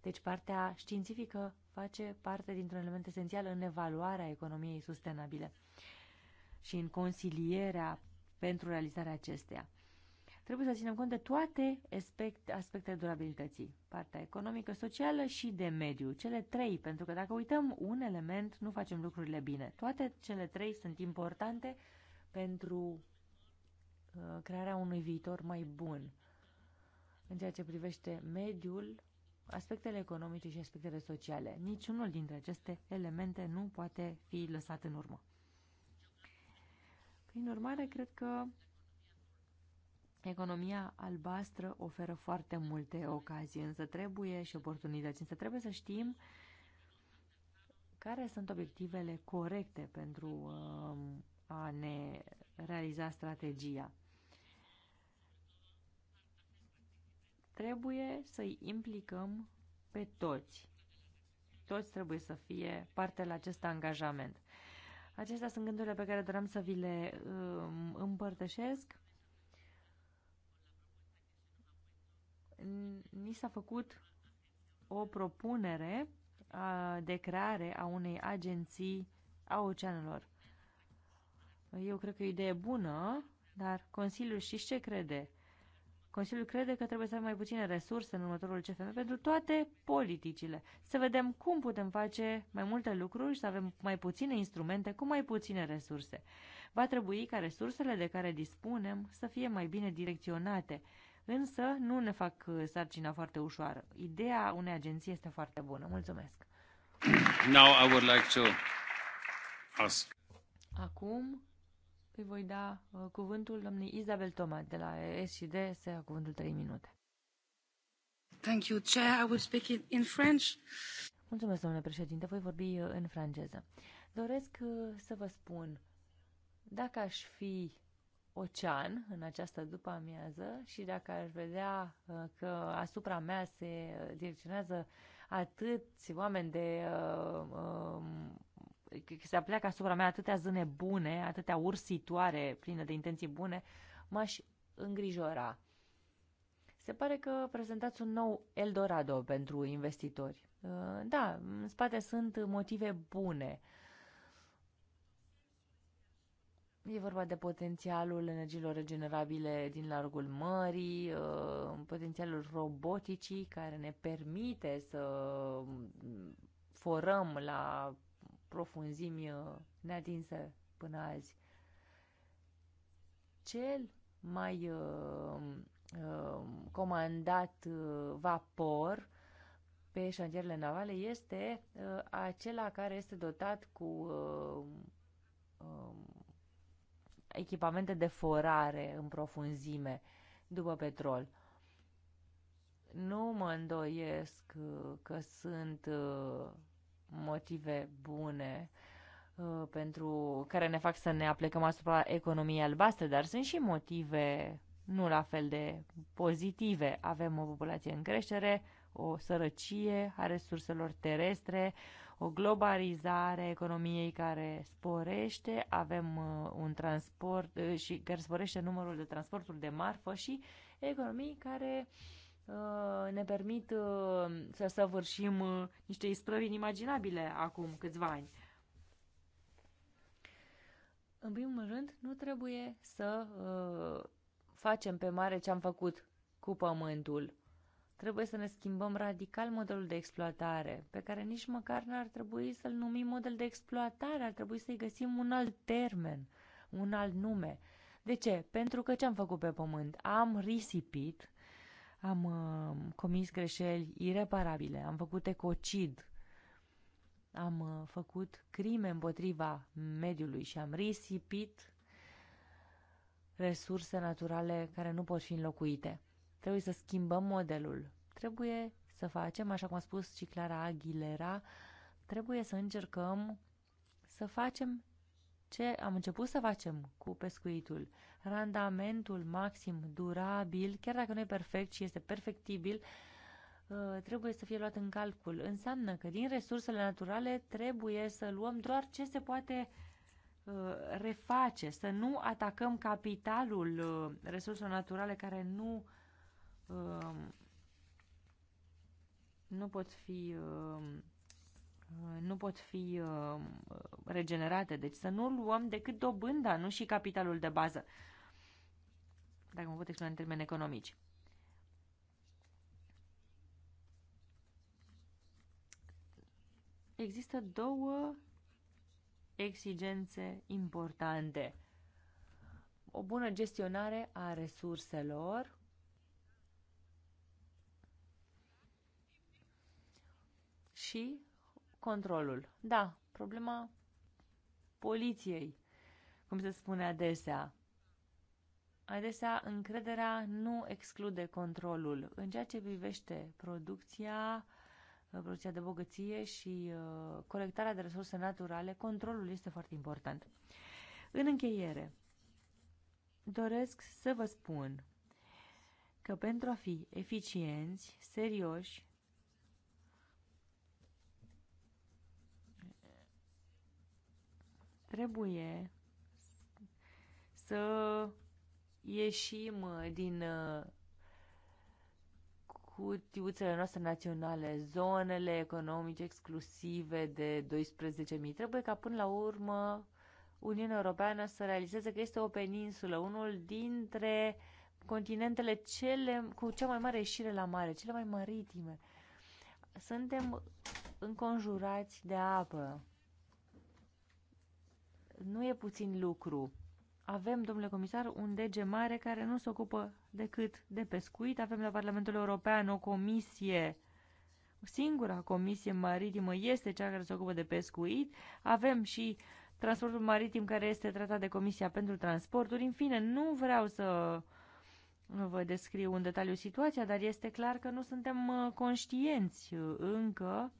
Deci partea științifică face parte dintr-un element esențial în evaluarea economiei sustenabile și în consilierea pentru realizarea acesteia. Trebuie să ținem cont de toate aspect, aspectele durabilității, partea economică, socială și de mediu, cele trei, pentru că dacă uităm un element, nu facem lucrurile bine. Toate cele trei sunt importante pentru uh, crearea unui viitor mai bun. În ceea ce privește mediul, aspectele economice și aspectele sociale, niciunul dintre aceste elemente nu poate fi lăsat în urmă. Prin urmare, cred că Economia albastră oferă foarte multe ocazii, însă trebuie și oportunități, însă trebuie să știm care sunt obiectivele corecte pentru um, a ne realiza strategia. Trebuie să-i implicăm pe toți. Toți trebuie să fie parte la acest angajament. Acestea sunt gândurile pe care doream să vi le um, împărtășesc. ni s-a făcut o propunere de creare a unei agenții a oceanelor. Eu cred că e o idee bună, dar Consiliul și ce crede? Consiliul crede că trebuie să avem mai puține resurse în următorul CFM pentru toate politicile. Să vedem cum putem face mai multe lucruri și să avem mai puține instrumente cu mai puține resurse. Va trebui ca resursele de care dispunem să fie mai bine direcționate însă nu ne fac uh, sarcina foarte ușoară. Ideea unei agenții este foarte bună. Mulțumesc!
Now I would like to ask.
Acum îi voi da uh, cuvântul domnului Isabel Toma de la SD să ia cuvântul 3 minute. Thank you, Chair. I will speak in French. Mulțumesc, domnule președinte. Voi vorbi uh, în franceză. Doresc să vă spun, dacă aș fi ocean în această după-amiază și dacă aș vedea uh, că asupra mea se direcționează atâți oameni de... uh, um, se apleacă asupra mea atâtea zâne bune, atâtea ursitoare pline de intenții bune, m-aș îngrijora. Se pare că prezentați un nou Eldorado pentru investitori. Uh, da, în spate sunt motive bune E vorba de potențialul energiilor regenerabile din largul mării, uh, potențialul roboticii care ne permite să forăm la profunzimi uh, neatinse până azi. Cel mai uh, comandat vapor pe șantierele navale este acela care este dotat cu um, echipamente de forare în profunzime după petrol. Nu mă îndoiesc uh, că sunt uh, motive bune uh, pentru care ne fac să ne aplecăm asupra economiei albastre, dar sunt și motive nu la fel de pozitive. Avem o populație în creștere, o sărăcie a resurselor terestre, uh, o globalizare economiei care sporește, avem uh, un transport uh, și care sporește numărul de transporturi de marfă și economii care uh, ne permit să săvârșim niște isprăvi inimaginabile acum câțiva ani. În primul rând, nu trebuie să facem pe mare ce am făcut cu pământul Trebuie să ne schimbăm radical modelul de exploatare, pe care nici măcar n-ar trebui să-l numim model de exploatare, ar trebui să-i găsim un alt termen, un alt nume. De ce? Pentru că ce am făcut pe pământ? Am risipit, am uh, comis greșeli ireparabile, am făcut ecocid, am uh, făcut crime împotriva mediului și am risipit resurse naturale care nu pot fi înlocuite. Trebuie să schimbăm modelul. Trebuie să facem, așa cum a spus și Clara Aguilera, trebuie să încercăm să facem ce am început să facem cu pescuitul. Randamentul maxim, durabil, chiar dacă nu e perfect și este perfectibil, uh, trebuie să fie luat în calcul. Înseamnă că din resursele naturale trebuie să luăm doar ce se poate uh, reface, să nu atacăm capitalul uh, resurselor naturale care nu Um, nu pot fi um, uh, nu pot fi um, uh, regenerate. Deci să nu luăm decât dobânda, nu și capitalul de bază. Dacă mă pot explica în termeni economici. Există două exigențe importante. O bună gestionare a resurselor și controlul. Da, problema poliției, cum se spune adesea. Adesea, încrederea nu exclude controlul. În ceea ce privește producția, producția de bogăție și uh, colectarea de resurse naturale, controlul este foarte important. În încheiere, doresc să vă spun că pentru a fi eficienți, serioși Trebuie să ieșim din uh, cutiuțele noastre naționale, zonele economice exclusive de 12.000. Trebuie ca până la urmă Uniunea Europeană să realizeze că este o peninsulă, unul dintre continentele cele, cu cea mai mare ieșire la mare, cele mai maritime. Suntem înconjurați de apă nu e puțin lucru. Avem, domnule comisar, un dege mare care nu se ocupă decât de pescuit. Avem la Parlamentul European o comisie, singura comisie maritimă este cea care se ocupă de pescuit. Avem și transportul maritim care este tratat de Comisia pentru Transporturi. În fine, nu vreau să vă descriu în detaliu situația, dar este clar că nu suntem uh, conștienți uh, încă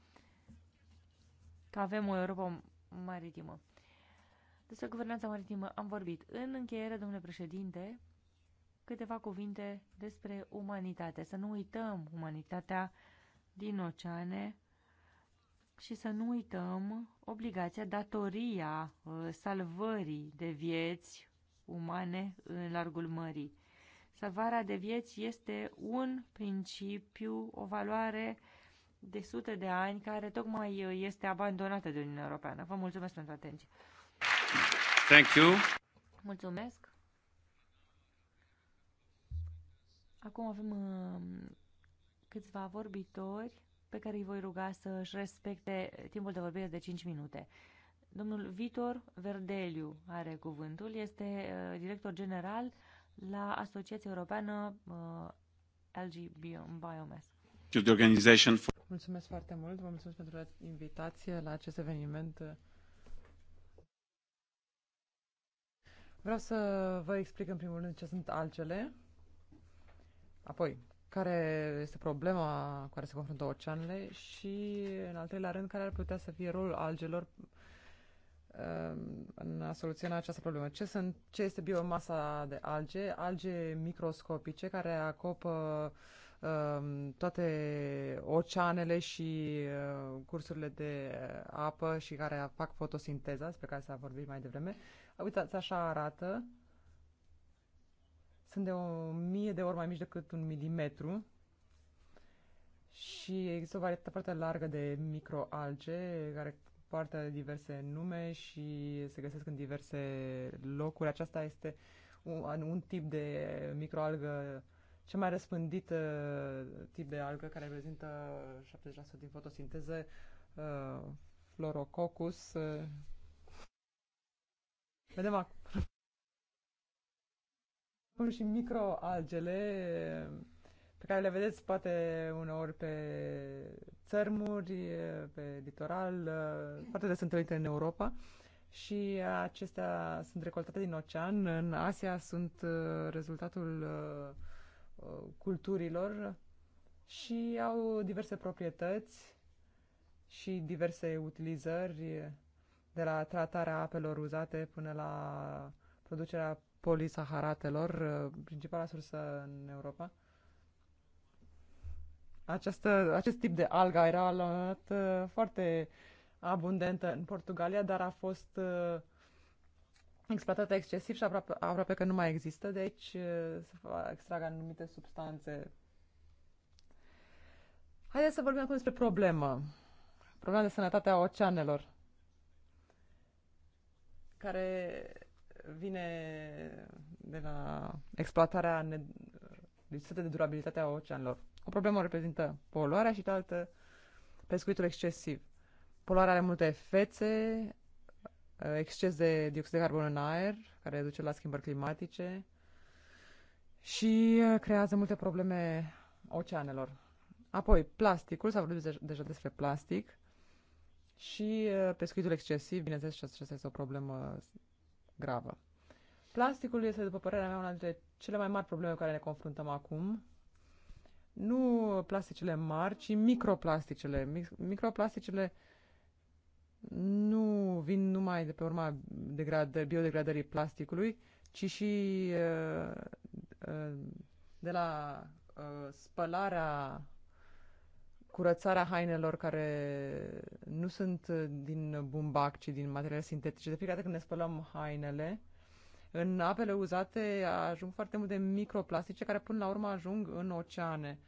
că avem o Europa maritimă. Despre guvernanța maritimă am vorbit. În încheiere, domnule președinte, câteva cuvinte despre umanitate. Să nu uităm umanitatea din oceane și să nu uităm obligația, datoria uh, salvării de vieți umane în largul mării. Salvarea de vieți este un principiu, o valoare de sute de ani care tocmai uh, este abandonată de Uniunea Europeană. Vă mulțumesc pentru atenție. Thank you. Mulțumesc. Acum avem uh, câțiva vorbitori pe care îi voi ruga să își respecte timpul de vorbire de 5 minute. Domnul Vitor Verdeliu are cuvântul, este uh, director general la Asociația Europeană uh, LG Biomass.
Mulțumesc foarte mult, vă mulțumesc pentru
invitație la acest eveniment
Vreau să vă explic în primul rând ce sunt algele, apoi care este problema cu care se confruntă oceanele și, în al treilea rând, care ar putea să fie rolul algelor um, în a soluționa această problemă. Ce, sunt, ce este biomasa de alge? Alge microscopice care acopă um, toate oceanele și uh, cursurile de uh, apă și care fac fotosinteza, despre care s-a vorbit mai devreme. Uh, Uitați, așa arată. Sunt de o mie de ori mai mici decât un milimetru. Și există o varietate foarte largă de microalge care poartă diverse nume și se găsesc în diverse locuri. Aceasta este un, un tip de microalgă cea mai răspândită uh, tip de algă care reprezintă 70% din fotosinteză, uh, Florococcus, uh, Vedem acum și microalgele pe care le vedeți poate uneori pe țărmuri, pe litoral, foarte des întâlnite în Europa și acestea sunt recoltate din ocean. În Asia sunt uh, rezultatul uh, uh, culturilor și au diverse proprietăți și diverse utilizări de la tratarea apelor uzate până la producerea polisaharatelor, uh, principala sursă în Europa. Această, acest tip de alga era dat, uh, foarte abundentă în Portugalia, dar a fost uh, exploatată excesiv și aproape, aproape că nu mai există, deci se extrag anumite substanțe. Haideți să vorbim acum despre problemă. Problema de sănătate a oceanelor care vine de la exploatarea ne- lipsită de durabilitate a oceanelor. O problemă reprezintă poluarea și cealaltă pescuitul excesiv. Poluarea are multe fețe, uh, exces de dioxid de carbon în aer, care duce la schimbări climatice și uh, creează multe probleme oceanelor. Apoi, plasticul, s-a vorbit deja despre plastic, și uh, pescuitul excesiv, bineînțeles, și aceasta este o problemă gravă. Plasticul este, după părerea mea, una dintre cele mai mari probleme cu care ne confruntăm acum. Nu plasticele mari, ci microplasticele. Microplasticele nu vin numai de pe urma biodegradării plasticului, ci și uh, uh, de la spălarea curățarea hainelor care nu sunt din bumbac, ci din materiale sintetice. De fiecare dată când ne spălăm hainele, în apele uzate ajung foarte multe microplastice care până la urmă ajung în oceane.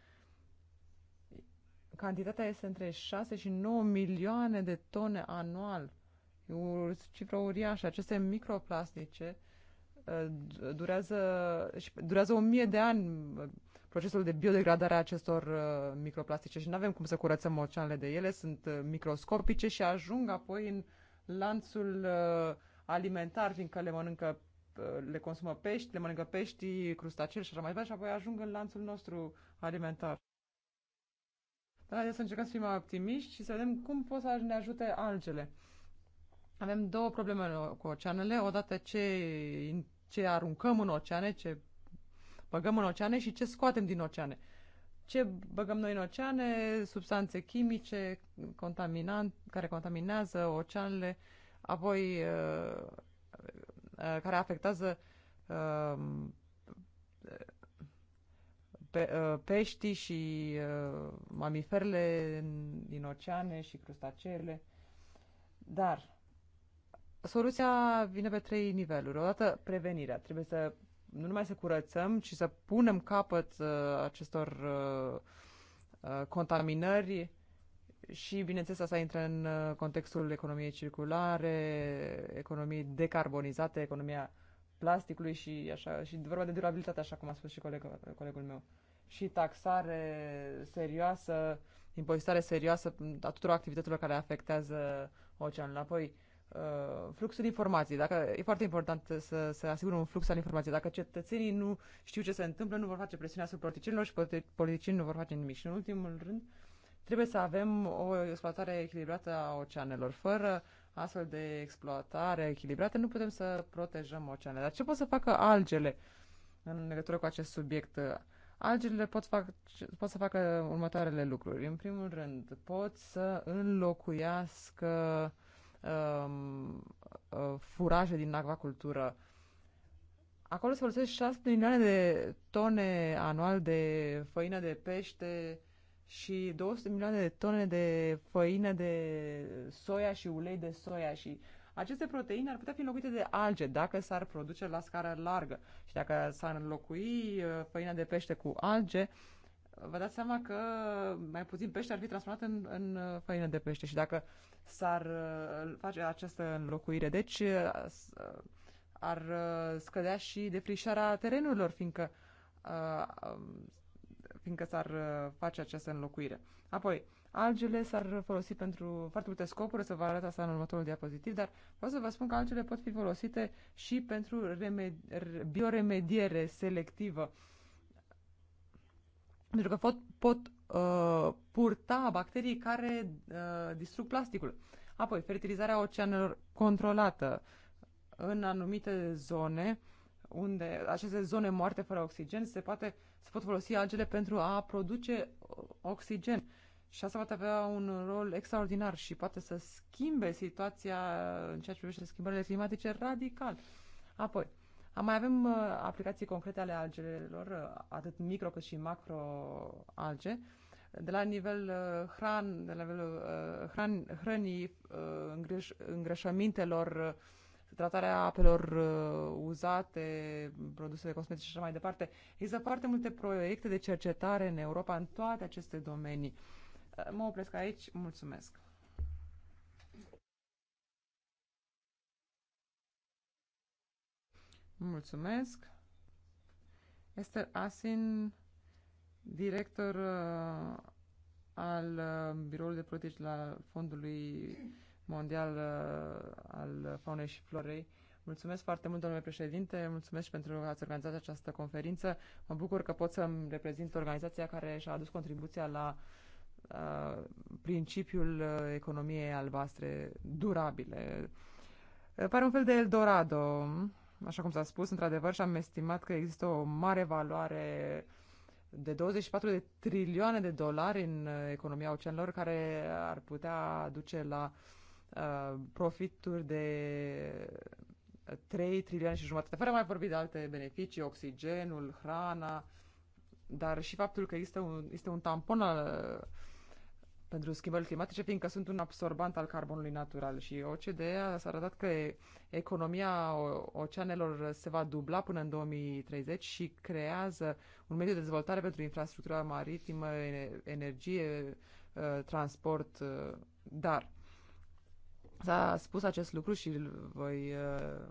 Cantitatea este între 6 și 9 milioane de tone anual. E o cifră uriașă. Aceste microplastice uh, durează, durează o mie de ani procesul de biodegradare a acestor uh, microplastice și nu avem cum să curățăm oceanele de ele, sunt uh, microscopice și ajung apoi în lanțul uh, alimentar, fiindcă le mănâncă uh, le consumă pești, le mănâncă peștii, crustaceli și așa mai departe și apoi ajung în lanțul nostru alimentar. Dar să încercăm să fim mai optimiști și să vedem cum pot să ne ajute algele. Avem două probleme cu oceanele. Odată ce, ce aruncăm în oceane, ce băgăm în oceane și ce scoatem din oceane. Ce băgăm noi în oceane? Substanțe chimice contaminant, care contaminează oceanele, apoi uh, uh, care afectează uh, pe, uh, peștii și uh, mamiferele din oceane și crustaceele. Dar soluția vine pe trei niveluri. Odată prevenirea. Trebuie să nu numai să curățăm, ci să punem capăt uh, acestor uh, uh contaminări și, bineînțeles, asta intră în uh, contextul economiei circulare, economiei decarbonizate, economia plasticului și așa, și vorba de durabilitate, așa cum a spus și colegul, colegul meu. Și taxare serioasă, impozitare serioasă a tuturor activităților care afectează oceanul. Apoi, uh, Uh, fluxul informației. Dacă, e foarte important să, să asigură un flux al informației. Dacă cetățenii nu știu ce se întâmplă, nu vor face presiune asupra politicienilor și politicienii nu vor face nimic. Și în ultimul rând, trebuie să avem o exploatare echilibrată a oceanelor. Fără astfel de exploatare echilibrată nu putem să protejăm oceanele. Dar ce pot să facă algele în legătură cu acest subiect? Algele pot, fac, pot să facă următoarele lucruri. În primul rând, pot să înlocuiască uh, Um, uh, furaje din acvacultură. Acolo se folosesc 6 milioane de tone anual de făină de pește și 200 milioane de tone de făină de soia și ulei de soia și aceste proteine ar putea fi înlocuite de alge dacă s-ar produce la scară largă și dacă s-ar înlocui uh, făina de pește cu alge, vă dați seama că mai puțin pește ar fi transformat în, în uh, făină de pește și dacă s-ar uh, face această înlocuire, deci uh, ar scădea și defrișarea terenurilor, fiindcă, um, fiindcă s-ar face această înlocuire. Apoi, algele s-ar folosi pentru foarte multe scopuri, să vă arăt asta în următorul diapozitiv, dar vreau să vă spun că algele pot fi folosite și pentru bioremediere selectivă. Uh, pentru că pot, pot uh, purta bacterii care uh, distrug plasticul. Apoi, fertilizarea oceanelor controlată în anumite zone unde aceste zone moarte fără oxigen se, poate, se pot folosi algele pentru a produce uh, oxigen. Și asta poate avea un rol extraordinar și poate să schimbe situația în ceea ce privește schimbările climatice radical. Apoi, mai avem uh, aplicații concrete ale algelelor, uh, atât micro cât și macro alge, de la nivel uh, hran, de la nivelul hran, hrănii, îngreș, îngrășămintelor, tratarea apelor uzate, produsele cosmetice și așa mai departe. Există foarte multe proiecte de cercetare în Europa în toate aceste domenii. Mă opresc aici, mulțumesc! Mulțumesc. Esther Asin, director uh, al uh, Biroului de Protecție la Fondului Mondial uh, al Faunei și Florei. Mulțumesc foarte mult, domnule președinte, mulțumesc și pentru că ați organizat această conferință. Mă bucur că pot să-mi reprezint organizația care și-a adus contribuția la uh, principiul uh, economiei albastre durabile. Pare un fel de Eldorado așa cum s-a spus, într-adevăr, și am estimat că există o mare valoare de 24 de trilioane de dolari în economia oceanelor care ar putea duce la uh, profituri de 3 trilioane și jumătate, fără mai vorbi de alte beneficii, oxigenul, hrana, dar și faptul că există un, este un tampon al pentru schimbări climatice, fiindcă sunt un absorbant al carbonului natural. Și OCDE s-a arătat că economia oceanelor se va dubla până în 2030 și creează un mediu de dezvoltare pentru infrastructura maritimă, energie, uh, transport, uh, dar s-a spus acest lucru și îl voi uh,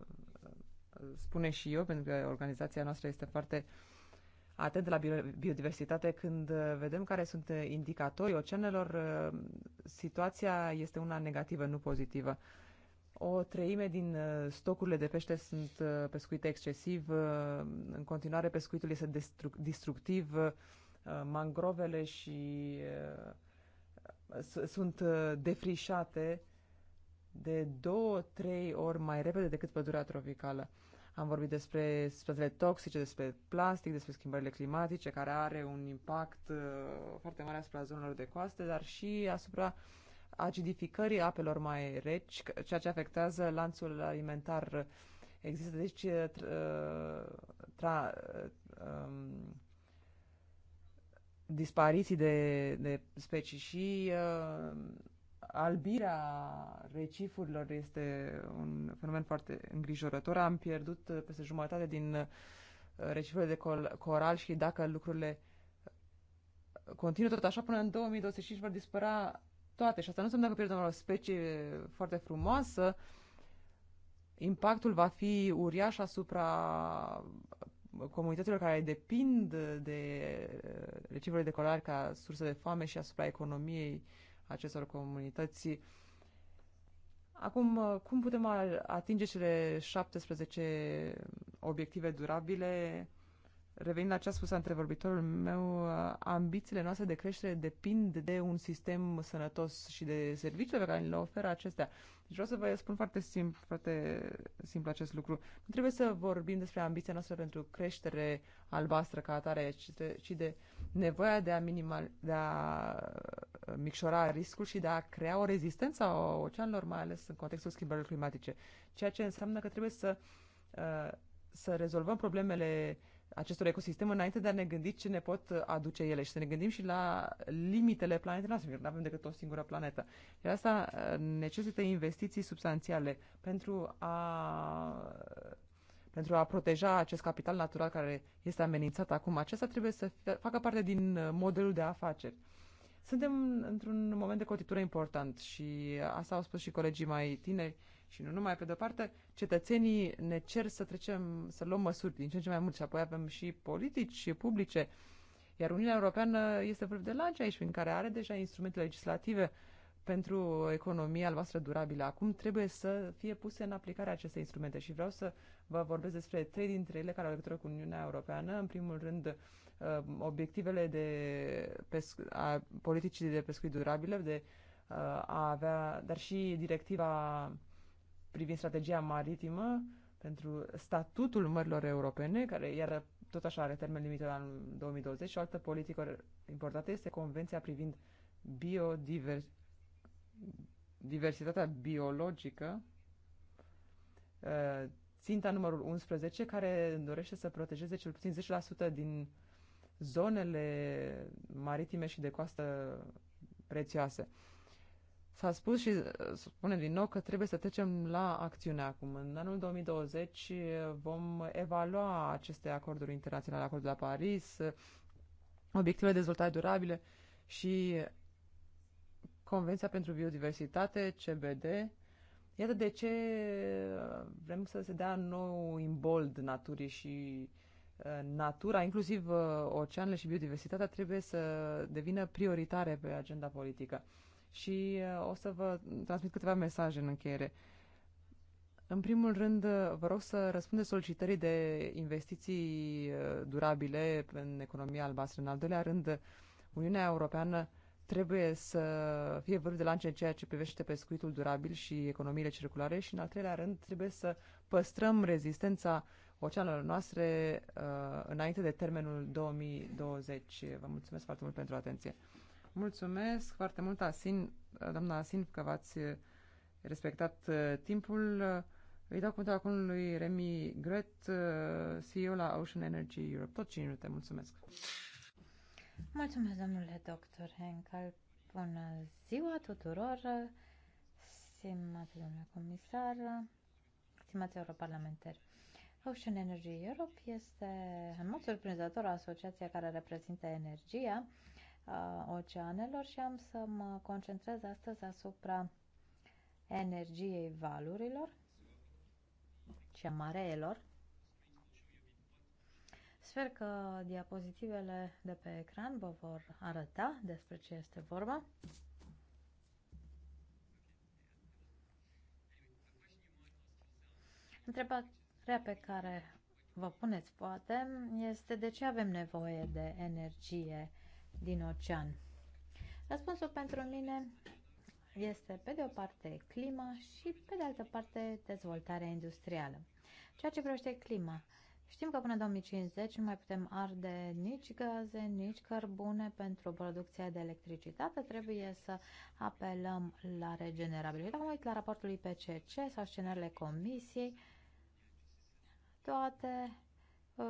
spune și eu, pentru că organizația noastră este foarte uh, atent la biodiversitate când uh, vedem care sunt uh, indicatorii oceanelor. Uh, situația este una negativă, nu pozitivă. O treime din stocurile de pește sunt pescuite excesiv, în continuare pescuitul este destructiv, mangrovele și sunt defrișate de două, trei ori mai repede decât pădurea tropicală. Am vorbit despre substanțele toxice, despre plastic, despre schimbările climatice, care are un impact uh, foarte mare asupra zonelor de coastă, dar și asupra acidificării apelor mai reci, ceea ce afectează lanțul alimentar. Există deci uh, uh, tra, um, dispariții de, de specii și uh, albirea recifurilor este un fenomen foarte îngrijorător. Am pierdut uh, peste jumătate din uh, recifurile de coral și dacă lucrurile uh, continuă tot așa, până în 2025 vor dispărea toate. Și asta nu înseamnă că pierdem o specie foarte frumoasă. Impactul va fi uriaș asupra comunităților care depind de recifurile de coral ca sursă de foame și asupra economiei uh, acestor comunități. Acum, uh, cum putem atinge cele 17 obiective durabile Revenind la ce a spus antrevorbitorul meu, uh, ambițiile noastre de creștere depind de un sistem sănătos și de serviciile pe care le oferă acestea. Deci vreau să vă spun foarte simplu, foarte simplu acest lucru. Nu trebuie să vorbim despre ambiția noastră pentru creștere albastră ca atare, ci de, ci de nevoia de a, minimal, de a uh, micșora riscul și de a crea o rezistență a oceanelor, mai ales în contextul schimbărilor climatice. Ceea ce înseamnă că trebuie să, uh, să rezolvăm problemele uh, acestor ecosisteme înainte de a ne gândi ce ne pot aduce ele și să ne gândim și la limitele planetei noastre, pentru că nu avem decât o singură planetă. Și asta uh, necesită investiții substanțiale pentru a pentru a proteja acest capital natural care este amenințat acum. Acesta trebuie să facă parte din uh, modelul de afaceri. Suntem într-un moment de cotitură important și uh, asta au spus și colegii mai tineri și nu numai, pe de-o parte, cetățenii ne cer să trecem, să luăm măsuri din ce în ce mai mult și apoi avem și politici publice, iar Uniunea Europeană este vârf de lance aici, prin care are deja instrumente legislative pentru economia noastră durabilă. Acum trebuie să fie puse în aplicare aceste instrumente și vreau să vă vorbesc despre trei dintre ele care au legătură cu Uniunea Europeană. În primul rând, uh, obiectivele de pesc- a politicii de pescuit durabile, de uh, a avea, dar și directiva privind strategia maritimă pentru statutul mărilor europene, care iar tot așa are termen limită la anul 2020 și o altă politică importantă este convenția privind biodiversitatea biologică, uh, ținta numărul 11, care dorește să protejeze cel puțin 10% din zonele maritime și de coastă prețioase. S-a spus și uh, spunem din nou că trebuie să trecem la acțiune acum. În anul 2020 uh, vom evalua aceste acorduri internaționale, acordul de la Paris, uh, obiectivele de dezvoltare durabile și Convenția pentru Biodiversitate, CBD. Iată de ce vrem să se dea nou imbold naturii și natura, inclusiv oceanele și biodiversitatea, trebuie să devină prioritare pe agenda politică și uh, o să vă transmit câteva mesaje în încheiere. În primul rând, vă rog să răspundeți solicitării de investiții uh, durabile în economia albastră. În al doilea rând, Uniunea Europeană trebuie să fie vârf de lance în ceea ce privește pescuitul durabil și economiile circulare și, în al treilea rând, trebuie să păstrăm rezistența oceanelor noastre uh, înainte de termenul 2020. Vă mulțumesc foarte mult pentru atenție. Mulțumesc foarte mult, Asin, doamna Asin, că v-ați respectat uh, timpul. Îi dau cuvântul acum lui Remi Gret, uh, CEO la Ocean Energy Europe. Tot 5 minute, mulțumesc.
Mulțumesc, domnule doctor Henkel. Bună ziua tuturor, stimate domnule comisar, stimați europarlamentari. Ocean Energy Europe este, în mod surprinzător, asociația care reprezintă energia oceanelor și am să mă concentrez astăzi asupra energiei valurilor și a mareelor. Sper că diapozitivele de pe ecran vă vor arăta despre ce este vorba. Întrebarea pe care vă puneți poate este de ce avem nevoie de energie din ocean? Răspunsul pentru mine este, pe de o parte, clima și, pe de altă parte, dezvoltarea industrială. Ceea ce privește clima, știm că până 2050 nu mai putem arde nici gaze, nici cărbune pentru producția de electricitate, trebuie să apelăm la regenerabilitate. Am uit la raportul IPCC sau scenariile comisiei, toate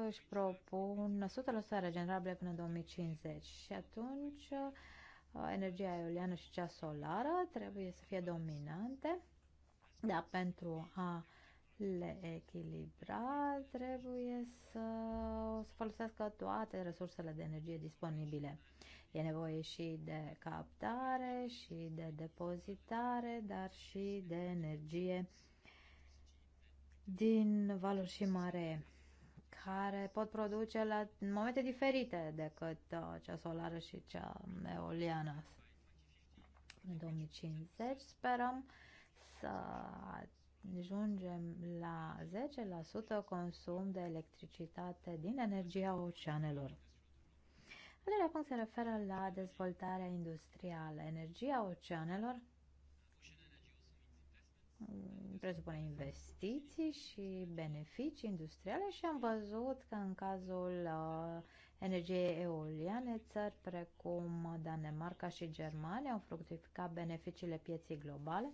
își propun 100% regenerabile până în 2050 și atunci uh, energia eoliană și cea solară trebuie să fie dominante, dar pentru a le echilibra trebuie să, să folosească toate resursele de energie disponibile. E nevoie și de captare, și de depozitare, dar și de energie din valuri și mare care pot produce la momente diferite decât uh, cea solară și cea eoliană. În 2050 sperăm să ajungem la 10% consum de electricitate din energia oceanelor. Al doilea punct se referă la dezvoltarea industrială. Energia oceanelor Mm, presupune investiții și beneficii industriale și am văzut că în cazul uh, energiei eoliane, țări precum Danemarca și Germania au fructificat beneficiile pieții globale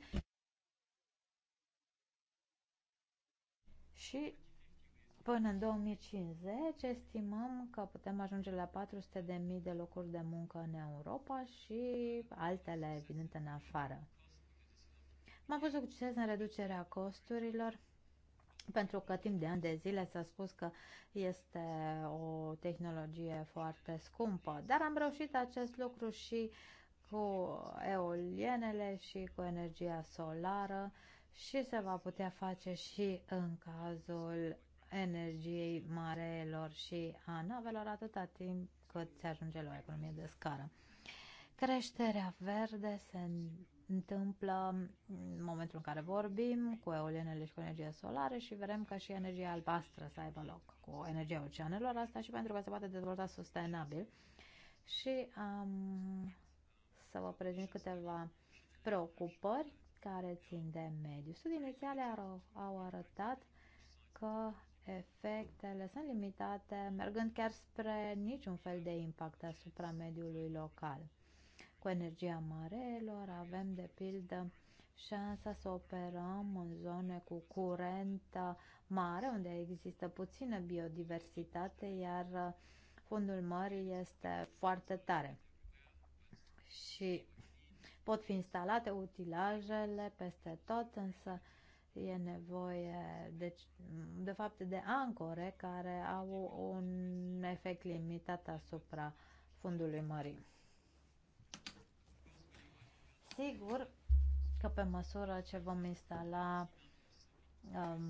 și Până în 2050 estimăm că putem ajunge la 400.000 de locuri de muncă în Europa și altele, evident, în afară. M-a fost succes în reducerea costurilor, pentru că timp de ani de zile s-a spus că este o tehnologie foarte scumpă, dar am reușit acest lucru și cu eolienele și cu energia solară și se va putea face și în cazul energiei mareelor și a navelor atâta timp cât se ajunge la o economie de scară. Creșterea verde se întâmplă în momentul în care vorbim cu eolienele și cu energia solară și vrem ca și energia albastră să aibă loc cu energia oceanelor, asta și pentru că se poate dezvolta sustenabil. Și um, să vă prezint câteva preocupări care țin de mediu. Studii inițiale au arătat că efectele sunt limitate, mergând chiar spre niciun fel de impact asupra mediului local cu energia marelor, avem de pildă șansa să operăm în zone cu curent mare, unde există puțină biodiversitate, iar fundul mării este foarte tare. Și pot fi instalate utilajele peste tot, însă e nevoie de, deci, de fapt de ancore care au un efect limitat asupra fundului mării sigur că pe măsură ce vom instala um,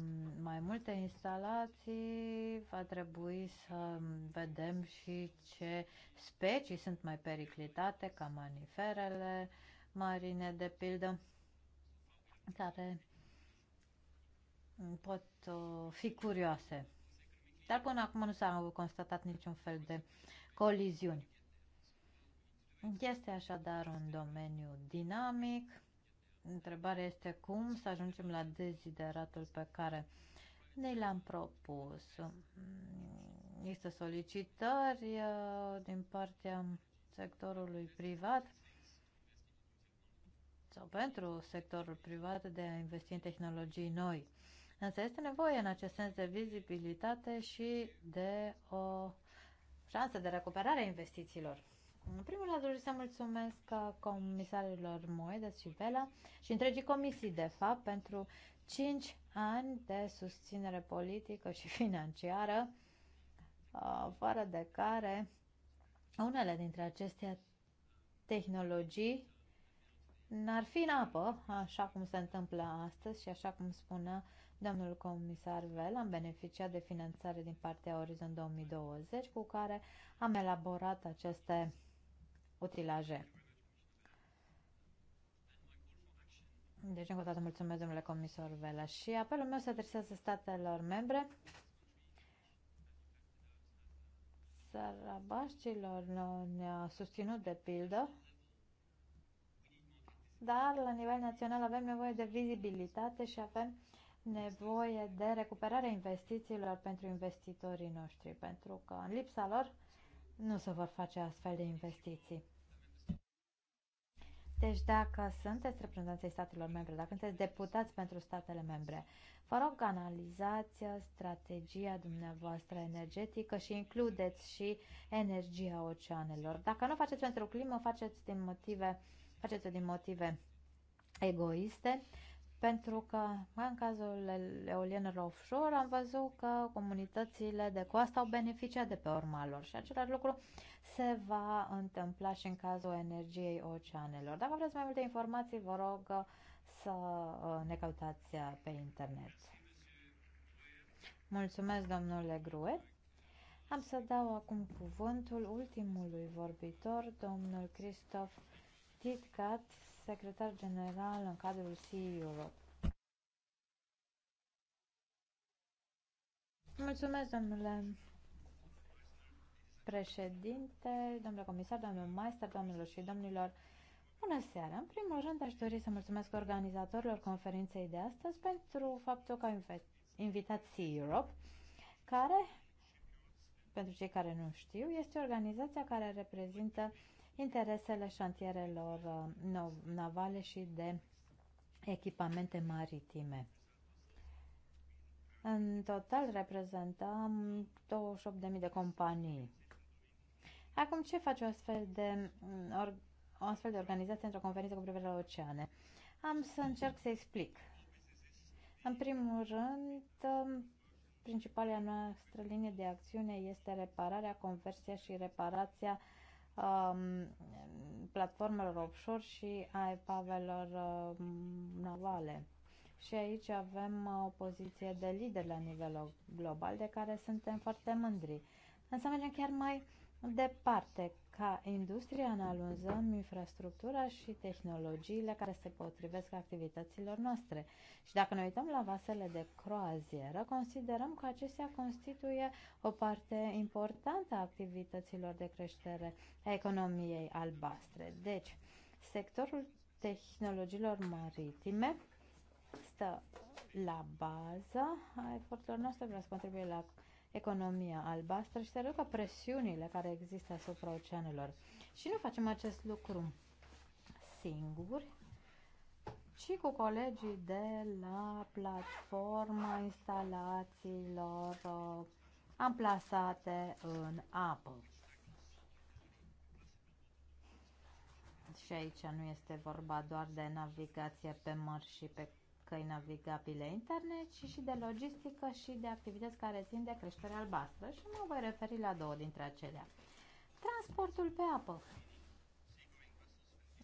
mai multe instalații, va trebui să vedem și ce specii sunt mai periclitate, ca maniferele marine, de pildă, care pot uh, fi curioase. Dar până acum nu s-au constatat niciun fel de coliziuni. Este așadar un domeniu dinamic. Întrebarea este cum să ajungem la dezideratul pe care ne l-am propus. Există solicitări uh, din partea sectorului privat sau pentru sectorul privat de a investi în tehnologii noi. Însă este nevoie în acest sens de vizibilitate și de o șansă de recuperare a investițiilor. În primul rând, doresc să mulțumesc comisarilor Moedas și Vela și întregii comisii, de fapt, pentru 5 ani de susținere politică și financiară, uh, fără de care unele dintre aceste tehnologii n-ar fi în apă, așa cum se întâmplă astăzi și așa cum spunea domnul comisar Vela, am beneficiat de finanțare din partea Orizon 2020, cu care am elaborat aceste utilaje. Deci, încă o dată, mulțumesc, domnule comisor Vela. Și apelul meu se adresează statelor membre, sărăbașcilor ne-a susținut de pildă, dar la nivel național avem nevoie de vizibilitate și avem nevoie de recuperarea investițiilor pentru investitorii noștri, pentru că în lipsa lor nu se vor face astfel de investiții. Deci dacă sunteți reprezentanții statelor membre, dacă sunteți deputați pentru statele membre, vă rog analizați strategia dumneavoastră energetică și includeți și energia oceanelor. Dacă nu faceți pentru climă, faceți din motive, faceți din motive egoiste pentru că în cazul eolienelor offshore am văzut că comunitățile de coastă au beneficiat de pe urma lor și același lucru se va întâmpla și în cazul energiei oceanelor. Dacă vreți mai multe informații, vă rog uh, să uh, ne căutați uh, pe internet. Mulțumesc, domnule Grue. Am să dau acum cuvântul ultimului vorbitor, domnul Christoph Titcat, secretar general în cadrul Sea Europe. Mulțumesc, domnule președinte, domnule comisar, domnule maestr, domnilor și domnilor. Bună seara! În primul rând aș dori să mulțumesc organizatorilor conferinței de astăzi pentru faptul că au invitat Sea Europe, care, pentru cei care nu știu, este organizația care reprezintă interesele șantierelor uh, navale și de echipamente maritime. În total reprezentăm 28.000 de companii. Acum, ce face o astfel de, mm, o astfel de organizație într-o conferință cu privire la oceane? Am să încerc să explic. În primul rând, um, principala noastră linie de acțiune este repararea, conversia și reparația uh, um, platformelor offshore și a epavelor um, navale. Și aici avem uh, o poziție de lider la nivel global de care suntem foarte mândri. Însă mergem chiar mai departe ca industria analizăm infrastructura și tehnologiile care se potrivesc activităților noastre. Și dacă ne uităm la vasele de croazieră, considerăm că acestea constituie o parte importantă a activităților de creștere a economiei albastre. Deci, sectorul tehnologiilor maritime stă la bază a eforturilor noastre, pentru a contribui la economia albastră și să reducă presiunile care există asupra oceanelor. Și nu facem acest lucru singuri, ci cu colegii de la platforma instalațiilor uh, amplasate în apă. Și aici nu este vorba doar de navigație pe mări și pe căi navigabile internet, ci și de logistică și de activități care țin de creșterea albastră și mă voi referi la două dintre acelea. Transportul pe apă,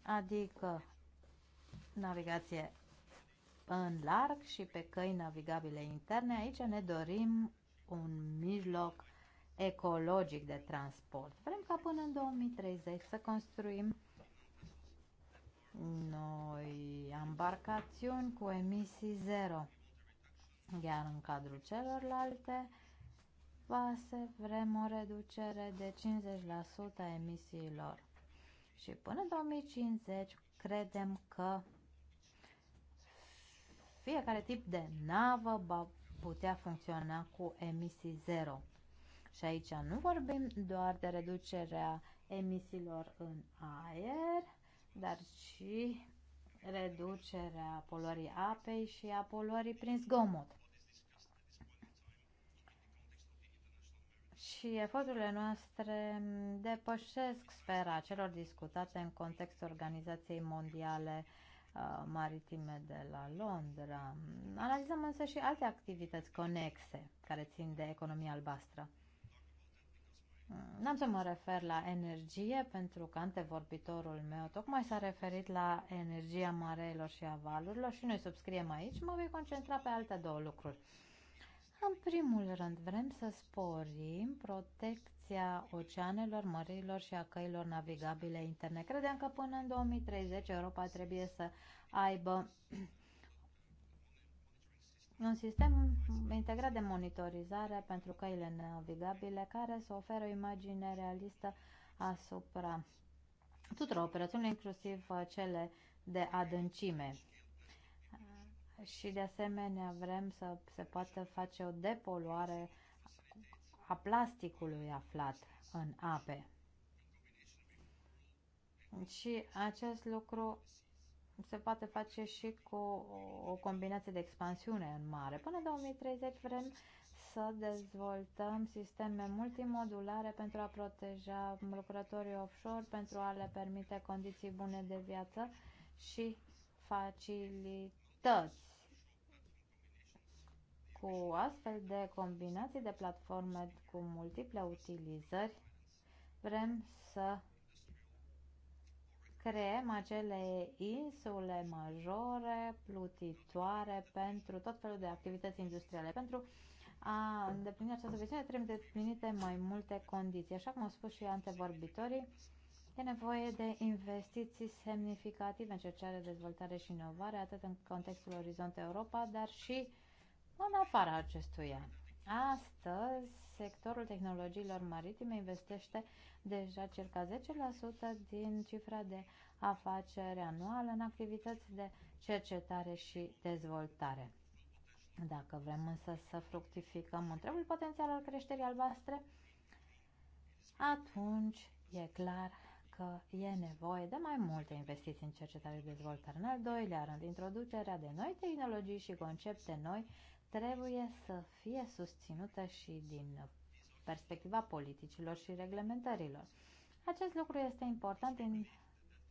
adică navigație în larg și pe căi navigabile interne. Aici ne dorim un mijloc ecologic de transport. Vrem ca până în 2030 să construim noi embarcațiuni cu emisii zero. Iar în cadrul celorlalte vase vrem o reducere de 50% a emisiilor. Și până 2050 credem că fiecare tip de navă va putea funcționa cu emisii zero. Și aici nu vorbim doar de reducerea emisiilor în aer, dar și reducerea poluării apei și a poluării prin zgomot. Și eforturile noastre depășesc sfera celor discutate în contextul Organizației Mondiale uh, Maritime de la Londra. Analizăm însă și alte activități conexe care țin de economia albastră. Mm, n-am să mă refer la energie, pentru că antevorbitorul meu tocmai s-a referit la energia mareilor și a valurilor și noi subscriem aici, mă voi concentra pe alte două lucruri. În primul rând, vrem să sporim protecția oceanelor, mărilor și a căilor navigabile interne. Credeam că până în 2030 Europa trebuie să aibă un sistem integrat de monitorizare pentru căile navigabile care să oferă o imagine realistă asupra tuturor operațiunilor, inclusiv uh, cele de adâncime. Și de asemenea vrem să se poată face o depoluare a plasticului aflat în ape. Și acest lucru se poate face și cu o combinație de expansiune în mare. Până 2030 vrem să dezvoltăm sisteme multimodulare pentru a proteja lucrătorii offshore, pentru a le permite condiții bune de viață și facilități. Cu astfel de combinații de platforme cu multiple utilizări, vrem să creăm acele insule majore, plutitoare pentru tot felul de activități industriale. Pentru a îndeplini această viziune trebuie îndeplinite mai multe condiții. Așa cum au spus și antevorbitorii, e nevoie de investiții semnificative în cercetare, dezvoltare și inovare, atât în contextul Orizont Europa, dar și în afara acestuia. Astăzi, sectorul tehnologiilor maritime investește deja circa 10% din cifra de afacere anuală în activități de cercetare și dezvoltare. Dacă vrem însă să fructificăm întregul potențial al creșterii albastre, atunci e clar că e nevoie de mai multe investiții în cercetare și dezvoltare. În al doilea rând, introducerea de noi tehnologii și concepte noi trebuie să fie susținută și din perspectiva politicilor și reglementărilor. Acest lucru este important în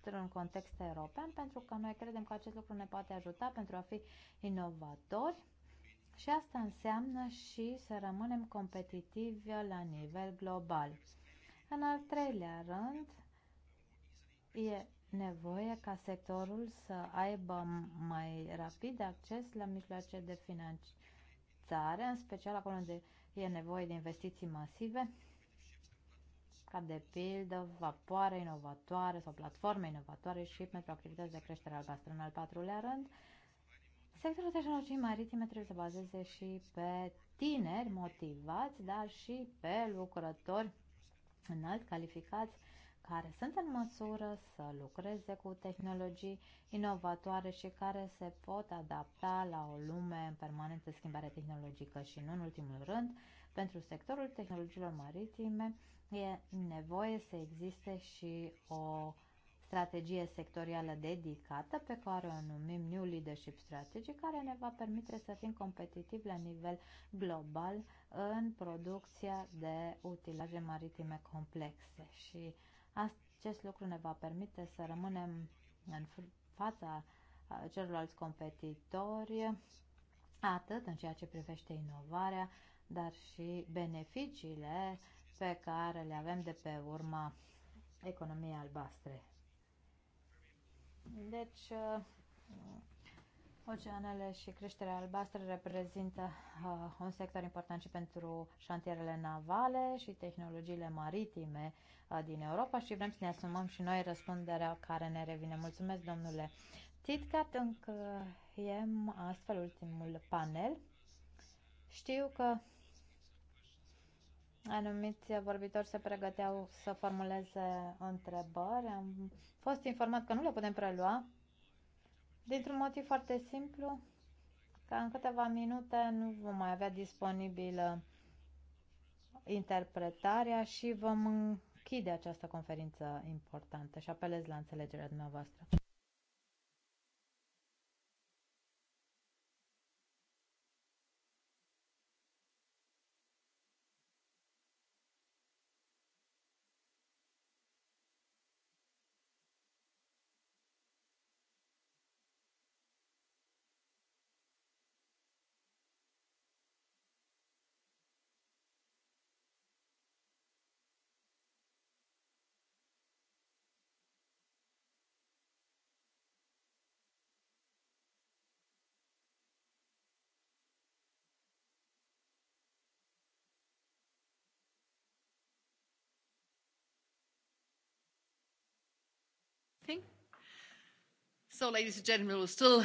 într-un context european, pentru că noi credem că acest lucru ne poate ajuta pentru a fi inovatori și asta înseamnă și să rămânem competitivi la nivel global. În al treilea rând, e nevoie ca sectorul să aibă mai rapid acces la mijloace de finanțare țară, în special acolo unde e nevoie de investiții masive, ca de pildă vapoare inovatoare sau platforme inovatoare și pentru activități de creștere albastră. În al patrulea rând, sectorul tehnologiei maritime trebuie să bazeze și pe tineri motivați, dar și pe lucrători înalt calificați care sunt în măsură să lucreze cu tehnologii inovatoare și care se pot adapta la o lume în permanentă schimbare tehnologică și, nu în ultimul rând, pentru sectorul tehnologiilor maritime e nevoie să existe și o strategie sectorială dedicată pe care o numim New Leadership Strategy, care ne va permite să fim competitivi la nivel global în producția de utilaje maritime complexe. Și acest lucru ne va permite să rămânem în fața celorlalți competitori, atât în ceea ce privește inovarea, dar și beneficiile pe care le avem de pe urma economiei albastre. Deci, Oceanele și creșterea albastră reprezintă uh, un sector important și pentru șantierele navale și tehnologiile maritime uh, din Europa și vrem să ne asumăm și noi răspunderea care ne revine. Mulțumesc, domnule Titcat, e astfel ultimul panel. Știu că anumiți vorbitori se pregăteau să formuleze întrebări. Am fost informat că nu le putem prelua Dintr-un motiv foarte simplu, că în câteva minute nu vom mai avea disponibilă interpretarea și vom închide această conferință importantă și apelez la înțelegerea dumneavoastră.
thing? So, ladies and gentlemen, we'll still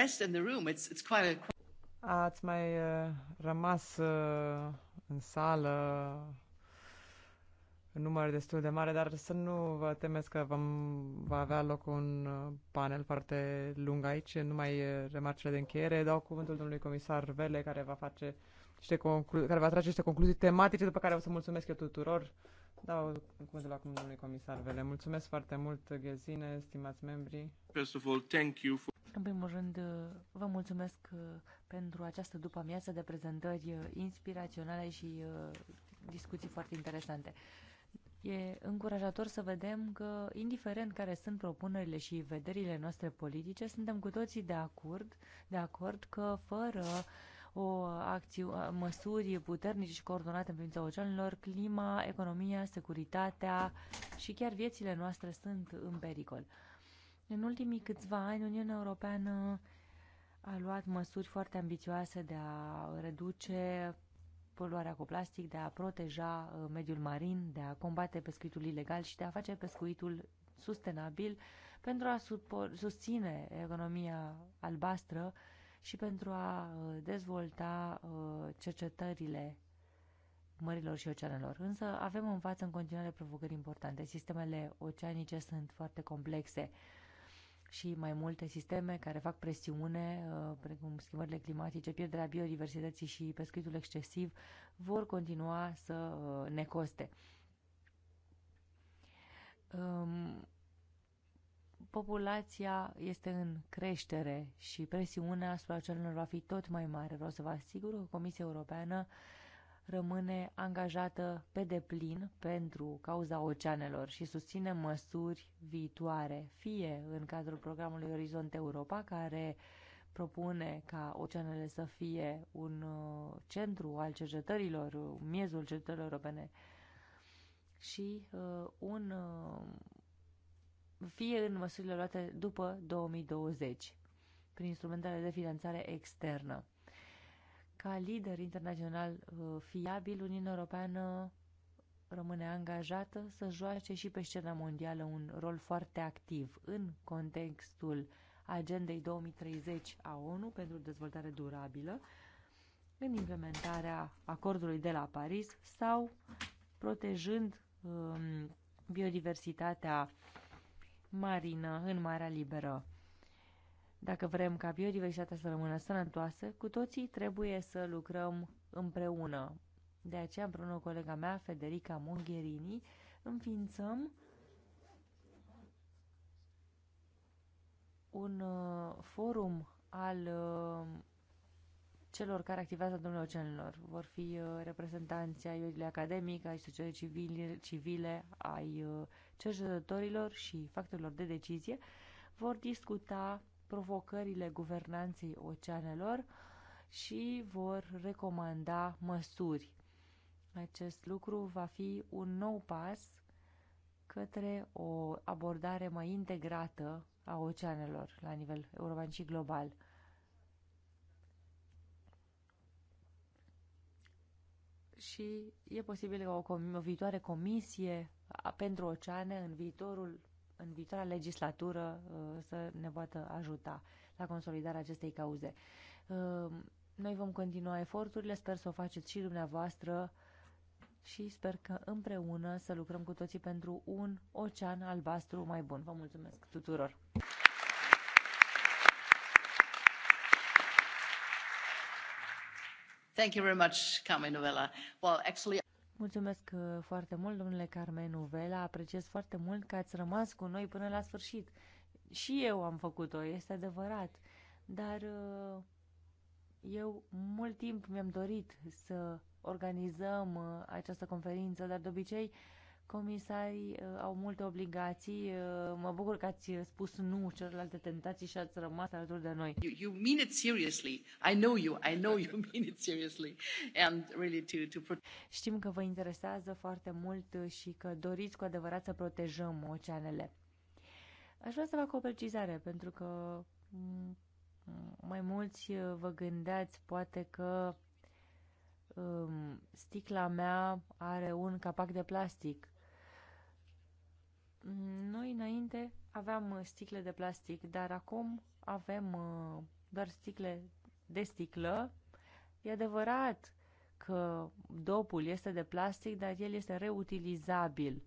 rest in the room. It's, it's quite a...
Ați mai uh, rămas uh, în sală un număr destul de mare, dar să nu vă temeți că vom, va avea loc un uh, panel foarte lung aici, numai remarcele de încheiere. Dau cuvântul domnului comisar Vele, care va face niște conclu- care va trage niște concluzii tematice, după care o să mulțumesc eu tuturor da, Dau cuvântul acum domnului comisar Vele. Mulțumesc foarte mult, Ghezine, stimați membri.
First of all, thank you for...
În primul rând, vă mulțumesc uh, pentru această după-amiază de prezentări uh, inspiraționale și uh, discuții foarte interesante. E încurajator să vedem că, indiferent care sunt propunerile și vederile noastre politice, suntem cu toții de acord, de acord că fără uh, o acțiu- măsuri puternice și coordonate în privința oceanelor, clima, economia, securitatea și chiar viețile noastre sunt în pericol. În ultimii câțiva ani, Uniunea Europeană a luat măsuri foarte ambițioase de a reduce poluarea cu plastic, de a proteja uh, mediul marin, de a combate pescuitul ilegal și de a face pescuitul sustenabil pentru a susține economia albastră și pentru a uh, dezvolta uh, cercetările mărilor și oceanelor. Însă avem în față în continuare provocări importante. Sistemele oceanice sunt foarte complexe și mai multe sisteme care fac presiune, uh, precum schimbările climatice, pierderea biodiversității și pescuitul excesiv, vor continua să ne coste. Um, populația este în creștere și presiunea asupra celor va fi tot mai mare. Vreau să vă asigur că Comisia Europeană rămâne angajată pe deplin pentru cauza oceanelor și susține măsuri viitoare, fie în cadrul programului Orizont Europa, care propune ca oceanele să fie un uh, centru al cercetărilor, miezul cercetărilor europene și uh, un uh, fie în măsurile luate după 2020, prin instrumentele de finanțare externă. Ca lider internațional uh, fiabil, Uniunea Europeană rămâne angajată să joace și pe scena mondială un rol foarte activ în contextul agendei 2030 a ONU pentru dezvoltare durabilă, în implementarea acordului de la Paris sau protejând um, biodiversitatea marină în Marea Liberă. Dacă vrem ca biodiversitatea să rămână sănătoasă, cu toții trebuie să lucrăm împreună. De aceea, împreună cu colega mea, Federica Mongherini, înființăm un uh, forum al uh, celor care activează domnul oceanelor. Vor fi uh, reprezentanții ai academic, ai societății civile, civile ai uh, cercetătorilor și factorilor de decizie, vor discuta provocările guvernanței oceanelor și vor recomanda măsuri. Acest lucru va fi un nou pas către o abordare mai integrată a oceanelor la nivel european și global. Și e posibil ca o, com o viitoare comisie pentru oceane în viitorul în viitoarea legislatură uh, să ne poată ajuta la consolidarea acestei cauze. Uh, noi vom continua eforturile, sper să o faceți și dumneavoastră și sper că împreună să lucrăm cu toții pentru un ocean albastru mai bun. Vă mulțumesc tuturor! Thank you very much, Carmen Novella. Well, actually, Mulțumesc uh, foarte mult, domnule Carmen Uvela. Apreciez foarte mult că ați rămas cu noi până la sfârșit. Și eu am făcut-o, este adevărat. Dar uh, eu mult timp mi-am dorit să organizăm uh, această conferință, dar de obicei Comisarii uh, au multe obligații. Uh, mă bucur că ați spus nu celorlalte tentații și ați rămas alături de noi. You, you mean it seriously. I know you. I know you mean it seriously. And really to, to Știm că vă interesează foarte mult și că doriți cu adevărat să protejăm oceanele. Aș vrea să fac o precizare, pentru că mai mulți vă gândeați poate că um, sticla mea are un capac de plastic noi înainte aveam uh, sticle de plastic, dar acum avem uh, doar sticle de sticlă. E adevărat că dopul este de plastic, dar el este reutilizabil.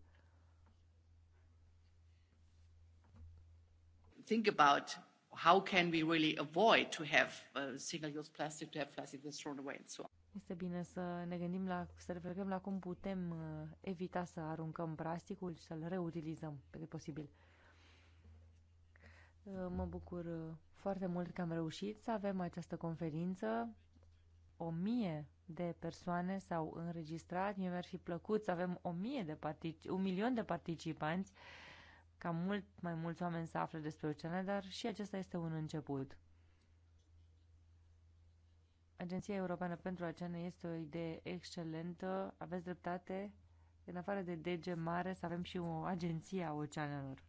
Think about how can we really avoid to have uh, single-use plastic, to have plastic that's thrown away and so on.
Este bine să ne gândim la, să reflectăm la cum putem uh, evita să aruncăm plasticul și să-l reutilizăm pe cât posibil. Uh, mă bucur uh, foarte mult că am reușit să avem această conferință. O mie de persoane s-au înregistrat. Mie mi-ar fi plăcut să avem o mie de partici- un milion de participanți, ca mult mai mulți oameni să afle despre oceane, dar și acesta este un început. Agenția Europeană pentru Oceane este o idee excelentă, aveți dreptate. În afară de DG Mare să avem și o agenție a oceanelor.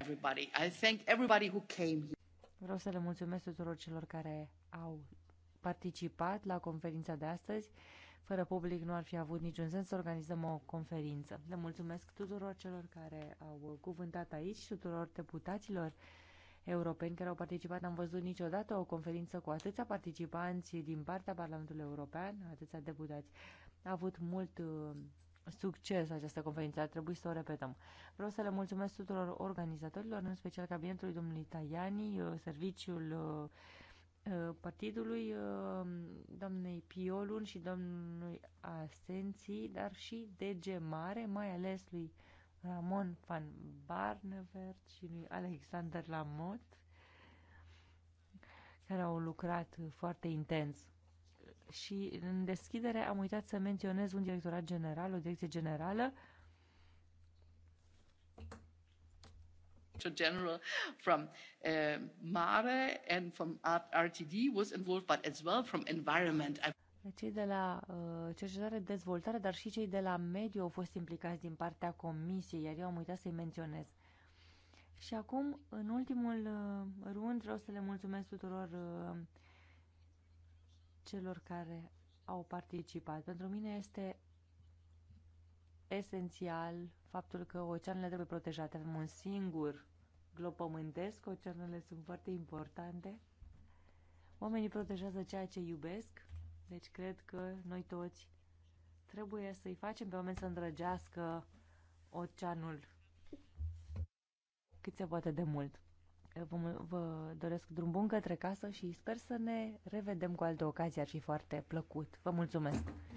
Everybody. I thank everybody who came here. Vreau să le mulțumesc tuturor celor care au participat la conferința de astăzi. Fără public nu ar fi avut niciun sens să organizăm o conferință. Le mulțumesc tuturor celor care au cuvântat aici, tuturor deputaților europeni care au participat. N-am văzut niciodată o conferință cu atâția participanți din partea Parlamentului European, atâția deputați. A avut mult uh, succes această conferință, ar trebui să o repetăm. Vreau să le mulțumesc tuturor organizatorilor, în special cabinetului domnului Tajani, uh, serviciul uh, partidului, doamnei Piolun și domnului Asenții, dar și DG Mare, mai ales lui Ramon Van Barnevert și lui Alexander Lamot, care au lucrat foarte intens. Și în deschidere am uitat să menționez un directorat general, o direcție generală,
general from
uh, Mare and from RTD was involved, but as well from environment. I cei de la uh, cercetare, dezvoltare, dar și cei de la mediu au fost implicați din partea comisiei, iar eu am uitat să-i menționez. Și acum, în ultimul uh, rând, vreau să le mulțumesc tuturor uh, celor care au participat. Pentru mine este esențial faptul că oceanele trebuie protejate. Avem un singur glob pământesc, oceanele sunt foarte importante. Oamenii protejează ceea ce iubesc deci cred că noi toți trebuie să-i facem pe oameni să îndrăgească oceanul cât se poate de mult. Vă, vă doresc drum bun către casă și sper să ne revedem cu altă ocazie, ar fi foarte plăcut. Vă mulțumesc!